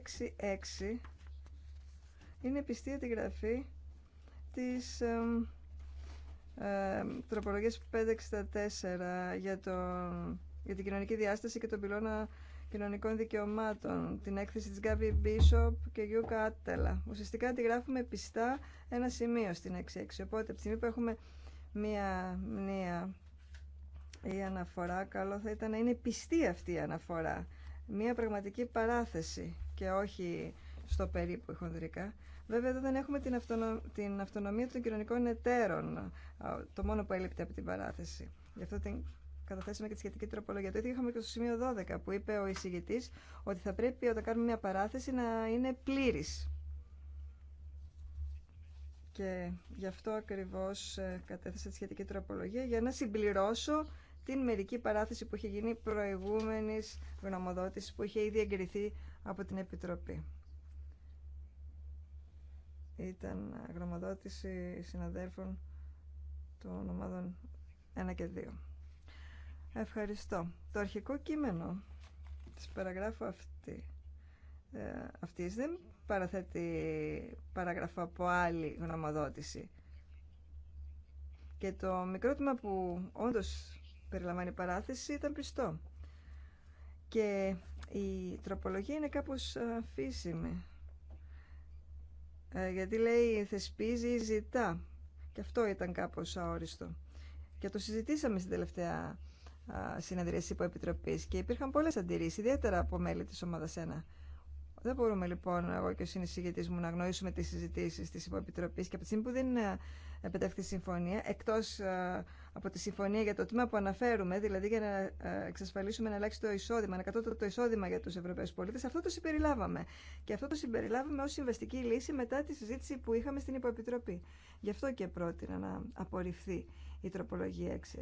6-6 είναι πιστή αντιγραφή της ε, ε, τροπολογίας 564 για, το, για την κοινωνική διάσταση και τον πυλώνα κοινωνικών δικαιωμάτων, την έκθεση της Γκάβι Μπίσοπ και Γιούκα Άτελα. Ουσιαστικά αντιγράφουμε πιστά ένα σημείο στην 6-6. Οπότε, από τη στιγμή που έχουμε μία μνήα ή αναφορά, καλό θα ήταν να είναι πιστή αυτή η αναφορά μία πραγματική παράθεση και όχι στο περίπου χονδρικά. Βέβαια εδώ δεν έχουμε την, αυτονομία των κοινωνικών εταίρων, το μόνο που έλειπτε από την παράθεση. Γι' αυτό την καταθέσαμε και τη σχετική τροπολογία. Το ίδιο είχαμε και στο σημείο 12 που είπε ο εισηγητή ότι θα πρέπει όταν κάνουμε μια παράθεση να είναι πλήρη. Και γι' αυτό ακριβώ ε, κατέθεσα τη σχετική τροπολογία για να συμπληρώσω την μερική παράθεση που είχε γίνει προηγούμενης γνωμοδότησης που είχε ήδη εγκριθεί από την Επιτροπή. Ήταν γνωμοδότηση συναδέρφων των ομάδων 1 και 2. Ευχαριστώ. Το αρχικό κείμενο της παραγράφου αυτή, ε, αυτής δεν παραθέτει παράγραφο από άλλη γνωμοδότηση. Και το μικρότημα που όντως περιλαμβάνει παράθεση ήταν πιστό. Και η τροπολογία είναι κάπως αφήσιμη. Ε, ε, γιατί λέει θεσπίζει ή ζητά. Και αυτό ήταν κάπως αόριστο. Και το συζητήσαμε στην τελευταία συνεδρίαση υποεπιτροπής και υπήρχαν πολλές αντιρρήσεις, ιδιαίτερα από μέλη της ομάδας 1. Δεν μπορούμε λοιπόν εγώ και ο συνεισηγητή μου να γνωρίσουμε τι συζητήσει τη Υποεπιτροπή και από τη στιγμή που δεν ε, επετεύχθη συμφωνία, εκτό ε, από τη συμφωνία για το τμήμα που αναφέρουμε, δηλαδή για να ε, εξασφαλίσουμε να αλλάξει το εισόδημα, να κατώτατο το εισόδημα για του Ευρωπαίου πολίτε, αυτό το συμπεριλάβαμε. Και αυτό το συμπεριλάβαμε ω συμβαστική λύση μετά τη συζήτηση που είχαμε στην Υποεπιτροπή. Γι' αυτό και πρότεινα να απορριφθεί η τροπολογία 6-6.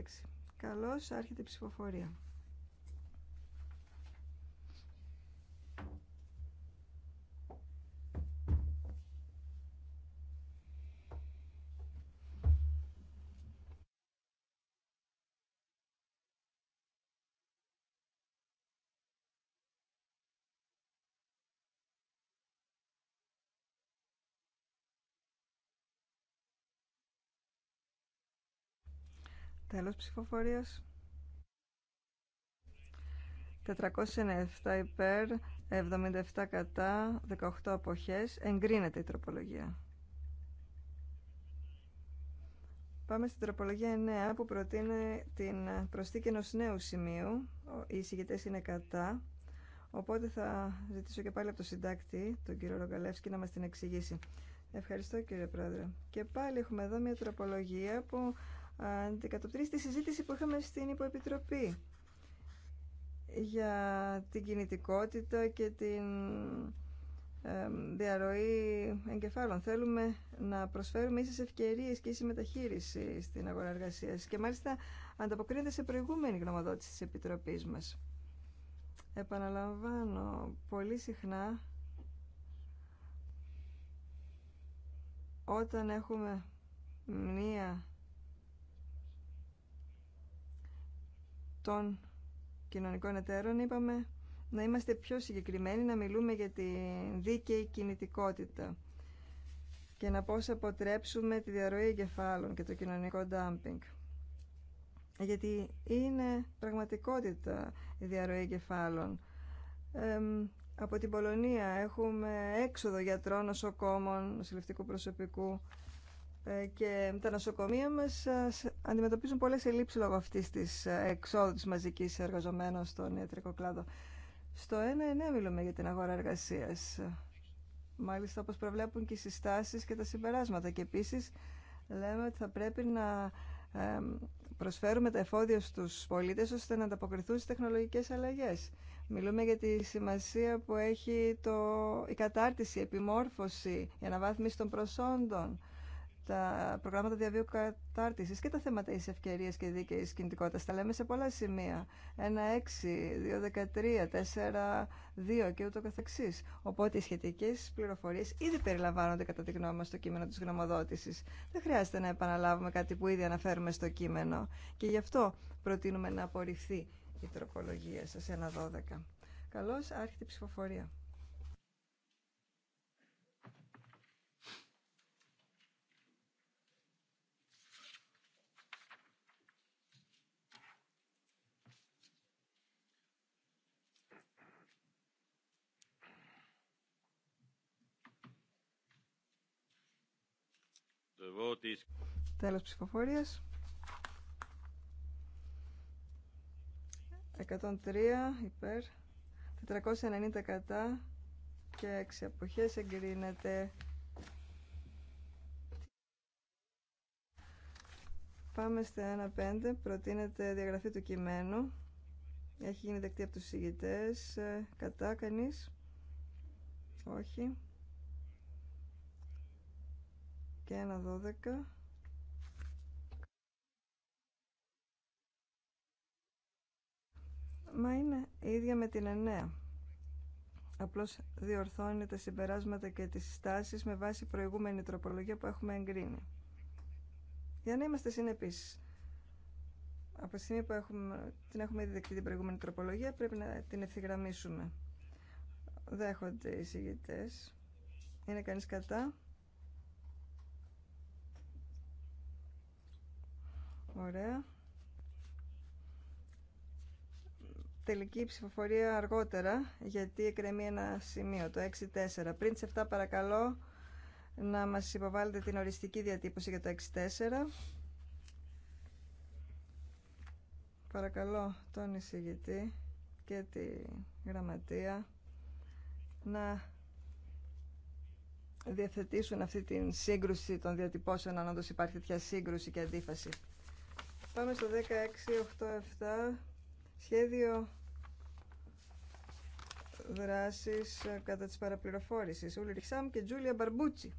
Καλώ, άρχεται η ψηφοφορία. Τέλος ψηφοφορίας. 497 υπέρ, 77 κατά, 18 αποχές. Εγκρίνεται η τροπολογία. Πάμε στην τροπολογία 9 που προτείνει την προσθήκη ενός νέου σημείου. Οι εισηγητές είναι κατά. Οπότε θα ζητήσω και πάλι από τον συντάκτη, τον κύριο Ρογκαλεύσκη, να μας την εξηγήσει. Ευχαριστώ κύριε Πρόεδρε. Και πάλι έχουμε εδώ μια τροπολογία που αντικατοπτρίζει τη συζήτηση που είχαμε στην υποεπιτροπή για την κινητικότητα και την διαρροή εγκεφάλων. Θέλουμε να προσφέρουμε ίσες ευκαιρίες και ίση μεταχείριση στην αγορά εργασίας και μάλιστα ανταποκρίνεται σε προηγούμενη γνωμοδότηση της Επιτροπής μας. Επαναλαμβάνω πολύ συχνά όταν έχουμε μία των κοινωνικών εταίρων είπαμε να είμαστε πιο συγκεκριμένοι, να μιλούμε για τη δίκαιη κινητικότητα και να πώς αποτρέψουμε τη διαρροή εγκεφάλων και το κοινωνικό ντάμπινγκ. Γιατί είναι πραγματικότητα η διαρροή εγκεφάλων. από την Πολωνία έχουμε έξοδο γιατρών, νοσοκόμων, νοσηλευτικού προσωπικού ε, και τα νοσοκομεία μας ε, αντιμετωπίζουν πολλές ελλείψεις λόγω αυτής της ε, εξόδου της μαζικής εργαζομένων στον ιατρικό κλάδο. Στο 1-9 μιλούμε για την αγορά εργασίας. Μάλιστα όπως προβλέπουν και οι συστάσεις και τα συμπεράσματα. Και επίσης λέμε ότι θα πρέπει να προσφέρουμε τα εφόδια στους πολίτες ώστε να ανταποκριθούν στις τεχνολογικές αλλαγές. Μιλούμε για τη σημασία που έχει το, η κατάρτιση, η επιμόρφωση, η αναβάθμιση των προσόντων, τα προγράμματα διαβίου κατάρτισης και τα θέματα εις ευκαιρίες και δίκαιης κινητικότητας. Τα λέμε σε πολλά σημεία. 1, 6, 2, 13, 4, και ούτω καθεξής. Οπότε οι σχετικές πληροφορίες ήδη περιλαμβάνονται κατά τη γνώμη μας στο κείμενο της γνωμοδότησης. Δεν χρειάζεται να επαναλάβουμε κάτι που ήδη αναφέρουμε στο κείμενο. Και γι' αυτό προτείνουμε να απορριφθεί η τροπολογία σας 1-12. Καλώς άρχεται η ψηφοφορία. Τέλο Τέλος 103 υπέρ, 490 κατά και 6 αποχές εγκρίνεται. Πάμε στα 1-5 Προτείνεται διαγραφή του κειμένου. Έχει γίνει δεκτή από τους συγγητές. Ε, κατά κανείς. Όχι και ένα 12 Μα είναι ίδια με την εννέα. Απλώς διορθώνει τα συμπεράσματα και τις στάσεις με βάση προηγούμενη τροπολογία που έχουμε εγκρίνει. Για να είμαστε συνεπείς. Από τη στιγμή που έχουμε, την έχουμε ήδη την προηγούμενη τροπολογία πρέπει να την ευθυγραμμίσουμε. Δέχονται οι συγγητές. Είναι κανείς κατά. Ωραία. Τελική ψηφοφορία αργότερα, γιατί εκκρεμεί ένα σημείο, το 6-4. Πριν τις 7 παρακαλώ να μας υποβάλλετε την οριστική διατύπωση για το 6-4. Παρακαλώ τον εισηγητή και τη γραμματεία να διαθετήσουν αυτή την σύγκρουση των διατυπώσεων αν όντως υπάρχει τέτοια σύγκρουση και αντίφαση. Πάμε στο 1687 σχέδιο δράσης ε, κατά της παραπληροφόρησης Ούλριχ Σάμ και Τζούλια Μπαρμπούτσι.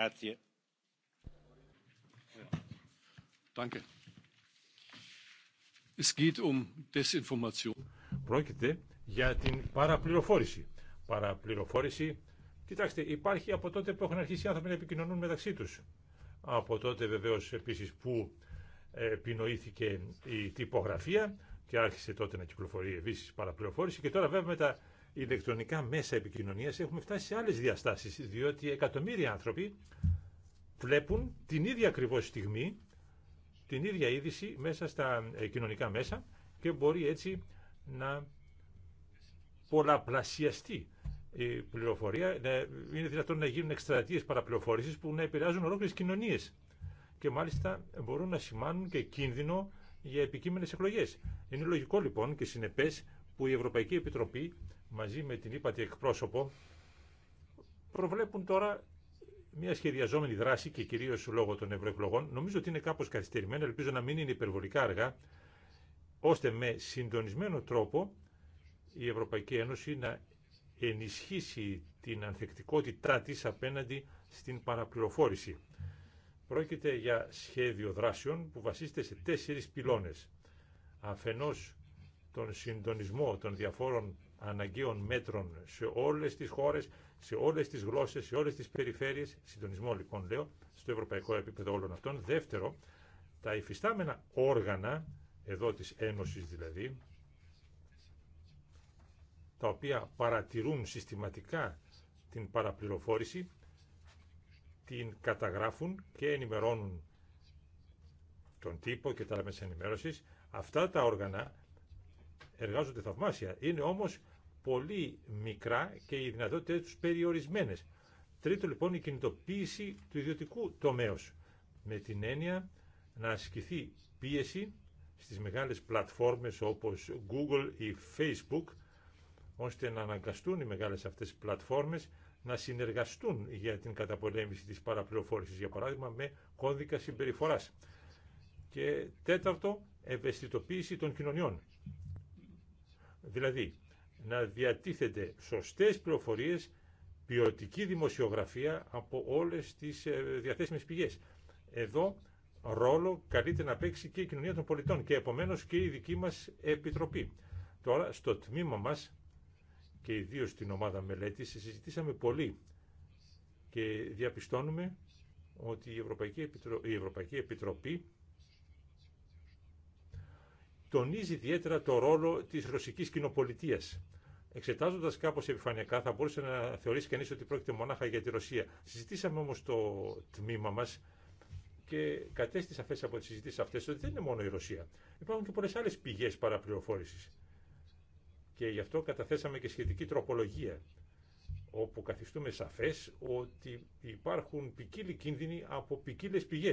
Grazie. Danke. Es geht um Desinformation. Πρόκειται για την παραπληροφόρηση. Παραπληροφόρηση, κοιτάξτε, υπάρχει από τότε που έχουν αρχίσει οι άνθρωποι να επικοινωνούν μεταξύ τους. Από τότε βεβαίως επίσης που επινοήθηκε η τυπογραφία και άρχισε τότε να κυκλοφορεί επίση παραπληροφόρηση και τώρα βέβαια με τα ηλεκτρονικά μέσα επικοινωνίας έχουμε φτάσει σε άλλες διαστάσεις, διότι εκατομμύρια άνθρωποι βλέπουν την ίδια ακριβώς στιγμή, την ίδια είδηση μέσα στα ε, κοινωνικά μέσα και μπορεί έτσι να πολλαπλασιαστεί η πληροφορία, είναι δυνατόν να γίνουν εκστρατείες παραπληροφόρησης που να επηρεάζουν ολόκληρες κοινωνίες και μάλιστα μπορούν να σημάνουν και κίνδυνο για επικείμενες εκλογές. Είναι λογικό λοιπόν και συνεπές που η Ευρωπαϊκή Επιτροπή μαζί με την ύπατη εκπρόσωπο προβλέπουν τώρα μια σχεδιαζόμενη δράση και κυρίω λόγω των ευρωεκλογών. Νομίζω ότι είναι κάπω καθυστερημένα, ελπίζω να μην είναι υπερβολικά αργά, ώστε με συντονισμένο τρόπο η Ευρωπαϊκή Ένωση να ενισχύσει την ανθεκτικότητά της απέναντι στην παραπληροφόρηση. Πρόκειται για σχέδιο δράσεων που βασίζεται σε τέσσερις πυλώνες. Αφενός τον συντονισμό των διαφόρων αναγκαίων μέτρων σε όλες τις χώρες, σε όλες τις γλώσσες, σε όλες τις περιφέρειες, συντονισμό λοιπόν λέω, στο ευρωπαϊκό επίπεδο όλων αυτών. Δεύτερο, τα υφιστάμενα όργανα, εδώ της Ένωσης δηλαδή, τα οποία παρατηρούν συστηματικά την παραπληροφόρηση, την καταγράφουν και ενημερώνουν τον τύπο και τα μέσα ενημέρωσης. Αυτά τα όργανα εργάζονται θαυμάσια. Είναι όμως πολύ μικρά και οι δυνατότητέ τους περιορισμένες. Τρίτο λοιπόν η κινητοποίηση του ιδιωτικού τομέα, με την έννοια να ασκηθεί πίεση στις μεγάλες πλατφόρμες όπως Google ή Facebook ώστε να αναγκαστούν οι μεγάλες αυτές πλατφόρμες να συνεργαστούν για την καταπολέμηση της παραπληροφόρησης, για παράδειγμα με κώδικα συμπεριφοράς. Και τέταρτο, ευαισθητοποίηση των κοινωνιών. Δηλαδή, να διατίθεται σωστές πληροφορίες, ποιοτική δημοσιογραφία από όλες τις ε, διαθέσιμες πηγές. Εδώ ρόλο καλείται να παίξει και η κοινωνία των πολιτών και επομένως και η δική μας επιτροπή. Τώρα στο τμήμα μας και ιδίω στην ομάδα μελέτης συζητήσαμε πολύ και διαπιστώνουμε ότι η Ευρωπαϊκή Επιτροπή τονίζει ιδιαίτερα το ρόλο τη ρωσική κοινοπολιτεία. Εξετάζοντα κάπω επιφανειακά, θα μπορούσε να θεωρήσει κανεί ότι πρόκειται μονάχα για τη Ρωσία. Συζητήσαμε όμω το τμήμα μα και κατέστη σαφέ από τι συζητήσει αυτέ ότι δεν είναι μόνο η Ρωσία. Υπάρχουν και πολλέ άλλε πηγέ παραπληροφόρηση. Και γι' αυτό καταθέσαμε και σχετική τροπολογία, όπου καθιστούμε σαφέ ότι υπάρχουν ποικίλοι κίνδυνοι από ποικίλε πηγέ.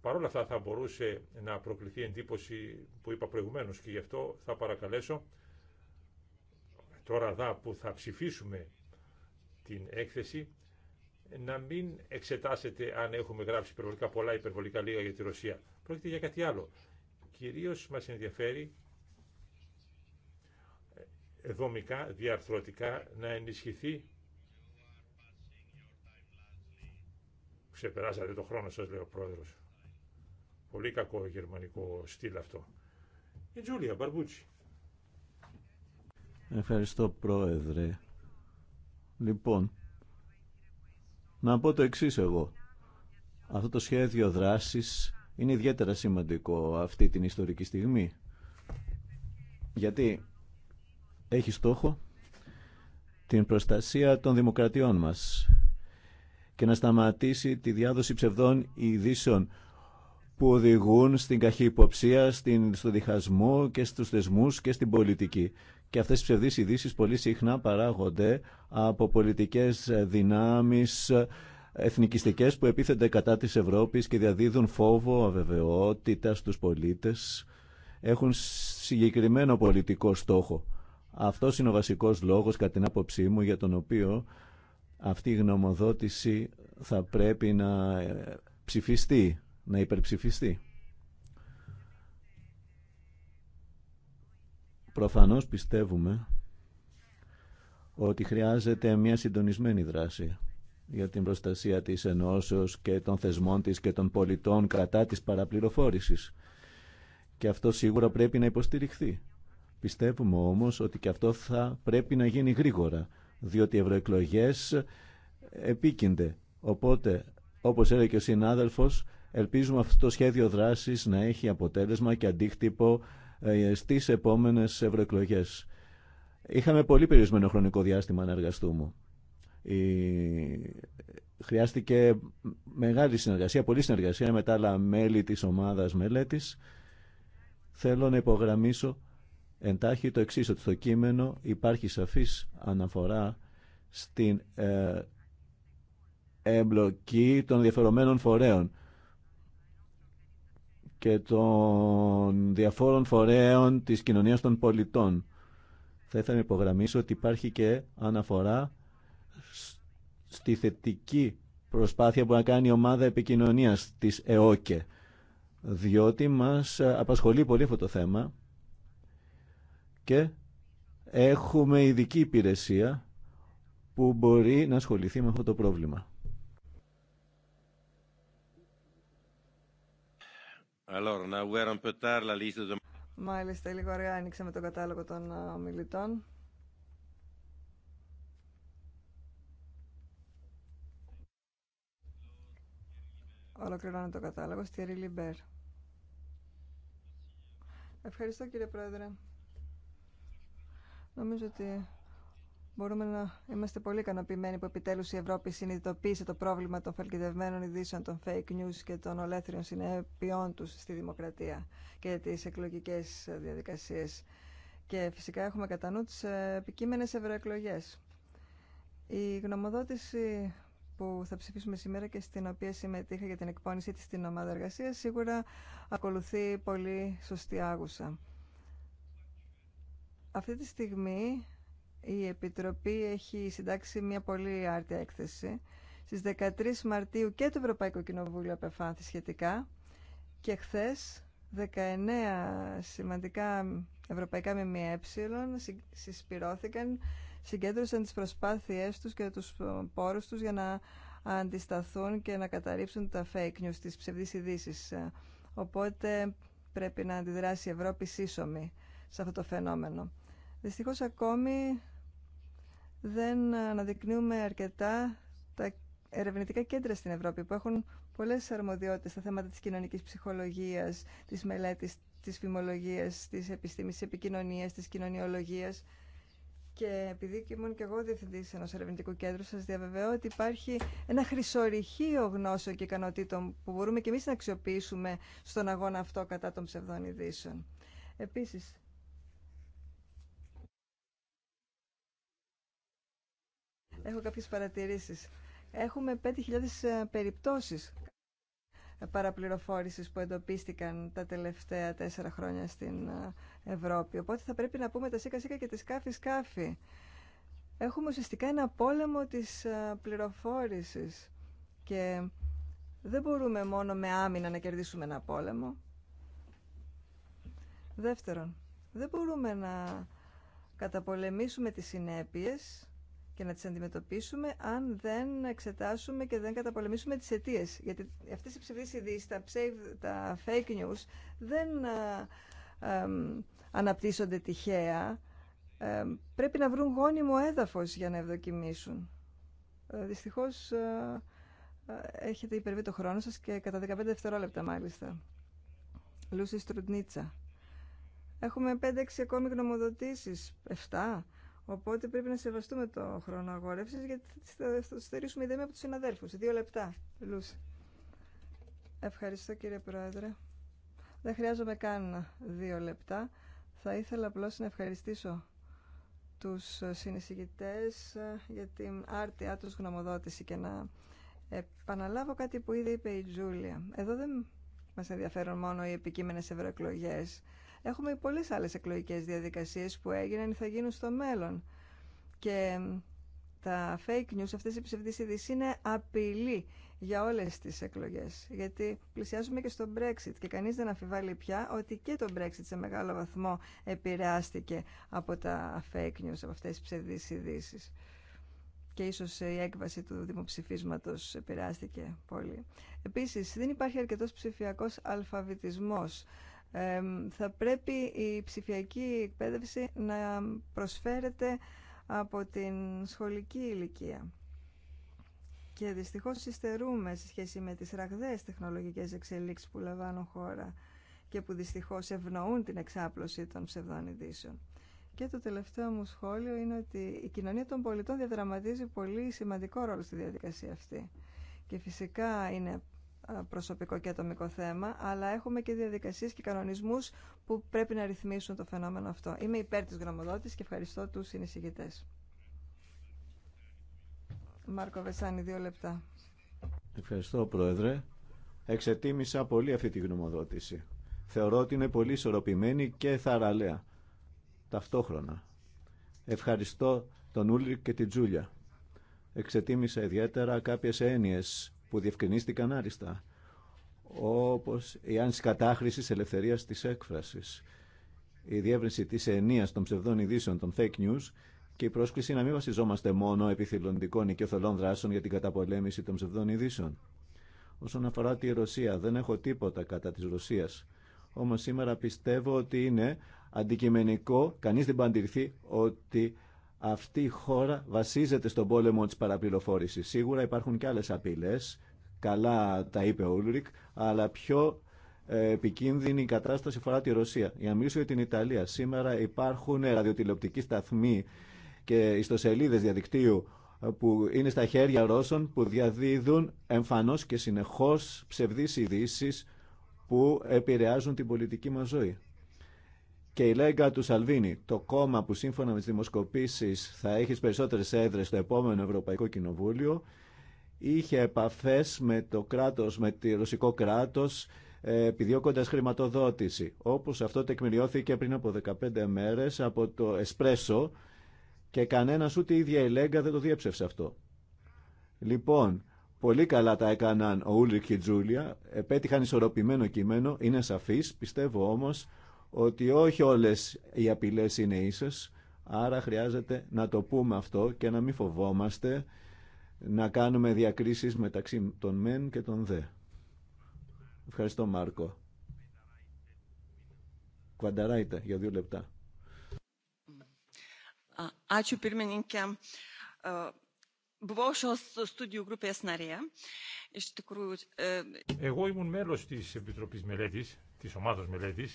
Παρ' όλα αυτά θα μπορούσε να προκληθεί εντύπωση που είπα προηγουμένως και γι' αυτό θα παρακαλέσω τώρα δά που θα ψηφίσουμε την έκθεση να μην εξετάσετε αν έχουμε γράψει υπερβολικά πολλά, υπερβολικά λίγα για τη Ρωσία. Πρόκειται για κάτι άλλο. Κυρίως μας ενδιαφέρει δομικά, διαρθρωτικά να ενισχυθεί ξεπεράσατε το χρόνο σας λέει ο πρόεδρος Πολύ κακό γερμανικό στυλ αυτό. Η Τζούλια Μπαρμπούτσι. Ευχαριστώ πρόεδρε. Λοιπόν, να πω το εξής εγώ. Αυτό το σχέδιο δράσης είναι ιδιαίτερα σημαντικό αυτή την ιστορική στιγμή. Γιατί έχει στόχο την προστασία των δημοκρατιών μας και να σταματήσει τη διάδοση ψευδών ειδήσεων που οδηγούν στην καχυποψία, στην, στο διχασμό και στους θεσμούς και στην πολιτική. Και αυτές οι ψευδείς ειδήσει πολύ συχνά παράγονται από πολιτικές δυνάμεις εθνικιστικές που επίθενται κατά της Ευρώπης και διαδίδουν φόβο, αβεβαιότητα στους πολίτες. Έχουν συγκεκριμένο πολιτικό στόχο. Αυτό είναι ο βασικός λόγος, κατά την άποψή μου, για τον οποίο αυτή η γνωμοδότηση θα πρέπει να ψηφιστεί να υπερψηφιστεί. Προφανώς πιστεύουμε ότι χρειάζεται μια συντονισμένη δράση για την προστασία της ενώσεως και των θεσμών της και των πολιτών κρατά της παραπληροφόρησης. Και αυτό σίγουρα πρέπει να υποστηριχθεί. Πιστεύουμε όμως ότι και αυτό θα πρέπει να γίνει γρήγορα, διότι οι ευρωεκλογέ επίκυνται. Οπότε, όπως έλεγε ο συνάδελφος, Ελπίζουμε αυτό το σχέδιο δράσης να έχει αποτέλεσμα και αντίκτυπο ε, στις επόμενες ευρωεκλογέ. Είχαμε πολύ περιορισμένο χρονικό διάστημα να εργαστούμε. Χρειάστηκε μεγάλη συνεργασία, πολλή συνεργασία με τα άλλα μέλη της ομάδας μελέτης. Θέλω να υπογραμμίσω εντάχει το εξής, ότι στο κείμενο υπάρχει σαφής αναφορά στην ε, εμπλοκή των ενδιαφερομένων φορέων και των διαφόρων φορέων της κοινωνίας των πολιτών. Θα ήθελα να υπογραμμίσω ότι υπάρχει και αναφορά στη θετική προσπάθεια που να κάνει η ομάδα επικοινωνίας της ΕΟΚΕ, διότι μας απασχολεί πολύ αυτό το θέμα και έχουμε ειδική υπηρεσία που μπορεί να ασχοληθεί με αυτό το πρόβλημα. Μάλιστα, λίγο αργά άνοιξε με τον κατάλογο των ομιλητών. Ολοκληρώνω το κατάλογο. Στιερή Λιμπέρ. Ευχαριστώ κύριε Πρόεδρε. Νομίζω ότι μπορούμε να είμαστε πολύ ικανοποιημένοι που επιτέλου η Ευρώπη συνειδητοποίησε το πρόβλημα των φαλκιδευμένων ειδήσεων, των fake news και των ολέθριων συνέπειών του στη δημοκρατία και τις εκλογικές διαδικασίες. Και φυσικά έχουμε κατά νου τι ε, επικείμενε ευρωεκλογέ. Η γνωμοδότηση που θα ψηφίσουμε σήμερα και στην οποία συμμετείχα για την εκπόνησή της στην ομάδα εργασίας σίγουρα ακολουθεί πολύ σωστή άγουσα. Αυτή τη στιγμή η Επιτροπή έχει συντάξει μια πολύ άρτια έκθεση. Στις 13 Μαρτίου και το Ευρωπαϊκό Κοινοβούλιο απεφάνθη σχετικά και χθε 19 σημαντικά ευρωπαϊκά ΜΜΕ συσπηρώθηκαν, συγκέντρωσαν τις προσπάθειές τους και τους πόρους τους για να αντισταθούν και να καταρρύψουν τα fake news, τις ψευδείς ειδήσει. Οπότε πρέπει να αντιδράσει η Ευρώπη σύσσωμη σε αυτό το φαινόμενο. Δυστυχώς ακόμη δεν αναδεικνύουμε αρκετά τα ερευνητικά κέντρα στην Ευρώπη που έχουν πολλές αρμοδιότητες στα θέματα της κοινωνικής ψυχολογίας, της μελέτης, της φημολογίας, της επιστήμης, της επικοινωνίας, της κοινωνιολογίας. Και επειδή ήμουν και εγώ διευθυντή ενό ερευνητικού κέντρου, σα διαβεβαιώ ότι υπάρχει ένα χρυσορυχείο γνώσεων και ικανοτήτων που μπορούμε και εμεί να αξιοποιήσουμε στον αγώνα αυτό κατά των ψευδών ειδήσεων. Επίση, έχω κάποιες παρατηρήσεις. Έχουμε 5.000 ε, περιπτώσεις παραπληροφόρησης που εντοπίστηκαν τα τελευταία τέσσερα χρόνια στην ε, Ευρώπη. Οπότε θα πρέπει να πούμε τα σίκα σίκα και τη σκάφη σκάφη. Έχουμε ουσιαστικά ένα πόλεμο της ε, πληροφόρησης και δεν μπορούμε μόνο με άμυνα να κερδίσουμε ένα πόλεμο. Δεύτερον, δεν μπορούμε να καταπολεμήσουμε τις συνέπειες και να τις αντιμετωπίσουμε αν δεν εξετάσουμε και δεν καταπολεμήσουμε τις αιτίε. Γιατί αυτές οι ψευδείς ειδήσει, τα, fake news δεν αναπτύσσονται τυχαία. πρέπει να βρουν γόνιμο έδαφος για να ευδοκιμήσουν. Ε, δυστυχώς ε, ε, έχετε υπερβεί το χρόνο σας και κατά 15 δευτερόλεπτα μάλιστα. Λούση Στρουντνίτσα. Έχουμε 5-6 ακόμη γνωμοδοτήσεις. 7. Οπότε πρέπει να σεβαστούμε το χρόνο αγόρευση γιατί θα το στερήσουμε ιδέα από του συναδέλφου. Δύο λεπτά. Λούση. Ευχαριστώ κύριε Πρόεδρε. Δεν χρειάζομαι καν δύο λεπτά. Θα ήθελα απλώ να ευχαριστήσω του συνεισηγητές ε, για την άρτιά του γνωμοδότηση και να επαναλάβω κάτι που ήδη είπε η Τζούλια. Εδώ δεν μα ενδιαφέρουν μόνο οι επικείμενε ευρωεκλογέ Έχουμε πολλές άλλες εκλογικές διαδικασίες που έγιναν ή θα γίνουν στο μέλλον. Και τα fake news, αυτές οι ψευδείς ειδήσεις είναι απειλή για όλες τις εκλογές. Γιατί πλησιάζουμε και στο Brexit και κανείς δεν αφιβάλλει πια ότι και το Brexit σε μεγάλο βαθμό επηρεάστηκε από τα fake news, από αυτές τις ψευδείς ειδήσεις. Και ίσως η έκβαση του δημοψηφίσματος επηρεάστηκε πολύ. Επίσης, δεν υπάρχει αρκετός ψηφιακός αλφαβητισμός θα πρέπει η ψηφιακή εκπαίδευση να προσφέρεται από την σχολική ηλικία. Και δυστυχώς συστερούμε σε σχέση με τις ραγδαίες τεχνολογικές εξελίξεις που λαμβάνουν χώρα και που δυστυχώς ευνοούν την εξάπλωση των ψευδών ειδήσεων. Και το τελευταίο μου σχόλιο είναι ότι η κοινωνία των πολιτών διαδραματίζει πολύ σημαντικό ρόλο στη διαδικασία αυτή. Και φυσικά είναι ε, προσωπικό και ατομικό θέμα, αλλά έχουμε και διαδικασίες και κανονισμούς που πρέπει να ρυθμίσουν το φαινόμενο αυτό. Είμαι υπέρ της γραμμοδότης και ευχαριστώ τους συνεισηγητές. Μάρκο Βεσάνη, δύο λεπτά. Ευχαριστώ, Πρόεδρε. Εξετίμησα πολύ αυτή τη γνωμοδότηση. Θεωρώ ότι είναι πολύ ισορροπημένη και θαραλέα. Ταυτόχρονα. Ευχαριστώ τον Ούλρικ και την Τζούλια. Εξετίμησα ιδιαίτερα κάποιες έννοιες που διευκρινίστηκαν άριστα, όπως η άνση κατάχρησης ελευθερίας της έκφρασης, η διεύρυνση της ενίας των ψευδών ειδήσεων, των fake news και η πρόσκληση να μην βασιζόμαστε μόνο επιθυλοντικών οικειοθελών δράσεων για την καταπολέμηση των ψευδών ειδήσεων. Όσον αφορά τη Ρωσία, δεν έχω τίποτα κατά της Ρωσίας. Όμως σήμερα πιστεύω ότι είναι αντικειμενικό, κανείς δεν παντηρηθεί ότι αυτή η χώρα βασίζεται στον πόλεμο της παραπληροφόρησης. Σίγουρα υπάρχουν και άλλες απειλές, καλά τα είπε ο Ούλρικ, αλλά πιο ε, επικίνδυνη η κατάσταση φορά τη Ρωσία. Για να την Ιταλία, σήμερα υπάρχουν ε, ραδιοτηλεοπτικοί σταθμοί και ιστοσελίδες διαδικτύου ε, που είναι στα χέρια Ρώσων που διαδίδουν εμφανώς και συνεχώς ψευδείς ειδήσει που επηρεάζουν την πολιτική μας ζωή και η Λέγκα του Σαλβίνη, το κόμμα που σύμφωνα με τι δημοσκοπήσεις θα έχει περισσότερε περισσότερες στο επόμενο Ευρωπαϊκό Κοινοβούλιο, είχε επαφές με το κράτος, με το ρωσικό κράτος, ε, επιδιώκοντα χρηματοδότηση. Όπως αυτό τεκμηριώθηκε πριν από 15 μέρε από το Εσπρέσο και κανένας ούτε η ίδια η Λέγκα δεν το διέψευσε αυτό. Λοιπόν, πολύ καλά τα έκαναν ο Ούλρικ και η Τζούλια, επέτυχαν ισορροπημένο κείμενο, είναι σαφή, πιστεύω όμω ότι όχι όλες οι απειλές είναι ίσες, άρα χρειάζεται να το πούμε αυτό και να μην φοβόμαστε να κάνουμε διακρίσεις μεταξύ των μεν και των δε. Ευχαριστώ Μάρκο. Κβανταράιτε για δύο λεπτά. Buvau šios studijų grupės narė. tikrųjų. Εγώ ήμουν μέλος της Επιτροπής Μελέτης, της ομάδος μελέτη.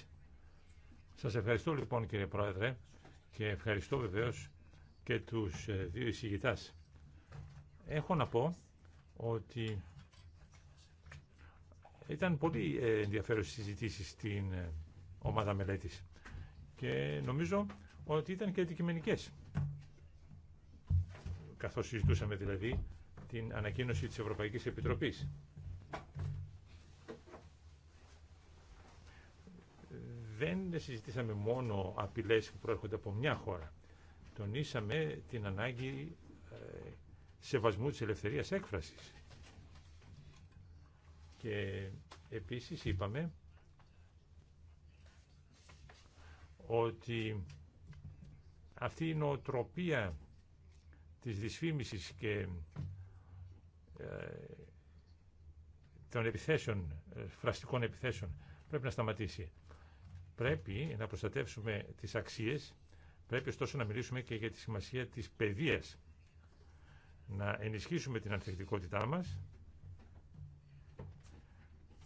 Σας ευχαριστώ λοιπόν κύριε Πρόεδρε και ευχαριστώ βεβαίως και τους ε, δύο εισηγητάς. Έχω να πω ότι ήταν πολύ ε, ενδιαφέρον συζητήσει στην ε, ομάδα μελέτης και νομίζω ότι ήταν και αντικειμενικές. Καθώς συζητούσαμε δηλαδή την ανακοίνωση της Ευρωπαϊκής Επιτροπής. δεν συζητήσαμε μόνο απειλές που προέρχονται από μια χώρα. Τονίσαμε την ανάγκη ε, σεβασμού της ελευθερίας έκφρασης. Και επίσης είπαμε ότι αυτή η νοοτροπία της δυσφήμισης και ε, των επιθέσεων, ε, φραστικών επιθέσεων πρέπει να σταματήσει. Πρέπει να προστατεύσουμε τις αξίες, πρέπει ωστόσο να μιλήσουμε και για τη σημασία της παιδείας. Να ενισχύσουμε την ανθεκτικότητά μας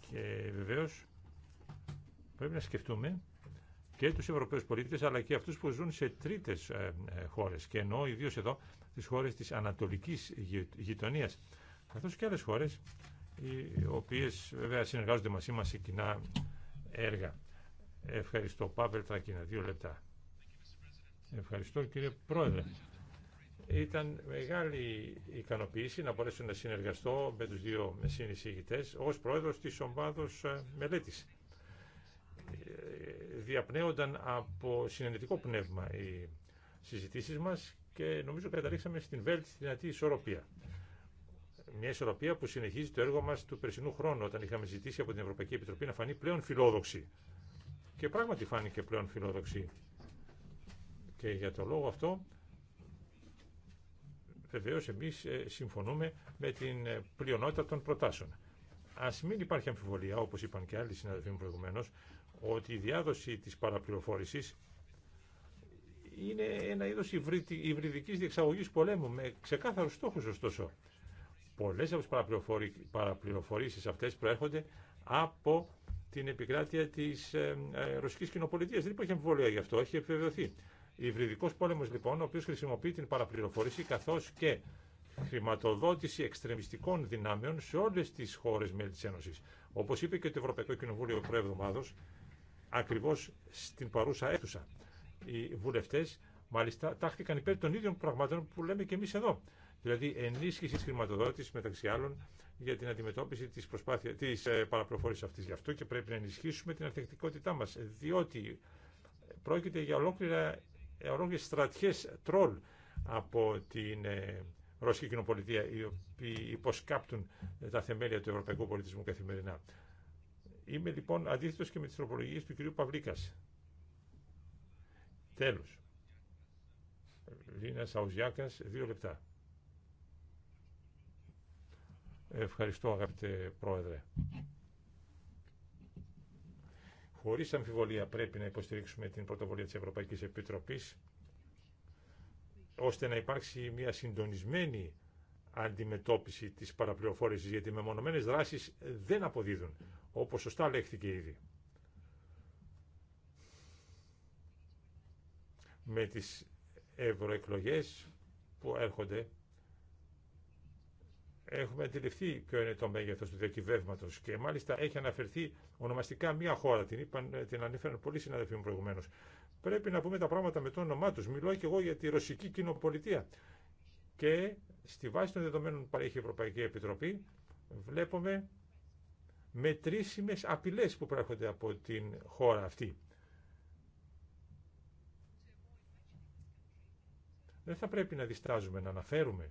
και βεβαίως πρέπει να σκεφτούμε και τους Ευρωπαίους πολίτες αλλά και αυτούς που ζουν σε τρίτες ε, ε, χώρες και εννοώ ιδίως εδώ τις χώρες της ανατολικής γειτονίας καθώς και άλλες χώρες οι οποίες βέβαια συνεργάζονται μαζί μας σε κοινά έργα. Ευχαριστώ. Πάβελ Τρακίνα, δύο λεπτά. Ευχαριστώ κύριε Πρόεδρε. Ήταν μεγάλη ικανοποίηση να μπορέσω να συνεργαστώ με τους δύο μεσήνες ως πρόεδρος της ομάδος ε, μελέτης. Ε, διαπνέονταν από συνενετικό πνεύμα οι συζητήσεις μας και νομίζω καταλήξαμε στην βέλτιστη δυνατή ισορροπία. Μια ισορροπία που συνεχίζει το έργο μας του περσινού χρόνου όταν είχαμε ζητήσει από την Ευρωπαϊκή Επιτροπή να φανεί πλέον φιλόδοξη και πράγματι φάνηκε πλέον φιλόδοξη. Και για το λόγο αυτό βεβαίως εμείς ε, συμφωνούμε με την ε, πλειονότητα των προτάσεων. Ας μην υπάρχει αμφιβολία, όπως είπαν και άλλοι συναδελφοί μου προηγουμένως, ότι η διάδοση της παραπληροφόρησης είναι ένα είδος υβριδική διεξαγωγής πολέμου, με ξεκάθαρους στόχους ωστόσο. πολλέ από τι παραπληροφορήσει αυτές προέρχονται από την επικράτεια τη ε, ε, ρωσική κοινοπολιτεία. Δεν υπάρχει αμφιβολία γι' αυτό, έχει επιβεβαιωθεί. Υβριδικό πόλεμο λοιπόν, ο οποίο χρησιμοποιεί την παραπληροφόρηση καθώ και χρηματοδότηση εξτρεμιστικών δυνάμεων σε όλε τι χώρε μέλη τη Ένωση. Όπω είπε και το Ευρωπαϊκό Κοινοβούλιο προεβδομάδο, ακριβώ στην παρούσα αίθουσα. Οι βουλευτέ μάλιστα τάχθηκαν υπέρ των ίδιων πραγμάτων που λέμε και εμεί εδώ δηλαδή ενίσχυση χρηματοδότηση μεταξύ άλλων για την αντιμετώπιση τη προσπάθεια, της ε, αυτής. Γι' αυτό και πρέπει να ενισχύσουμε την ανθεκτικότητά μα, διότι πρόκειται για ε, ολόκληρε στρατιέ τρόλ από την ε, Ρώσικη Κοινοπολιτεία, οι οποίοι υποσκάπτουν τα θεμέλια του ευρωπαϊκού πολιτισμού καθημερινά. Είμαι λοιπόν αντίθετο και με τι τροπολογίε του κ. Παυλίκα. Τέλο. Λίνα Σαουζιάκα, δύο λεπτά. Ευχαριστώ αγαπητέ Πρόεδρε. Χωρίς αμφιβολία πρέπει να υποστηρίξουμε την πρωτοβουλία της Ευρωπαϊκής Επιτροπής ώστε να υπάρξει μια συντονισμένη αντιμετώπιση της παραπληροφόρησης γιατί μεμονωμένες δράσεις δεν αποδίδουν όπως σωστά λέχθηκε ήδη. Με τις ευρωεκλογές που έρχονται έχουμε αντιληφθεί ποιο είναι το μέγεθο του διακυβεύματο και μάλιστα έχει αναφερθεί ονομαστικά μία χώρα. Την, είπαν, ε, την ανέφεραν πολλοί συναδελφοί μου προηγουμένω. Πρέπει να πούμε τα πράγματα με το όνομά του. Μιλώ και εγώ για τη ρωσική κοινοπολιτεία. Και στη βάση των δεδομένων που παρέχει η Ευρωπαϊκή Επιτροπή, βλέπουμε μετρήσιμε απειλέ που προέρχονται από την χώρα αυτή. Δεν θα πρέπει να διστάζουμε να αναφέρουμε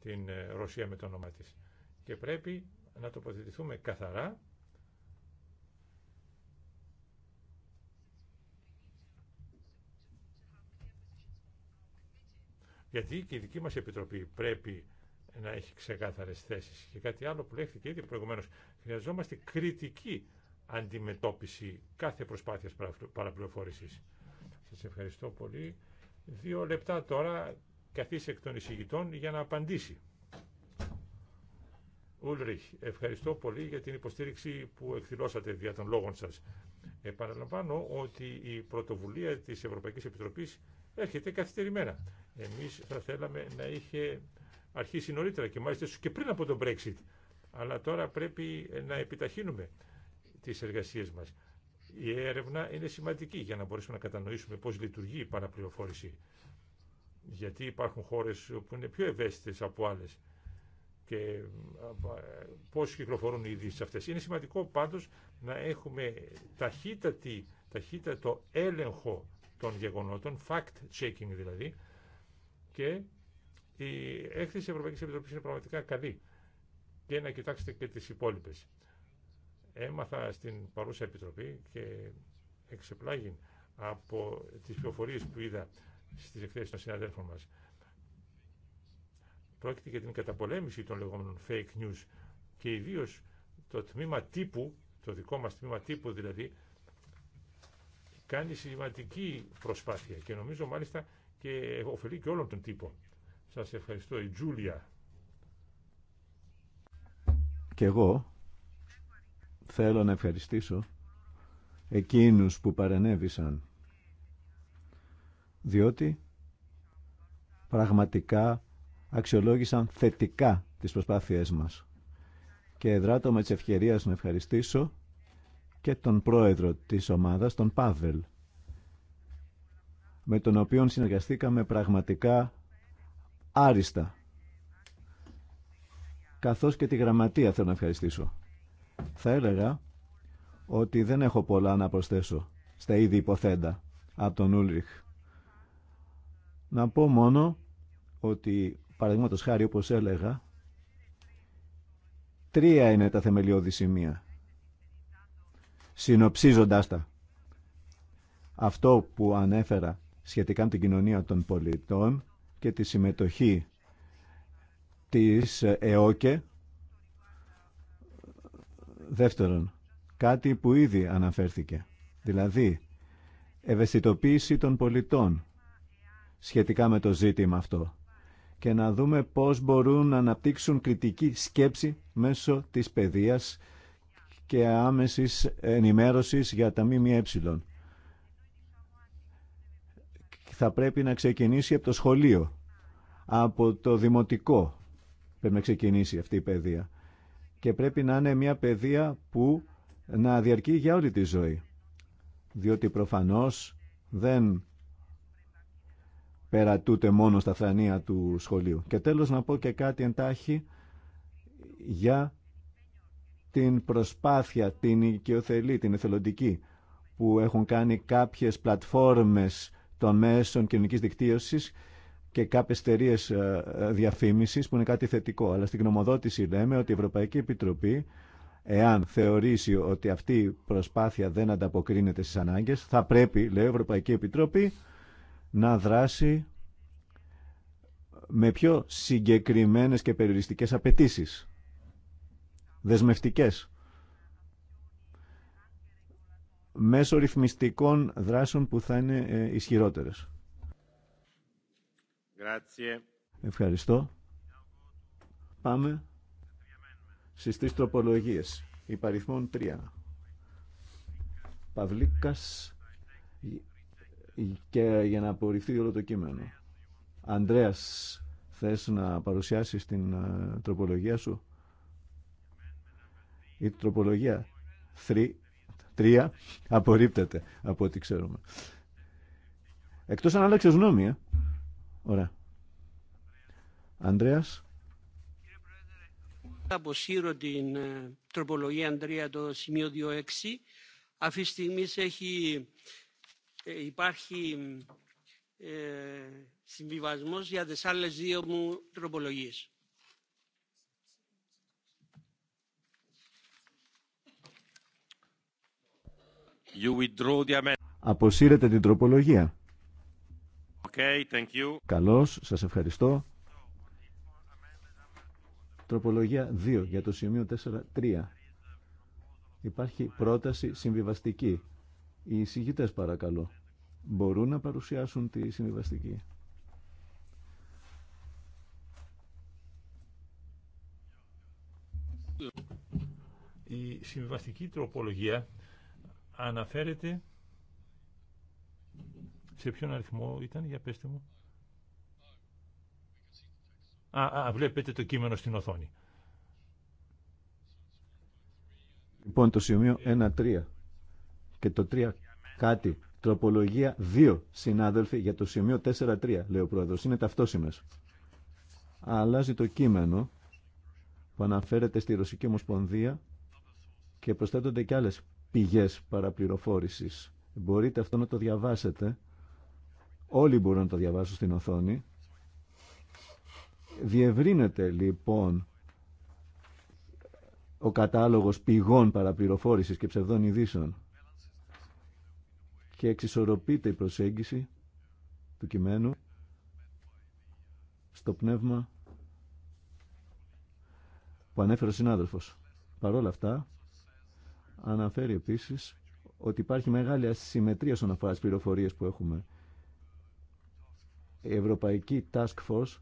την ε, Ρωσία με το όνομα της. Και πρέπει να τοποθετηθούμε καθαρά γιατί και η δική μας Επιτροπή πρέπει να έχει ξεκάθαρες θέσεις και κάτι άλλο που λέχθηκε ήδη προηγουμένως. Χρειαζόμαστε κριτική αντιμετώπιση κάθε προσπάθειας παραπληροφόρησης. Σας ευχαριστώ πολύ. Δύο λεπτά τώρα καθίσει εκ των εισηγητών για να απαντήσει. Ούλριχ, ευχαριστώ πολύ για την υποστήριξη που εκδηλώσατε δια των λόγων σας. Επαναλαμβάνω ότι η πρωτοβουλία της Ευρωπαϊκής Επιτροπής έρχεται καθυστερημένα. Εμείς θα θέλαμε να είχε αρχίσει νωρίτερα και μάλιστα και πριν από τον Brexit. Αλλά τώρα πρέπει να επιταχύνουμε τις εργασίες μας. Η έρευνα είναι σημαντική για να μπορέσουμε να κατανοήσουμε πώς λειτουργεί η παραπληροφόρηση γιατί υπάρχουν χώρες που είναι πιο ευαίσθητες από άλλες και ε, πώς κυκλοφορούν οι ειδήσει αυτές. Είναι σημαντικό πάντως να έχουμε ταχύτατη, ταχύτατο έλεγχο των γεγονότων, fact-checking δηλαδή, και η έκθεση Ευρωπαϊκής Επιτροπής είναι πραγματικά καλή και να κοιτάξετε και τις υπόλοιπες. Έμαθα στην παρούσα Επιτροπή και εξεπλάγει από τις πληροφορίε που είδα στις εκθέσεις των συναδέλφων μας. Πρόκειται για την καταπολέμηση των λεγόμενων fake news και ιδίω το τμήμα τύπου, το δικό μας τμήμα τύπου δηλαδή, κάνει σημαντική προσπάθεια και νομίζω μάλιστα και ωφελεί και όλον τον τύπο. Σας ευχαριστώ. Η Τζούλια. Και εγώ θέλω να ευχαριστήσω εκείνους που παρενέβησαν διότι πραγματικά αξιολόγησαν θετικά τις προσπάθειές μας. Και εδράτω με τις ευκαιρίες να ευχαριστήσω και τον πρόεδρο της ομάδας, τον Πάβελ, με τον οποίο συνεργαστήκαμε πραγματικά άριστα. Καθώς και τη γραμματεία θέλω να ευχαριστήσω. Θα έλεγα ότι δεν έχω πολλά να προσθέσω στα είδη υποθέντα από τον Ούλριχ. Να πω μόνο ότι, παραδείγματος χάρη όπως έλεγα, τρία είναι τα θεμελιώδη σημεία. Συνοψίζοντάς τα. Αυτό που ανέφερα σχετικά με την κοινωνία των πολιτών και τη συμμετοχή της ΕΟΚΕ. Δεύτερον, κάτι που ήδη αναφέρθηκε, δηλαδή ευαισθητοποίηση των πολιτών σχετικά με το ζήτημα αυτό και να δούμε πώς μπορούν να αναπτύξουν κριτική σκέψη μέσω της παιδείας και άμεσης ενημέρωσης για τα ΜΜΕ. Θα πρέπει να ξεκινήσει από το σχολείο, από το δημοτικό πρέπει να ξεκινήσει αυτή η παιδεία και πρέπει να είναι μια παιδεία που να διαρκεί για όλη τη ζωή διότι προφανώς δεν πέρα τούτε μόνο στα θρανία του σχολείου. Και τέλος να πω και κάτι εντάχει για την προσπάθεια, την οικειοθελή, την εθελοντική που έχουν κάνει κάποιες πλατφόρμες των μέσων κοινωνικής δικτύωσης και κάποιες εταιρείε ε, διαφήμισης που είναι κάτι θετικό. Αλλά στην γνωμοδότηση λέμε ότι η Ευρωπαϊκή Επιτροπή εάν θεωρήσει ότι αυτή η προσπάθεια δεν ανταποκρίνεται στις ανάγκες, θα πρέπει, λέει η Ευρωπαϊκή Επιτροπή, να δράσει με πιο συγκεκριμένες και περιοριστικές απαιτήσει. δεσμευτικές, μέσω ρυθμιστικών δράσεων που θα είναι ε, ισχυρότερες. Ευχαριστώ. Πάμε στις τρεις τροπολογίες. Υπαριθμών 3. Παυλίκας και για να απορριφθεί όλο το κείμενο. Ανδρέας, θες να παρουσιάσεις την ε, τροπολογία σου. Η τροπολογία 3, απορρίπτεται από ό,τι ξέρουμε. Εκτός αν άλλαξες γνώμη, ε. Ωραία. Ανδρέας. Αποσύρω την ε, τροπολογία Ανδρέα το σημείο 2.6. Αυτή τη στιγμή έχει ε, υπάρχει ε, συμβιβασμός για τις άλλες δύο μου τροπολογίες. Αποσύρετε την τροπολογία. Okay, thank you. Καλώς, σας ευχαριστώ. Τροπολογία 2 για το σημείο 4-3. Υπάρχει πρόταση συμβιβαστική οι εισηγητές παρακαλώ μπορούν να παρουσιάσουν τη συμβιβαστική. Η συμβιβαστική τροπολογία αναφέρεται σε ποιον αριθμό ήταν, για πέστε μου. Α, βλέπετε το κείμενο στην οθόνη. Λοιπόν, το σημείο 1-3 και το 3 κάτι. Τροπολογία 2, συνάδελφοι, για το σημείο 4-3, λέει ο πρόεδρος. Είναι ταυτόσιμες. Αλλάζει το κείμενο που αναφέρεται στη Ρωσική Ομοσπονδία και προσθέτονται και άλλες πηγές παραπληροφόρησης. Μπορείτε αυτό να το διαβάσετε. Όλοι μπορούν να το διαβάσουν στην οθόνη. Διευρύνεται λοιπόν ο κατάλογος πηγών παραπληροφόρησης και ψευδών ειδήσεων και εξισορροπείται η προσέγγιση του κειμένου στο πνεύμα που ανέφερε ο συνάδελφος. Παρ' όλα αυτά, αναφέρει επίσης ότι υπάρχει μεγάλη ασυμμετρία στον αφορά τις πληροφορίες που έχουμε. Η Ευρωπαϊκή Task Force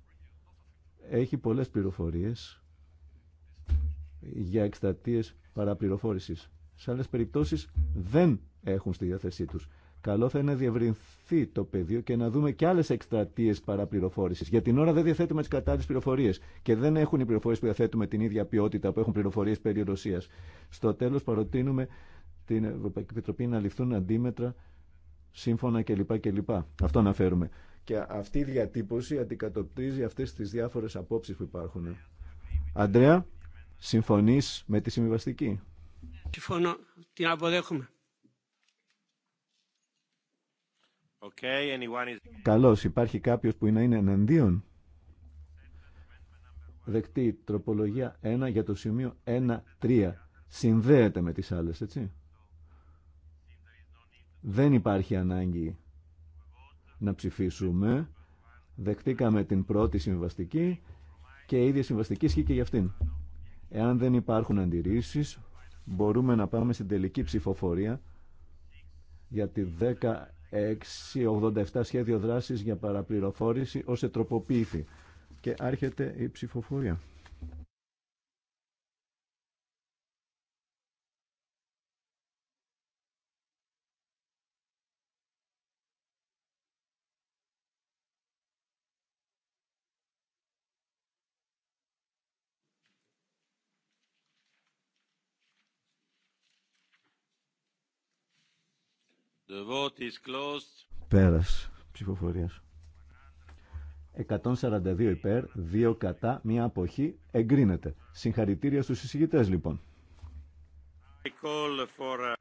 έχει πολλές πληροφορίες για εκστατείες παραπληροφόρησης. Σε άλλες περιπτώσεις δεν έχουν στη διάθεσή τους. Καλό θα είναι να διευρυνθεί το πεδίο και να δούμε και άλλε εκστρατείε παραπληροφόρηση. Για την ώρα δεν διαθέτουμε τι κατάλληλε πληροφορίε και δεν έχουν οι πληροφορίε που διαθέτουμε την ίδια ποιότητα που έχουν πληροφορίε περί Ρωσία. Στο τέλο, παροτείνουμε την Ευρωπαϊκή Επιτροπή να ληφθούν αντίμετρα σύμφωνα κλπ. κλπ. Αυτό αναφέρουμε. Και αυτή η διατύπωση αντικατοπτρίζει αυτές τις διάφορες απόψεις που υπάρχουν. Αντρέα, συμφωνείς με τη συμβιβαστική. Συμφωνώ, την αποδέχομαι. Okay, Καλώς, υπάρχει κάποιος που είναι εναντίον. Δεκτή τροπολογία 1 για το σημείο 1-3. Συνδέεται με τις άλλες, έτσι. Δεν υπάρχει ανάγκη να ψηφίσουμε. Δεκτήκαμε την πρώτη συμβαστική και η ίδια συμβαστική ισχύει και για αυτήν. Εάν δεν υπάρχουν αντιρρήσεις, μπορούμε να πάμε στην τελική ψηφοφορία για τη 10 687 σχέδιο δράσης για παραπληροφόρηση ως ετροποποίηθη. Και άρχεται η ψηφοφορία. The vote Πέρας ψηφοφορίας. 142 υπέρ, 2 κατά, μία αποχή, εγκρίνεται. Συγχαρητήρια στους εισηγητές λοιπόν.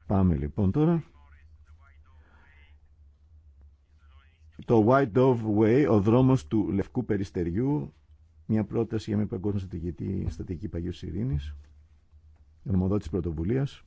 Πάμε λοιπόν τώρα. Το White Dove Way, ο δρόμος του Λευκού Περιστεριού, μια πρόταση για μια παγκόσμια στρατηγική, Παγίου ειρήνης, γνωμοδότης πρωτοβουλίας.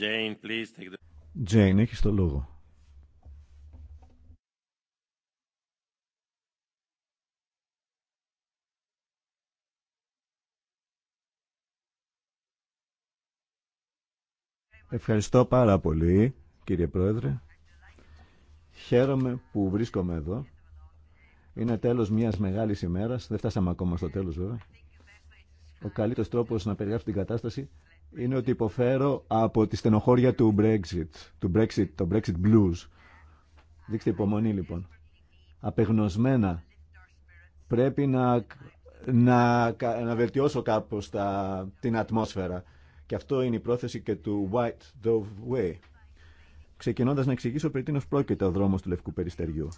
Jane, έχεις το λόγο. Ευχαριστώ πάρα πολύ, κύριε Πρόεδρε. Χαίρομαι που βρίσκομαι εδώ. Είναι τέλος μιας μεγάλης ημέρας. Δεν φτάσαμε ακόμα στο τέλος, βέβαια. Ο καλύτερος τρόπος να περιγράφει την κατάσταση είναι ότι υποφέρω από τη στενοχώρια του Brexit, του Brexit, το Brexit Blues. Δείξτε υπομονή λοιπόν. Απεγνωσμένα πρέπει να, να, να βελτιώσω κάπως τα, την ατμόσφαιρα. Και αυτό είναι η πρόθεση και του White Dove Way. Ξεκινώντας να εξηγήσω περί τίνος πρόκειται ο δρόμος του Λευκού Περιστεριού.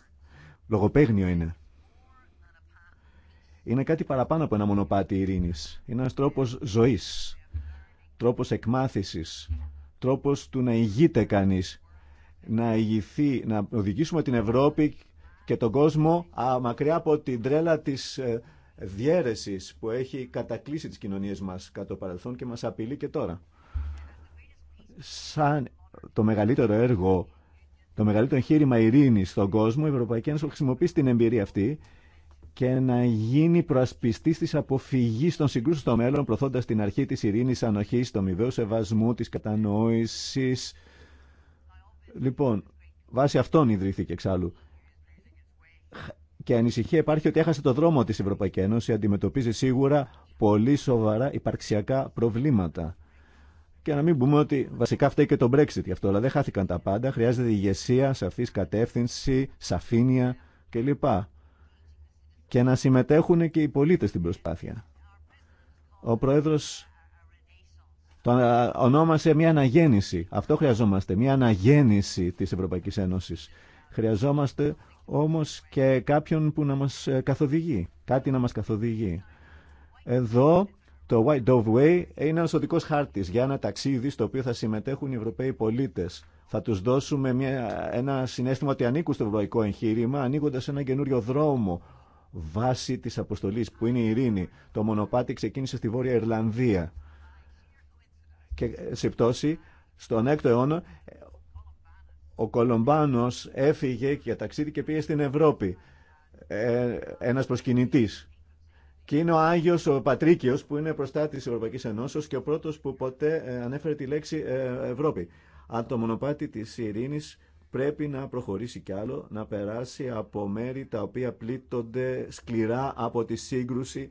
Λογοπαίγνιο είναι. Είναι κάτι παραπάνω από ένα μονοπάτι ειρήνης. Είναι ένας τρόπος ζωής τρόπος εκμάθησης, τρόπος του να ηγείται κανείς, να ηγηθεί, να οδηγήσουμε την Ευρώπη και τον κόσμο μακριά από την τρέλα της ε, διέρεσης που έχει κατακλείσει τις κοινωνίες μας κατά το παρελθόν και μας απειλεί και τώρα. Σαν το μεγαλύτερο έργο, το μεγαλύτερο εγχείρημα ειρήνης στον κόσμο, η Ευρωπαϊκή Ένωση χρησιμοποιεί την εμπειρία αυτή και να γίνει προασπιστή τη αποφυγή των συγκρούσεων στο μέλλον, προθώντα την αρχή τη ειρήνη, ανοχή, το μηδέο σεβασμού, τη κατανόηση. Λοιπόν, βάσει αυτών ιδρύθηκε εξάλλου. Και ανησυχία υπάρχει ότι έχασε το δρόμο τη Ευρωπαϊκή Ένωση, αντιμετωπίζει σίγουρα πολύ σοβαρά υπαρξιακά προβλήματα. Και να μην πούμε ότι βασικά φταίει και το Brexit γι' αυτό, αλλά δεν χάθηκαν τα πάντα. Χρειάζεται ηγεσία, σαφή κατεύθυνση, σαφήνεια κλπ και να συμμετέχουν και οι πολίτες στην προσπάθεια. Ο Πρόεδρος το ονόμασε μια αναγέννηση. Αυτό χρειαζόμαστε, μια αναγέννηση της Ευρωπαϊκής Ένωσης. Χρειαζόμαστε όμως και κάποιον που να μας ε, καθοδηγεί, κάτι να μας καθοδηγεί. Εδώ το White Dove Way είναι ένας οδικός χάρτης για ένα ταξίδι στο οποίο θα συμμετέχουν οι Ευρωπαίοι πολίτες. Θα τους δώσουμε μια, ένα συνέστημα ότι ανήκουν στο ευρωπαϊκό εγχείρημα, ανοίγοντα ένα καινούριο δρόμο βάση της αποστολής που είναι η ειρήνη. Το μονοπάτι ξεκίνησε στη Βόρεια Ιρλανδία και σε πτώση στον 6ο αιώνα ο Κολομπάνος έφυγε για ταξίδι και πήγε στην Ευρώπη ε, ένας προσκυνητής και είναι ο Άγιος ο Πατρίκιος που είναι προστάτης της Ευρωπαϊκής Ενώσεως και ο πρώτος που ποτέ ε, ανέφερε τη λέξη ε, Ευρώπη. Αν το μονοπάτι της ειρήνης πρέπει να προχωρήσει κι άλλο, να περάσει από μέρη τα οποία πλήττονται σκληρά από τη σύγκρουση,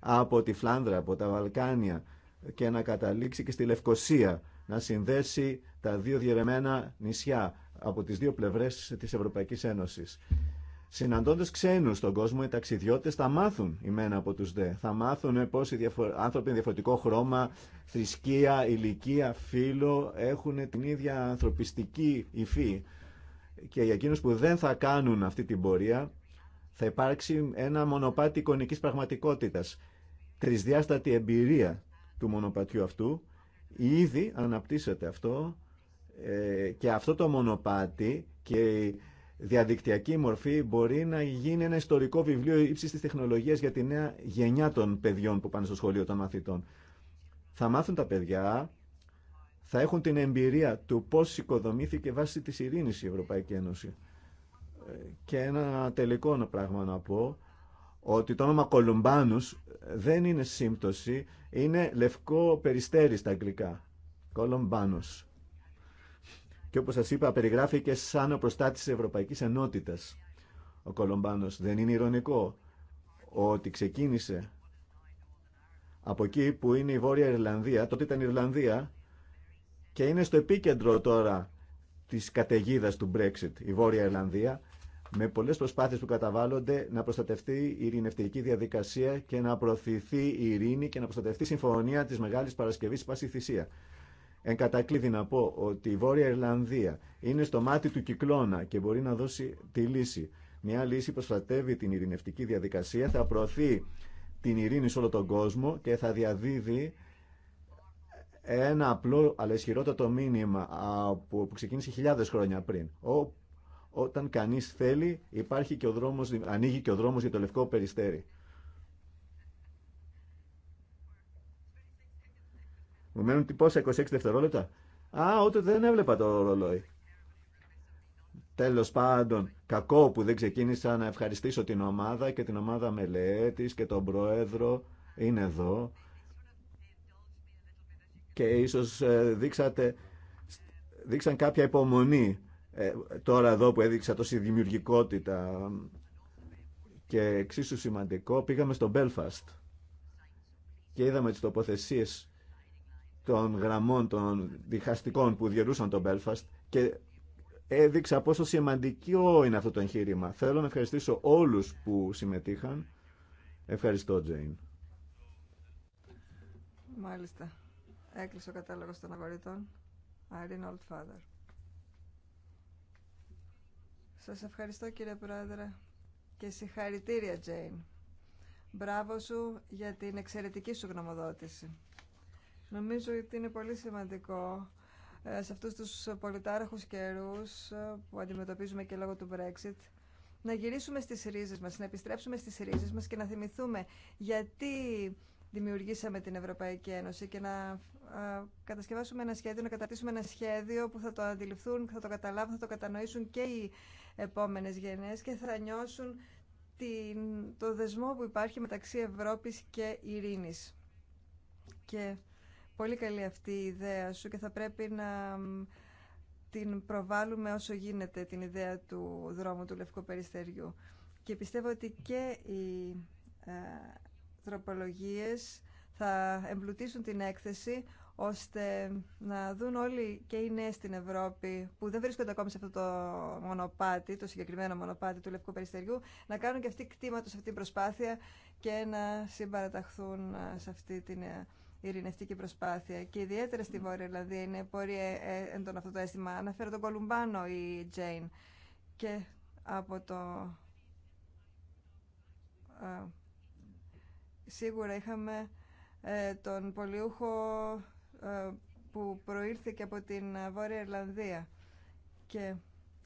από τη Φλάνδρα, από τα Βαλκάνια και να καταλήξει και στη Λευκοσία, να συνδέσει τα δύο διερεμένα νησιά από τις δύο πλευρές της Ευρωπαϊκής Ένωσης. Συναντώντα ξένου στον κόσμο, οι ταξιδιώτε θα μάθουν η μένα από του δε. Θα μάθουν πώ οι άνθρωποι με διαφορετικό χρώμα, θρησκεία, ηλικία, φύλλο έχουν την ίδια ανθρωπιστική υφή. Και για εκείνου που δεν θα κάνουν αυτή την πορεία, θα υπάρξει ένα μονοπάτι εικονική πραγματικότητα. Τρισδιάστατη εμπειρία του μονοπατιού αυτού. Ήδη αναπτύσσεται αυτό ε, και αυτό το μονοπάτι και διαδικτυακή μορφή μπορεί να γίνει ένα ιστορικό βιβλίο ύψης της τεχνολογίας για τη νέα γενιά των παιδιών που πάνε στο σχολείο των μαθητών. Θα μάθουν τα παιδιά, θα έχουν την εμπειρία του πώς οικοδομήθηκε βάσει της ειρήνης η Ευρωπαϊκή Ένωση. Και ένα τελικό πράγμα να πω, ότι το όνομα Κολουμπάνους δεν είναι σύμπτωση, είναι λευκό περιστέρι στα αγγλικά. Κολουμπάνους και όπως σας είπα περιγράφηκε σαν ο προστάτης της Ευρωπαϊκής Ενότητας. Ο Κολομπάνος δεν είναι ηρωνικό ότι ξεκίνησε από εκεί που είναι η Βόρεια Ιρλανδία, τότε ήταν η Ιρλανδία και είναι στο επίκεντρο τώρα της καταιγίδα του Brexit η Βόρεια Ιρλανδία με πολλές προσπάθειες που καταβάλλονται να προστατευτεί η ειρηνευτική διαδικασία και να προωθηθεί η ειρήνη και να προστατευτεί η συμφωνία της Μεγάλης Παρασκευής Πάση Θυσία. Εν κατακλείδη να πω ότι η Βόρεια Ιρλανδία είναι στο μάτι του κυκλώνα και μπορεί να δώσει τη λύση. Μια λύση που προστατεύει την ειρηνευτική διαδικασία, θα προωθεί την ειρήνη σε όλο τον κόσμο και θα διαδίδει ένα απλό αλλά ισχυρότατο μήνυμα που ξεκίνησε χιλιάδες χρόνια πριν. Όταν κανείς θέλει υπάρχει και ο δρόμος, ανοίγει και ο δρόμος για το λευκό περιστέρι. Μου μένουν τυπώσα 26 δευτερόλεπτα. Α, ούτε δεν έβλεπα το ρολόι. Τέλος πάντων, κακό που δεν ξεκίνησα να ευχαριστήσω την ομάδα και την ομάδα μελέτης και τον πρόεδρο είναι εδώ και ίσως ε, δείξατε, δείξαν κάποια υπομονή ε, τώρα εδώ που έδειξα τόση δημιουργικότητα και εξίσου σημαντικό πήγαμε στο Belfast και είδαμε τις τοποθεσίες των γραμμών των διχαστικών που διαιρούσαν τον Belfast και έδειξα πόσο σημαντικό είναι αυτό το εγχείρημα. Θέλω να ευχαριστήσω όλους που συμμετείχαν. Ευχαριστώ, Τζέιν. Μάλιστα. Έκλεισε ο κατάλογος των αγορητών. Σα Father. Σας ευχαριστώ κύριε Πρόεδρε και συγχαρητήρια Τζέιν. Μπράβο σου για την εξαιρετική σου γνωμοδότηση. Νομίζω ότι είναι πολύ σημαντικό ε, σε αυτούς τους πολιτάρχους καιρούς ε, που αντιμετωπίζουμε και λόγω του Brexit να γυρίσουμε στις ρίζες μας, να επιστρέψουμε στις ρίζες μας και να θυμηθούμε γιατί δημιουργήσαμε την Ευρωπαϊκή Ένωση και να ε, κατασκευάσουμε ένα σχέδιο, να καταρτήσουμε ένα σχέδιο που θα το αντιληφθούν, θα το καταλάβουν, θα το κατανοήσουν και οι επόμενες γενναίες και θα νιώσουν την, το δεσμό που υπάρχει μεταξύ Ευρώπης και ειρήνης. Και Πολύ καλή αυτή η ιδέα σου και θα πρέπει να την προβάλλουμε όσο γίνεται την ιδέα του δρόμου του Λευκού Περιστεριού. Και πιστεύω ότι και οι ε, τροπολογίες θα εμπλουτίσουν την έκθεση ώστε να δουν όλοι και οι νέοι στην Ευρώπη που δεν βρίσκονται ακόμη σε αυτό το μονοπάτι, το συγκεκριμένο μονοπάτι του Λευκού Περιστεριού, να κάνουν και αυτοί κτήματος αυτή την προσπάθεια και να συμπαραταχθούν ε, σε αυτή την ε, ειρηνευτική προσπάθεια και ιδιαίτερα στη Βόρεια Ιρλανδία είναι πολύ ε, ε, έντονο αυτό το αίσθημα. Αναφέρω τον Κολουμπάνο η Τζέιν και από το... Ε, σίγουρα είχαμε τον πολιούχο που προήλθε και από την Βόρεια Ιρλανδία και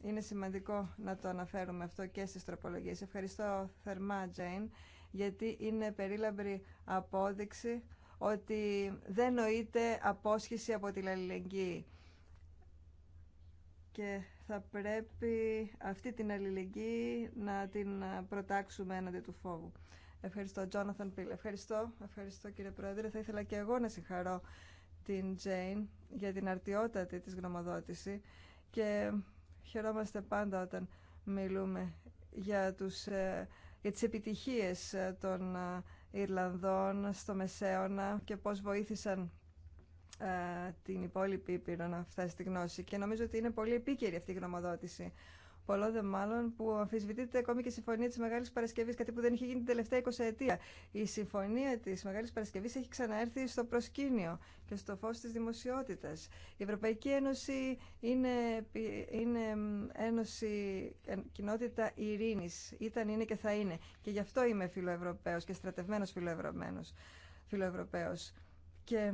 είναι σημαντικό να το αναφέρουμε αυτό και στις τροπολογίες. Ευχαριστώ θερμά, Τζέιν, γιατί είναι περίλαμπρη απόδειξη ότι δεν νοείται απόσχηση από την αλληλεγγύη. Και θα πρέπει αυτή την αλληλεγγύη να την προτάξουμε έναντι του φόβου. Ευχαριστώ, Τζόναθαν Πίλ. Ευχαριστώ, ευχαριστώ κύριε Πρόεδρε. Θα ήθελα και εγώ να συγχαρώ την Τζέιν για την αρτιότατη της γνωμοδότηση και χαιρόμαστε πάντα όταν μιλούμε για, τους, ε, για τις ε, των ε, Ιρλανδών στο Μεσαίωνα και πώς βοήθησαν ε, την υπόλοιπη Ήπειρο να φτάσει στη γνώση. Και νομίζω ότι είναι πολύ επίκαιρη αυτή η γνωμοδότηση Πολλό δε μάλλον που αμφισβητείται ακόμη και η συμφωνία τη Μεγάλη Παρασκευή, κάτι που δεν είχε γίνει την τελευταία 20 ετία. Η συμφωνία τη Μεγάλη Παρασκευή έχει ξαναέρθει στο προσκήνιο και στο φω τη δημοσιότητα. Η Ευρωπαϊκή Ένωση είναι, είναι ένωση, ε, κοινότητα ειρήνη. Ήταν, είναι και θα είναι. Και γι' αυτό είμαι φιλοευρωπαίο και στρατευμένο φιλοευρωπαίο. Και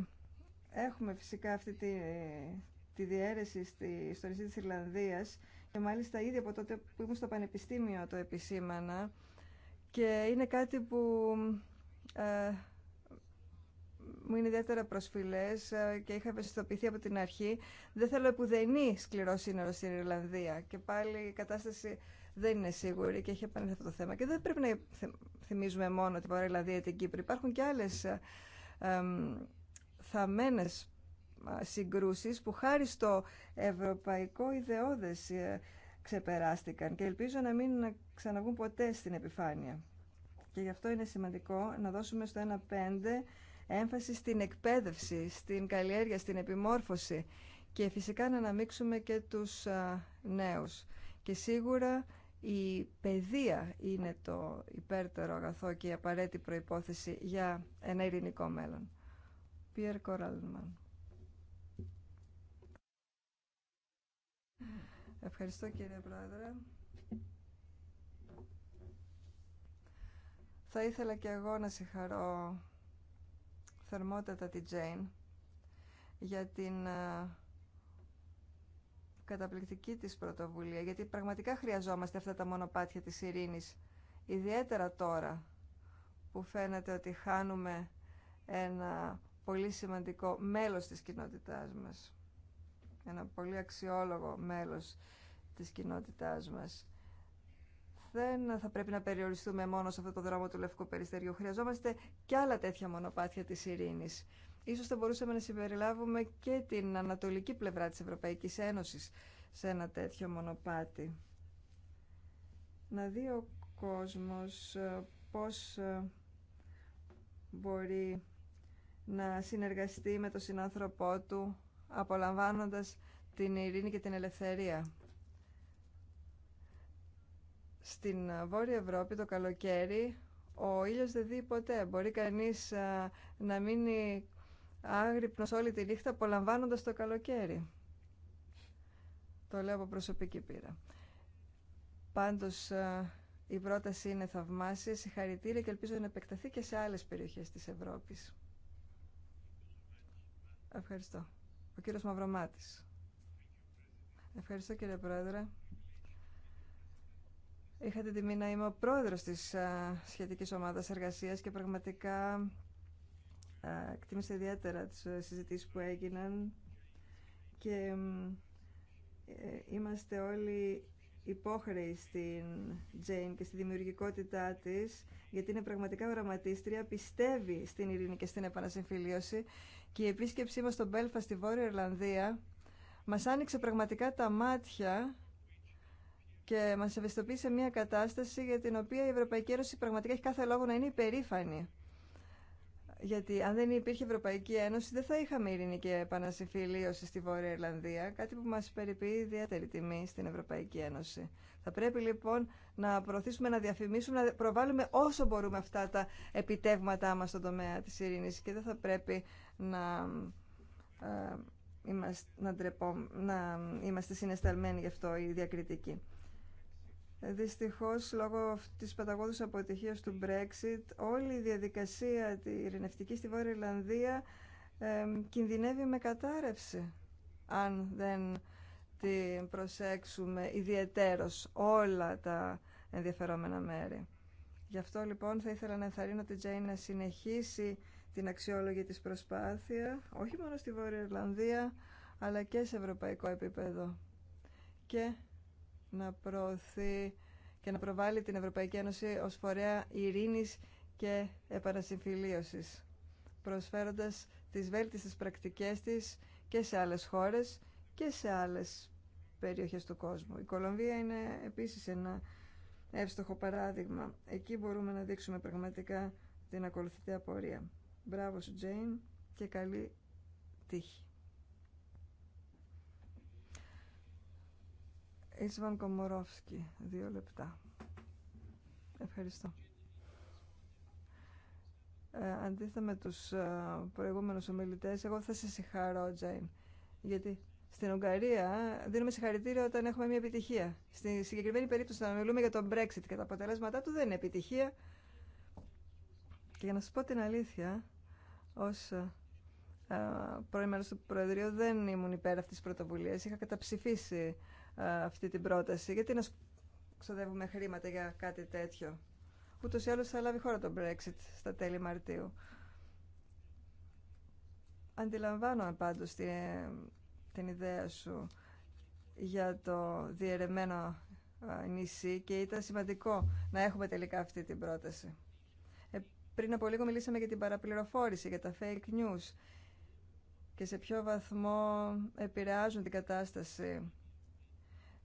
έχουμε φυσικά αυτή τη, τη διαίρεση στη, στο νησί της Ιρλανδίας και μάλιστα ήδη από τότε που ήμουν στο Πανεπιστήμιο το επισήμανα και είναι κάτι που ε, μου είναι ιδιαίτερα προσφυλές ε, και είχα ευαισθητοποιηθεί από την αρχή. Δεν θέλω επουδενή σκληρό σύνορο στην Ιρλανδία και πάλι η κατάσταση δεν είναι σίγουρη και έχει επανέλθει αυτό το θέμα. Και δεν πρέπει να θυμίζουμε μόνο την Παραϊλανδία ή δηλαδή, την Κύπρο. Υπάρχουν και άλλες ε, ε συγκρούσεις που χάρη στο ευρωπαϊκό ιδεώδες ε, ξεπεράστηκαν και ελπίζω να μην ξαναβγούν ποτέ στην επιφάνεια. Και γι' αυτό είναι σημαντικό να δώσουμε στο 1-5 έμφαση στην εκπαίδευση, στην καλλιέργεια, στην επιμόρφωση και φυσικά να αναμίξουμε και τους νέους. Και σίγουρα η παιδεία είναι το υπέρτερο αγαθό και η απαραίτητη προϋπόθεση για ένα ειρηνικό μέλλον. Πιέρ Κοραλμαν. Ευχαριστώ κύριε Πρόεδρε. Θα ήθελα και εγώ να συγχαρώ θερμότατα τη Τζέιν για την ε, καταπληκτική της πρωτοβουλία, γιατί πραγματικά χρειαζόμαστε αυτά τα μονοπάτια της ειρήνης, ιδιαίτερα τώρα που φαίνεται ότι χάνουμε ένα πολύ σημαντικό μέλος της κοινότητάς μας ένα πολύ αξιόλογο μέλος της κοινότητάς μας. Δεν θα πρέπει να περιοριστούμε μόνο σε αυτό το δρόμο του Λευκού Περιστεριού. Χρειαζόμαστε και άλλα τέτοια μονοπάτια της ειρήνης. Ίσως θα μπορούσαμε να συμπεριλάβουμε και την ανατολική πλευρά της Ευρωπαϊκής Ένωσης σε ένα τέτοιο μονοπάτι. Να δει ο κόσμος ε, πώς ε, μπορεί να συνεργαστεί με τον συνάνθρωπό του απολαμβάνοντας την ειρήνη και την ελευθερία. Στην ε, Βόρεια Ευρώπη το καλοκαίρι ο ήλιος δεν δει ποτέ. Μπορεί κανείς ε, να μείνει άγρυπνος όλη τη νύχτα απολαμβάνοντας το καλοκαίρι. Το λέω από προσωπική πείρα. Πάντως ε, η πρόταση είναι θαυμάσια, συγχαρητήρια και ελπίζω να επεκταθεί και σε άλλες περιοχές της Ευρώπης. Ευχαριστώ. Ο κύριος Μαυρομάτης. Ευχαριστώ κύριε Πρόεδρε. Είχα την τιμή να είμαι ο πρόεδρος της σχετικής ομάδας εργασίας και πραγματικά εκτίμησα ιδιαίτερα τις ε, συζητήσεις που έγιναν και ε, είμαστε όλοι υπόχρεοι στην Τζέιν και στη δημιουργικότητά της γιατί είναι πραγματικά οραματίστρια, πιστεύει στην ειρήνη και στην επανασυμφιλίωση και η επίσκεψή μας στο Μπέλφα στη Βόρεια Ιρλανδία μας άνοιξε πραγματικά τα μάτια και μας ευαισθητοποίησε μια κατάσταση για την οποία η Ευρωπαϊκή Ένωση πραγματικά έχει κάθε λόγο να είναι υπερήφανη. Γιατί αν δεν υπήρχε η Ευρωπαϊκή Ένωση δεν θα είχαμε ειρηνική επανασυμφιλίωση στη Βόρεια Ιρλανδία, κάτι που μας περιποιεί ιδιαίτερη τιμή στην Ευρωπαϊκή Ένωση. Θα πρέπει λοιπόν να προωθήσουμε, να διαφημίσουμε, να προβάλλουμε όσο μπορούμε αυτά τα επιτεύγματά μας στον τομέα της ειρήνης και δεν θα πρέπει ε, να, είμαστε, να, να είμαστε συναισθαλμένοι γι' αυτό οι διακριτικοί. Δυστυχώς, λόγω της παταγώδους αποτυχίας του Brexit, όλη η διαδικασία τη ειρηνευτική στη Βόρεια Ιρλανδία ε, κινδυνεύει με κατάρρευση, αν δεν την προσέξουμε ιδιαιτέρως όλα τα ενδιαφερόμενα μέρη. Γι' αυτό, λοιπόν, θα ήθελα να ενθαρρύνω την Τζέι να συνεχίσει την αξιόλογη της προσπάθεια, όχι μόνο στη Βόρεια Ιρλανδία, αλλά και σε ευρωπαϊκό επίπεδο. Και να προωθεί και να προβάλλει την Ευρωπαϊκή Ένωση ως φορέα ειρήνης και επανασυμφιλίωσης, προσφέροντας τις βέλτιστες πρακτικές της και σε άλλες χώρες και σε άλλες περιοχές του κόσμου. Η Κολομβία είναι επίσης ένα εύστοχο παράδειγμα. Εκεί μπορούμε να δείξουμε πραγματικά την ακολουθητή απορία. Μπράβο σου Τζέιν και καλή τύχη. Ισβαν Κομορόφσκι, δύο λεπτά. Ευχαριστώ. Ε, αντίθετα με τους ε, προηγούμενους ομιλητές, εγώ θα σε συγχαρώ, Τζέιν, γιατί στην Ουγγαρία δίνουμε συγχαρητήρια όταν έχουμε μια επιτυχία. Στη συγκεκριμένη περίπτωση, να μιλούμε για τον Brexit και τα αποτελέσματά του, δεν είναι επιτυχία. Και για να σα πω την αλήθεια, ως ε, ε, πρώην του Προεδρείου δεν ήμουν υπέρ αυτής της πρωτοβουλίας. Είχα καταψηφίσει ε, αυτή την πρόταση. Γιατί να ξοδεύουμε χρήματα για κάτι τέτοιο. Ούτως ή άλλως θα λάβει χώρα το Brexit στα τέλη Μαρτίου. Αντιλαμβάνομαι πάντως την, την ιδέα σου για το διαιρεμένο νησί και ήταν σημαντικό να έχουμε τελικά αυτή την πρόταση. Πριν από λίγο μιλήσαμε για την παραπληροφόρηση, για τα fake news και σε ποιο βαθμό επηρεάζουν την κατάσταση.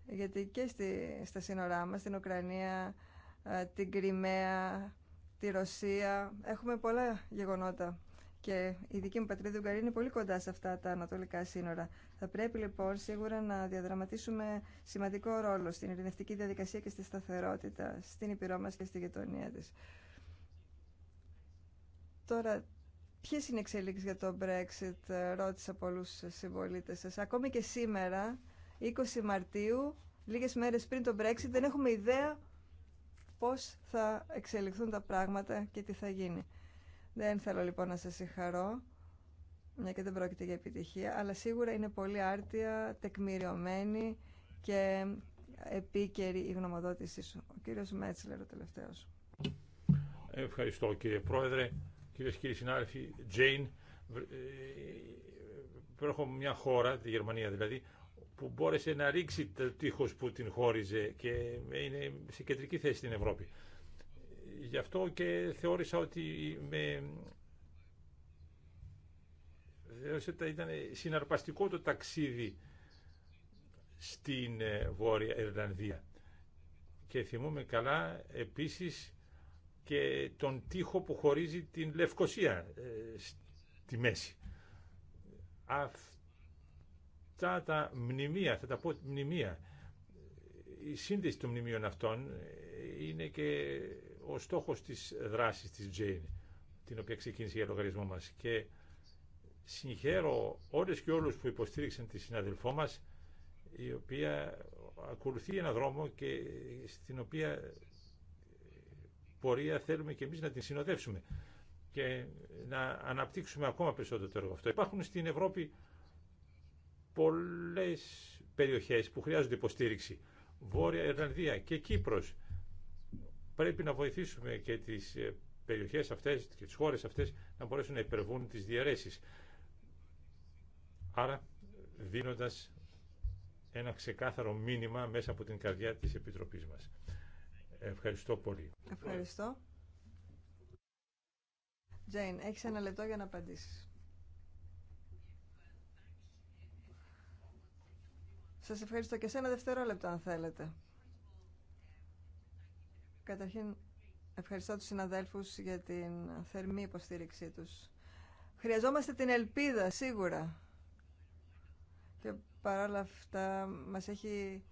Γιατί και στη, στα σύνορά μας, στην Ουκρανία, ε, την Κρυμαία, τη Ρωσία, έχουμε πολλά γεγονότα. Και η δική μου πατρίδα Ουγγαρία είναι πολύ κοντά σε αυτά τα ανατολικά σύνορα. Θα πρέπει λοιπόν σίγουρα να διαδραματίσουμε σημαντικό ρόλο στην ειρηνευτική διαδικασία και στη σταθερότητα στην Υπηρώ και στη γειτονία της. Τώρα, ποιε είναι εξελίξει για το Brexit, ε, ρώτησα πολλού συμπολίτε σα. Ακόμη και σήμερα, 20 Μαρτίου, λίγε μέρε πριν το Brexit, δεν έχουμε ιδέα πώ θα εξελιχθούν τα πράγματα και τι θα γίνει. Δεν θέλω λοιπόν να σα συγχαρώ, μια και δεν πρόκειται για επιτυχία, αλλά σίγουρα είναι πολύ άρτια, τεκμηριωμένη και επίκαιρη η γνωμοδότησή σου. Ο κύριος Μέτσλερ ο τελευταίος. Ευχαριστώ κύριε Πρόεδρε. Κυρίες και κύριοι συνάδελφοι, Jane, ε, προέρχομαι μια χώρα, τη Γερμανία δηλαδή, που μπόρεσε να ρίξει το τείχος που την χώριζε και είναι σε κεντρική θέση στην Ευρώπη. Γι' αυτό και θεώρησα ότι με... ήταν συναρπαστικό το ταξίδι στην ε, Βόρεια Ιρλανδία. Και θυμούμαι καλά επίσης και τον τοίχο που χωρίζει την Λευκοσία ε, στη μέση. Αυτά τα μνημεία, θα τα πω μνημεία, η σύνδεση των μνημείων αυτών ε, είναι και ο στόχος της δράσης της Τζέιν, την οποία ξεκίνησε για λογαριασμό μας. Και συγχαίρω όλες και όλους που υποστήριξαν τη συναδελφό μας, η οποία ακολουθεί ένα δρόμο και στην οποία πορεία θέλουμε και εμείς να την συνοδεύσουμε και να αναπτύξουμε ακόμα περισσότερο το έργο αυτό. Υπάρχουν στην Ευρώπη πολλές περιοχές που χρειάζονται υποστήριξη. Βόρεια Ιρλανδία και Κύπρος. Πρέπει να βοηθήσουμε και τις ε, περιοχές αυτές και τις χώρες αυτές να μπορέσουν να υπερβούν τις διαιρέσεις. Άρα δίνοντας ένα ξεκάθαρο μήνυμα μέσα από την καρδιά της Επιτροπής μας. Ευχαριστώ πολύ. Ευχαριστώ. Τζέιν, έχεις ένα λεπτό για να απαντήσεις. Σας ευχαριστώ και σε ένα δευτερόλεπτο αν θέλετε. Καταρχήν, ευχαριστώ τους συναδέλφους για την θερμή υποστήριξή τους. Χρειαζόμαστε την ελπίδα, σίγουρα. Και παρόλα αυτά, μας έχει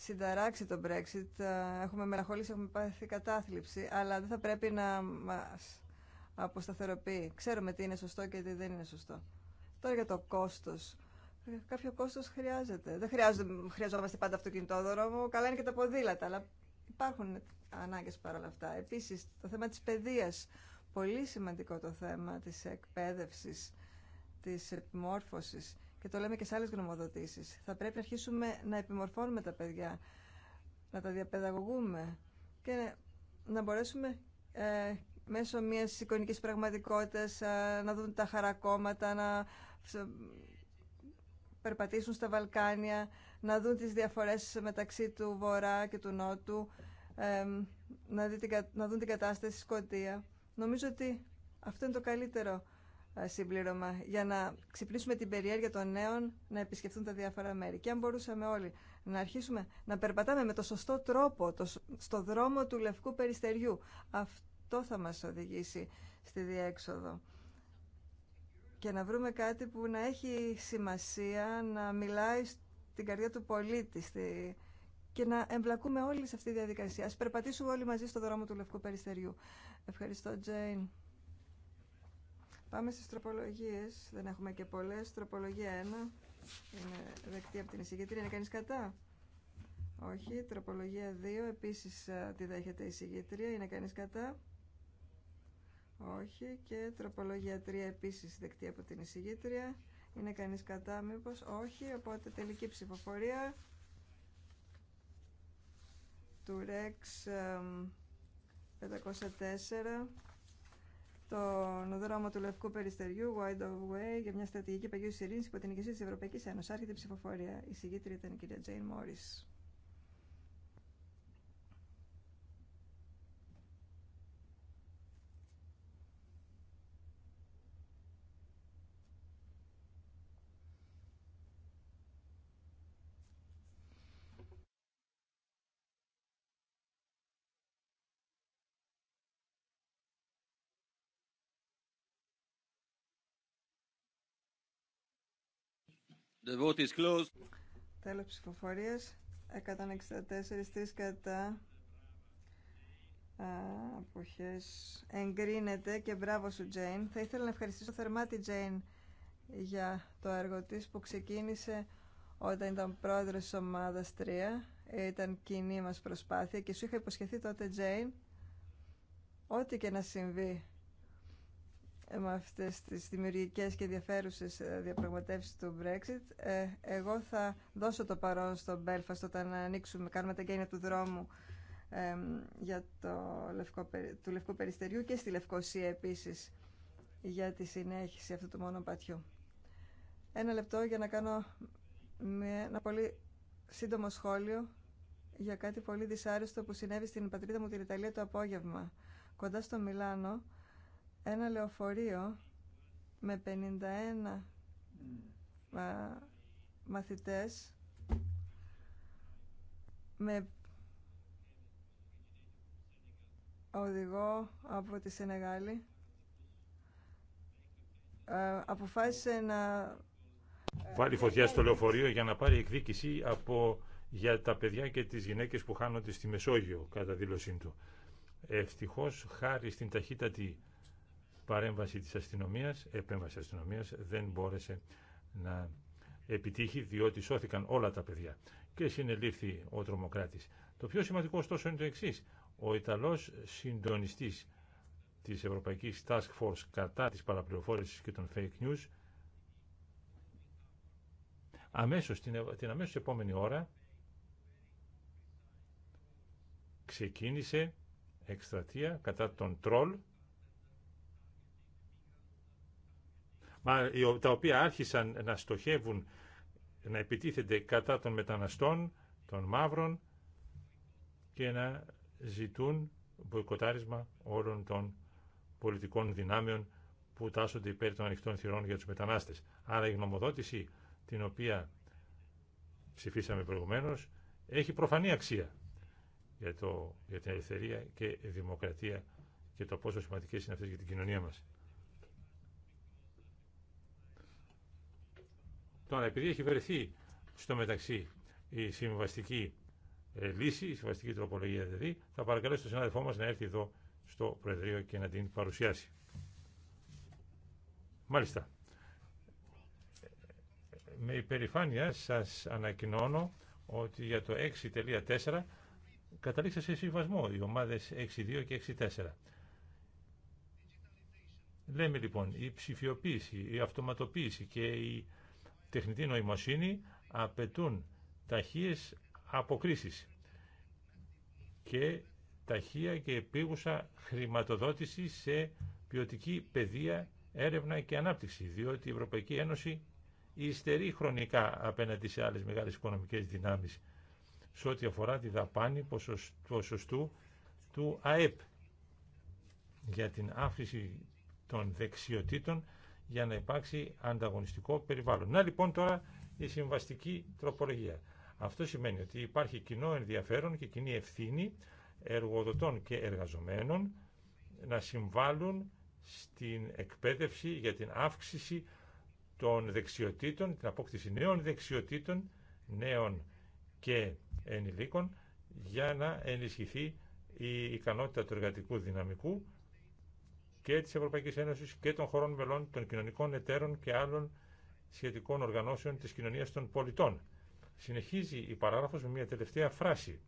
συνταράξει το Brexit. Ε, έχουμε μεραχολήσει, έχουμε πάθει κατάθλιψη, αλλά δεν θα πρέπει να μας αποσταθεροποιεί. Ξέρουμε τι είναι σωστό και τι δεν είναι σωστό. Τώρα για το κόστος. Ε, κάποιο κόστος χρειάζεται. Δεν χρειαζόμαστε πάντα αυτοκινητόδρομο, καλά είναι και τα ποδήλατα, αλλά υπάρχουν ανάγκες παρόλα αυτά. Επίσης, το θέμα της παιδείας. Πολύ σημαντικό το θέμα της εκπαίδευσης, της επιμόρφωσης και το λέμε και σε άλλες γνωμοδοτήσεις. Θα πρέπει να αρχίσουμε να επιμορφώνουμε τα παιδιά, να τα διαπαιδαγωγούμε και να μπορέσουμε ε, μέσω μιας εικονικής πραγματικότητας ε, να δουν τα χαρακόμματα, να περπατήσουν στα Βαλκάνια, να δουν τις διαφορές μεταξύ του Βορρά και του Νότου, ε, να, δει να δουν την κατάσταση στη Σκοτία. Νομίζω ότι αυτό είναι το καλύτερο ε, συμπλήρωμα για να ξυπνήσουμε την περιέργεια των νέων να επισκεφθούν τα διάφορα μέρη. Και αν μπορούσαμε όλοι να αρχίσουμε να περπατάμε με το σωστό τρόπο το, στο δρόμο του Λευκού Περιστεριού, αυτό θα μας οδηγήσει στη διέξοδο. Και να βρούμε κάτι που να έχει σημασία, να μιλάει στην καρδιά του πολίτη και να εμπλακούμε όλοι σε αυτή τη διαδικασία. Ας περπατήσουμε όλοι μαζί στο δρόμο του Λευκού Περιστεριού. Ευχαριστώ, Τζέιν. Πάμε στις τροπολογίες. Δεν έχουμε και πολλές. Τροπολογία 1. Είναι δεκτή από την εισηγήτρια. Είναι κανείς κατά. Όχι. Τροπολογία 2. Επίσης τη δέχεται η εισηγήτρια. Είναι κανείς κατά. Όχι. Και τροπολογία 3. Επίσης δεκτή από την εισηγήτρια. Είναι κανείς κατά μήπως. Όχι. Οπότε τελική ψηφοφορία του ΡΕΞ 504 το νοδρόμο του Λευκού Περιστεριού, Wide of Way, για μια στρατηγική παγίου ειρήνη υπό την ηγεσία τη Ευρωπαϊκή Ένωση. Άρχεται η ψηφοφορία. Η συγγήτρια ήταν η κυρία Τζέιν Μόρις. The vote Τέλος ψηφοφορίας. 164 3 κατά αποχές. Εγκρίνεται και μπράβο σου Τζέιν. Θα ήθελα να ευχαριστήσω θερμά τη Τζέιν για το έργο της που ξεκίνησε όταν ήταν πρόεδρος της ομάδας 3. Ήταν κοινή μας προσπάθεια και σου είχα υποσχεθεί τότε Τζέιν ότι και να συμβεί με αυτές τις δημιουργικές και ενδιαφέρουσες ε, διαπραγματεύσεις του Brexit. Ε, εγώ θα δώσω το παρόν στο Belfast όταν ανοίξουμε, κάνουμε τα γένεια του δρόμου για το Λευκό, του Λευκού Περιστεριού και στη Λευκοσία επίσης για τη συνέχιση αυτού του μονοπατιού. Ένα λεπτό για να κάνω ένα πολύ σύντομο σχόλιο για κάτι πολύ δυσάρεστο που συνέβη στην πατρίδα μου την Ιταλία το απόγευμα. Κοντά στο Μιλάνο ένα λεωφορείο με 51 μαθητές με οδηγό από τη Σενεγάλη ε, αποφάσισε να ε, βάλει φωτιά στο λεωφορείο για να πάρει εκδίκηση από, για τα παιδιά και τις γυναίκες που χάνονται στη Μεσόγειο κατά δήλωσή του. Ευτυχώς χάρη στην ταχύτατη παρέμβαση της αστυνομίας, επέμβαση αστυνομίας δεν μπόρεσε να επιτύχει διότι σώθηκαν όλα τα παιδιά και συνελήφθη ο τρομοκράτης. Το πιο σημαντικό ωστόσο είναι το εξή. Ο Ιταλός συντονιστής της Ευρωπαϊκής Task Force κατά της παραπληροφόρησης και των fake news αμέσως, την, την αμέσως επόμενη ώρα ξεκίνησε εκστρατεία κατά τον τρόλ τα οποία άρχισαν να στοχεύουν, να επιτίθενται κατά των μεταναστών, των μαύρων και να ζητούν μποϊκοτάρισμα όλων των πολιτικών δυνάμεων που τάσσονται υπέρ των ανοιχτών θυρών για τους μετανάστες. Άρα η γνωμοδότηση την οποία ψηφίσαμε προηγουμένως έχει προφανή αξία για, το, για την ελευθερία και δημοκρατία και το πόσο σημαντικές είναι αυτές για την κοινωνία μας. Τώρα, επειδή έχει βρεθεί στο μεταξύ η συμβαστική ε, λύση, η συμβαστική τροπολογία δηλαδή, θα παρακαλέσω τον συνάδελφό μα να έρθει εδώ στο Προεδρείο και να την παρουσιάσει. Μάλιστα. Με υπερηφάνεια σας ανακοινώνω ότι για το 6.4 καταλήξα σε συμβασμό οι ομάδες 6.2 και 6.4. Λέμε λοιπόν η ψηφιοποίηση, η αυτοματοποίηση και η τεχνητή νοημοσύνη απαιτούν ταχείες αποκρίσεις και ταχεία και επίγουσα χρηματοδότηση σε ποιοτική παιδεία, έρευνα και ανάπτυξη, διότι η Ευρωπαϊκή Ένωση υστερεί χρονικά απέναντι σε άλλες μεγάλες οικονομικές δυνάμεις σε ό,τι αφορά τη δαπάνη ποσοστού του ΑΕΠ για την αύξηση των δεξιοτήτων για να υπάρξει ανταγωνιστικό περιβάλλον. Να λοιπόν τώρα η συμβαστική τροπολογία. Αυτό σημαίνει ότι υπάρχει κοινό ενδιαφέρον και κοινή ευθύνη εργοδοτών και εργαζομένων να συμβάλλουν στην εκπαίδευση για την αύξηση των δεξιοτήτων, την απόκτηση νέων δεξιοτήτων, νέων και ενηλίκων, για να ενισχυθεί η ικανότητα του εργατικού δυναμικού και τη Ευρωπαϊκή Ένωση και των χωρών μελών, των κοινωνικών εταίρων και άλλων σχετικών οργανώσεων τη κοινωνία των πολιτών. Συνεχίζει η παράγραφος με μια τελευταία φράση,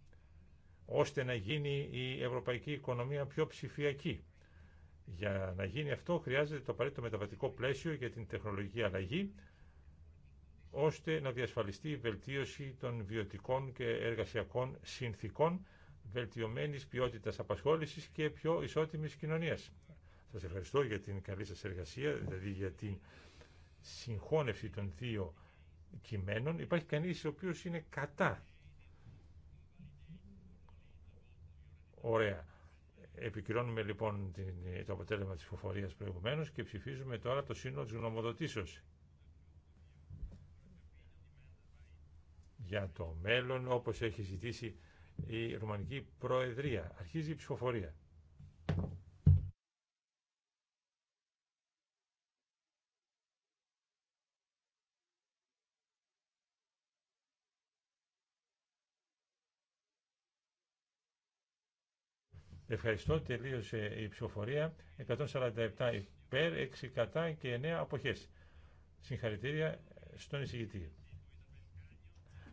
ώστε να γίνει η ευρωπαϊκή οικονομία πιο ψηφιακή. Για να γίνει αυτό χρειάζεται το απαραίτητο μεταβατικό πλαίσιο για την τεχνολογική αλλαγή, ώστε να διασφαλιστεί η βελτίωση των βιωτικών και εργασιακών συνθήκων, βελτιωμένης ποιότητας απασχόλησης και πιο ισότιμη κοινωνία. Σας ευχαριστώ για την καλή σας εργασία, δηλαδή για την συγχώνευση των δύο κειμένων. Υπάρχει κανείς ο οποίος είναι κατά. Ωραία. Επικυρώνουμε λοιπόν την, το αποτέλεσμα της ψηφοφορίας προηγουμένως και ψηφίζουμε τώρα το σύνολο της γνωμοδοτήσεως. Για το μέλλον όπως έχει ζητήσει η Ρουμανική Προεδρία. Αρχίζει η ψηφοφορία. Ευχαριστώ. Τελείωσε η ψηφοφορία. 147 υπέρ, 6 και 9 αποχές. Συγχαρητήρια στον εισηγητή.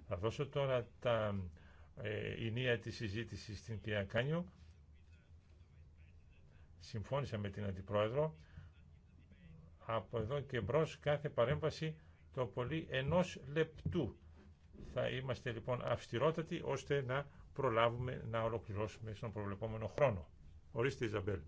Θα δώσω τώρα τα ε, η νέα της συζήτησης στην κυρία Κάνιο. Συμφώνησα με την Αντιπρόεδρο. Από εδώ και μπρο κάθε παρέμβαση το πολύ ενός λεπτού. Θα είμαστε λοιπόν αυστηρότατοι ώστε να προλάβουμε να ολοκληρώσουμε στον προβλεπόμενο χρόνο. Ορίστε Ιζαμπέλ.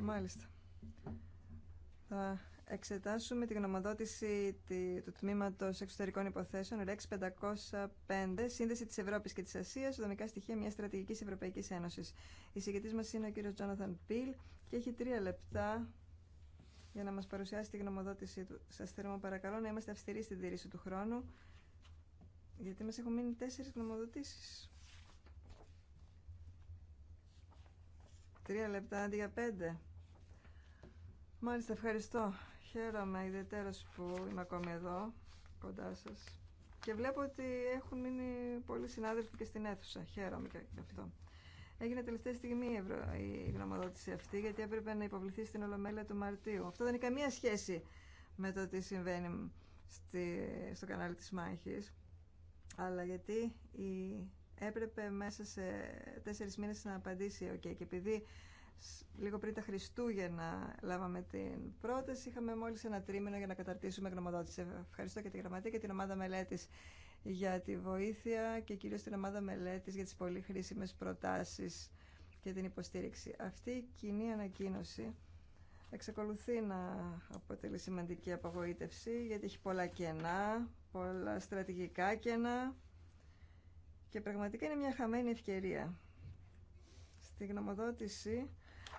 Μάλιστα. Θα εξετάσουμε τη γνωμοδότηση του Τμήματος Εξωτερικών Υποθέσεων ΡΕΚΣ 505 Σύνδεση της Ευρώπης και της Ασίας δομικά στοιχεία μιας στρατηγικής Ευρωπαϊκής Ένωσης. Η συγκεκριτής μας είναι ο κύριος Τζόναθαν Πιλ και έχει τρία λεπτά για να μας παρουσιάσει τη γνωμοδότησή του. Σας θέλουμε παρακαλώ να είμαστε αυστηροί στην τήρηση του χρόνου γιατί μας έχουν μείνει τέσσερις γνωμοδοτήσεις. Τρία λεπτά αντί για πέντε. Μάλιστα, ευχαριστώ. Χαίρομαι ιδιαίτερω που είμαι ακόμη εδώ, κοντά σα. Και βλέπω ότι έχουν μείνει πολλοί συνάδελφοι και στην αίθουσα. Χαίρομαι και γι' αυτό. Έγινε τελευταία στιγμή η γνωμοδότηση αυτή, γιατί έπρεπε να υποβληθεί στην Ολομέλεια του Μαρτίου. Αυτό δεν έχει καμία σχέση με το τι συμβαίνει στο κανάλι της Μάχης, αλλά γιατί η έπρεπε μέσα σε τέσσερις μήνες να απαντήσει okay. και επειδή λίγο πριν τα Χριστούγεννα λάβαμε την πρόταση, είχαμε μόλις ένα τρίμηνο για να καταρτήσουμε γνωμοδότηση. Ευχαριστώ και τη Γραμματεία και την ομάδα μελέτης για τη βοήθεια και κυρίως την ομάδα μελέτης για τις πολύ χρήσιμες προτάσεις και την υποστήριξη. Αυτή η κοινή ανακοίνωση εξακολουθεί να αποτελεί σημαντική απογοήτευση γιατί έχει πολλά κενά, πολλά στρατηγικά κενά και πραγματικά είναι μια χαμένη ευκαιρία. Στη γνωμοδότηση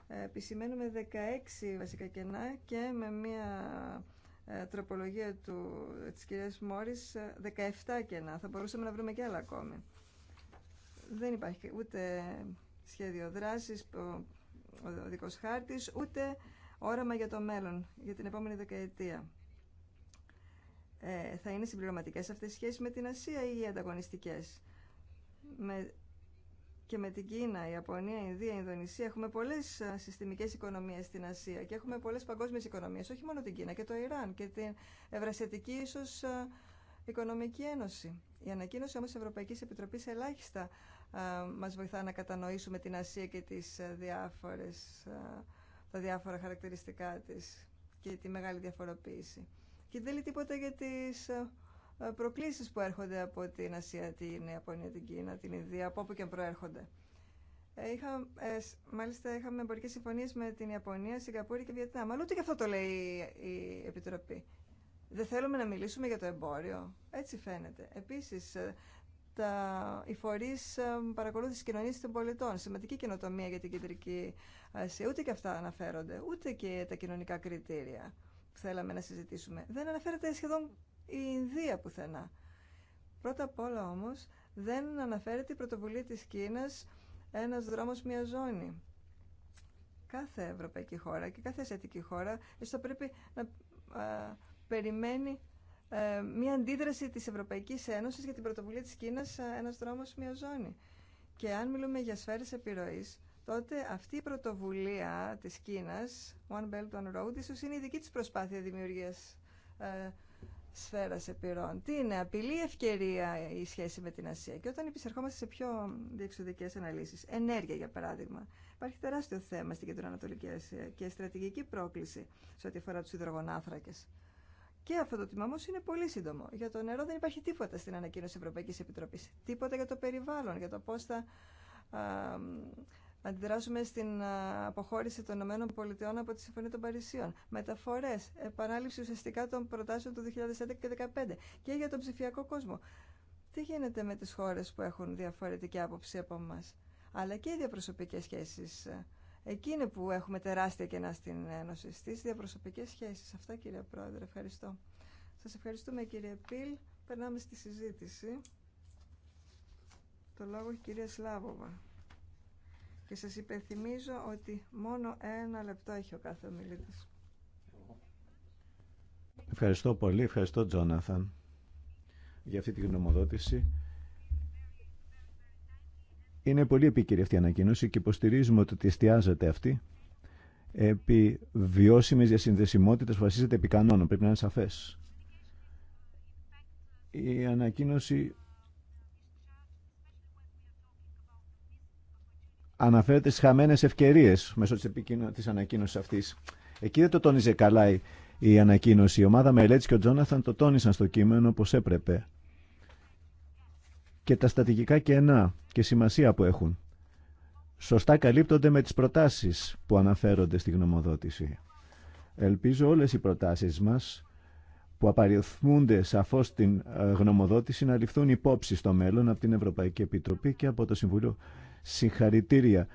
ε, επισημαίνουμε 16 βασικά κενά και με μια ε, τροπολογία του, της κυρίας Μόρης 17 ε, κενά. Θα μπορούσαμε να βρούμε και άλλα ακόμη. Δεν υπάρχει ούτε σχέδιο δράσης, ο δικός χάρτης, ούτε όραμα για το μέλλον, για την επόμενη δεκαετία. Ε, θα είναι συμπληρωματικές αυτές οι σχέσεις με την Ασία ή οι ανταγωνιστικές με, και με την Κίνα, η Ιαπωνία, η Ινδία, η Ινδονησία έχουμε πολλές ε, συστημικές οικονομίες στην Ασία και έχουμε πολλές παγκόσμιες οικονομίες, όχι μόνο την Κίνα και το Ιράν και την Ευρασιατική ίσω ε, Οικονομική Ένωση. Η ανακοίνωση όμω Ευρωπαϊκή Ευρωπαϊκής Επιτροπής ελάχιστα ε, μας βοηθά να κατανοήσουμε την Ασία και τις διάφορες, τα διάφορα χαρακτηριστικά της και τη μεγάλη διαφοροποίηση. Και δεν λέει τίποτα για τις ε, προκλήσεις που έρχονται από την Ασία, την Ιαπωνία, την Κίνα, την Ινδία, από όπου και προέρχονται. Ε, είχα, ε, μάλιστα είχαμε εμπορικές συμφωνίες με την Ιαπωνία, Σιγκαπούρη και Βιετνάμ. Αλλά ούτε και αυτό το λέει η Επιτροπή. Δεν θέλουμε να μιλήσουμε για το εμπόριο. Έτσι φαίνεται. Επίσης, τα, οι φορεί παρακολούθηση κοινωνία των πολιτών. Σημαντική καινοτομία για την Κεντρική Ασία. Ούτε και αυτά αναφέρονται. Ούτε και τα κοινωνικά κριτήρια που θέλαμε να συζητήσουμε. Δεν αναφέρεται σχεδόν η Ινδία πουθενά. Πρώτα απ' όλα όμως δεν αναφέρεται η πρωτοβουλία της Κίνας ένας δρόμος μια ζώνη. Κάθε ευρωπαϊκή χώρα και κάθε ασιατική χώρα θα πρέπει να περιμένει ε, μια αντίδραση της Ευρωπαϊκής Ένωσης για την πρωτοβουλία της Κίνας ένα ένας δρόμος μια ζώνη. Και αν μιλούμε για σφαίρες επιρροής, τότε αυτή η πρωτοβουλία της Κίνας, One Belt, One Road, ίσως είναι η δική της προσπάθεια δημιουργίας ε, σε πυρών. Τι είναι, απειλή ευκαιρία η σχέση με την Ασία. Και όταν επισερχόμαστε σε πιο διεξοδικε αναλύσεις, ενέργεια για παράδειγμα, υπάρχει τεράστιο θέμα στην Κεντροανατολική Ασία και στρατηγική πρόκληση σε ό,τι αφορά του υδρογονάθρακε. Και αυτό το τιμά όμω είναι πολύ σύντομο. Για το νερό δεν υπάρχει τίποτα στην ανακοίνωση Ευρωπαϊκή Επιτροπή. Τίποτα για το περιβάλλον, για το πώ θα αντιδράσουμε στην αποχώρηση των ΗΠΑ από τη Συμφωνία των Παρισίων, Μεταφορέ, επανάληψη ουσιαστικά των προτάσεων του 2011 και 2015 και για τον ψηφιακό κόσμο. Τι γίνεται με τι χώρε που έχουν διαφορετική άποψη από εμά, αλλά και οι διαπροσωπικέ σχέσει. Ε, Εκείνη που έχουμε τεράστια κενά στην Ένωση, στι διαπροσωπικέ σχέσεις. Αυτά κύριε Πρόεδρε, ευχαριστώ. Σα ευχαριστούμε κύριε Πιλ. Περνάμε στη συζήτηση. Το λόγο έχει η κυρία Σλάβοβα. Και σας υπενθυμίζω ότι μόνο ένα λεπτό έχει ο κάθε ομιλητής. Ευχαριστώ πολύ, ευχαριστώ Τζόναθαν για αυτή τη γνωμοδότηση. Είναι πολύ επίκαιρη αυτή η ανακοίνωση και υποστηρίζουμε ότι εστιάζεται αυτή επί βιώσιμη διασυνδεσιμότητα που βασίζεται επί κανόνων. Πρέπει να είναι σαφέ. Η ανακοίνωση αναφέρεται στι χαμένες ευκαιρίες μέσω τη επικοινω... της ανακοίνωσης αυτής. Εκεί δεν το τόνιζε καλά η ανακοίνωση. Η ομάδα Μελέτη και ο Τζόναθαν το τόνισαν στο κείμενο όπω έπρεπε. Και τα στατηγικά κενά και σημασία που έχουν. Σωστά καλύπτονται με τις προτάσεις που αναφέρονται στη γνωμοδότηση. Ελπίζω όλες οι προτάσεις μας που απαριθμούνται σαφώς στην ε, γνωμοδότηση να ληφθούν υπόψη στο μέλλον από την Ευρωπαϊκή Επιτροπή και από το Συμβουλίο Συγχαρητήρια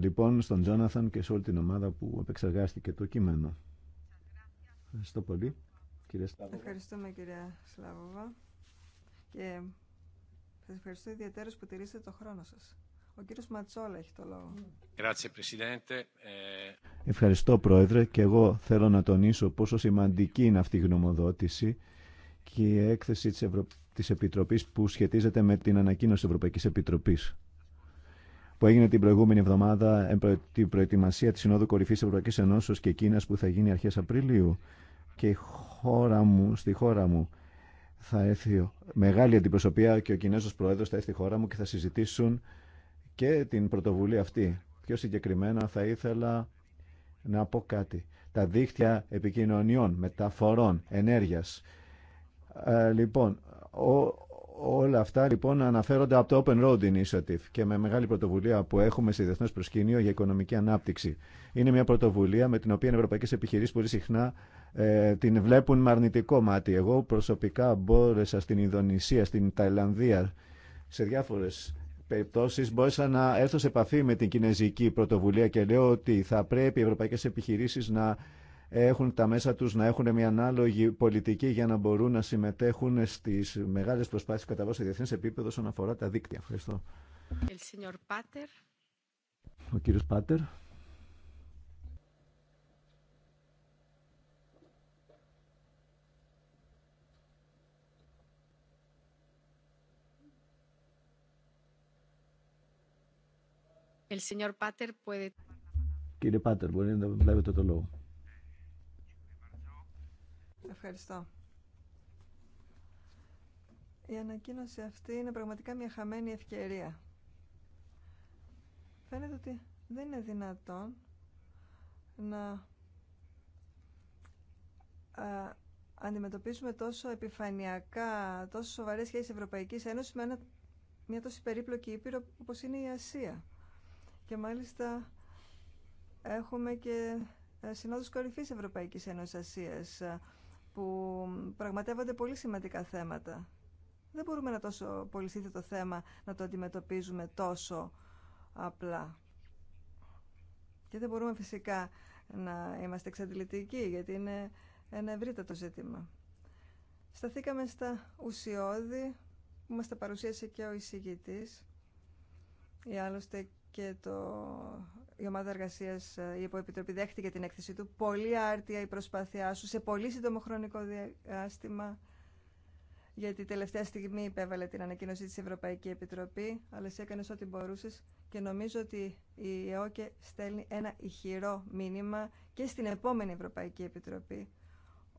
λοιπόν στον Τζόναθαν και σε όλη την ομάδα που επεξεργάστηκε το κείμενο. Ευχαριστώ πολύ. Κύριε Ευχαριστούμε κυρία Σλάβοβα και σας ευχαριστώ ιδιαίτερα που τηρήσατε το χρόνο σας. Ο κύριος Ματσόλα έχει το λόγο. Ε, ευχαριστώ Πρόεδρε και εγώ θέλω να τονίσω πόσο σημαντική είναι αυτή η γνωμοδότηση και η έκθεση της, Ευρω... Επιτροπής που σχετίζεται με την ανακοίνωση της Ευρωπαϊκής Επιτροπής που έγινε την προηγούμενη εβδομάδα την προετοιμασία της Συνόδου Κορυφής Ευρωπαϊκής Ενώσεως και Κίνας που θα γίνει αρχές Απριλίου και χώρα μου, στη χώρα μου θα έρθει μεγάλη αντιπροσωπεία και ο Κινέζος Πρόεδρος θα έρθει στη χώρα μου και θα συζητήσουν και την πρωτοβουλία αυτή. Πιο συγκεκριμένα θα ήθελα να πω κάτι. Τα δίχτυα επικοινωνιών, μεταφορών, ενέργειας. Ε, λοιπόν, ο, Όλα αυτά λοιπόν αναφέρονται από το Open Road Initiative και με μεγάλη πρωτοβουλία που έχουμε σε διεθνέ προσκήνιο για οικονομική ανάπτυξη. Είναι μια πρωτοβουλία με την οποία οι ευρωπαϊκέ επιχειρήσει πολύ συχνά ε, την βλέπουν με αρνητικό μάτι. Εγώ προσωπικά μπόρεσα στην Ινδονησία, στην Ταϊλανδία, σε διάφορε περιπτώσει μπόρεσα να έρθω σε επαφή με την κινέζικη πρωτοβουλία και λέω ότι θα πρέπει οι ευρωπαϊκέ επιχειρήσει να έχουν τα μέσα τους να έχουν μια ανάλογη πολιτική για να μπορούν να συμμετέχουν στις μεγάλες προσπάθειες κατά σε επίπεδο όσον αφορά τα δίκτυα. Ευχαριστώ. Ο κύριος Πάτερ. Κύριε Πάτερ, μπορεί να βλέπετε το λόγο. Ευχαριστώ. Η ανακοίνωση αυτή είναι πραγματικά μια χαμένη ευκαιρία. Φαίνεται ότι δεν είναι δυνατόν να αντιμετωπίσουμε τόσο επιφανειακά, τόσο σοβαρές σχέσεις Ευρωπαϊκής Ένωσης με μια τόσο περίπλοκη ήπειρο όπως είναι η Ασία. Και μάλιστα έχουμε και ε, συνόδους κορυφής Ευρωπαϊκής Ένωσης Ασίας που πραγματεύονται πολύ σημαντικά θέματα. Δεν μπορούμε να τόσο το θέμα να το αντιμετωπίζουμε τόσο απλά. Και δεν μπορούμε φυσικά να είμαστε εξαντλητικοί, γιατί είναι ένα ευρύτατο ζήτημα. Σταθήκαμε στα ουσιώδη που μας τα παρουσίασε και ο εισηγητής ή άλλωστε και το, η ομάδα εργασία, ε, η υποεπιτροπή δέχτηκε την έκθεση του. Πολύ άρτια η προσπάθειά σου σε πολύ σύντομο χρονικό διάστημα. Γιατί τελευταία στιγμή υπέβαλε την ανακοίνωσή τη Ευρωπαϊκή Επιτροπή, αλλά σε έκανε ό,τι μπορούσε και νομίζω ότι η ΕΟΚΕ στέλνει ένα ηχηρό μήνυμα και στην επόμενη Ευρωπαϊκή Επιτροπή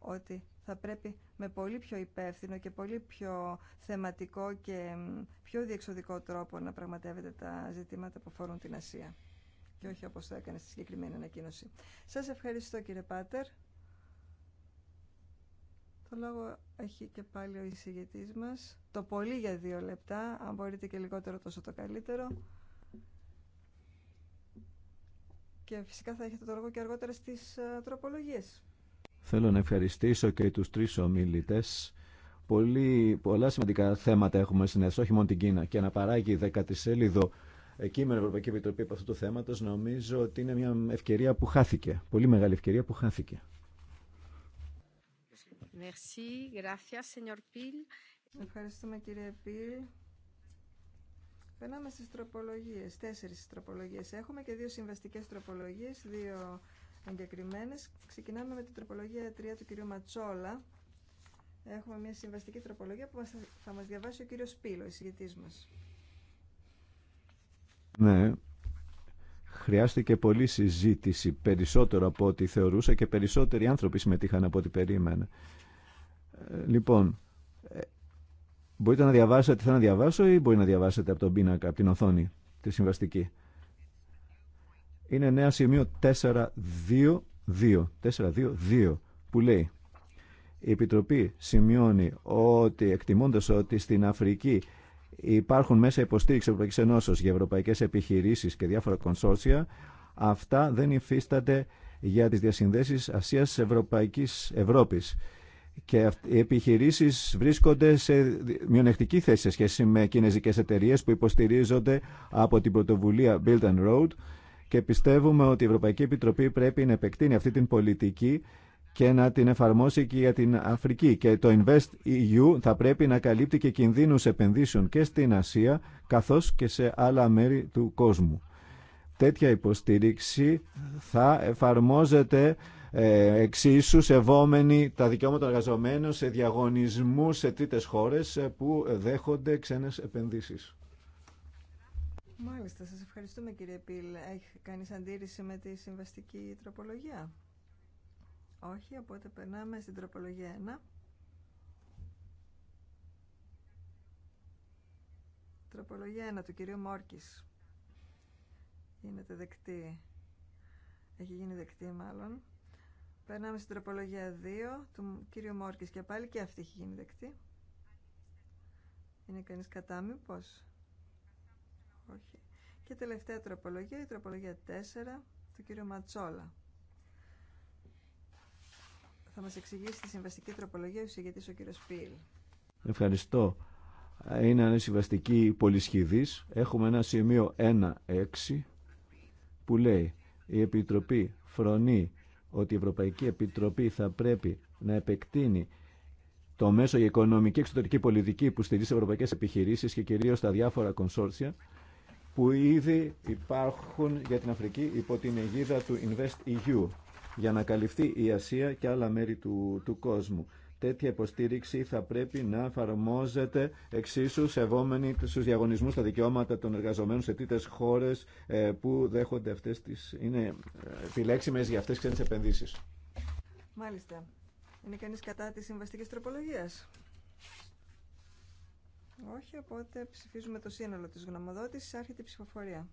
ότι θα πρέπει με πολύ πιο υπεύθυνο και πολύ πιο θεματικό και πιο διεξοδικό τρόπο να πραγματεύεται τα ζητήματα που αφορούν την Ασία. Και όχι όπως το έκανε στη συγκεκριμένη ανακοίνωση. Σας ευχαριστώ κύριε Πάτερ. Το λόγο έχει και πάλι ο εισηγητής μας. Το πολύ για δύο λεπτά, αν μπορείτε και λιγότερο τόσο το καλύτερο. Και φυσικά θα έχετε το λόγο και αργότερα στις ε, τροπολογίες. Θέλω να ευχαριστήσω και τους τρεις ομιλητές. Πολύ, πολλά σημαντικά θέματα έχουμε συνέσω, όχι μόνο την Κίνα. Και να παράγει δεκατή σελίδο κείμενο Ευρωπαϊκή Επιτροπή από αυτού του θέματος, νομίζω ότι είναι μια ευκαιρία που χάθηκε. Πολύ μεγάλη ευκαιρία που χάθηκε. Ευχαριστούμε κύριε Πιλ. Περνάμε στις τροπολογίες. Τέσσερις τροπολογίες έχουμε και δύο συμβαστικές τροπολογίες, δύο εγκεκριμένε. Ξεκινάμε με την τροπολογία 3 του κυρίου Ματσόλα. Έχουμε μια συμβαστική τροπολογία που θα μας διαβάσει ο κύριος Πύλο, εισηγητής μας. Ναι, χρειάστηκε πολλή συζήτηση, περισσότερο από ό,τι θεωρούσα και περισσότεροι άνθρωποι συμμετείχαν από ό,τι περίμενα. Ε, λοιπόν, ε, μπορείτε να διαβάσετε, θα να διαβάσω ή μπορεί να διαβάσετε από τον πίνακα, από την οθόνη, τη συμβαστική είναι νέα σημείο 4.2.2. 4.2.2 που λέει η Επιτροπή σημειώνει ότι εκτιμώντας ότι στην Αφρική υπάρχουν μέσα υποστήριξη Ευρωπαϊκής Ενώσεως για ευρωπαϊκές επιχειρήσεις και διάφορα κονσόρσια, αυτά δεν υφίστανται για τις διασυνδέσεις Ασίας-Ευρωπαϊκής Ευρώπης. Και οι επιχειρήσεις βρίσκονται σε μειονεκτική θέση σε σχέση με κινέζικες εταιρείες που υποστηρίζονται από την πρωτοβουλία Build and Road και πιστεύουμε ότι η Ευρωπαϊκή Επιτροπή πρέπει να επεκτείνει αυτή την πολιτική και να την εφαρμόσει και για την Αφρική. Και το Invest EU θα πρέπει να καλύπτει και κινδύνους επενδύσεων και στην Ασία καθώς και σε άλλα μέρη του κόσμου. Τέτοια υποστήριξη θα εφαρμόζεται ε, εξίσου σεβόμενη τα δικαιώματα των εργαζομένων σε διαγωνισμού σε τρίτες χώρες ε, που δέχονται ξένες επενδύσεις. Μάλιστα, σας ευχαριστούμε κύριε Πίλ. Έχει κανεί αντίρρηση με τη συμβαστική τροπολογία. Όχι, οπότε περνάμε στην τροπολογία 1. Τροπολογία 1 του κυρίου Μόρκης. Γίνεται δεκτή. Έχει γίνει δεκτή μάλλον. Περνάμε στην τροπολογία 2 του κύριου Μόρκης και πάλι και αυτή έχει γίνει δεκτή. Είναι κανείς κατά μήπως. Όχι. Και τελευταία τροπολογία, η τροπολογία 4 του κύριου Ματσόλα. Θα μας εξηγήσει τη συμβαστική τροπολογία ο συγγετής ο κύριος Πίλ. Ευχαριστώ. Είναι ένα συμβαστική πολυσχηδής. Έχουμε ένα σημείο 1-6 που λέει η Επιτροπή φρονεί ότι η Ευρωπαϊκή Επιτροπή θα πρέπει να επεκτείνει το μέσο για οικονομική και εξωτερική πολιτική που στηρίζει ευρωπαϊκές επιχειρήσεις και κυρίως τα διάφορα κονσόρτσια που ήδη υπάρχουν για την Αφρική υπό την αιγίδα του Invest EU για να καλυφθεί η Ασία και άλλα μέρη του, του κόσμου. Τέτοια υποστήριξη θα πρέπει να εφαρμόζεται εξίσου σεβόμενη στους διαγωνισμούς στα δικαιώματα των εργαζομένων σε τίτες χώρες ε, που δέχονται αυτές τις, είναι ε, επιλέξιμες για αυτές τις ξένες επενδύσεις. Μάλιστα. Είναι κανείς κατά της συμβαστική τροπολογία. Όχι, οπότε ψηφίζουμε το σύνολο της γνωμοδότησης. Άρχεται η ψηφοφορία.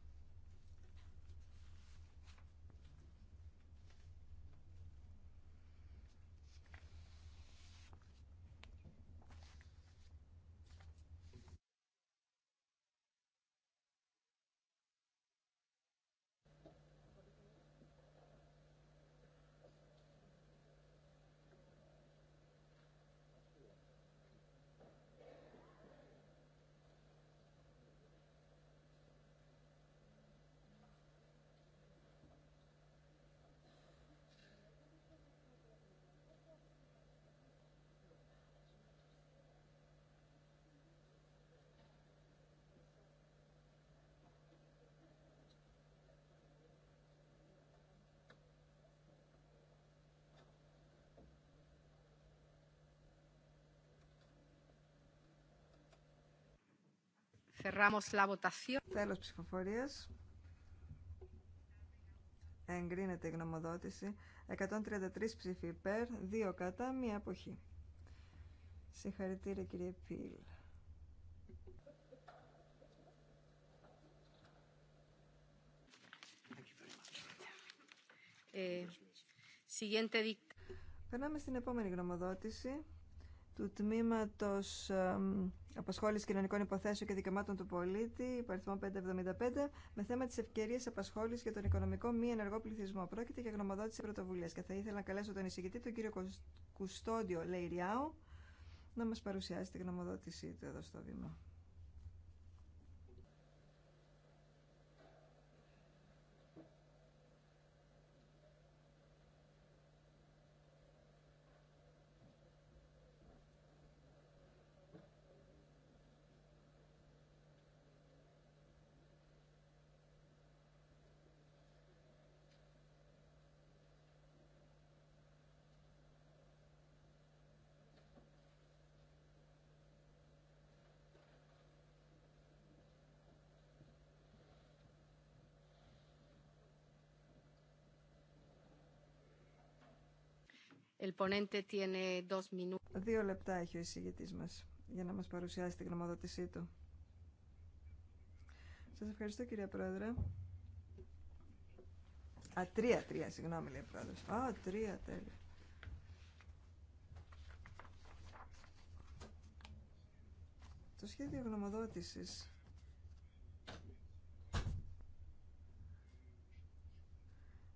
Τέλος ψηφοφορίας. Εγκρίνεται η γνωμοδότηση. 133 ψήφοι υπέρ, 2 κατά, μία αποχή. Συγχαρητήρια κύριε Πίλ. Ε, Περνάμε στην επόμενη γνωμοδότηση του τμήματος Απασχόληση Κοινωνικών Υποθέσεων και Δικαιωμάτων του Πολίτη, υπαριθμό 575, με θέμα τη ευκαιρία απασχόληση για τον οικονομικό μη ενεργό πληθυσμό. Πρόκειται για γνωμοδότηση πρωτοβουλία και θα ήθελα να καλέσω τον εισηγητή, τον κύριο Κουστόντιο Λεϊριάου, να μα παρουσιάσει τη γνωμοδότησή του εδώ στο βήμα. Δύο λεπτά έχει ο εισηγητή μα για να μα παρουσιάσει την γνωμοδότησή του. Σα ευχαριστώ κύριε Πρόεδρε. Α, τρία, τρία, συγγνώμη λέει ο Πρόεδρος. Α, τρία, τέλεια. Το σχέδιο γνωμοδότησης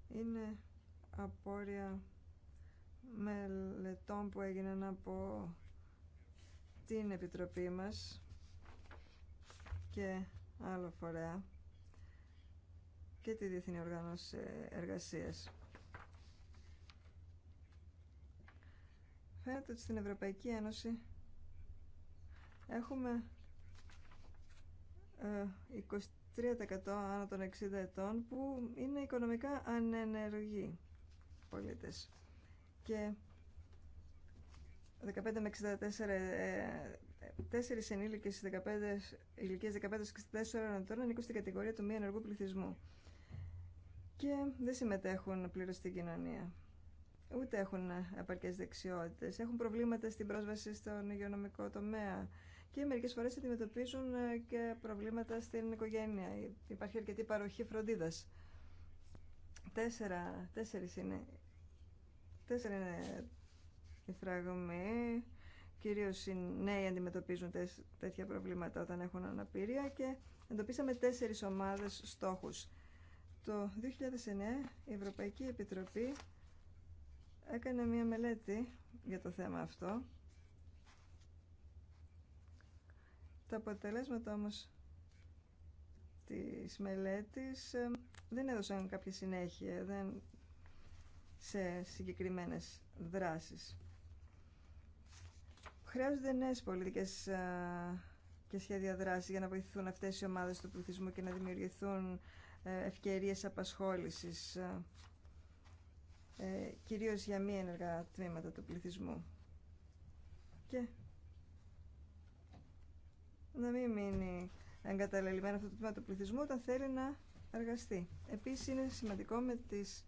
είναι απόρρια μελετών που έγιναν από την Επιτροπή μας και άλλο φορέα και τη Διεθνή Οργάνωση Εργασίας. Φαίνεται ότι στην Ευρωπαϊκή Ένωση έχουμε 23% ε, άνω των 60 ετών που είναι οικονομικά ανενεργοί πολίτες και 15 με 64 4 ε, ενήλικες 15, ηλικιες 15 64 τώρα ανήκουν στην κατηγορία του μη ενεργού πληθυσμού και δεν συμμετέχουν πλήρως στην κοινωνία ούτε έχουν επαρκές δεξιότητες, έχουν προβλήματα στην πρόσβαση στον υγειονομικό τομέα και μερικές φορές αντιμετωπίζουν ε, και προβλήματα στην οικογένεια. Υπάρχει αρκετή παροχή φροντίδας. Τέσσερι είναι αυτές είναι οι φραγμοί. Κυρίως οι νέοι αντιμετωπίζουν τέτοια προβλήματα όταν έχουν αναπηρία και εντοπίσαμε τέσσερις ομάδες στόχους. Το 2009 η Ευρωπαϊκή Επιτροπή έκανε μία μελέτη για το θέμα αυτό. Τα αποτελέσματα όμως της μελέτης ε, δεν έδωσαν κάποια συνέχεια, δεν σε συγκεκριμένες δράσεις. Χρειάζονται νέες πολιτικές ε, και σχέδια δράση για να βοηθηθούν αυτές οι ομάδες του πληθυσμού και να δημιουργηθούν ε, ευκαιρίες απασχόλησης, ε, κυρίως για μη ενεργά τμήματα του πληθυσμού. Και να μην μείνει εγκαταλελειμμένο αυτό το τμήμα του πληθυσμού όταν θέλει να εργαστεί. Επίσης είναι σημαντικό με τις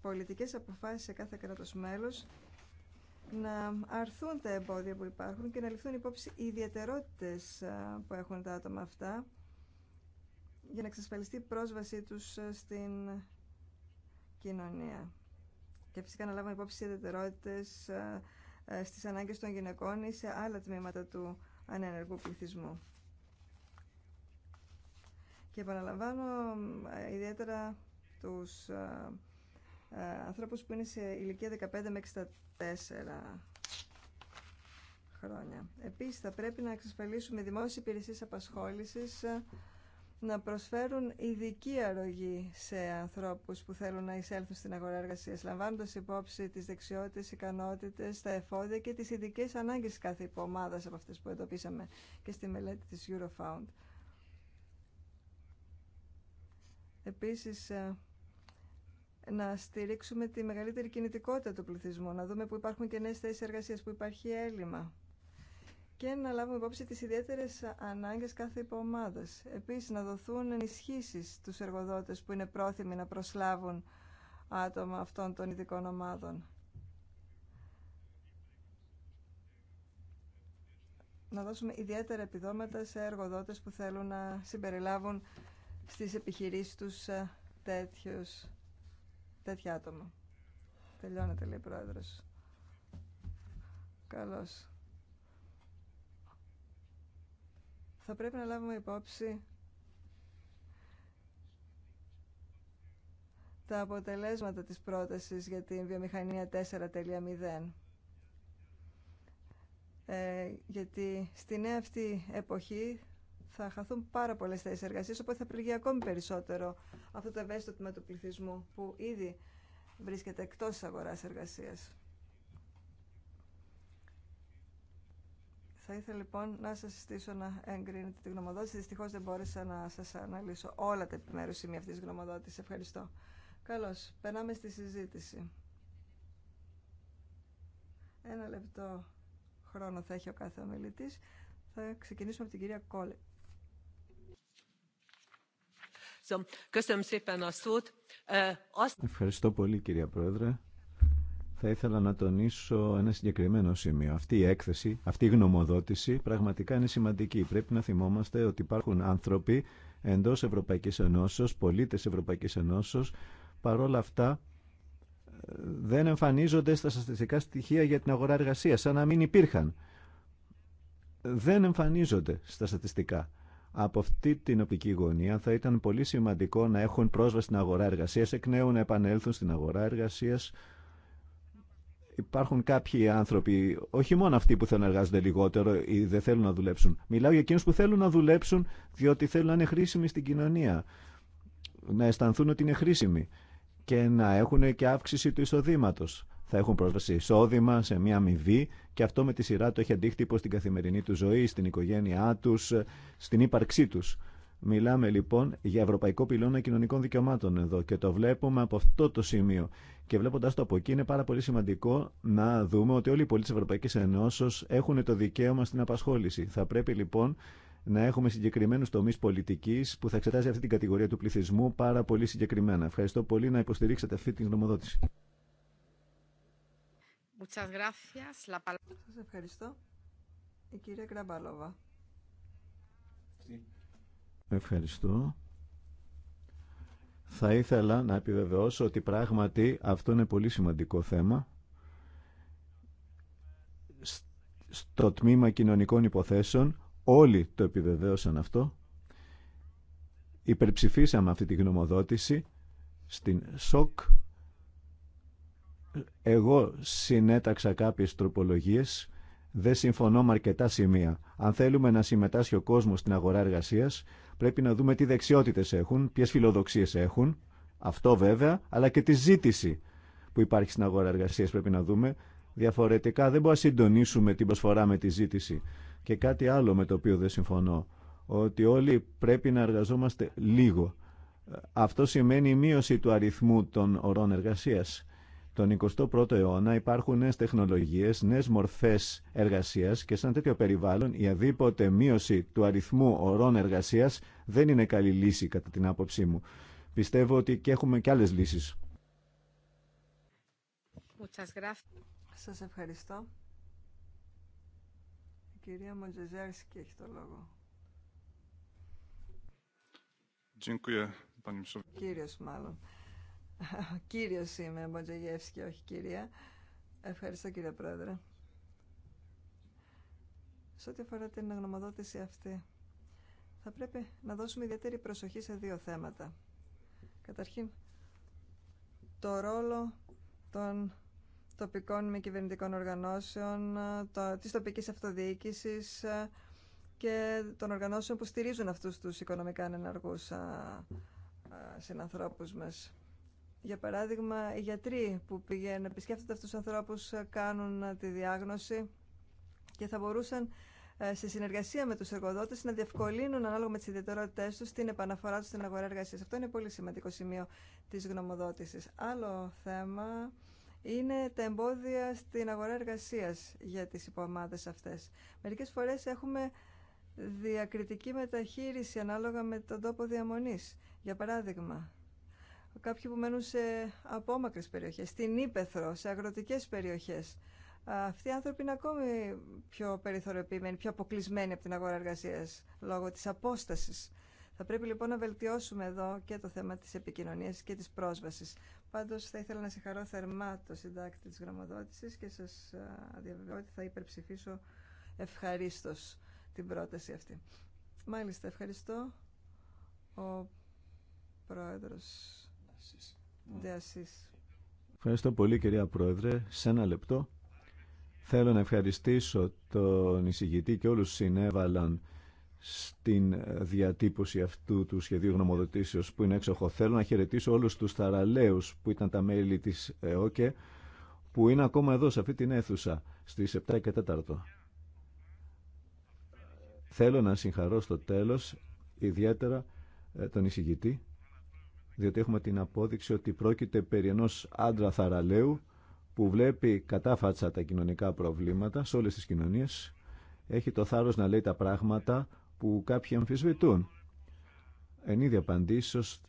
πολιτικές αποφάσεις σε κάθε κράτος μέλος να αρθούν τα εμπόδια που υπάρχουν και να ληφθούν υπόψη οι ιδιαιτερότητες που έχουν τα άτομα αυτά για να εξασφαλιστεί η πρόσβασή τους στην κοινωνία. Και φυσικά να λάβουμε υπόψη ιδιαιτερότητες στις ανάγκες των γυναικών ή σε άλλα τμήματα του ανενεργού πληθυσμού. Και επαναλαμβάνω ιδιαίτερα τους ε, ανθρώπους που είναι σε ηλικία 15 με 64 χρόνια. Επίσης θα πρέπει να εξασφαλίσουμε δημόσιες υπηρεσίες απασχόλησης ε, να προσφέρουν ειδική αρρωγή σε ανθρώπους που θέλουν να εισέλθουν στην αγορά εργασίας, λαμβάνοντας υπόψη τις δεξιότητες, ικανότητες, τα εφόδια και τις ειδικέ ανάγκες κάθε υποομάδας από αυτές που εντοπίσαμε και στη μελέτη της Eurofound. Επίσης, ε, να στηρίξουμε τη μεγαλύτερη κινητικότητα του πληθυσμού, να δούμε που υπάρχουν και νέες θέσεις εργασίας, που υπάρχει έλλειμμα και να λάβουμε υπόψη τις ιδιαίτερες ανάγκες κάθε υποομάδας. Επίσης, να δοθούν ενισχύσεις στους εργοδότες που είναι πρόθυμοι να προσλάβουν άτομα αυτών των ειδικών ομάδων. Να δώσουμε ιδιαίτερα επιδόματα σε εργοδότες που θέλουν να συμπεριλάβουν στις επιχειρήσεις τους ε, τέτοιους τέτοια άτομα. Τελειώνεται, λέει πρόεδρο. Καλώ. Θα πρέπει να λάβουμε υπόψη τα αποτελέσματα της πρότασης για την βιομηχανία 4.0. Ε, γιατί στη νέα αυτή εποχή θα χαθούν πάρα πολλέ θέσει εργασία, οπότε θα πληγεί ακόμη περισσότερο αυτό το ευαίσθητο τμήμα του πληθυσμού που ήδη βρίσκεται εκτό τη αγορά εργασία. Θα ήθελα λοιπόν να σα συστήσω να εγκρίνετε τη γνωμοδότηση. Δυστυχώ δεν μπόρεσα να σα αναλύσω όλα τα επιμέρου σημεία αυτή τη γνωμοδότηση. Ευχαριστώ. Καλώ. Περνάμε στη συζήτηση. Ένα λεπτό χρόνο θα έχει ο κάθε ομιλητή. Θα ξεκινήσουμε από την κυρία Κόλε. Ε, Ευχαριστώ πολύ κυρία Πρόεδρε. Θα ήθελα να τονίσω ένα συγκεκριμένο σημείο. Αυτή η έκθεση, αυτή η γνωμοδότηση πραγματικά είναι σημαντική. Πρέπει να θυμόμαστε ότι υπάρχουν άνθρωποι εντός Ευρωπαϊκής Ενώσεως, πολίτες Ευρωπαϊκής Ενώσεως, παρόλα αυτά ε, δεν εμφανίζονται στα στατιστικά στοιχεία για την αγορά εργασία, σαν να μην υπήρχαν. Δεν εμφανίζονται στα στατιστικά. Από αυτή την οπτική γωνία θα ήταν πολύ σημαντικό να έχουν πρόσβαση στην αγορά εργασία, εκ νέου να επανέλθουν στην αγορά εργασία. Υπάρχουν κάποιοι άνθρωποι, όχι μόνο αυτοί που θέλουν να εργάζονται λιγότερο ή δεν θέλουν να δουλέψουν. Μιλάω για εκείνους που θέλουν να δουλέψουν διότι θέλουν να είναι χρήσιμοι στην κοινωνία. Να αισθανθούν ότι είναι χρήσιμοι και να έχουν και αύξηση του εισοδήματο θα έχουν πρόσβαση εισόδημα, σε μια αμοιβή και αυτό με τη σειρά του έχει αντίκτυπο στην καθημερινή του ζωή, στην οικογένειά του, στην ύπαρξή του. Μιλάμε λοιπόν για ευρωπαϊκό πυλώνα κοινωνικών δικαιωμάτων εδώ και το βλέπουμε από αυτό το σημείο. Και βλέποντα το από εκεί, είναι πάρα πολύ σημαντικό να δούμε ότι όλοι οι πολίτε Ευρωπαϊκή Ενώσεω έχουν το δικαίωμα στην απασχόληση. Θα πρέπει λοιπόν να έχουμε συγκεκριμένου τομεί πολιτική που θα εξετάζει αυτή την κατηγορία του πληθυσμού πάρα πολύ συγκεκριμένα. Ευχαριστώ πολύ να υποστηρίξετε αυτή την γνωμοδότηση. Muchas Σας ευχαριστώ. Η κυρία Γκραμπάλοβα. Ευχαριστώ. Θα ήθελα να επιβεβαιώσω ότι πράγματι αυτό είναι πολύ σημαντικό θέμα. Στο τμήμα κοινωνικών υποθέσεων όλοι το επιβεβαίωσαν αυτό. Υπερψηφίσαμε αυτή τη γνωμοδότηση στην ΣΟΚ εγώ συνέταξα κάποιες τροπολογίες, δεν συμφωνώ με αρκετά σημεία. Αν θέλουμε να συμμετάσχει ο κόσμος στην αγορά εργασίας, πρέπει να δούμε τι δεξιότητες έχουν, ποιες φιλοδοξίες έχουν, αυτό βέβαια, αλλά και τη ζήτηση που υπάρχει στην αγορά εργασίας πρέπει να δούμε. Διαφορετικά δεν μπορούμε να συντονίσουμε την προσφορά με τη ζήτηση. Και κάτι άλλο με το οποίο δεν συμφωνώ, ότι όλοι πρέπει να εργαζόμαστε λίγο. Αυτό σημαίνει η μείωση του αριθμού των ωρών εργασίας τον 21ο αιώνα υπάρχουν νέε τεχνολογίε, νέε μορφέ εργασία και σαν τέτοιο περιβάλλον η αδίποτε μείωση του αριθμού ωρών εργασία δεν είναι καλή λύση κατά την άποψή μου. Πιστεύω ότι και έχουμε και άλλε λύσει. ευχαριστώ. Η κυρία Μοντζεζέρσκη έχει το λόγο. Κύριος είμαι, Μποντζεγεύσκη, όχι κυρία. Ευχαριστώ κύριε Πρόεδρε. Σε ό,τι αφορά την γνωμοδότηση αυτή, θα πρέπει να δώσουμε ιδιαίτερη προσοχή σε δύο θέματα. Καταρχήν, το ρόλο των τοπικών μη κυβερνητικών οργανώσεων, το, της τοπικής αυτοδιοίκησης ε, και των οργανώσεων που στηρίζουν αυτούς τους οικονομικά ανεναργούς ε, ε, συνανθρώπους μας. Για παράδειγμα, οι γιατροί που πηγαίνουν, επισκέφτονται αυτούς τους ανθρώπους, ε, κάνουν ε, τη διάγνωση και θα μπορούσαν ε, σε συνεργασία με τους εργοδότες να διευκολύνουν ανάλογα με τις ιδιαιτερότητές τους την επαναφορά τους στην αγορά εργασίας. Αυτό είναι πολύ σημαντικό σημείο της γνωμοδότησης. Άλλο θέμα είναι τα εμπόδια στην αγορά εργασίας για τις υποομάδες αυτές. Μερικές φορές έχουμε διακριτική μεταχείριση ανάλογα με τον τόπο διαμονής. Για παράδειγμα, κάποιοι που μένουν σε απόμακρες περιοχές, στην Ήπεθρο, σε αγροτικές περιοχές. Αυτοί οι άνθρωποι είναι ακόμη πιο περιθωριοποιημένοι, πιο αποκλεισμένοι από την αγορά εργασίας λόγω της απόστασης. Θα πρέπει λοιπόν να βελτιώσουμε εδώ και το θέμα της επικοινωνίας και της πρόσβασης. Πάντως θα ήθελα να συγχαρώ θερμά το συντάκτη της γραμματοδότησης και σας διαβεβαιώ ότι θα υπερψηφίσω ευχαρίστως την πρόταση αυτή. Μάλιστα, ευχαριστώ ο Πρόεδρος ναι. Ευχαριστώ πολύ κυρία Πρόεδρε. Σε ένα λεπτό θέλω να ευχαριστήσω τον εισηγητή και όλους συνέβαλαν στην διατύπωση αυτού του σχεδίου γνωμοδοτήσεως που είναι έξοχο. Θέλω να χαιρετήσω όλους τους θαραλέους που ήταν τα μέλη της ΕΟΚΕ που είναι ακόμα εδώ σε αυτή την αίθουσα στις 7 και 4. Θέλω να συγχαρώ στο τέλος ιδιαίτερα ε, τον εισηγητή διότι έχουμε την απόδειξη ότι πρόκειται περί ενός άντρα θαραλέου που βλέπει κατάφατσα τα κοινωνικά προβλήματα σε όλες τις κοινωνίες, έχει το θάρρος να λέει τα πράγματα που κάποιοι αμφισβητούν. Εν ίδια απαντήσεως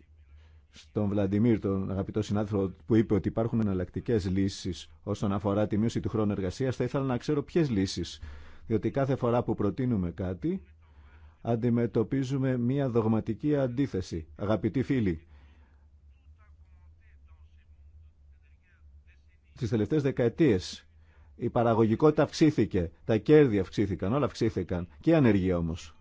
στον Βλαντιμίρ, τον αγαπητό συνάδελφο που είπε ότι υπάρχουν εναλλακτικέ λύσει όσον αφορά τη μείωση του χρόνου εργασία, θα ήθελα να ξέρω ποιε λύσει. Διότι κάθε φορά που προτείνουμε κάτι, αντιμετωπίζουμε μία δογματική αντίθεση. Αγαπητοί φίλοι, τις τελευταίε δεκαετίες. Η παραγωγικότητα αυξήθηκε, τα κέρδη αυξήθηκαν, όλα αυξήθηκαν και η ανεργία όμως.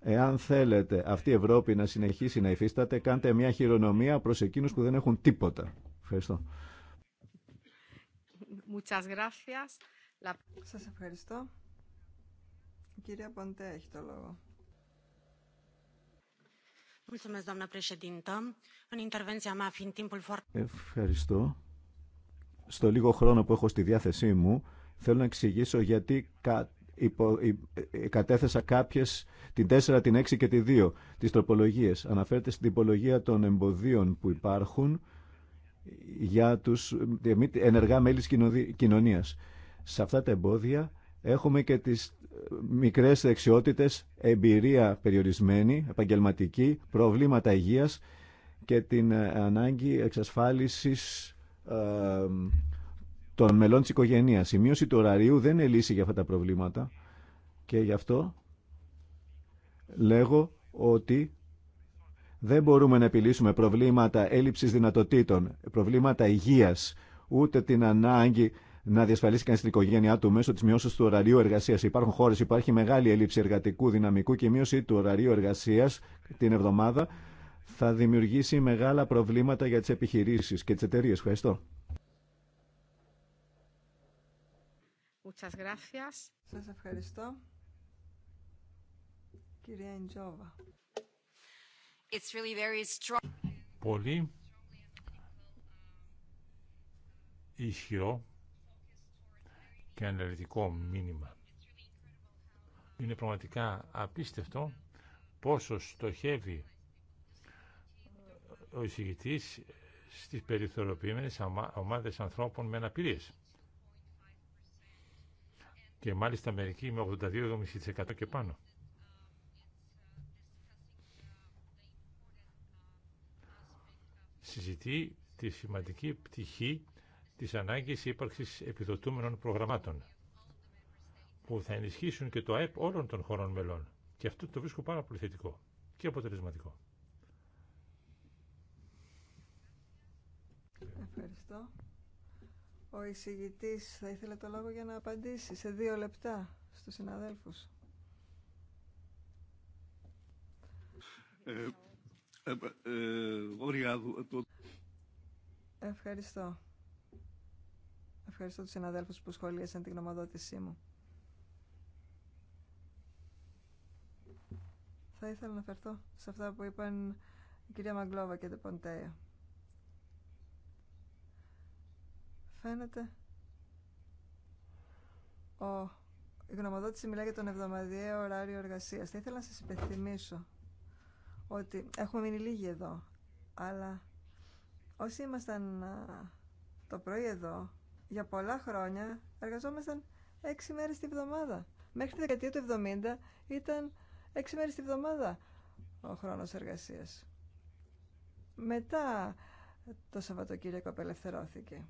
Εάν θέλετε αυτή η Ευρώπη να συνεχίσει να υφίσταται, κάντε μια χειρονομία προς εκείνους που δεν έχουν τίποτα. Ευχαριστώ. Σα ευχαριστώ. Η κυρία Ποντέ έχει το λόγο. Ευχαριστώ στο λίγο χρόνο που έχω στη διάθεσή μου, θέλω να εξηγήσω γιατί κα, ε, κατέθεσα κάποιες, την 4, την 6 και τη 2, τις τροπολογίες. Αναφέρεται στην τυπολογία των εμποδίων που υπάρχουν για τους ε, ενεργά μέλη της κοινωνίας. Σε αυτά τα εμπόδια έχουμε και τις ε, μικρές δεξιότητες, εμπειρία περιορισμένη, επαγγελματική, προβλήματα υγείας και την ανάγκη εξασφάλισης των μελών της οικογένειας. Η μείωση του ωραρίου δεν είναι λύση για αυτά τα προβλήματα και γι' αυτό λέγω ότι δεν μπορούμε να επιλύσουμε προβλήματα έλλειψης δυνατοτήτων, προβλήματα υγείας, ούτε την ανάγκη να διασφαλίσει κανεί την οικογένειά του μέσω τη μειώση του ωραρίου εργασία. Υπάρχουν χώρε, υπάρχει μεγάλη έλλειψη εργατικού δυναμικού και η μείωση του ωραρίου εργασία την εβδομάδα θα δημιουργήσει μεγάλα προβλήματα για τις επιχειρήσεις και τις εταιρείες. Ευχαριστώ. Σας ευχαριστώ. Κυρία Πολύ ισχυρό και αναλυτικό μήνυμα. Είναι πραγματικά απίστευτο πόσο στοχεύει ο εισηγητή στις περιθωριοποιημένες ομάδες ανθρώπων με αναπηρίες. Και μάλιστα μερικοί με 82,5% και πάνω. Συζητεί τη σημαντική πτυχή της ανάγκης ύπαρξης επιδοτούμενων προγραμμάτων που θα ενισχύσουν και το ΑΕΠ όλων των χωρών μελών. Και αυτό το βρίσκω πάρα πολύ θετικό και αποτελεσματικό. Ευχαριστώ. Ο εισηγητή θα ήθελε το λόγο για να απαντήσει σε δύο λεπτά στους συναδέλφους. Ευχαριστώ. Ευχαριστώ τους συναδέλφους που σχολίασαν την γνωμοδότησή μου. Θα ήθελα να φερθώ σε αυτά που είπαν η κυρία Μαγκλόβα και το Ποντέα. φαίνεται ο, η γνωμοδότηση μιλά για τον εβδομαδιαίο ωράριο εργασία. Θα ήθελα να σας υπενθυμίσω ότι έχουμε μείνει λίγοι εδώ, αλλά όσοι ήμασταν το πρωί εδώ, για πολλά χρόνια εργαζόμασταν έξι μέρες τη βδομάδα. Μέχρι τη δεκαετία του 70 ήταν έξι μέρες τη βδομάδα ο χρόνος εργασίας. Μετά το Σαββατοκύριακο απελευθερώθηκε.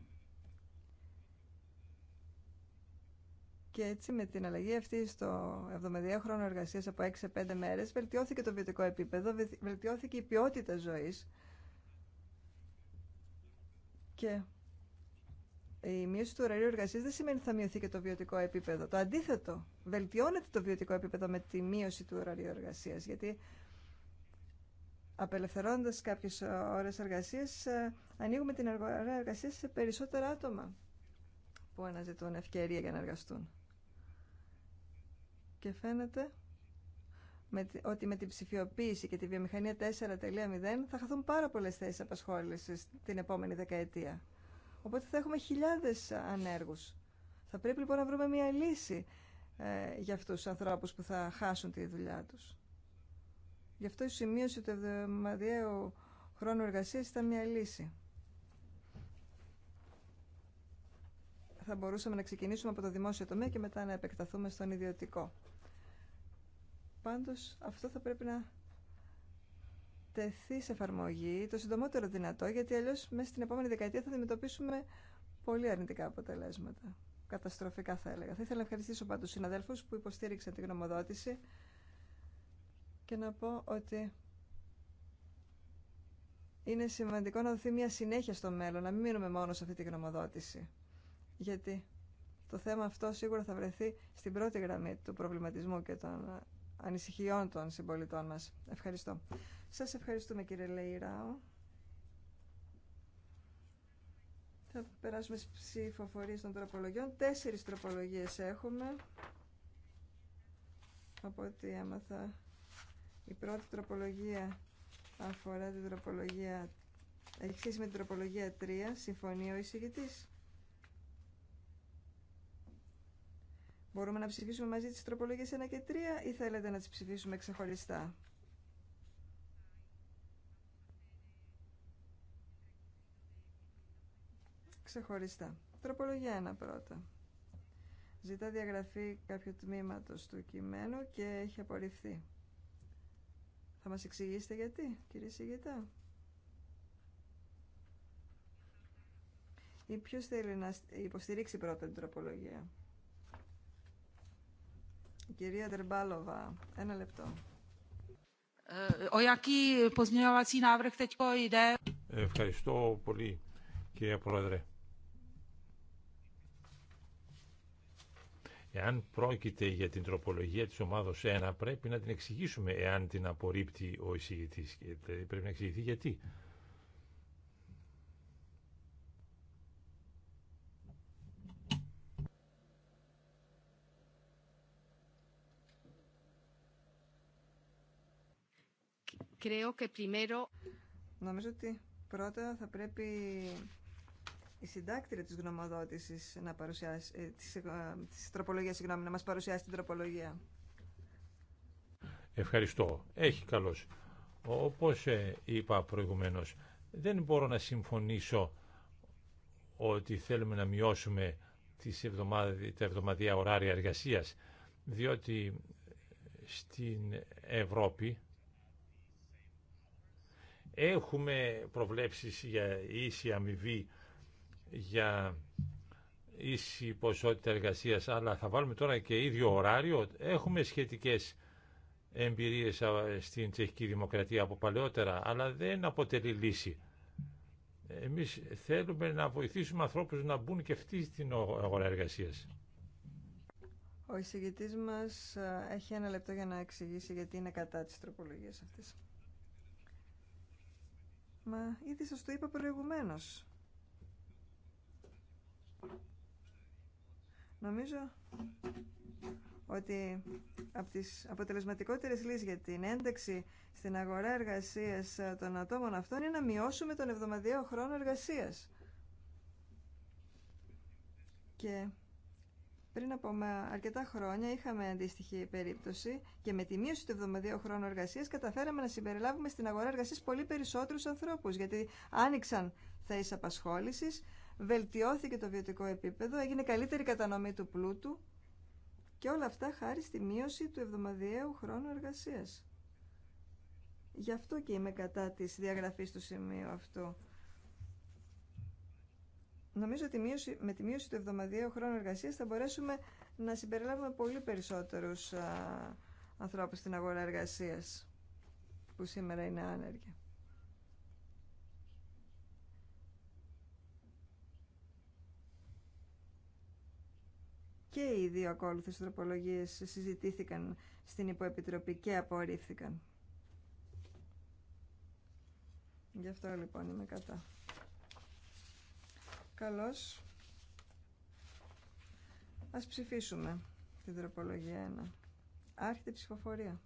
Και έτσι με την αλλαγή αυτή στο 72 χρόνο εργασία από 6 σε 5 μέρε, βελτιώθηκε το βιωτικό επίπεδο, βελτιώθηκε η ποιότητα ζωή. Και η μείωση του ωραρίου εργασία δεν σημαίνει ότι θα μειωθεί και το βιωτικό επίπεδο. Το αντίθετο, βελτιώνεται το βιωτικό επίπεδο με τη μείωση του ωραρίου εργασία. Γιατί απελευθερώνοντα κάποιε ώρε εργασία, ε, ανοίγουμε την αγορά εργασία σε περισσότερα άτομα που αναζητούν ευκαιρία για να εργαστούν και φαίνεται ότι με την ψηφιοποίηση και τη βιομηχανία 4.0 θα χαθούν πάρα πολλές θέσεις απασχόλησης την επόμενη δεκαετία. Οπότε θα έχουμε χιλιάδες ανέργους. Θα πρέπει λοιπόν να βρούμε μια λύση ε, για αυτούς τους ανθρώπους που θα χάσουν τη δουλειά τους. Γι' αυτό η σημείωση του εβδομαδιαίου χρόνου εργασίας ήταν μια λύση. Θα μπορούσαμε να ξεκινήσουμε από το δημόσιο τομέα και μετά να επεκταθούμε στον ιδιωτικό. Πάντως αυτό θα πρέπει να τεθεί σε εφαρμογή το συντομότερο δυνατό, γιατί αλλιώς μέσα στην επόμενη δεκαετία θα αντιμετωπίσουμε πολύ αρνητικά αποτελέσματα. Καταστροφικά θα έλεγα. Θα ήθελα να ευχαριστήσω πάντως συναδέλφους που υποστήριξαν την γνωμοδότηση και να πω ότι είναι σημαντικό να δοθεί μια συνέχεια στο μέλλον, να μην μείνουμε μόνο σε αυτή τη γνωμοδότηση. Γιατί το θέμα αυτό σίγουρα θα βρεθεί στην πρώτη γραμμή του προβληματισμού και των ανησυχιών των συμπολιτών μας. Ευχαριστώ. Σας ευχαριστούμε κύριε Λέιραου. Θα περάσουμε στις ψηφοφορίες των τροπολογιών. Τέσσερις τροπολογίες έχουμε. Από ό,τι έμαθα, η πρώτη τροπολογία αφορά την τροπολογία... Έχει σχέση με την τροπολογία 3. Συμφωνεί ο εισηγητής. Μπορούμε να ψηφίσουμε μαζί τις τροπολογίες 1 και 3 ή θέλετε να τις ψηφίσουμε ξεχωριστά. Ξεχωριστά. Τροπολογία 1 πρώτα. Ζητά διαγραφή κάποιου τμήματος του κειμένου και έχει απορριφθεί. Θα μας εξηγήσετε γιατί, κύριε Σιγητά. Ή ποιος θέλει να υποστηρίξει πρώτα την τροπολογία. Κυρία Τερμπάλοβα, ένα λεπτό. Ε, Ευχαριστώ πολύ, κυρία Πρόεδρε. Εάν πρόκειται για την τροπολογία της ομάδος 1, πρέπει να την εξηγήσουμε εάν την απορρίπτει ο εισηγητής. Ε, πρέπει να εξηγηθεί γιατί. creo que primero... Νομίζω ότι πρώτα θα πρέπει η συντάκτη της γνωμοδότησης να παρουσιάσει, ε, της, ε, της τροπολογίας, να μας παρουσιάσει την τροπολογία. Ευχαριστώ. Έχει καλώς. Όπως ε, είπα προηγουμένως, δεν μπορώ να συμφωνήσω ότι θέλουμε να μειώσουμε τις τα εβδομαδιαία ωράρια εργασίας, διότι στην Ευρώπη Έχουμε προβλέψεις για ίση αμοιβή, για ίση ποσότητα εργασίας, αλλά θα βάλουμε τώρα και ίδιο ωράριο. Έχουμε σχετικές εμπειρίες στην τσεχική δημοκρατία από παλαιότερα, αλλά δεν αποτελεί λύση. Εμείς θέλουμε να βοηθήσουμε ανθρώπους να μπουν και αυτοί στην αγορά εργασίας. Ο εισηγητής μας έχει ένα λεπτό για να εξηγήσει γιατί είναι κατά της τροπολογίας αυτής. Μα ήδη σας το είπα προηγουμένως. Νομίζω ότι από τις αποτελεσματικότερες λύσεις για την ένταξη στην αγορά εργασίας των ατόμων αυτών είναι να μειώσουμε τον εβδομαδιαίο χρόνο εργασίας. Και πριν από αρκετά χρόνια είχαμε αντίστοιχη περίπτωση και με τη μείωση του εβδομαδιαίου χρόνου εργασία καταφέραμε να συμπεριλάβουμε στην αγορά εργασία πολύ περισσότερου ανθρώπου. Γιατί άνοιξαν θέσει απασχόληση, βελτιώθηκε το βιωτικό επίπεδο, έγινε καλύτερη κατανομή του πλούτου και όλα αυτά χάρη στη μείωση του εβδομαδιαίου χρόνου εργασία. Γι' αυτό και είμαι κατά τη διαγραφή του σημείου αυτού. Νομίζω ότι με τη μείωση του εβδομαδιαίου χρόνου εργασίας θα μπορέσουμε να συμπεριλάβουμε πολύ περισσότερους ανθρώπους στην αγορά εργασία που σήμερα είναι άνεργοι. Και οι δύο ακόλουθε τροπολογίες συζητήθηκαν στην υποεπιτροπή και απορρίφθηκαν. Γι' αυτό λοιπόν είμαι κατά. Καλώς. Ας ψηφίσουμε την τροπολογία 1. Άρχεται η ψηφοφορία.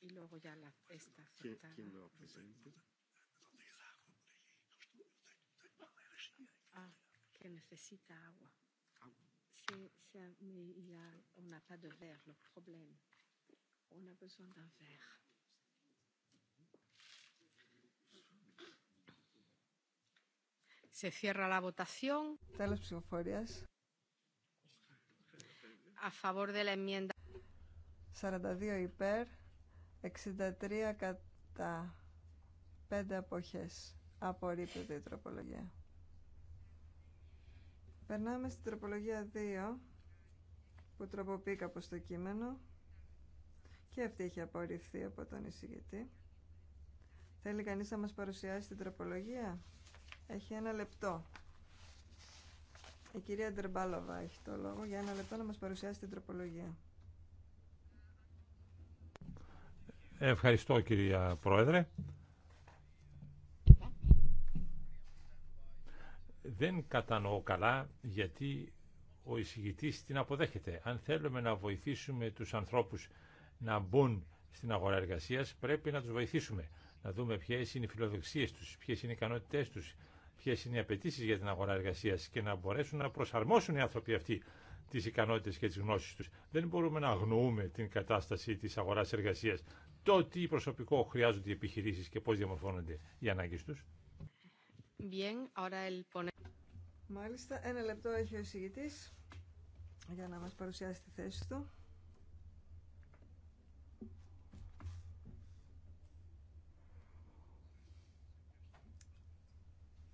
Y luego ya la, esta. ¿Quién, lo presenta? Ah, que necesita agua. Agua. mais il a, on n'a pas de verre, le problème. On a besoin d'un verre. Se cierra la votación. Τέλος ψηφοφορίας. A favor de la enmienda. 42 υπέρ, 63 κατά. 5 αποχές. Απορρίπτεται η τροπολογία. Περνάμε στην τροπολογία 2 που τροποποιεί κάπως το κείμενο και αυτή έχει απορριφθεί από τον εισηγητή. Θέλει κανείς να μας παρουσιάσει την τροπολογία. Έχει ένα λεπτό. Η κυρία Ντερμπάλοβα έχει το λόγο για ένα λεπτό να μας παρουσιάσει την τροπολογία. Ευχαριστώ κυρία Πρόεδρε. Δεν κατανοώ καλά γιατί ο εισηγητής την αποδέχεται. Αν θέλουμε να βοηθήσουμε τους ανθρώπους να μπουν στην αγορά εργασίας, πρέπει να τους βοηθήσουμε. Να δούμε ποιες είναι οι φιλοδοξίες τους, ποιες είναι οι ικανότητές τους, ποιες είναι οι απαιτήσει για την αγορά εργασίας και να μπορέσουν να προσαρμόσουν οι άνθρωποι αυτοί τις ικανότητες και τις γνώσεις τους. Δεν μπορούμε να αγνοούμε την κατάσταση της αγοράς εργασίας το τι προσωπικό χρειάζονται οι επιχειρήσεις και πώ διαμορφώνονται οι ανάγκε του. Bien, ahora el... Μάλιστα, ένα λεπτό έχει ο Συγητή για να μας παρουσιάσει τη θέση του.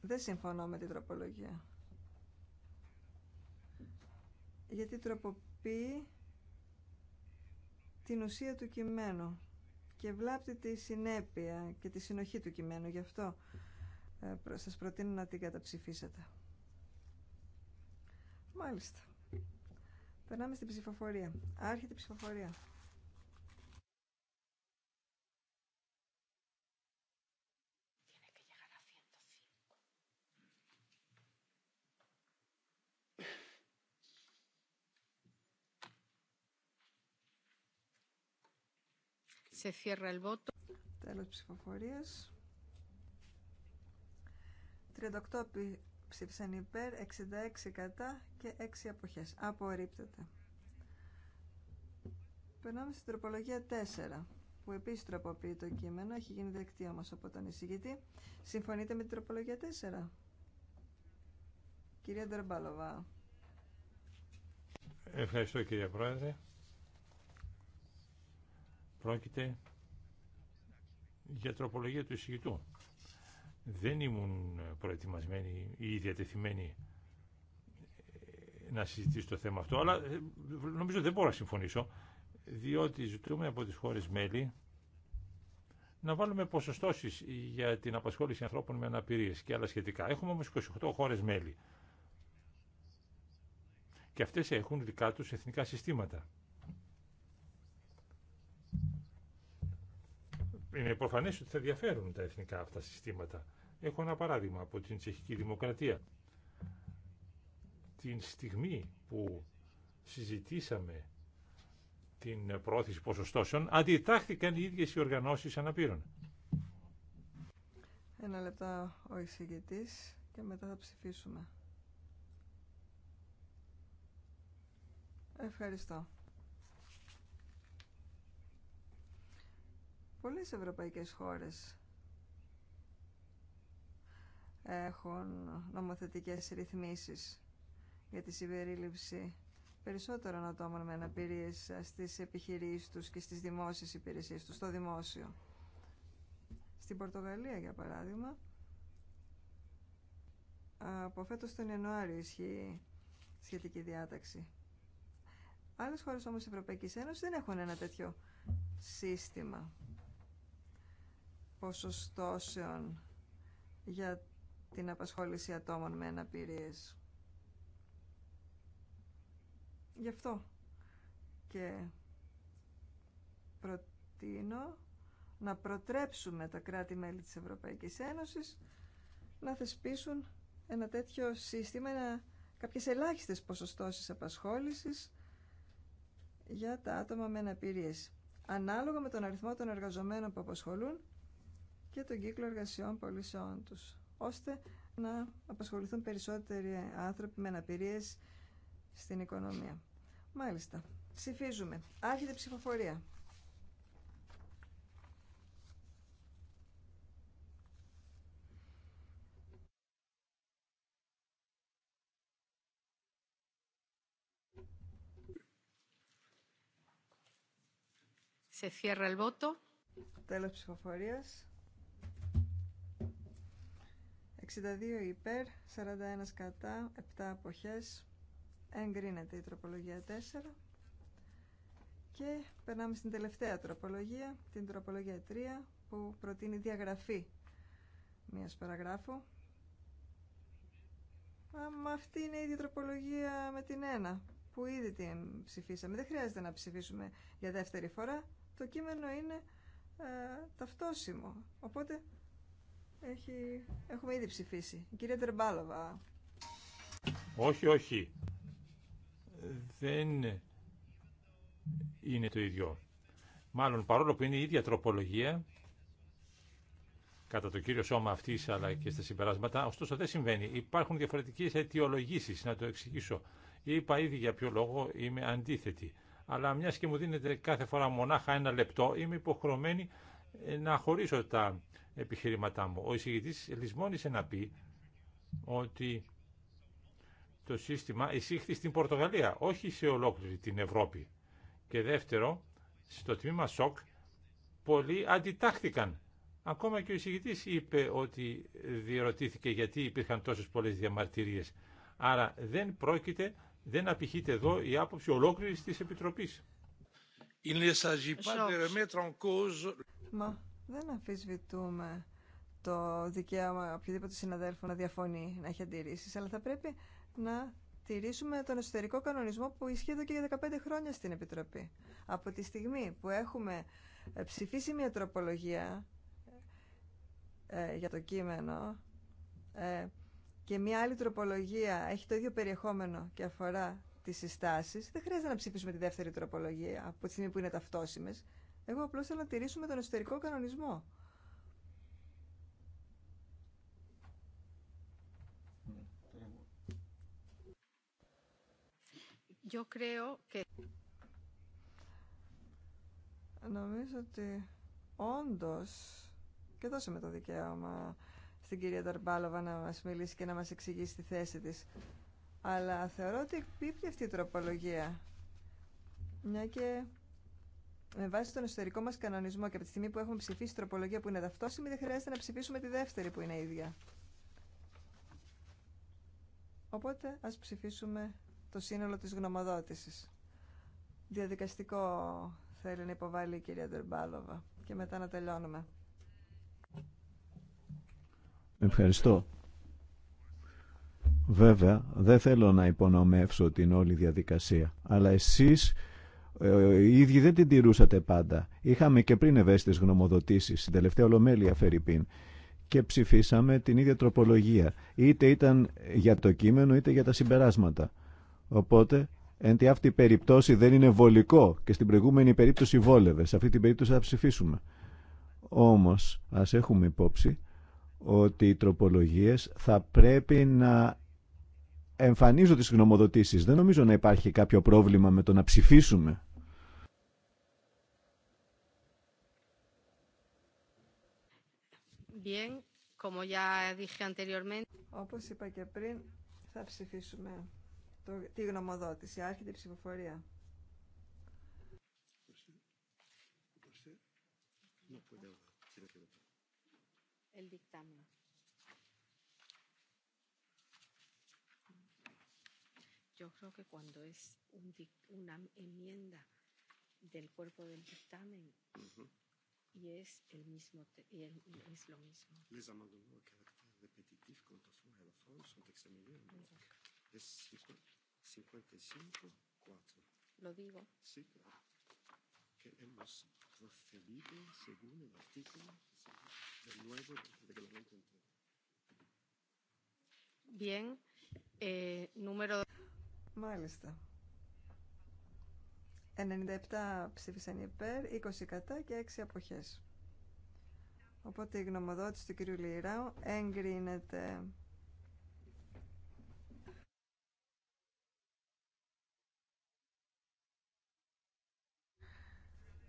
Δεν συμφωνώ με την τροπολογία. Γιατί τροποποιεί την ουσία του κειμένου και βλάπτει τη συνέπεια και τη συνοχή του κειμένου. Γι' αυτό ε, σας προτείνω να την καταψηφίσετε. Μάλιστα. Περνάμε στην ψηφοφορία. Άρχεται η ψηφοφορία. Se cierra Τέλος ψηφοφορίας. 38 ψήφισαν υπέρ, 66 κατά και 6 αποχές. Απορρίπτεται. Περνάμε στην τροπολογία 4, που επίσης τροποποιεί το κείμενο. Έχει γίνει δεκτή όμως από τον εισηγητή. Συμφωνείτε με την τροπολογία 4. Κυρία Ντερμπάλοβα. Ευχαριστώ κύριε Πρόεδρε. Πρόκειται για τροπολογία του εισηγητού. Δεν ήμουν προετοιμασμένοι ή διατεθειμένοι ε, να συζητήσω το θέμα αυτό, αλλά ε, νομίζω δεν μπορώ να συμφωνήσω, διότι ζητούμε από τις χώρες μέλη να βάλουμε ποσοστώσεις για την απασχόληση ανθρώπων με αναπηρίες και άλλα σχετικά. Έχουμε όμως 28 χώρες μέλη και αυτές έχουν δικά τους εθνικά συστήματα. είναι προφανέ ότι θα διαφέρουν τα εθνικά αυτά συστήματα. Έχω ένα παράδειγμα από την Τσεχική Δημοκρατία. Την στιγμή που συζητήσαμε την πρόθεση ποσοστώσεων, αντιτάχθηκαν οι ίδιες οι οργανώσεις αναπήρων. Ένα λεπτό ο εισηγητής και μετά θα ψηφίσουμε. Ευχαριστώ. Πολλές ευρωπαϊκές χώρες έχουν νομοθετικές ρυθμίσεις για τη συμπερίληψη περισσότερων ατόμων με αναπηρίες στις επιχειρήσεις τους και στις δημόσιες υπηρεσίες τους, στο δημόσιο. Στην Πορτογαλία, για παράδειγμα, από φέτος τον Ιανουάριο ισχύει σχετική διάταξη. Άλλες χώρες όμως της Ευρωπαϊκής Ένωσης δεν έχουν ένα τέτοιο σύστημα ποσοστώσεων για την απασχόληση ατόμων με αναπηρίες. Γι' αυτό και προτείνω να προτρέψουμε τα κράτη-μέλη της Ευρωπαϊκής Ένωσης να θεσπίσουν ένα τέτοιο σύστημα, ένα, κάποιες ελάχιστες ποσοστώσεις απασχόλησης για τα άτομα με αναπηρίες, ανάλογα με τον αριθμό των εργαζομένων που απασχολούν και τον κύκλο εργασιών πολισεών τους, ώστε να απασχοληθούν περισσότεροι άνθρωποι με αναπηρίε στην οικονομία. Μάλιστα. Ψηφίζουμε. Άρχεται ψηφοφορία. Se cierra el voto. Τέλος ψηφοφορίας. 62 υπέρ, 41 κατά, 7 αποχές. Εγκρίνεται η τροπολογία 4. Και περνάμε στην τελευταία τροπολογία, την τροπολογία 3, που προτείνει διαγραφή μιας παραγράφου. αμα αυτή είναι η ίδια τροπολογία με την 1, που ήδη την ψηφίσαμε. Δεν χρειάζεται να ψηφίσουμε για δεύτερη φορά. Το κείμενο είναι ε, ταυτόσιμο. Οπότε έχει... Έχουμε ήδη ψηφίσει. Η κυρία Τερμπάλοβα. Όχι, όχι. Δεν είναι το ίδιο. Μάλλον παρόλο που είναι η ίδια τροπολογία, κατά το κύριο σώμα αυτή αλλά και στα συμπεράσματα, ωστόσο δεν συμβαίνει. Υπάρχουν διαφορετικέ αιτιολογήσει, να το εξηγήσω. Είπα ήδη για ποιο λόγο είμαι αντίθετη. Αλλά μια και μου δίνεται κάθε φορά μονάχα ένα λεπτό, είμαι υποχρεωμένη ε, να χωρίσω τα επιχειρηματά μου. Ο εισηγητής λησμόνησε να πει ότι το σύστημα εισήχθη στην Πορτογαλία, όχι σε ολόκληρη την Ευρώπη. Και δεύτερο, στο τμήμα ΣΟΚ, πολλοί αντιτάχθηκαν. Ακόμα και ο εισηγητής είπε ότι διερωτήθηκε γιατί υπήρχαν τόσες πολλές διαμαρτυρίες. Άρα δεν πρόκειται, δεν απηχείται εδώ η άποψη ολόκληρης της Επιτροπής δεν αμφισβητούμε το δικαίωμα οποιοδήποτε συναδέλφου να διαφωνεί, να έχει αντιρρήσει, αλλά θα πρέπει να τηρήσουμε τον εσωτερικό κανονισμό που ισχύει εδώ και για 15 χρόνια στην Επιτροπή. Από τη στιγμή που έχουμε ε, ψηφίσει μια τροπολογία ε, ε, για το κείμενο ε, και μια άλλη τροπολογία έχει το ίδιο περιεχόμενο και αφορά τις συστάσεις, δεν χρειάζεται να ψηφίσουμε τη δεύτερη τροπολογία από τη στιγμή που είναι ταυτόσιμες. Εγώ απλώ θέλω να τηρήσουμε τον εσωτερικό κανονισμό. Yo creo que... Νομίζω ότι όντω, και δώσαμε το δικαίωμα στην κυρία Νταρμπάλοβα να μα μιλήσει και να μα εξηγήσει τη θέση τη. Αλλά θεωρώ ότι εκπίπτει αυτή η τροπολογία. Μια και με βάση τον εσωτερικό μα κανονισμό και από τη στιγμή που έχουμε ψηφίσει τροπολογία που είναι ταυτόσιμη, δεν χρειάζεται να ψηφίσουμε τη δεύτερη που είναι ίδια. Οπότε α ψηφίσουμε το σύνολο τη γνωμοδότηση. Διαδικαστικό θέλει να υποβάλει η κυρία Ντερμπάλοβα και μετά να τελειώνουμε. Ευχαριστώ. Βέβαια, δεν θέλω να υπονομεύσω την όλη διαδικασία, αλλά εσείς ε, οι ίδιοι δεν την τηρούσατε πάντα. Είχαμε και πριν ευαίσθητε γνωμοδοτήσεις, στην τελευταία ολομέλεια Φερρυπίν, και ψηφίσαμε την ίδια τροπολογία. Είτε ήταν για το κείμενο, είτε για τα συμπεράσματα. Οπότε, εν τη αυτή περιπτώση δεν είναι βολικό και στην προηγούμενη περίπτωση βόλευε. Σε αυτή την περίπτωση θα ψηφίσουμε. Όμω, α έχουμε υπόψη ότι οι τροπολογίε θα πρέπει να Εμφανίζω τις γνωμοδοτήσεις. Δεν νομίζω να υπάρχει κάποιο πρόβλημα με το να ψηφίσουμε. Bien, Όπως είπα και πριν, θα ψηφίσουμε τη γνωμοδότηση. Άρχεται η ψηφοφορία. El dictamen. Yo creo que cuando es un, una enmienda del cuerpo del dictamen uh -huh. y es el mismo y el, y es lo mismo. Les amendements à caractère répétitif quant au fond et à la forme sont examinés en bloc. Es 55, 4. ¿Lo digo? Sí, claro. Que hemos procedido según el artículo del nuevo reglamento. interno. Bien. Eh, número Μάλιστα. 97 ψήφισαν υπέρ, 20 κατά και 6 αποχές. Οπότε η γνωμοδότηση του κυρίου Λιράου εγκρίνεται.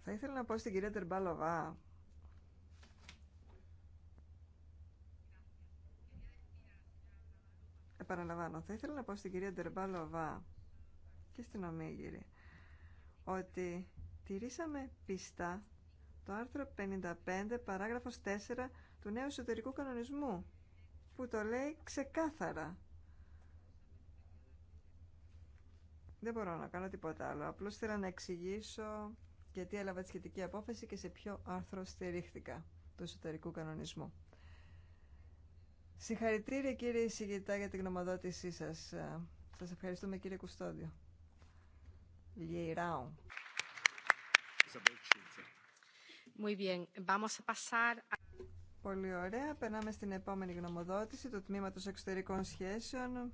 Θα ήθελα να πω στην κυρία Τερμπάλοβα Επαναλαμβάνω, θα ήθελα να πω στην κυρία Ντερμπάλοβα και στην Ομίγυρη ότι τηρήσαμε πιστά το άρθρο 55 παράγραφος 4 του νέου εσωτερικού κανονισμού που το λέει ξεκάθαρα. Δεν μπορώ να κάνω τίποτα άλλο. Απλώς θέλω να εξηγήσω γιατί έλαβα τη σχετική απόφαση και σε ποιο άρθρο στηρίχθηκα του εσωτερικού κανονισμού. Συγχαρητήρια κύριε Σιγητά για την γνωμοδότησή σας. Ε, σας ευχαριστούμε κύριε Κουστόδιο. Λιεϊράου. Muy bien. Vamos a pasar... Πολύ ωραία. Περνάμε στην επόμενη γνωμοδότηση του τμήματο Εξωτερικών Σχέσεων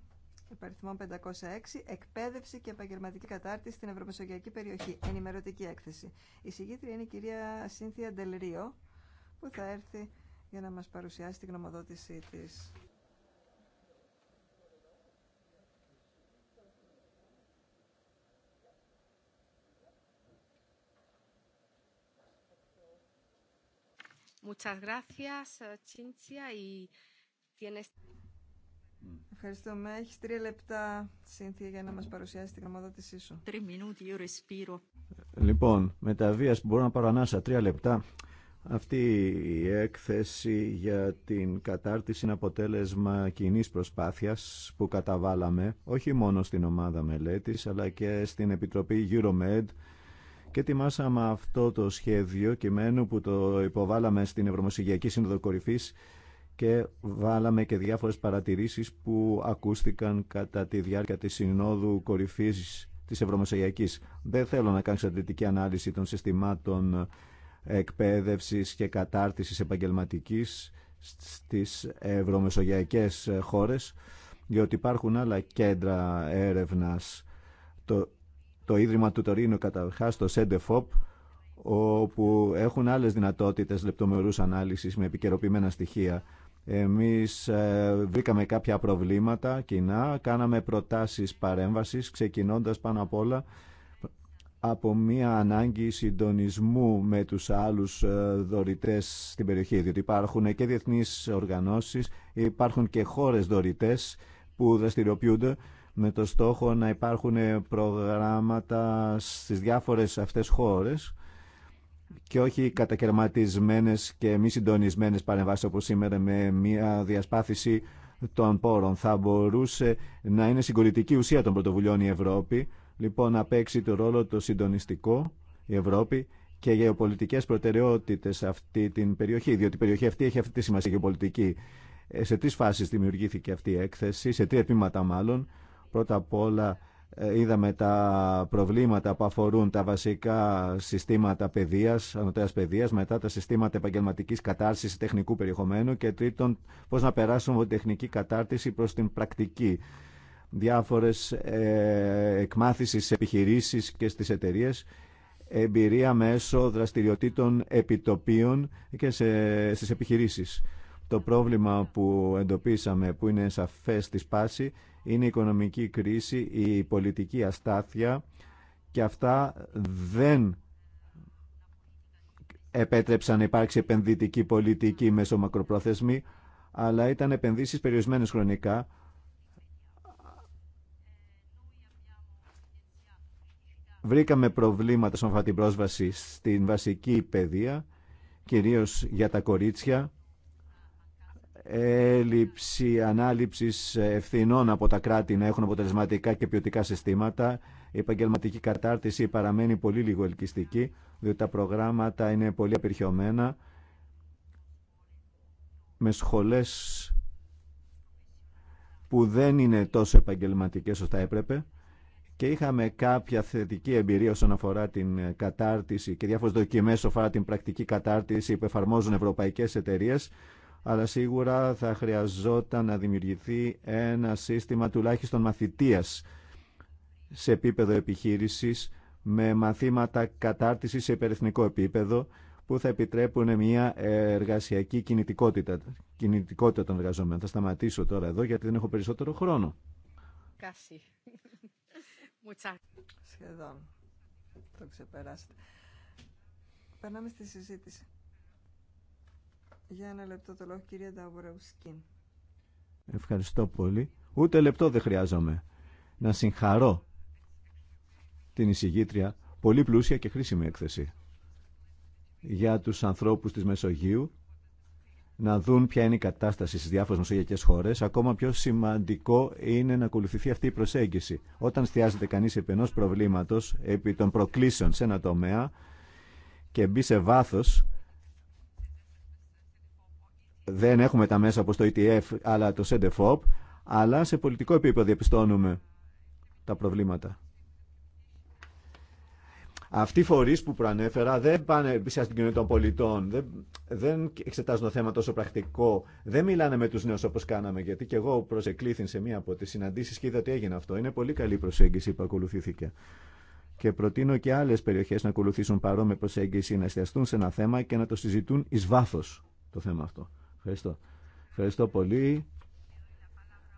υπαριθμών 506, εκπαίδευση και επαγγελματική κατάρτιση στην Ευρωμεσογειακή περιοχή, ενημερωτική έκθεση. Η συγγήτρια είναι η κυρία Σύνθια Ντελρίο, που θα έρθει για να μας παρουσιάσει την γνωμοδότησή της. Eh, Ευχαριστούμε. Έχει τρία λεπτά, Σύνθια, για να μα παρουσιάσει την γνωμοδότησή σου. Λοιπόν, με τα βίας που μπορώ να πάρω τρία λεπτά, αυτή η έκθεση για την κατάρτιση είναι αποτέλεσμα κοινή προσπάθειας που καταβάλαμε όχι μόνο στην ομάδα μελέτης αλλά και στην Επιτροπή Euromed και ετοιμάσαμε αυτό το σχέδιο κειμένου που το υποβάλαμε στην Ευρωμοσυγειακή Σύνοδο Κορυφής και βάλαμε και διάφορες παρατηρήσεις που ακούστηκαν κατά τη διάρκεια της Συνόδου Κορυφής της Ευρωμοσυγειακής. Δεν θέλω να κάνω εξαντλητική ανάλυση των συστημάτων εκπαίδευσης και κατάρτισης επαγγελματικής στις ευρωμεσογειακές χώρες, διότι υπάρχουν άλλα κέντρα έρευνας. Το, το Ίδρυμα του Τωρίνου καταρχάς, το ΣΕΝΤΕΦΟΠ, όπου έχουν άλλες δυνατότητες λεπτομερούς ανάλυσης με επικαιροποιημένα στοιχεία. Εμείς ε, βρήκαμε κάποια προβλήματα κοινά, κάναμε προτάσεις παρέμβασης, ξεκινώντας πάνω απ' όλα από μια ανάγκη συντονισμού με τους άλλους ε, δωρητές στην περιοχή, διότι υπάρχουν και διεθνείς οργανώσεις, υπάρχουν και χώρες δωρητές που δραστηριοποιούνται με το στόχο να υπάρχουν προγράμματα στις διάφορες αυτές χώρες και όχι κατακαιρματισμένες και μη συντονισμένες παρεμβάσεις όπως σήμερα με μια διασπάθηση των πόρων. Θα μπορούσε να είναι συγκολητική ουσία των πρωτοβουλειών η Ευρώπη λοιπόν να παίξει το ρόλο το συντονιστικό η Ευρώπη και γεωπολιτικές προτεραιότητες σε αυτή την περιοχή, διότι η περιοχή αυτή έχει αυτή τη σημασία γεωπολιτική. Ε, σε τρει φάσει δημιουργήθηκε αυτή η έκθεση, σε τρία τμήματα μάλλον. Πρώτα απ' όλα ε, είδαμε τα προβλήματα που αφορούν τα βασικά συστήματα παιδεία, ανωτέρα παιδεία, μετά τα συστήματα επαγγελματική κατάρτιση τεχνικού περιεχομένου και τρίτον πώ να περάσουμε από την τεχνική κατάρτιση προ την πρακτική διάφορες ε, εκμάθησεις επιχειρήσεις και στις εταιρείες, εμπειρία μέσω δραστηριοτήτων επιτοπίων και σε, στις επιχειρήσεις. Το πρόβλημα που εντοπίσαμε, που είναι σαφές στη σπάση, είναι η οικονομική κρίση, η πολιτική αστάθεια και αυτά δεν επέτρεψαν να υπάρξει επενδυτική πολιτική μέσω μακροπρόθεσμη, αλλά ήταν επενδύσεις περιορισμένες χρονικά, Βρήκαμε προβλήματα στον με την πρόσβαση στην βασική παιδεία, κυρίως για τα κορίτσια, έλλειψη ανάληψης ευθυνών από τα κράτη να έχουν αποτελεσματικά και ποιοτικά συστήματα. Η επαγγελματική κατάρτιση παραμένει πολύ λίγο ελκυστική, διότι τα προγράμματα είναι πολύ απερχιωμένα, με σχολές που δεν είναι τόσο επαγγελματικές όσο θα έπρεπε και είχαμε κάποια θετική εμπειρία όσον αφορά την κατάρτιση και διάφορε δοκιμέ όσον αφορά την πρακτική κατάρτιση που εφαρμόζουν ευρωπαϊκέ εταιρείε, αλλά σίγουρα θα χρειαζόταν να δημιουργηθεί ένα σύστημα τουλάχιστον μαθητεία σε επίπεδο επιχείρηση με μαθήματα κατάρτιση σε υπερεθνικό επίπεδο που θα επιτρέπουν μια εργασιακή κινητικότητα, των εργαζομένων. Θα σταματήσω τώρα εδώ γιατί δεν έχω περισσότερο χρόνο. Σχεδόν. Το ξεπεράσετε. Περνάμε στη συζήτηση. Για ένα λεπτό το λόγο, κυρία Νταβουραουσκίν. Ευχαριστώ πολύ. Ούτε λεπτό δεν χρειάζομαι. Να συγχαρώ την εισηγήτρια. Πολύ πλούσια και χρήσιμη έκθεση για τους ανθρώπους της Μεσογείου να δουν ποια είναι η κατάσταση στι διάφορε μεσογειακές χώρες. Ακόμα πιο σημαντικό είναι να ακολουθηθεί αυτή η προσέγγιση. Όταν στιάζεται κανεί επί ενό προβλήματος, επί των προκλήσεων σε ένα τομέα και μπει σε βάθο, δεν έχουμε τα μέσα όπως το ETF αλλά το SEDEFOP, αλλά σε πολιτικό επίπεδο διαπιστώνουμε τα προβλήματα. Αυτοί οι φορεί που προανέφερα δεν πάνε πίσω στην κοινωνία των πολιτών, δεν, δεν εξετάζουν το θέμα τόσο πρακτικό, δεν μιλάνε με του νέου όπω κάναμε. Γιατί και εγώ προσεκλήθην σε μία από τι συναντήσει και είδα ότι έγινε αυτό. Είναι πολύ καλή η προσέγγιση που ακολουθήθηκε. Και προτείνω και άλλε περιοχέ να ακολουθήσουν παρόμοια προσέγγιση, να εστιαστούν σε ένα θέμα και να το συζητούν ει βάθο το θέμα αυτό. Ευχαριστώ. Ευχαριστώ πολύ.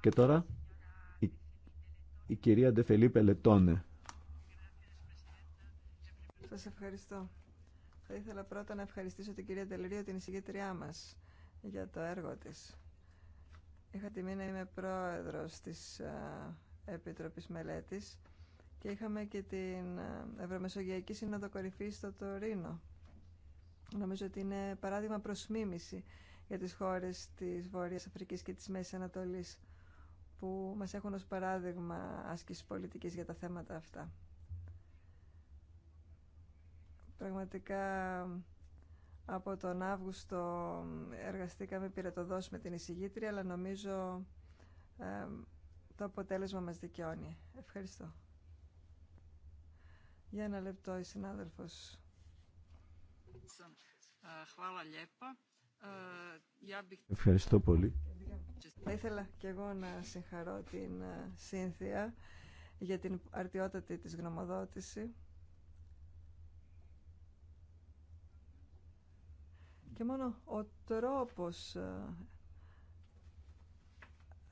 Και τώρα η, κυρία Ντεφελή Πελετώνε. Σα ευχαριστώ. Θα ήθελα πρώτα να ευχαριστήσω την κυρία Τελερίο, την εισηγήτριά μας, για το έργο της. Είχα τιμή να είμαι πρόεδρο τη ε, Επιτροπής Μελέτης και είχαμε και την ε, Ευρωμεσογειακή Σύνοδο στο Τωρίνο. Νομίζω ότι είναι παράδειγμα προσμίμηση για τις χώρες της Βόρειας Αφρικής και τη Μέση Ανατολή που μας έχουν ως παράδειγμα άσκηση πολιτικής για τα θέματα αυτά. Πραγματικά από τον Αύγουστο εργαστήκαμε πυρετοδός με την εισηγήτρια, αλλά νομίζω ε, το αποτέλεσμα μας δικαιώνει. Ευχαριστώ. Για ένα λεπτό η συνάδελφος. Ευχαριστώ πολύ. Θα ήθελα και εγώ να συγχαρώ την ε, Σύνθια για την αρτιότητα της γνωμοδότηση. και μόνο ο τρόπος ε,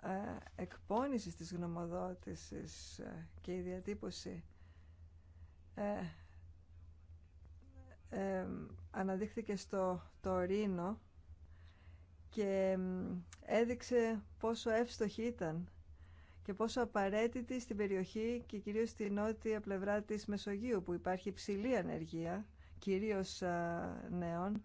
ε, εκπώνησης της γνωμοδότησης ε, και η διατύπωση ε, αναδείχθηκε στο Τωρίνο και έδειξε πόσο εύστοχη ήταν και πόσο απαραίτητη στην περιοχή και κυρίως στη νότια πλευρά της Μεσογείου που υπάρχει ψηλή ανεργία, κυρίως νέων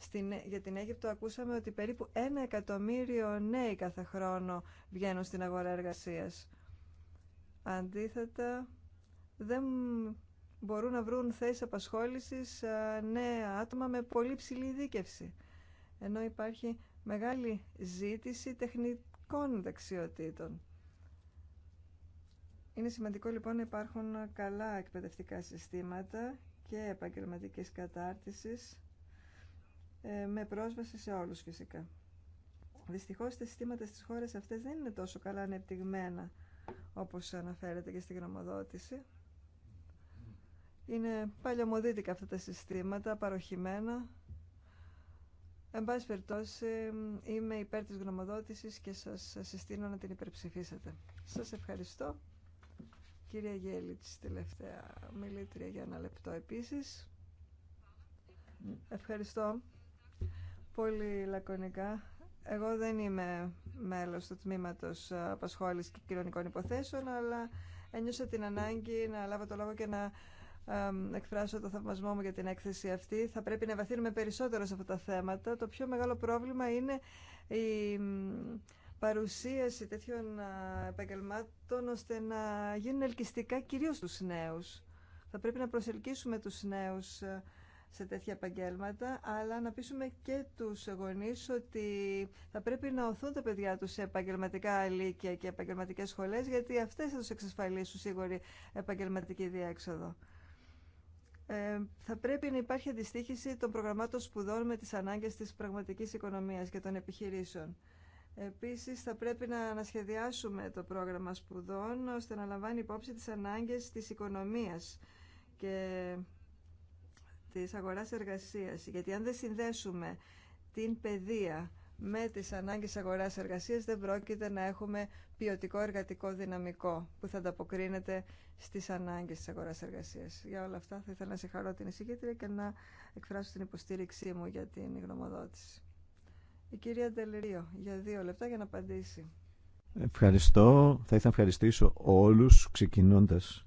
στην, για την Αίγυπτο ακούσαμε ότι περίπου ένα εκατομμύριο νέοι κάθε χρόνο βγαίνουν στην αγορά εργασίας. Αντίθετα, δεν μπορούν να βρουν θέσεις απασχόλησης ε, νέα άτομα με πολύ ψηλή δίκευση. Ενώ υπάρχει μεγάλη ζήτηση τεχνικών δεξιοτήτων. Είναι σημαντικό λοιπόν να υπάρχουν καλά εκπαιδευτικά συστήματα και επαγγελματικής κατάρτισης ε, με πρόσβαση σε όλους φυσικά. Δυστυχώς τα συστήματα στις χώρες αυτές δεν είναι τόσο καλά ανεπτυγμένα όπως αναφέρεται και στη γνωμοδότηση. Είναι παλιωμοδίτικα αυτά τα συστήματα, παροχημένα. Εν πάση περιπτώσει, είμαι υπέρ της γνωμοδότησης και σας συστήνω να την υπερψηφίσετε. Σας ευχαριστώ. Κυρία Γέλιτς, τελευταία μιλήτρια για ένα λεπτό επίσης. Ευχαριστώ. Πολύ λακωνικά. Εγώ δεν είμαι μέλος του τμήματος απασχόλησης και κοινωνικών υποθέσεων, αλλά ένιωσα την ανάγκη να λάβω το λόγο και να εκφράσω το θαυμασμό μου για την έκθεση αυτή. Θα πρέπει να βαθύνουμε περισσότερο σε αυτά τα θέματα. Το πιο μεγάλο πρόβλημα είναι η παρουσίαση τέτοιων επαγγελμάτων ώστε να γίνουν ελκυστικά κυρίως τους νέους. Θα πρέπει να προσελκύσουμε τους νέους ε, σε τέτοια επαγγέλματα, αλλά να πείσουμε και τους γονείς ότι θα πρέπει να οθούν τα παιδιά τους σε επαγγελματικά αλήκεια και επαγγελματικές σχολές, γιατί αυτές θα τους εξασφαλίσουν σίγουρη επαγγελματική διέξοδο. Ε, θα πρέπει να υπάρχει αντιστοίχηση των προγραμμάτων σπουδών με τις ανάγκες της πραγματικής οικονομίας και των επιχειρήσεων. Επίσης, θα πρέπει να ανασχεδιάσουμε το πρόγραμμα σπουδών ώστε να λαμβάνει υπόψη τις ανάγκες της οικονομίας και της αγοράς εργασίας. Γιατί αν δεν συνδέσουμε την παιδεία με τις ανάγκες αγοράς εργασίας δεν πρόκειται να έχουμε ποιοτικό εργατικό δυναμικό που θα ανταποκρίνεται στις ανάγκες της αγοράς εργασίας. Για όλα αυτά θα ήθελα να συγχαρώ την εισηγήτρια και να εκφράσω την υποστήριξή μου για την γνωμοδότηση. Η κυρία Ντελερίο για δύο λεπτά για να απαντήσει. Ευχαριστώ. Θα ήθελα να ευχαριστήσω όλους ξεκινώντας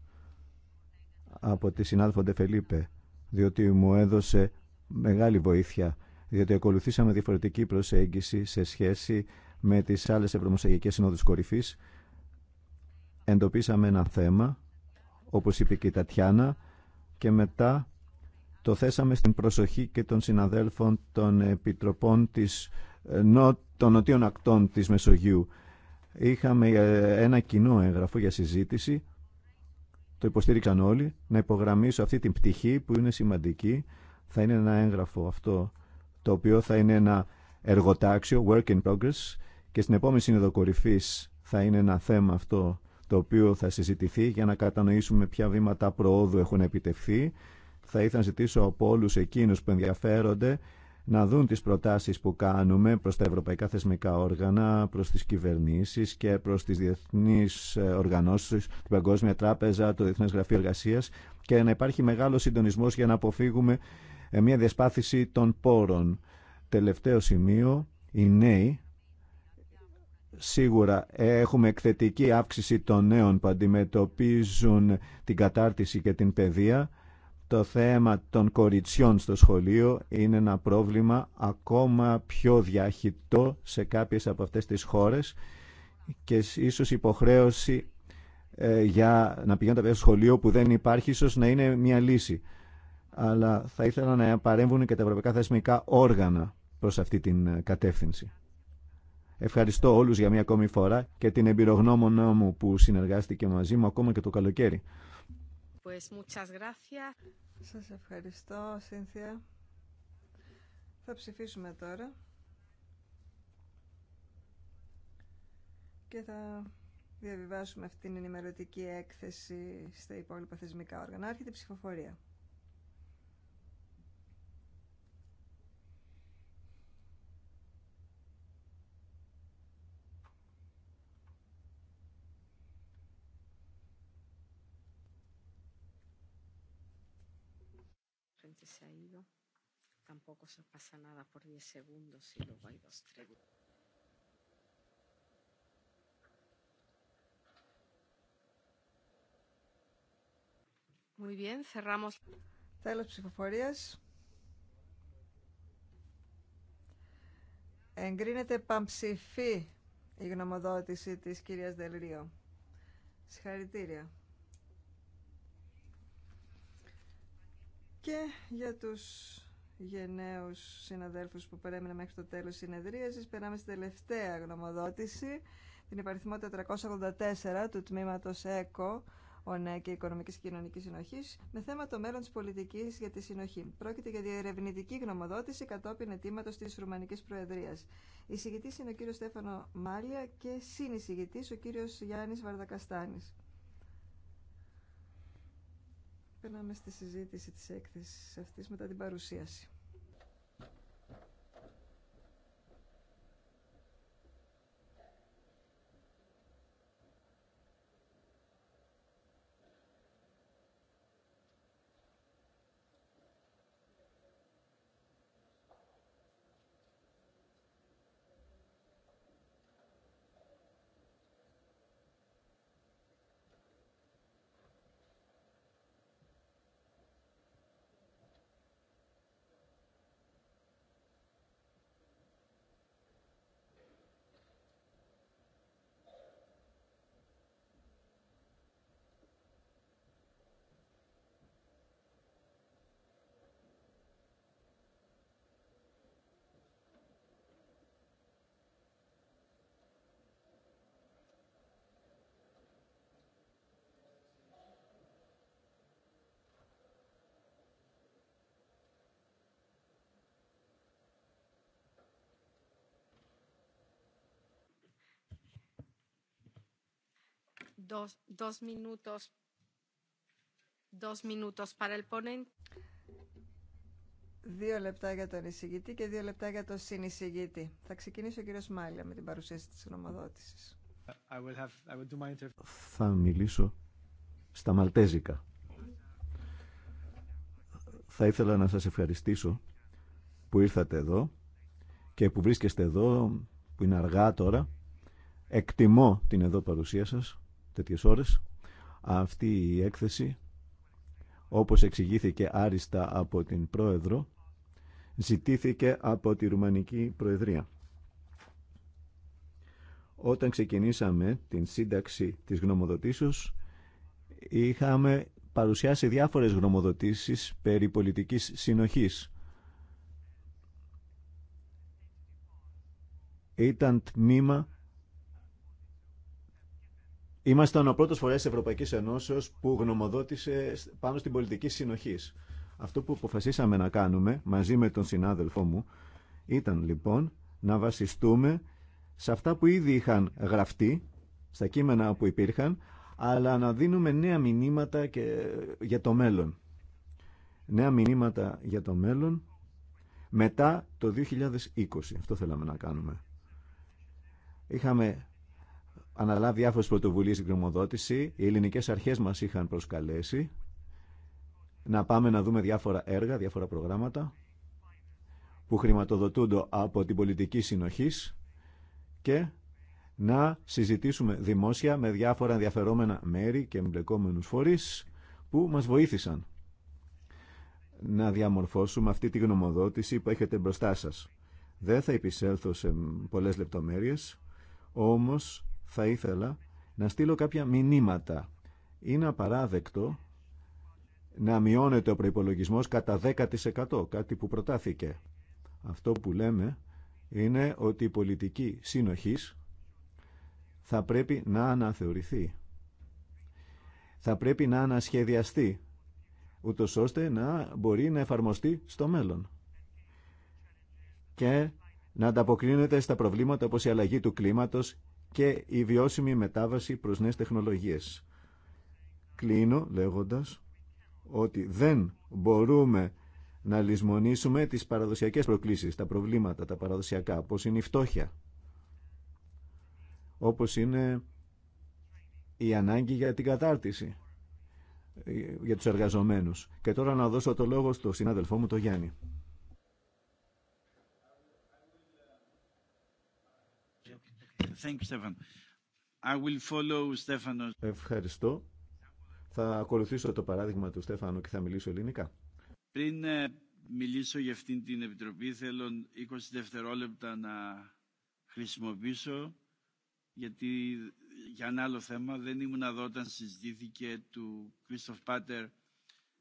από τη συνάδελφο Ντεφελίπε διότι μου έδωσε μεγάλη βοήθεια, διότι ακολουθήσαμε διαφορετική προσέγγιση σε σχέση με τις άλλες ευρωμοσαγικές συνόδους κορυφής. Εντοπίσαμε ένα θέμα, όπως είπε και η Τατιάνα, και μετά το θέσαμε στην προσοχή και των συναδέλφων των επιτροπών της, ε, των νοτίων ακτών της Μεσογείου. Είχαμε ε, ένα κοινό έγγραφο για συζήτηση το υποστήριξαν όλοι. Να υπογραμμίσω αυτή την πτυχή που είναι σημαντική. Θα είναι ένα έγγραφο αυτό, το οποίο θα είναι ένα εργοτάξιο, work in progress, και στην επόμενη σύνοδο θα είναι ένα θέμα αυτό το οποίο θα συζητηθεί για να κατανοήσουμε ποια βήματα προόδου έχουν επιτευχθεί. Θα ήθελα να ζητήσω από όλους εκείνους που ενδιαφέρονται να δουν τις προτάσεις που κάνουμε προς τα ευρωπαϊκά θεσμικά όργανα, προς τις κυβερνήσεις και προς τις διεθνείς ε, οργανώσεις, την Παγκόσμια Τράπεζα, το Διεθνές Γραφείο Εργασίας και να υπάρχει μεγάλο συντονισμός για να αποφύγουμε ε, μια διασπάθηση των πόρων. Τελευταίο σημείο, οι νέοι σίγουρα έχουμε εκθετική αύξηση των νέων που αντιμετωπίζουν την κατάρτιση και την παιδεία το θέμα των κοριτσιών στο σχολείο είναι ένα πρόβλημα ακόμα πιο διαχυτό σε κάποιες από αυτές τις χώρες και ίσως υποχρέωση ε, για να πηγαίνουν τα παιδιά στο σχολείο που δεν υπάρχει ίσως να είναι μια λύση. Αλλά θα ήθελα να παρέμβουν και τα ευρωπαϊκά θεσμικά όργανα προς αυτή την ε, κατεύθυνση. Ευχαριστώ όλους για μια ακόμη φορά και την εμπειρογνώμονά μου που συνεργάστηκε μαζί μου ακόμα και το καλοκαίρι. Pues muchas gracias. Σας ευχαριστώ, Σύνθια. Θα ψηφίσουμε τώρα. Και θα διαβιβάσουμε αυτήν την ενημερωτική έκθεση στα υπόλοιπα θεσμικά όργανα. Άρχεται η ψηφοφορία. se ha ido. Tampoco se pasa nada por 10 segundos y luego hay dos, tres. Muy bien, cerramos. Τέλος ψηφοφορίας. Εγκρίνεται παμψηφή η γνωμοδότηση της κυρίας Δελρίο. Συγχαρητήρια. και για τους γενναίους συναδέλφους που παρέμειναν μέχρι το τέλος συνεδρίασης. Περάμε στη τελευταία γνωμοδότηση, την υπαριθμό 484 του τμήματος ΕΚΟ, ΟΝΕ και Οικονομικής και Κοινωνικής Συνοχής, με θέμα το μέλλον της πολιτικής για τη συνοχή. Πρόκειται για διερευνητική γνωμοδότηση κατόπιν ετήματος της Ρουμανικής Προεδρίας. Η είναι ο κύριος Στέφανο Μάλια και συνεισηγητής ο κύριος Γιάννης Βαρδακαστάνης. Περνάμε στη συζήτηση της έκθεσης αυτής μετά την παρουσίαση. Δύο λεπτά για τον εισηγητή και δύο λεπτά για τον συνεισηγητή. Θα ξεκινήσει ο κύριος Μάλια με την παρουσίαση της νομοδότησης. θα μιλήσω στα Μαλτέζικα. Θα ήθελα να σας ευχαριστήσω που ήρθατε εδώ και που βρίσκεστε εδώ, που είναι αργά τώρα. Εκτιμώ την εδώ παρουσία σας τέτοιες ώρες. Αυτή η έκθεση, όπως εξηγήθηκε άριστα από την Πρόεδρο, ζητήθηκε από τη Ρουμανική Προεδρία. Όταν ξεκινήσαμε την σύνταξη της γνωμοδοτήσεως, είχαμε παρουσιάσει διάφορες γνωμοδοτήσεις περί πολιτικής συνοχής. Ήταν τμήμα Ήμασταν ο πρώτος φορέας τη Ευρωπαϊκής Ενώσεω που γνωμοδότησε πάνω στην πολιτική συνοχής. Αυτό που αποφασίσαμε να κάνουμε μαζί με τον συνάδελφό μου ήταν λοιπόν να βασιστούμε σε αυτά που ήδη είχαν γραφτεί, στα κείμενα που υπήρχαν, αλλά να δίνουμε νέα μηνύματα και για το μέλλον. Νέα μηνύματα για το μέλλον μετά το 2020. Αυτό θέλαμε να κάνουμε. Είχαμε αναλάβει διάφορες πρωτοβουλίες στην Οι ελληνικές αρχές μας είχαν προσκαλέσει να πάμε να δούμε διάφορα έργα, διάφορα προγράμματα που χρηματοδοτούνται από την πολιτική συνοχής και να συζητήσουμε δημόσια με διάφορα ενδιαφερόμενα μέρη και εμπλεκόμενους φορείς που μας βοήθησαν να διαμορφώσουμε αυτή τη γνωμοδότηση που έχετε μπροστά σας. Δεν θα επισέλθω σε πολλές λεπτομέρειες, όμως θα ήθελα να στείλω κάποια μηνύματα. Είναι απαράδεκτο να μειώνεται ο προϋπολογισμός κατά 10%, κάτι που προτάθηκε. Αυτό που λέμε είναι ότι η πολιτική συνοχής θα πρέπει να αναθεωρηθεί. Θα πρέπει να ανασχεδιαστεί, ούτω ώστε να μπορεί να εφαρμοστεί στο μέλλον. Και να ανταποκρίνεται στα προβλήματα όπως η αλλαγή του κλίματος, και η βιώσιμη μετάβαση προς νέες τεχνολογίες. Κλείνω λέγοντας ότι δεν μπορούμε να λησμονήσουμε τις παραδοσιακές προκλήσεις, τα προβλήματα, τα παραδοσιακά, όπως είναι η φτώχεια, όπως είναι η ανάγκη για την κατάρτιση ε, για τους εργαζομένους. Και τώρα να δώσω το λόγο στον συνάδελφό μου, τον Γιάννη. Ευχαριστώ. Θα ακολουθήσω το παράδειγμα του Στέφανο και θα μιλήσω ελληνικά. Πριν ε, μιλήσω για αυτήν την επιτροπή θέλω 20 δευτερόλεπτα να χρησιμοποιήσω γιατί για ένα άλλο θέμα δεν ήμουν εδώ όταν συζητήθηκε του Κρίστοφ Πάτερ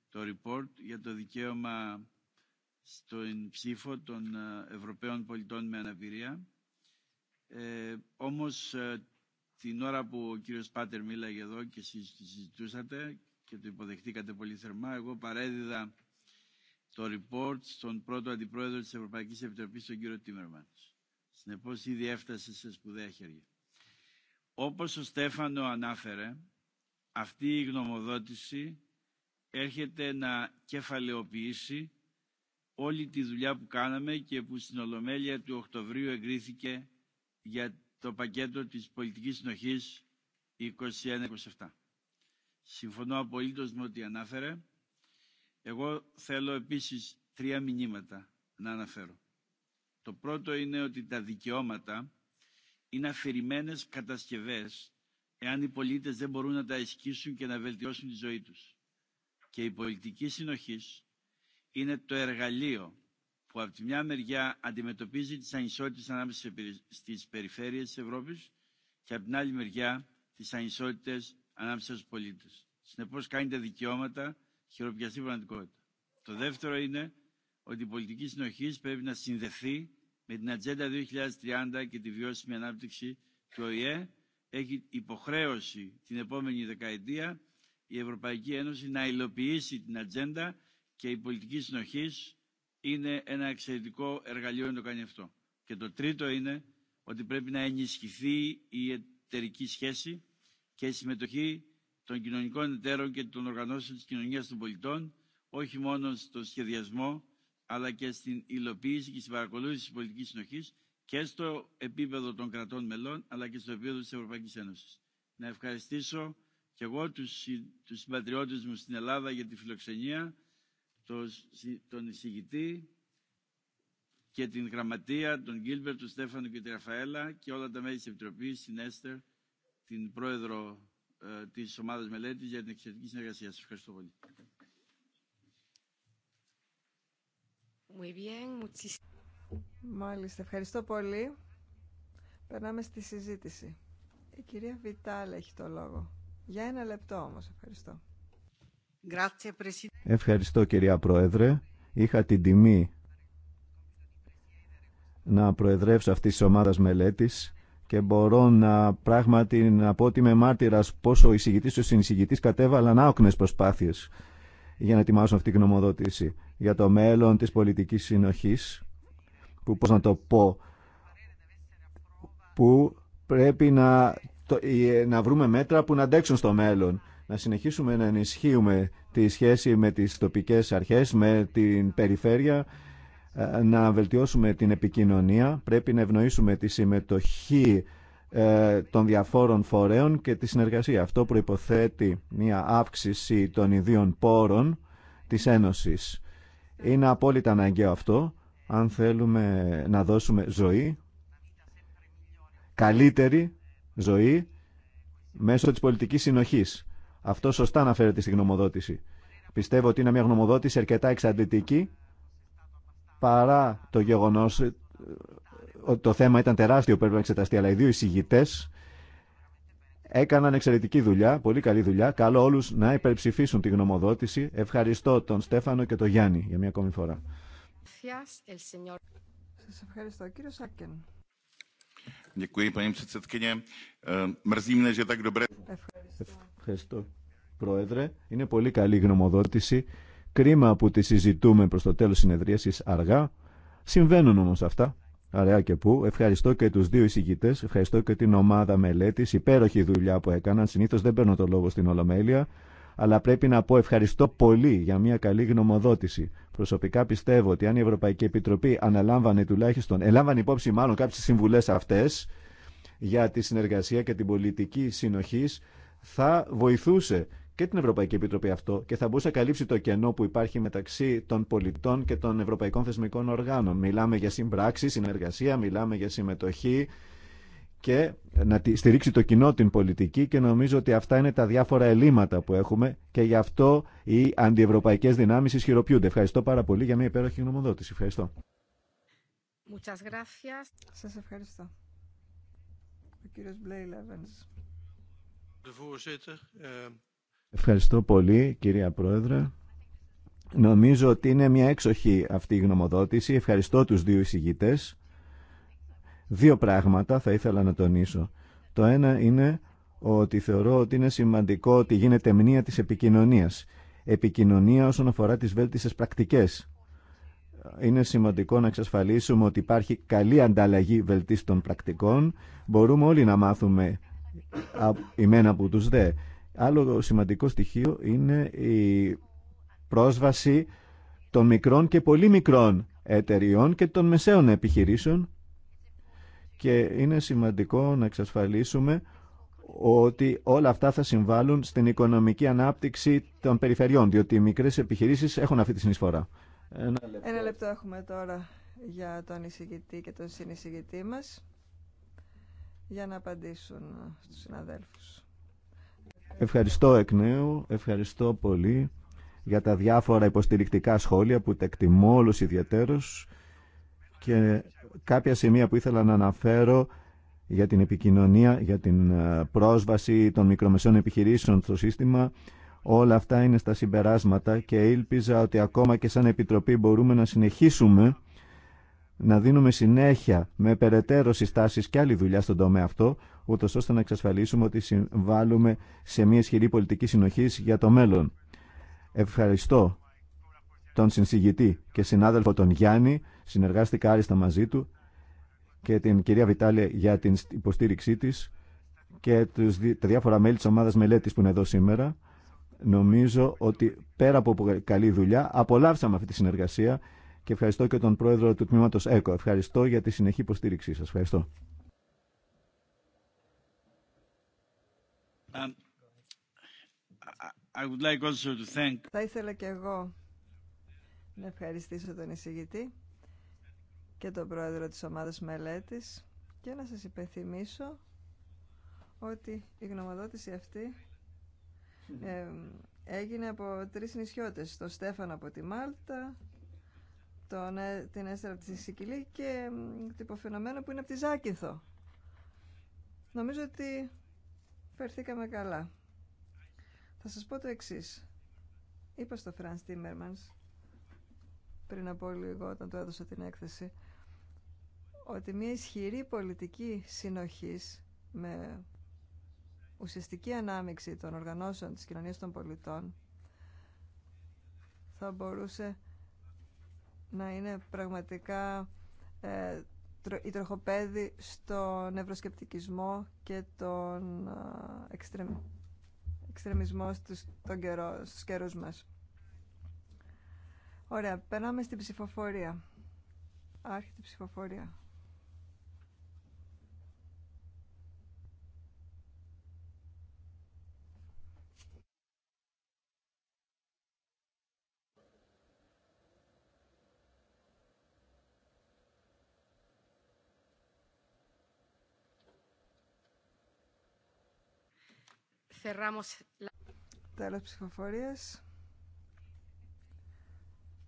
το report για το δικαίωμα στο ψήφο των ε, Ευρωπαίων πολιτών με αναπηρία ε, όμως ε, την ώρα που ο κύριος Πάτερ μίλαγε εδώ και συζητούσατε και το υποδεχτήκατε πολύ θερμά, εγώ παρέδιδα το report στον πρώτο αντιπρόεδρο της Ευρωπαϊκής Επιτροπής, τον κύριο Τίμερμαντς. Συνεπώς ήδη έφτασε σε σπουδαία χέρια. Όπως ο Στέφανο ανάφερε, αυτή η γνωμοδότηση έρχεται να κεφαλαιοποιήσει όλη τη δουλειά που κάναμε και που στην Ολομέλεια του Οκτωβρίου εγκρίθηκε για το πακέτο της πολιτικής συνοχής 21-27. Συμφωνώ απολύτως με ό,τι ανάφερε. Εγώ θέλω επίσης τρία μηνύματα να αναφέρω. Το πρώτο είναι ότι τα δικαιώματα είναι αφηρημένες κατασκευές εάν οι πολίτες δεν μπορούν να τα ισχύσουν και να βελτιώσουν τη ζωή τους. Και η πολιτική συνοχής είναι το εργαλείο που από τη μια μεριά αντιμετωπίζει τις ανισότητες ανάμεσα στις περιφέρειες της Ευρώπης και από την άλλη μεριά τις ανισότητες ανάμεσα στους πολίτες. Συνεπώς κάνει τα δικαιώματα χειροπιαστή πραγματικότητα. Το δεύτερο είναι ότι η πολιτική συνοχή πρέπει να συνδεθεί με την Ατζέντα 2030 και τη βιώσιμη ανάπτυξη του ΟΗΕ. Έχει υποχρέωση την επόμενη δεκαετία η Ευρωπαϊκή Ένωση να υλοποιήσει την ατζέντα και η πολιτική συνοχής είναι ένα εξαιρετικό εργαλείο να το κάνει αυτό. Και το τρίτο είναι ότι πρέπει να ενισχυθεί η εταιρική σχέση και η συμμετοχή των κοινωνικών εταίρων και των οργανώσεων της κοινωνίας των πολιτών, όχι μόνο στο σχεδιασμό, αλλά και στην υλοποίηση και στην παρακολούθηση της πολιτικής συνοχής και στο επίπεδο των κρατών μελών, αλλά και στο επίπεδο της Ευρωπαϊκής Ένωσης. Να ευχαριστήσω και εγώ τους συμπατριώτες μου στην Ελλάδα για τη φιλοξενία τον εισηγητή και την γραμματεία, τον Γκίλμπερ, τον Στέφανο και την Ραφαέλα και όλα τα μέλη της Επιτροπής, την Έστερ, την πρόεδρο ε, της ομάδας μελέτης για την εξαιρετική συνεργασία. Σας ευχαριστώ πολύ. Μάλιστα, ευχαριστώ πολύ. Περνάμε στη συζήτηση. Η κυρία Βιτάλ έχει το λόγο. Για ένα λεπτό όμως, ευχαριστώ. Ευχαριστώ κυρία Πρόεδρε. Είχα την τιμή να προεδρεύσω αυτής της ομάδας μελέτης και μπορώ να πράγματι να πω ότι είμαι μάρτυρας πόσο ο εισηγητής και ο συνεισηγητής κατέβαλαν άοκνες προσπάθειες για να ετοιμάσουν αυτή τη γνωμοδότηση για το μέλλον της πολιτικής συνοχής που πώς να το πω που πρέπει να, ε, να βρούμε μέτρα που να αντέξουν στο μέλλον να συνεχίσουμε να ενισχύουμε τη σχέση με τις τοπικές αρχές, με την περιφέρεια, ε, να βελτιώσουμε την επικοινωνία, πρέπει να ευνοήσουμε τη συμμετοχή ε, των διαφόρων φορέων και τη συνεργασία. Αυτό προϋποθέτει μια αύξηση των ιδίων πόρων της Ένωσης. Είναι απόλυτα αναγκαίο αυτό, αν θέλουμε να δώσουμε ζωή, καλύτερη ζωή, μέσω της πολιτικής συνοχής. Αυτό σωστά αναφέρεται στη γνωμοδότηση. Πιστεύω ότι είναι μια γνωμοδότηση αρκετά εξαντλητική παρά το γεγονός ε, ότι το θέμα ήταν τεράστιο έπρεπε να εξεταστεί, αλλά οι δύο εισηγητέ έκαναν εξαιρετική δουλειά, πολύ καλή δουλειά. Καλό όλους να υπερψηφίσουν τη γνωμοδότηση. Ευχαριστώ τον Στέφανο και τον Γιάννη για μια ακόμη φορά. Ευχαριστώ. Ευχαριστώ, Πρόεδρε. Είναι πολύ καλή γνωμοδότηση. Κρίμα που τη συζητούμε προς το τέλος συνεδρίασης αργά. Συμβαίνουν όμως αυτά, αραιά και πού. Ευχαριστώ και τους δύο εισηγητές, ευχαριστώ και την ομάδα μελέτης. Υπέροχη δουλειά που έκαναν. Συνήθως δεν παίρνω το λόγο στην Ολομέλεια, αλλά πρέπει να πω ευχαριστώ πολύ για μια καλή γνωμοδότηση. Προσωπικά πιστεύω ότι αν η Ευρωπαϊκή Επιτροπή αναλάμβανε τουλάχιστον, ελάμβανε υπόψη μάλλον κάποιε συμβουλές αυτές για τη συνεργασία και την πολιτική συνοχής, θα βοηθούσε και την Ευρωπαϊκή Επιτροπή αυτό και θα μπορούσε να καλύψει το κενό που υπάρχει μεταξύ των πολιτών και των ευρωπαϊκών θεσμικών οργάνων. Μιλάμε για συμπράξη, συνεργασία, μιλάμε για συμμετοχή και να στηρίξει το κοινό την πολιτική και νομίζω ότι αυτά είναι τα διάφορα ελλείμματα που έχουμε και γι' αυτό οι αντιευρωπαϊκές δυνάμεις ισχυροποιούνται. Ευχαριστώ πάρα πολύ για μια υπέροχη γνωμοδότηση. Ευχαριστώ. Σας ευχαριστώ. Ο κύριος Ευχαριστώ πολύ, κυρία Πρόεδρε. Νομίζω ότι είναι μια έξοχη αυτή η γνωμοδότηση. Ευχαριστώ τους δύο εισηγητές. Δύο πράγματα θα ήθελα να τονίσω. Το ένα είναι ότι θεωρώ ότι είναι σημαντικό ότι γίνεται μνήα της επικοινωνίας. Επικοινωνία όσον αφορά τις βέλτιστες πρακτικές. Είναι σημαντικό να εξασφαλίσουμε ότι υπάρχει καλή ανταλλαγή βελτίστων πρακτικών. Μπορούμε όλοι να μάθουμε ημένα από τους δε. Άλλο σημαντικό στοιχείο είναι η πρόσβαση των μικρών και πολύ μικρών εταιριών και των μεσαίων επιχειρήσεων και είναι σημαντικό να εξασφαλίσουμε ότι όλα αυτά θα συμβάλλουν στην οικονομική ανάπτυξη των περιφερειών, διότι οι μικρές επιχειρήσεις έχουν αυτή τη συνεισφορά. Ένα λεπτό, έχουμε τώρα για τον εισηγητή και τον συνεισηγητή μας για να απαντήσουν ε, στους συναδέλφους. Ευχαριστώ εκ νέου, ευχαριστώ πολύ για τα διάφορα υποστηρικτικά σχόλια που τα εκτιμώ όλους ιδιαίτερος και κάποια σημεία που ήθελα να αναφέρω για την επικοινωνία, για την ε, πρόσβαση των μικρομεσαίων επιχειρήσεων στο σύστημα. Όλα αυτά είναι στα συμπεράσματα και ήλπιζα ότι ακόμα και σαν Επιτροπή μπορούμε να συνεχίσουμε να δίνουμε συνέχεια με περαιτέρω συστάσεις και άλλη δουλειά στον τομέα αυτό, ούτω ώστε να εξασφαλίσουμε ότι συμβάλλουμε σε μια ισχυρή πολιτική συνοχή για το μέλλον. Ευχαριστώ τον συνσηγητή και συνάδελφο τον Γιάννη, συνεργάστηκα άριστα μαζί του και την κυρία Βιτάλια για την υποστήριξή της και τους, τα διάφορα μέλη της ομάδας μελέτης που είναι εδώ σήμερα. Νομίζω ότι πέρα από καλή δουλειά απολαύσαμε αυτή τη συνεργασία και ευχαριστώ και τον πρόεδρο του τμήματο ΕΚΟ. Ευχαριστώ για τη συνεχή υποστήριξή σα. Ευχαριστώ. Um, Θα ήθελα και εγώ να ευχαριστήσω τον εισηγητή και τον πρόεδρο της ομάδας μελέτης και να σας υπενθυμίσω ότι η γνωμοδότηση αυτή έγινε από τρεις νησιώτες, τον Στέφανο από τη Μάλτα, ε, την έστερα τη Σικυλή και το υποφαινομένο που είναι από τη Ζάκυνθο. Νομίζω ότι φερθήκαμε καλά. Θα σας πω το εξής. Είπα στο Φρανς Τίμερμανς πριν από λίγο όταν του έδωσα την έκθεση ότι μια ισχυρή πολιτική συνοχής με ουσιαστική ανάμειξη των οργανώσεων της κοινωνίας των πολιτών θα μπορούσε να είναι πραγματικά ε, η τροχοπέδη στον νευροσκεπτικισμό και τον εξτρεμ, εξτρεμισμό στους, τον καιρό, καιρούς μας. Ωραία, περνάμε στην ψηφοφορία. Άρχεται η ψηφοφορία. Cerramos Τέλος ψηφοφορίας.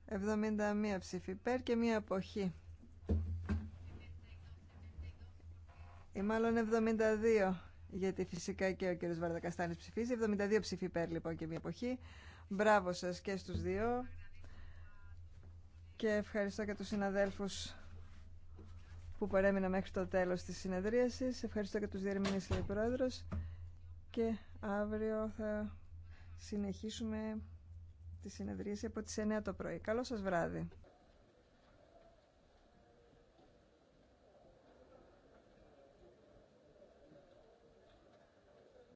71 ψήφι υπέρ και μία αποχή. Ή μάλλον 72, γιατί φυσικά και ο κύριος Βαρδακαστάνης ψηφίζει. 72 ψήφι υπέρ λοιπόν και μία αποχή. Μπράβο σας και στους δύο. Και ευχαριστώ και τους συναδέλφους που παρέμεινα μέχρι το τέλος της συνεδρίασης. Ευχαριστώ και τους διερμηνείς, κύριε Πρόεδρος. Και Αύριο θα συνεχίσουμε τη συνεδρίαση από τις 9 το πρωί. Καλό σας βράδυ.